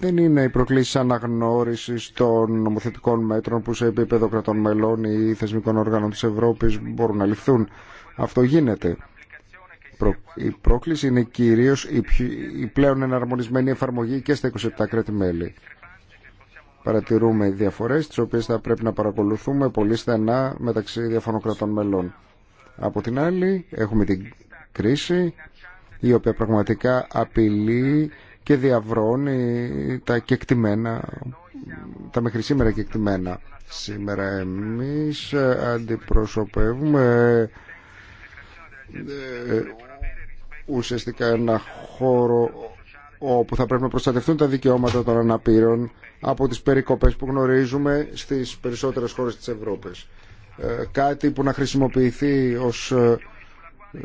[SPEAKER 2] δεν είναι οι προκλήσει αναγνώριση των νομοθετικών μέτρων που σε επίπεδο κρατών μελών ή θεσμικών οργάνων τη Ευρώπη μπορούν να ληφθούν. Αυτό γίνεται. Η πρόκληση είναι κυρίω η πλέον εναρμονισμένη εφαρμογή και στα 27 κράτη-μέλη. Παρατηρούμε διαφορές τις οποίες θα πρέπει να παρακολουθούμε πολύ στενά μεταξύ διαφωνών κρατών μελών. Από την άλλη έχουμε την κρίση η οποία πραγματικά απειλεί και διαβρώνει τα κεκτημένα, τα μέχρι σήμερα κεκτημένα. Σήμερα εμείς αντιπροσωπεύουμε ε, ουσιαστικά ένα χώρο όπου θα πρέπει να προστατευτούν τα δικαιώματα των αναπήρων από τις περικοπές που γνωρίζουμε στις περισσότερες χώρες της Ευρώπης. Ε, κάτι που να χρησιμοποιηθεί ως ε, ε,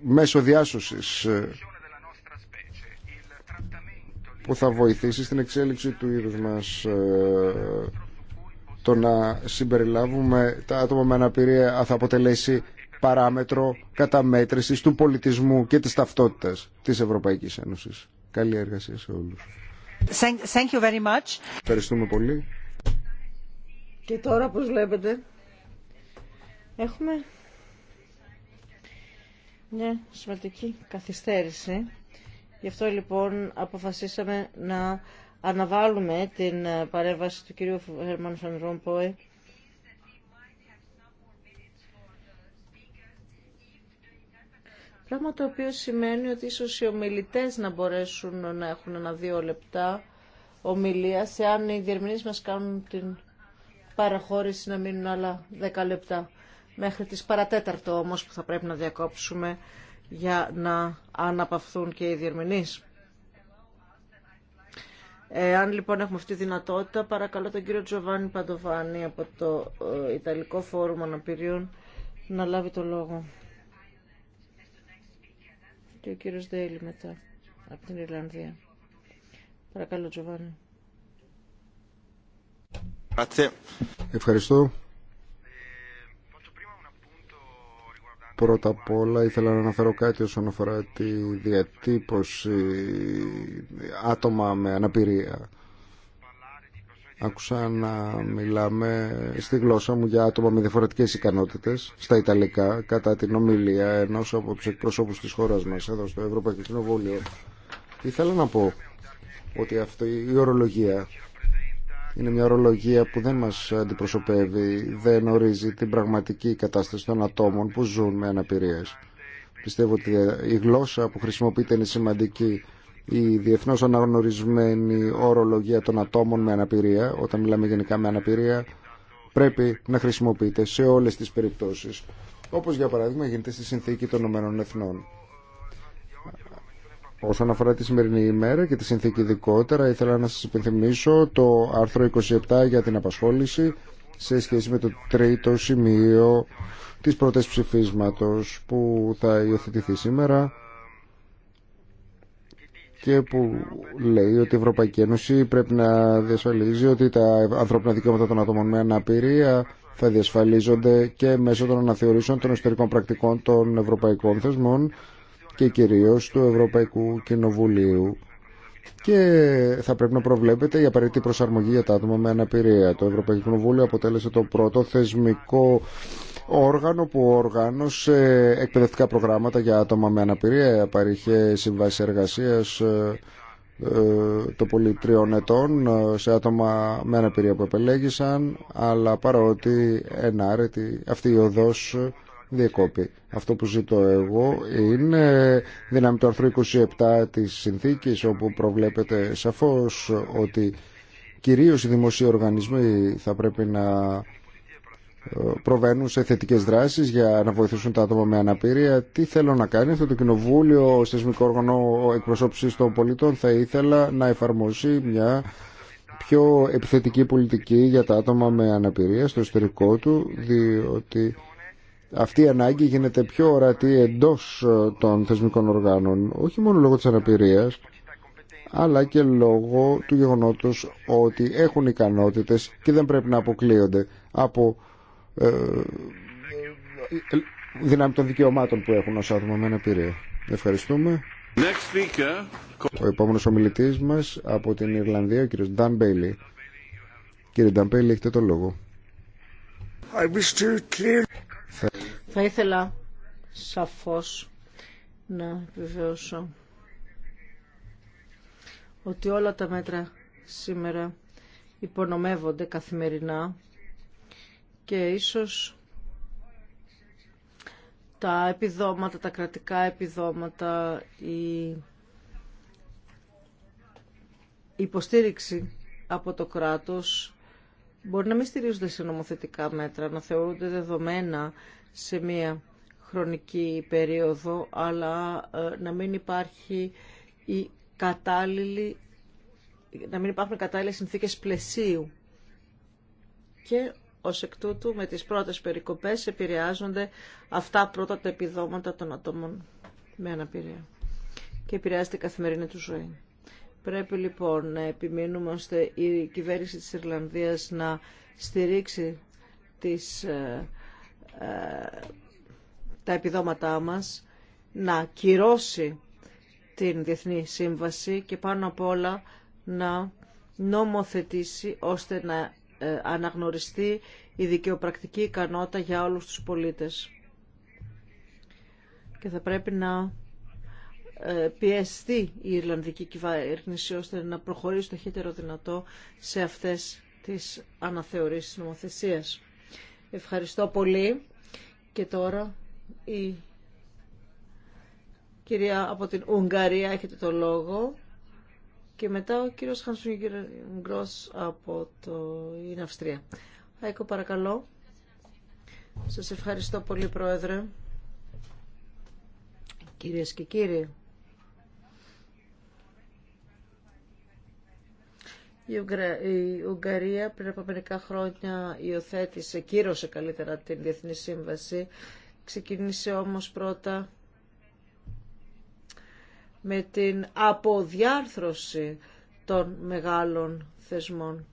[SPEAKER 2] μέσο διάσωσης που θα βοηθήσει στην εξέλιξη του είδους μας το να συμπεριλάβουμε τα άτομα με αναπηρία θα αποτελέσει παράμετρο καταμέτρησης του πολιτισμού και της ταυτότητας της Ευρωπαϊκής Ένωσης. Καλή εργασία σε όλους. Ευχαριστούμε πολύ.
[SPEAKER 4] Και τώρα, πώς βλέπετε, έχουμε μια σημαντική καθυστέρηση. Γι' αυτό λοιπόν αποφασίσαμε να αναβάλουμε την ε, παρέμβαση του κυρίου Χερμαν Φαν Πράγμα το οποίο σημαίνει ότι ίσως οι ομιλητές να μπορέσουν να έχουν ένα-δύο λεπτά ομιλία, εάν οι διερμηνείς μας κάνουν την παραχώρηση να μείνουν άλλα δέκα λεπτά. Μέχρι τις παρατέταρτο όμως που θα πρέπει να διακόψουμε για να αναπαυθούν και οι διερμηνείς. Εάν λοιπόν έχουμε αυτή τη δυνατότητα, παρακαλώ τον κύριο Τζοβάνι Παντοβάνι από το ε, Ιταλικό Φόρουμ Αναπηρίων να λάβει το λόγο και ο κύριος Ντέιλι μετά από την Ιρλανδία. Παρακαλώ, Τζοβάνι.
[SPEAKER 2] Ευχαριστώ. Πρώτα απ' όλα ήθελα να αναφέρω κάτι όσον αφορά τη διατύπωση άτομα με αναπηρία Άκουσα να μιλάμε στη γλώσσα μου για άτομα με διαφορετικέ ικανότητες στα Ιταλικά κατά την ομιλία ενό από του εκπροσώπους τη χώρα μας εδώ στο Ευρωπαϊκό Κοινοβούλιο. Ήθελα να πω ότι αυτή η ορολογία είναι μια ορολογία που δεν μας αντιπροσωπεύει, δεν ορίζει την πραγματική κατάσταση των ατόμων που ζουν με αναπηρίες. Πιστεύω ότι η γλώσσα που χρησιμοποιείται είναι σημαντική η διεθνώ αναγνωρισμένη ορολογία των ατόμων με αναπηρία, όταν μιλάμε γενικά με αναπηρία, πρέπει να χρησιμοποιείται σε όλες τις περιπτώσεις, όπως για παράδειγμα γίνεται στη Συνθήκη των ΗΠΑ Εθνών. Όσον αφορά τη σημερινή ημέρα και τη συνθήκη ειδικότερα, ήθελα να σας υπενθυμίσω το άρθρο 27 για την απασχόληση σε σχέση με το τρίτο σημείο της πρώτης ψηφίσματος που θα υιοθετηθεί σήμερα και που λέει ότι η Ευρωπαϊκή Ένωση πρέπει να διασφαλίζει ότι τα ανθρώπινα δικαιώματα των ατόμων με αναπηρία θα διασφαλίζονται και μέσω των αναθεωρήσεων των εσωτερικών πρακτικών των ευρωπαϊκών θεσμών και κυρίως του Ευρωπαϊκού Κοινοβουλίου και θα πρέπει να προβλέπεται η απαραίτητη προσαρμογή για τα άτομα με αναπηρία. Το Ευρωπαϊκό Κοινοβούλιο αποτέλεσε το πρώτο θεσμικό όργανο που οργάνωσε εκπαιδευτικά προγράμματα για άτομα με αναπηρία. Παρήχε συμβάσει εργασία ε, ε, το πολύ τριών ετών ε, σε άτομα με αναπηρία που επελέγησαν αλλά παρότι ενάρετη αυτή η οδός διεκόπη. Αυτό που ζητώ εγώ είναι δύναμη του άρθρου 27 της συνθήκης όπου προβλέπεται σαφώς ότι κυρίως οι δημοσίοι οργανισμοί θα πρέπει να ε, προβαίνουν σε θετικές δράσεις για να βοηθήσουν τα άτομα με αναπηρία. Τι θέλω να κάνει αυτό το κοινοβούλιο, ο θεσμικό όργανο εκπροσώπησης των πολιτών θα ήθελα να εφαρμόσει μια πιο επιθετική πολιτική για τα άτομα με αναπηρία στο εσωτερικό του, διότι αυτή η ανάγκη γίνεται πιο ορατή εντός ε, των θεσμικών οργάνων, όχι μόνο λόγω της αναπηρίας, αλλά και λόγω του γεγονότος ότι έχουν ικανότητες και δεν πρέπει να αποκλείονται από ε, ε δυνάμει των δικαιωμάτων που έχουν ως άτομα με αναπηρία. Ευχαριστούμε. Ο επόμενος ομιλητής μας από την Ιρλανδία, ο κύριος Νταν Bailey. Κύριε Νταν Bailey έχετε το λόγο.
[SPEAKER 4] Θα ήθελα σαφώς να επιβεβαιώσω ότι όλα τα μέτρα σήμερα υπονομεύονται καθημερινά και ίσως τα επιδόματα, τα κρατικά επιδόματα, η υποστήριξη από το κράτος μπορεί να μην στηρίζονται σε νομοθετικά μέτρα, να θεωρούνται δεδομένα σε μία χρονική περίοδο, αλλά ε, να μην υπάρχει η κατάλληλη να μην υπάρχουν κατάλληλες συνθήκες πλαισίου. Και ως εκ τούτου με τις πρώτες περικοπές επηρεάζονται αυτά πρώτα τα επιδόματα των ατόμων με αναπηρία. Και επηρεάζεται η καθημερινή του ζωή. Πρέπει λοιπόν να επιμείνουμε ώστε η κυβέρνηση της Ιρλανδίας να στηρίξει τις, ε, ε, τα επιδόματά μας, να κυρώσει την Διεθνή Σύμβαση και πάνω απ' όλα να νομοθετήσει ώστε να ε, αναγνωριστεί η δικαιοπρακτική ικανότητα για όλους τους πολίτες. Και θα πρέπει να πιεστεί η Ιρλανδική κυβέρνηση ώστε να προχωρήσει το χύτερο δυνατό σε αυτές τις αναθεωρήσεις νομοθεσίας. Ευχαριστώ πολύ. Και τώρα η κυρία από την Ουγγαρία έχετε το λόγο. Και μετά ο κύριος Χανσούνγκερ από την Αυστρία. Άικο παρακαλώ. Σας ευχαριστώ πολύ Πρόεδρε. Κυρίες και κύριοι. Η, Ουγγρα... η Ουγγαρία πριν από μερικά χρόνια υιοθέτησε, κύρωσε καλύτερα την Διεθνή Σύμβαση. Ξεκίνησε όμως πρώτα με την αποδιάρθρωση των μεγάλων θεσμών.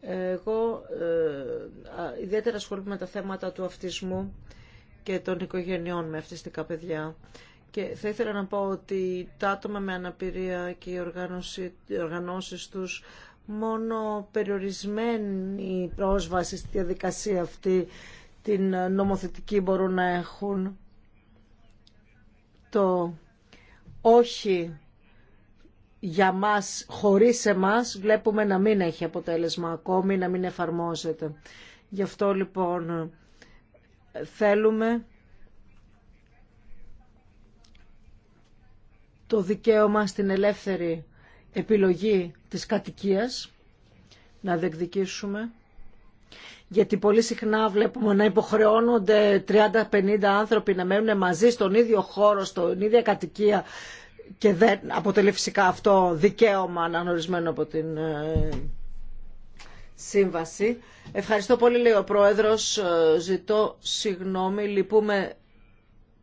[SPEAKER 4] Εγώ ε, ιδιαίτερα ασχολούμαι με τα θέματα του αυτισμού και των οικογενειών με αυτιστικά παιδιά. Και θα ήθελα να πω ότι τα άτομα με αναπηρία και οι, οργάνωση, οι οργανώσεις τους μόνο περιορισμένη πρόσβαση στη διαδικασία αυτή την νομοθετική μπορούν να έχουν. Το όχι για μας χωρίς εμάς βλέπουμε να μην έχει αποτέλεσμα ακόμη, να μην εφαρμόζεται. Γι' αυτό λοιπόν θέλουμε το δικαίωμα στην ελεύθερη επιλογή της κατοικίας να διεκδικήσουμε. Γιατί πολύ συχνά βλέπουμε να υποχρεώνονται 30-50 άνθρωποι να μένουν μαζί στον ίδιο χώρο, στον ίδια κατοικία και δεν αποτελεί φυσικά αυτό δικαίωμα αναγνωρισμένο από την ε, σύμβαση. Ευχαριστώ πολύ λέει ο Πρόεδρος, ε, ζητώ συγγνώμη, λυπούμε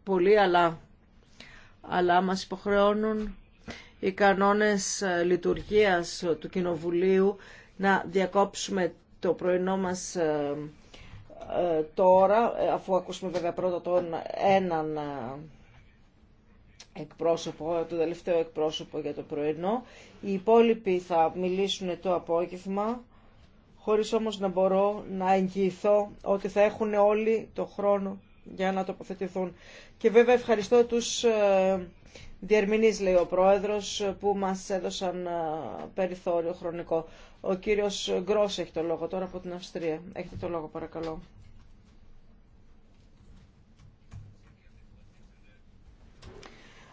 [SPEAKER 4] πολύ αλλά αλλά μας υποχρεώνουν οι κανόνες ε, λειτουργίας ε, του Κοινοβουλίου να διακόψουμε το πρωινό μας ε, τώρα, αφού ακούσουμε βέβαια πρώτα τον έναν εκπρόσωπο, το τελευταίο εκπρόσωπο για το πρωινό. Οι υπόλοιποι θα μιλήσουν το απόγευμα, χωρίς όμως να μπορώ να εγγυηθώ ότι θα έχουν όλοι το χρόνο για να τοποθετηθούν. Και βέβαια ευχαριστώ τους ε, διερμηνείς, λέει ο Πρόεδρος, που μας έδωσαν ε, περιθώριο χρονικό. Ο κύριος Γκρός έχει το λόγο τώρα από την Αυστρία. Έχετε το λόγο παρακαλώ.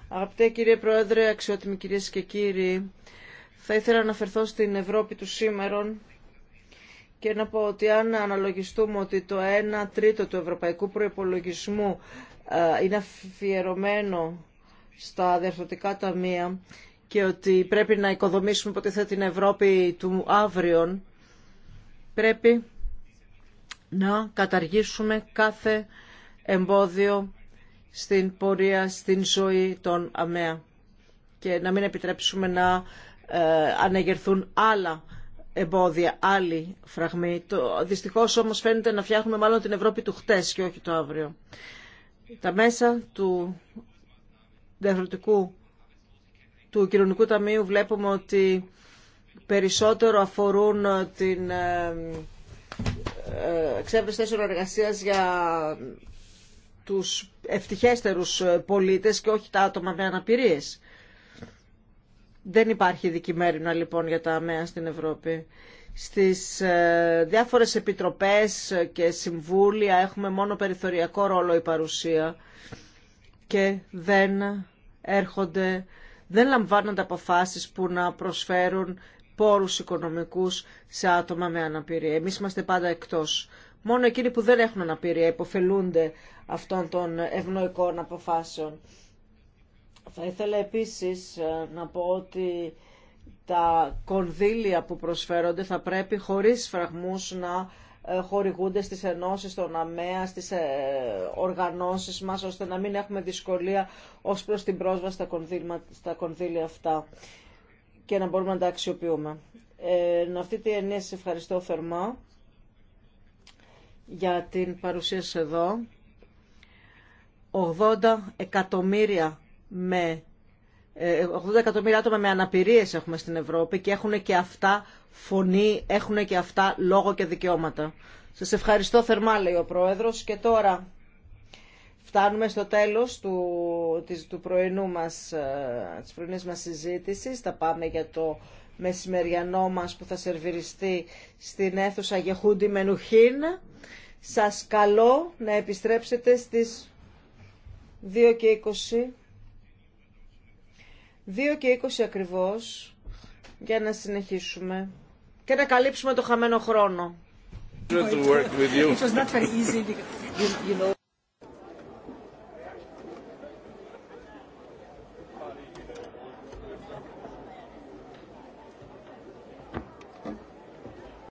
[SPEAKER 4] Αγαπητέ κύριε Πρόεδρε, αξιότιμοι κυρίες και κύριοι, θα ήθελα να αναφερθώ στην Ευρώπη του σήμερον και να πω ότι αν αναλογιστούμε ότι το 1 τρίτο του ευρωπαϊκού προϋπολογισμού ε, είναι αφιερωμένο στα διαρθρωτικά ταμεία και ότι πρέπει να οικοδομήσουμε ποτέ την Ευρώπη του αύριον, πρέπει να καταργήσουμε κάθε εμπόδιο στην πορεία, στην ζωή των ΑΜΕΑ και να μην επιτρέψουμε να ε, ανεγερθούν άλλα εμπόδια, άλλη φραγμή. Το, δυστυχώς όμως φαίνεται να φτιάχνουμε μάλλον την Ευρώπη του χτες και όχι το αύριο. Τα μέσα του διαχρονικού του κοινωνικού ταμείου βλέπουμε ότι περισσότερο αφορούν ε, την ε, ε, εξέβρεση θέσεων εργασία για τους ευτυχέστερους πολίτες και όχι τα άτομα με αναπηρίες. Δεν υπάρχει δικημέρινα λοιπόν για τα αμαία στην Ευρώπη. Στις ε, διάφορες επιτροπές και συμβούλια έχουμε μόνο περιθωριακό ρόλο η παρουσία και δεν έρχονται, δεν λαμβάνονται αποφάσεις που να προσφέρουν πόρους οικονομικούς σε άτομα με αναπηρία. Εμείς είμαστε πάντα εκτός. Μόνο εκείνοι που δεν έχουν αναπηρία υποφελούνται αυτών των ευνοϊκών αποφάσεων. Θα ήθελα επίσης ε, να πω ότι τα κονδύλια που προσφέρονται θα πρέπει χωρίς φραγμούς να ε, χορηγούνται στις ενώσεις των ΑΜΕΑ, στις ε, οργανώσεις μας, ώστε να μην έχουμε δυσκολία ως προς την πρόσβαση στα κονδύλια, αυτά και να μπορούμε να τα αξιοποιούμε. Ε, αυτή τη ευχαριστώ θερμά για την παρουσία εδώ. 80 εκατομμύρια με 80 ε, εκατομμύρια άτομα με αναπηρίες έχουμε στην Ευρώπη και έχουν και αυτά φωνή, έχουν και αυτά λόγο και δικαιώματα. Σας ευχαριστώ θερμά, λέει ο Πρόεδρος. Και τώρα φτάνουμε στο τέλος του, της, του πρωινού ε, της πρωινής συζήτησης. Θα πάμε για το μεσημεριανό μας που θα σερβιριστεί στην αίθουσα Γεχούντι Μενουχίν. Σας καλώ να επιστρέψετε στις 2 και 20. Δύο και είκοσι ακριβώς για να συνεχίσουμε και να καλύψουμε το χαμένο χρόνο.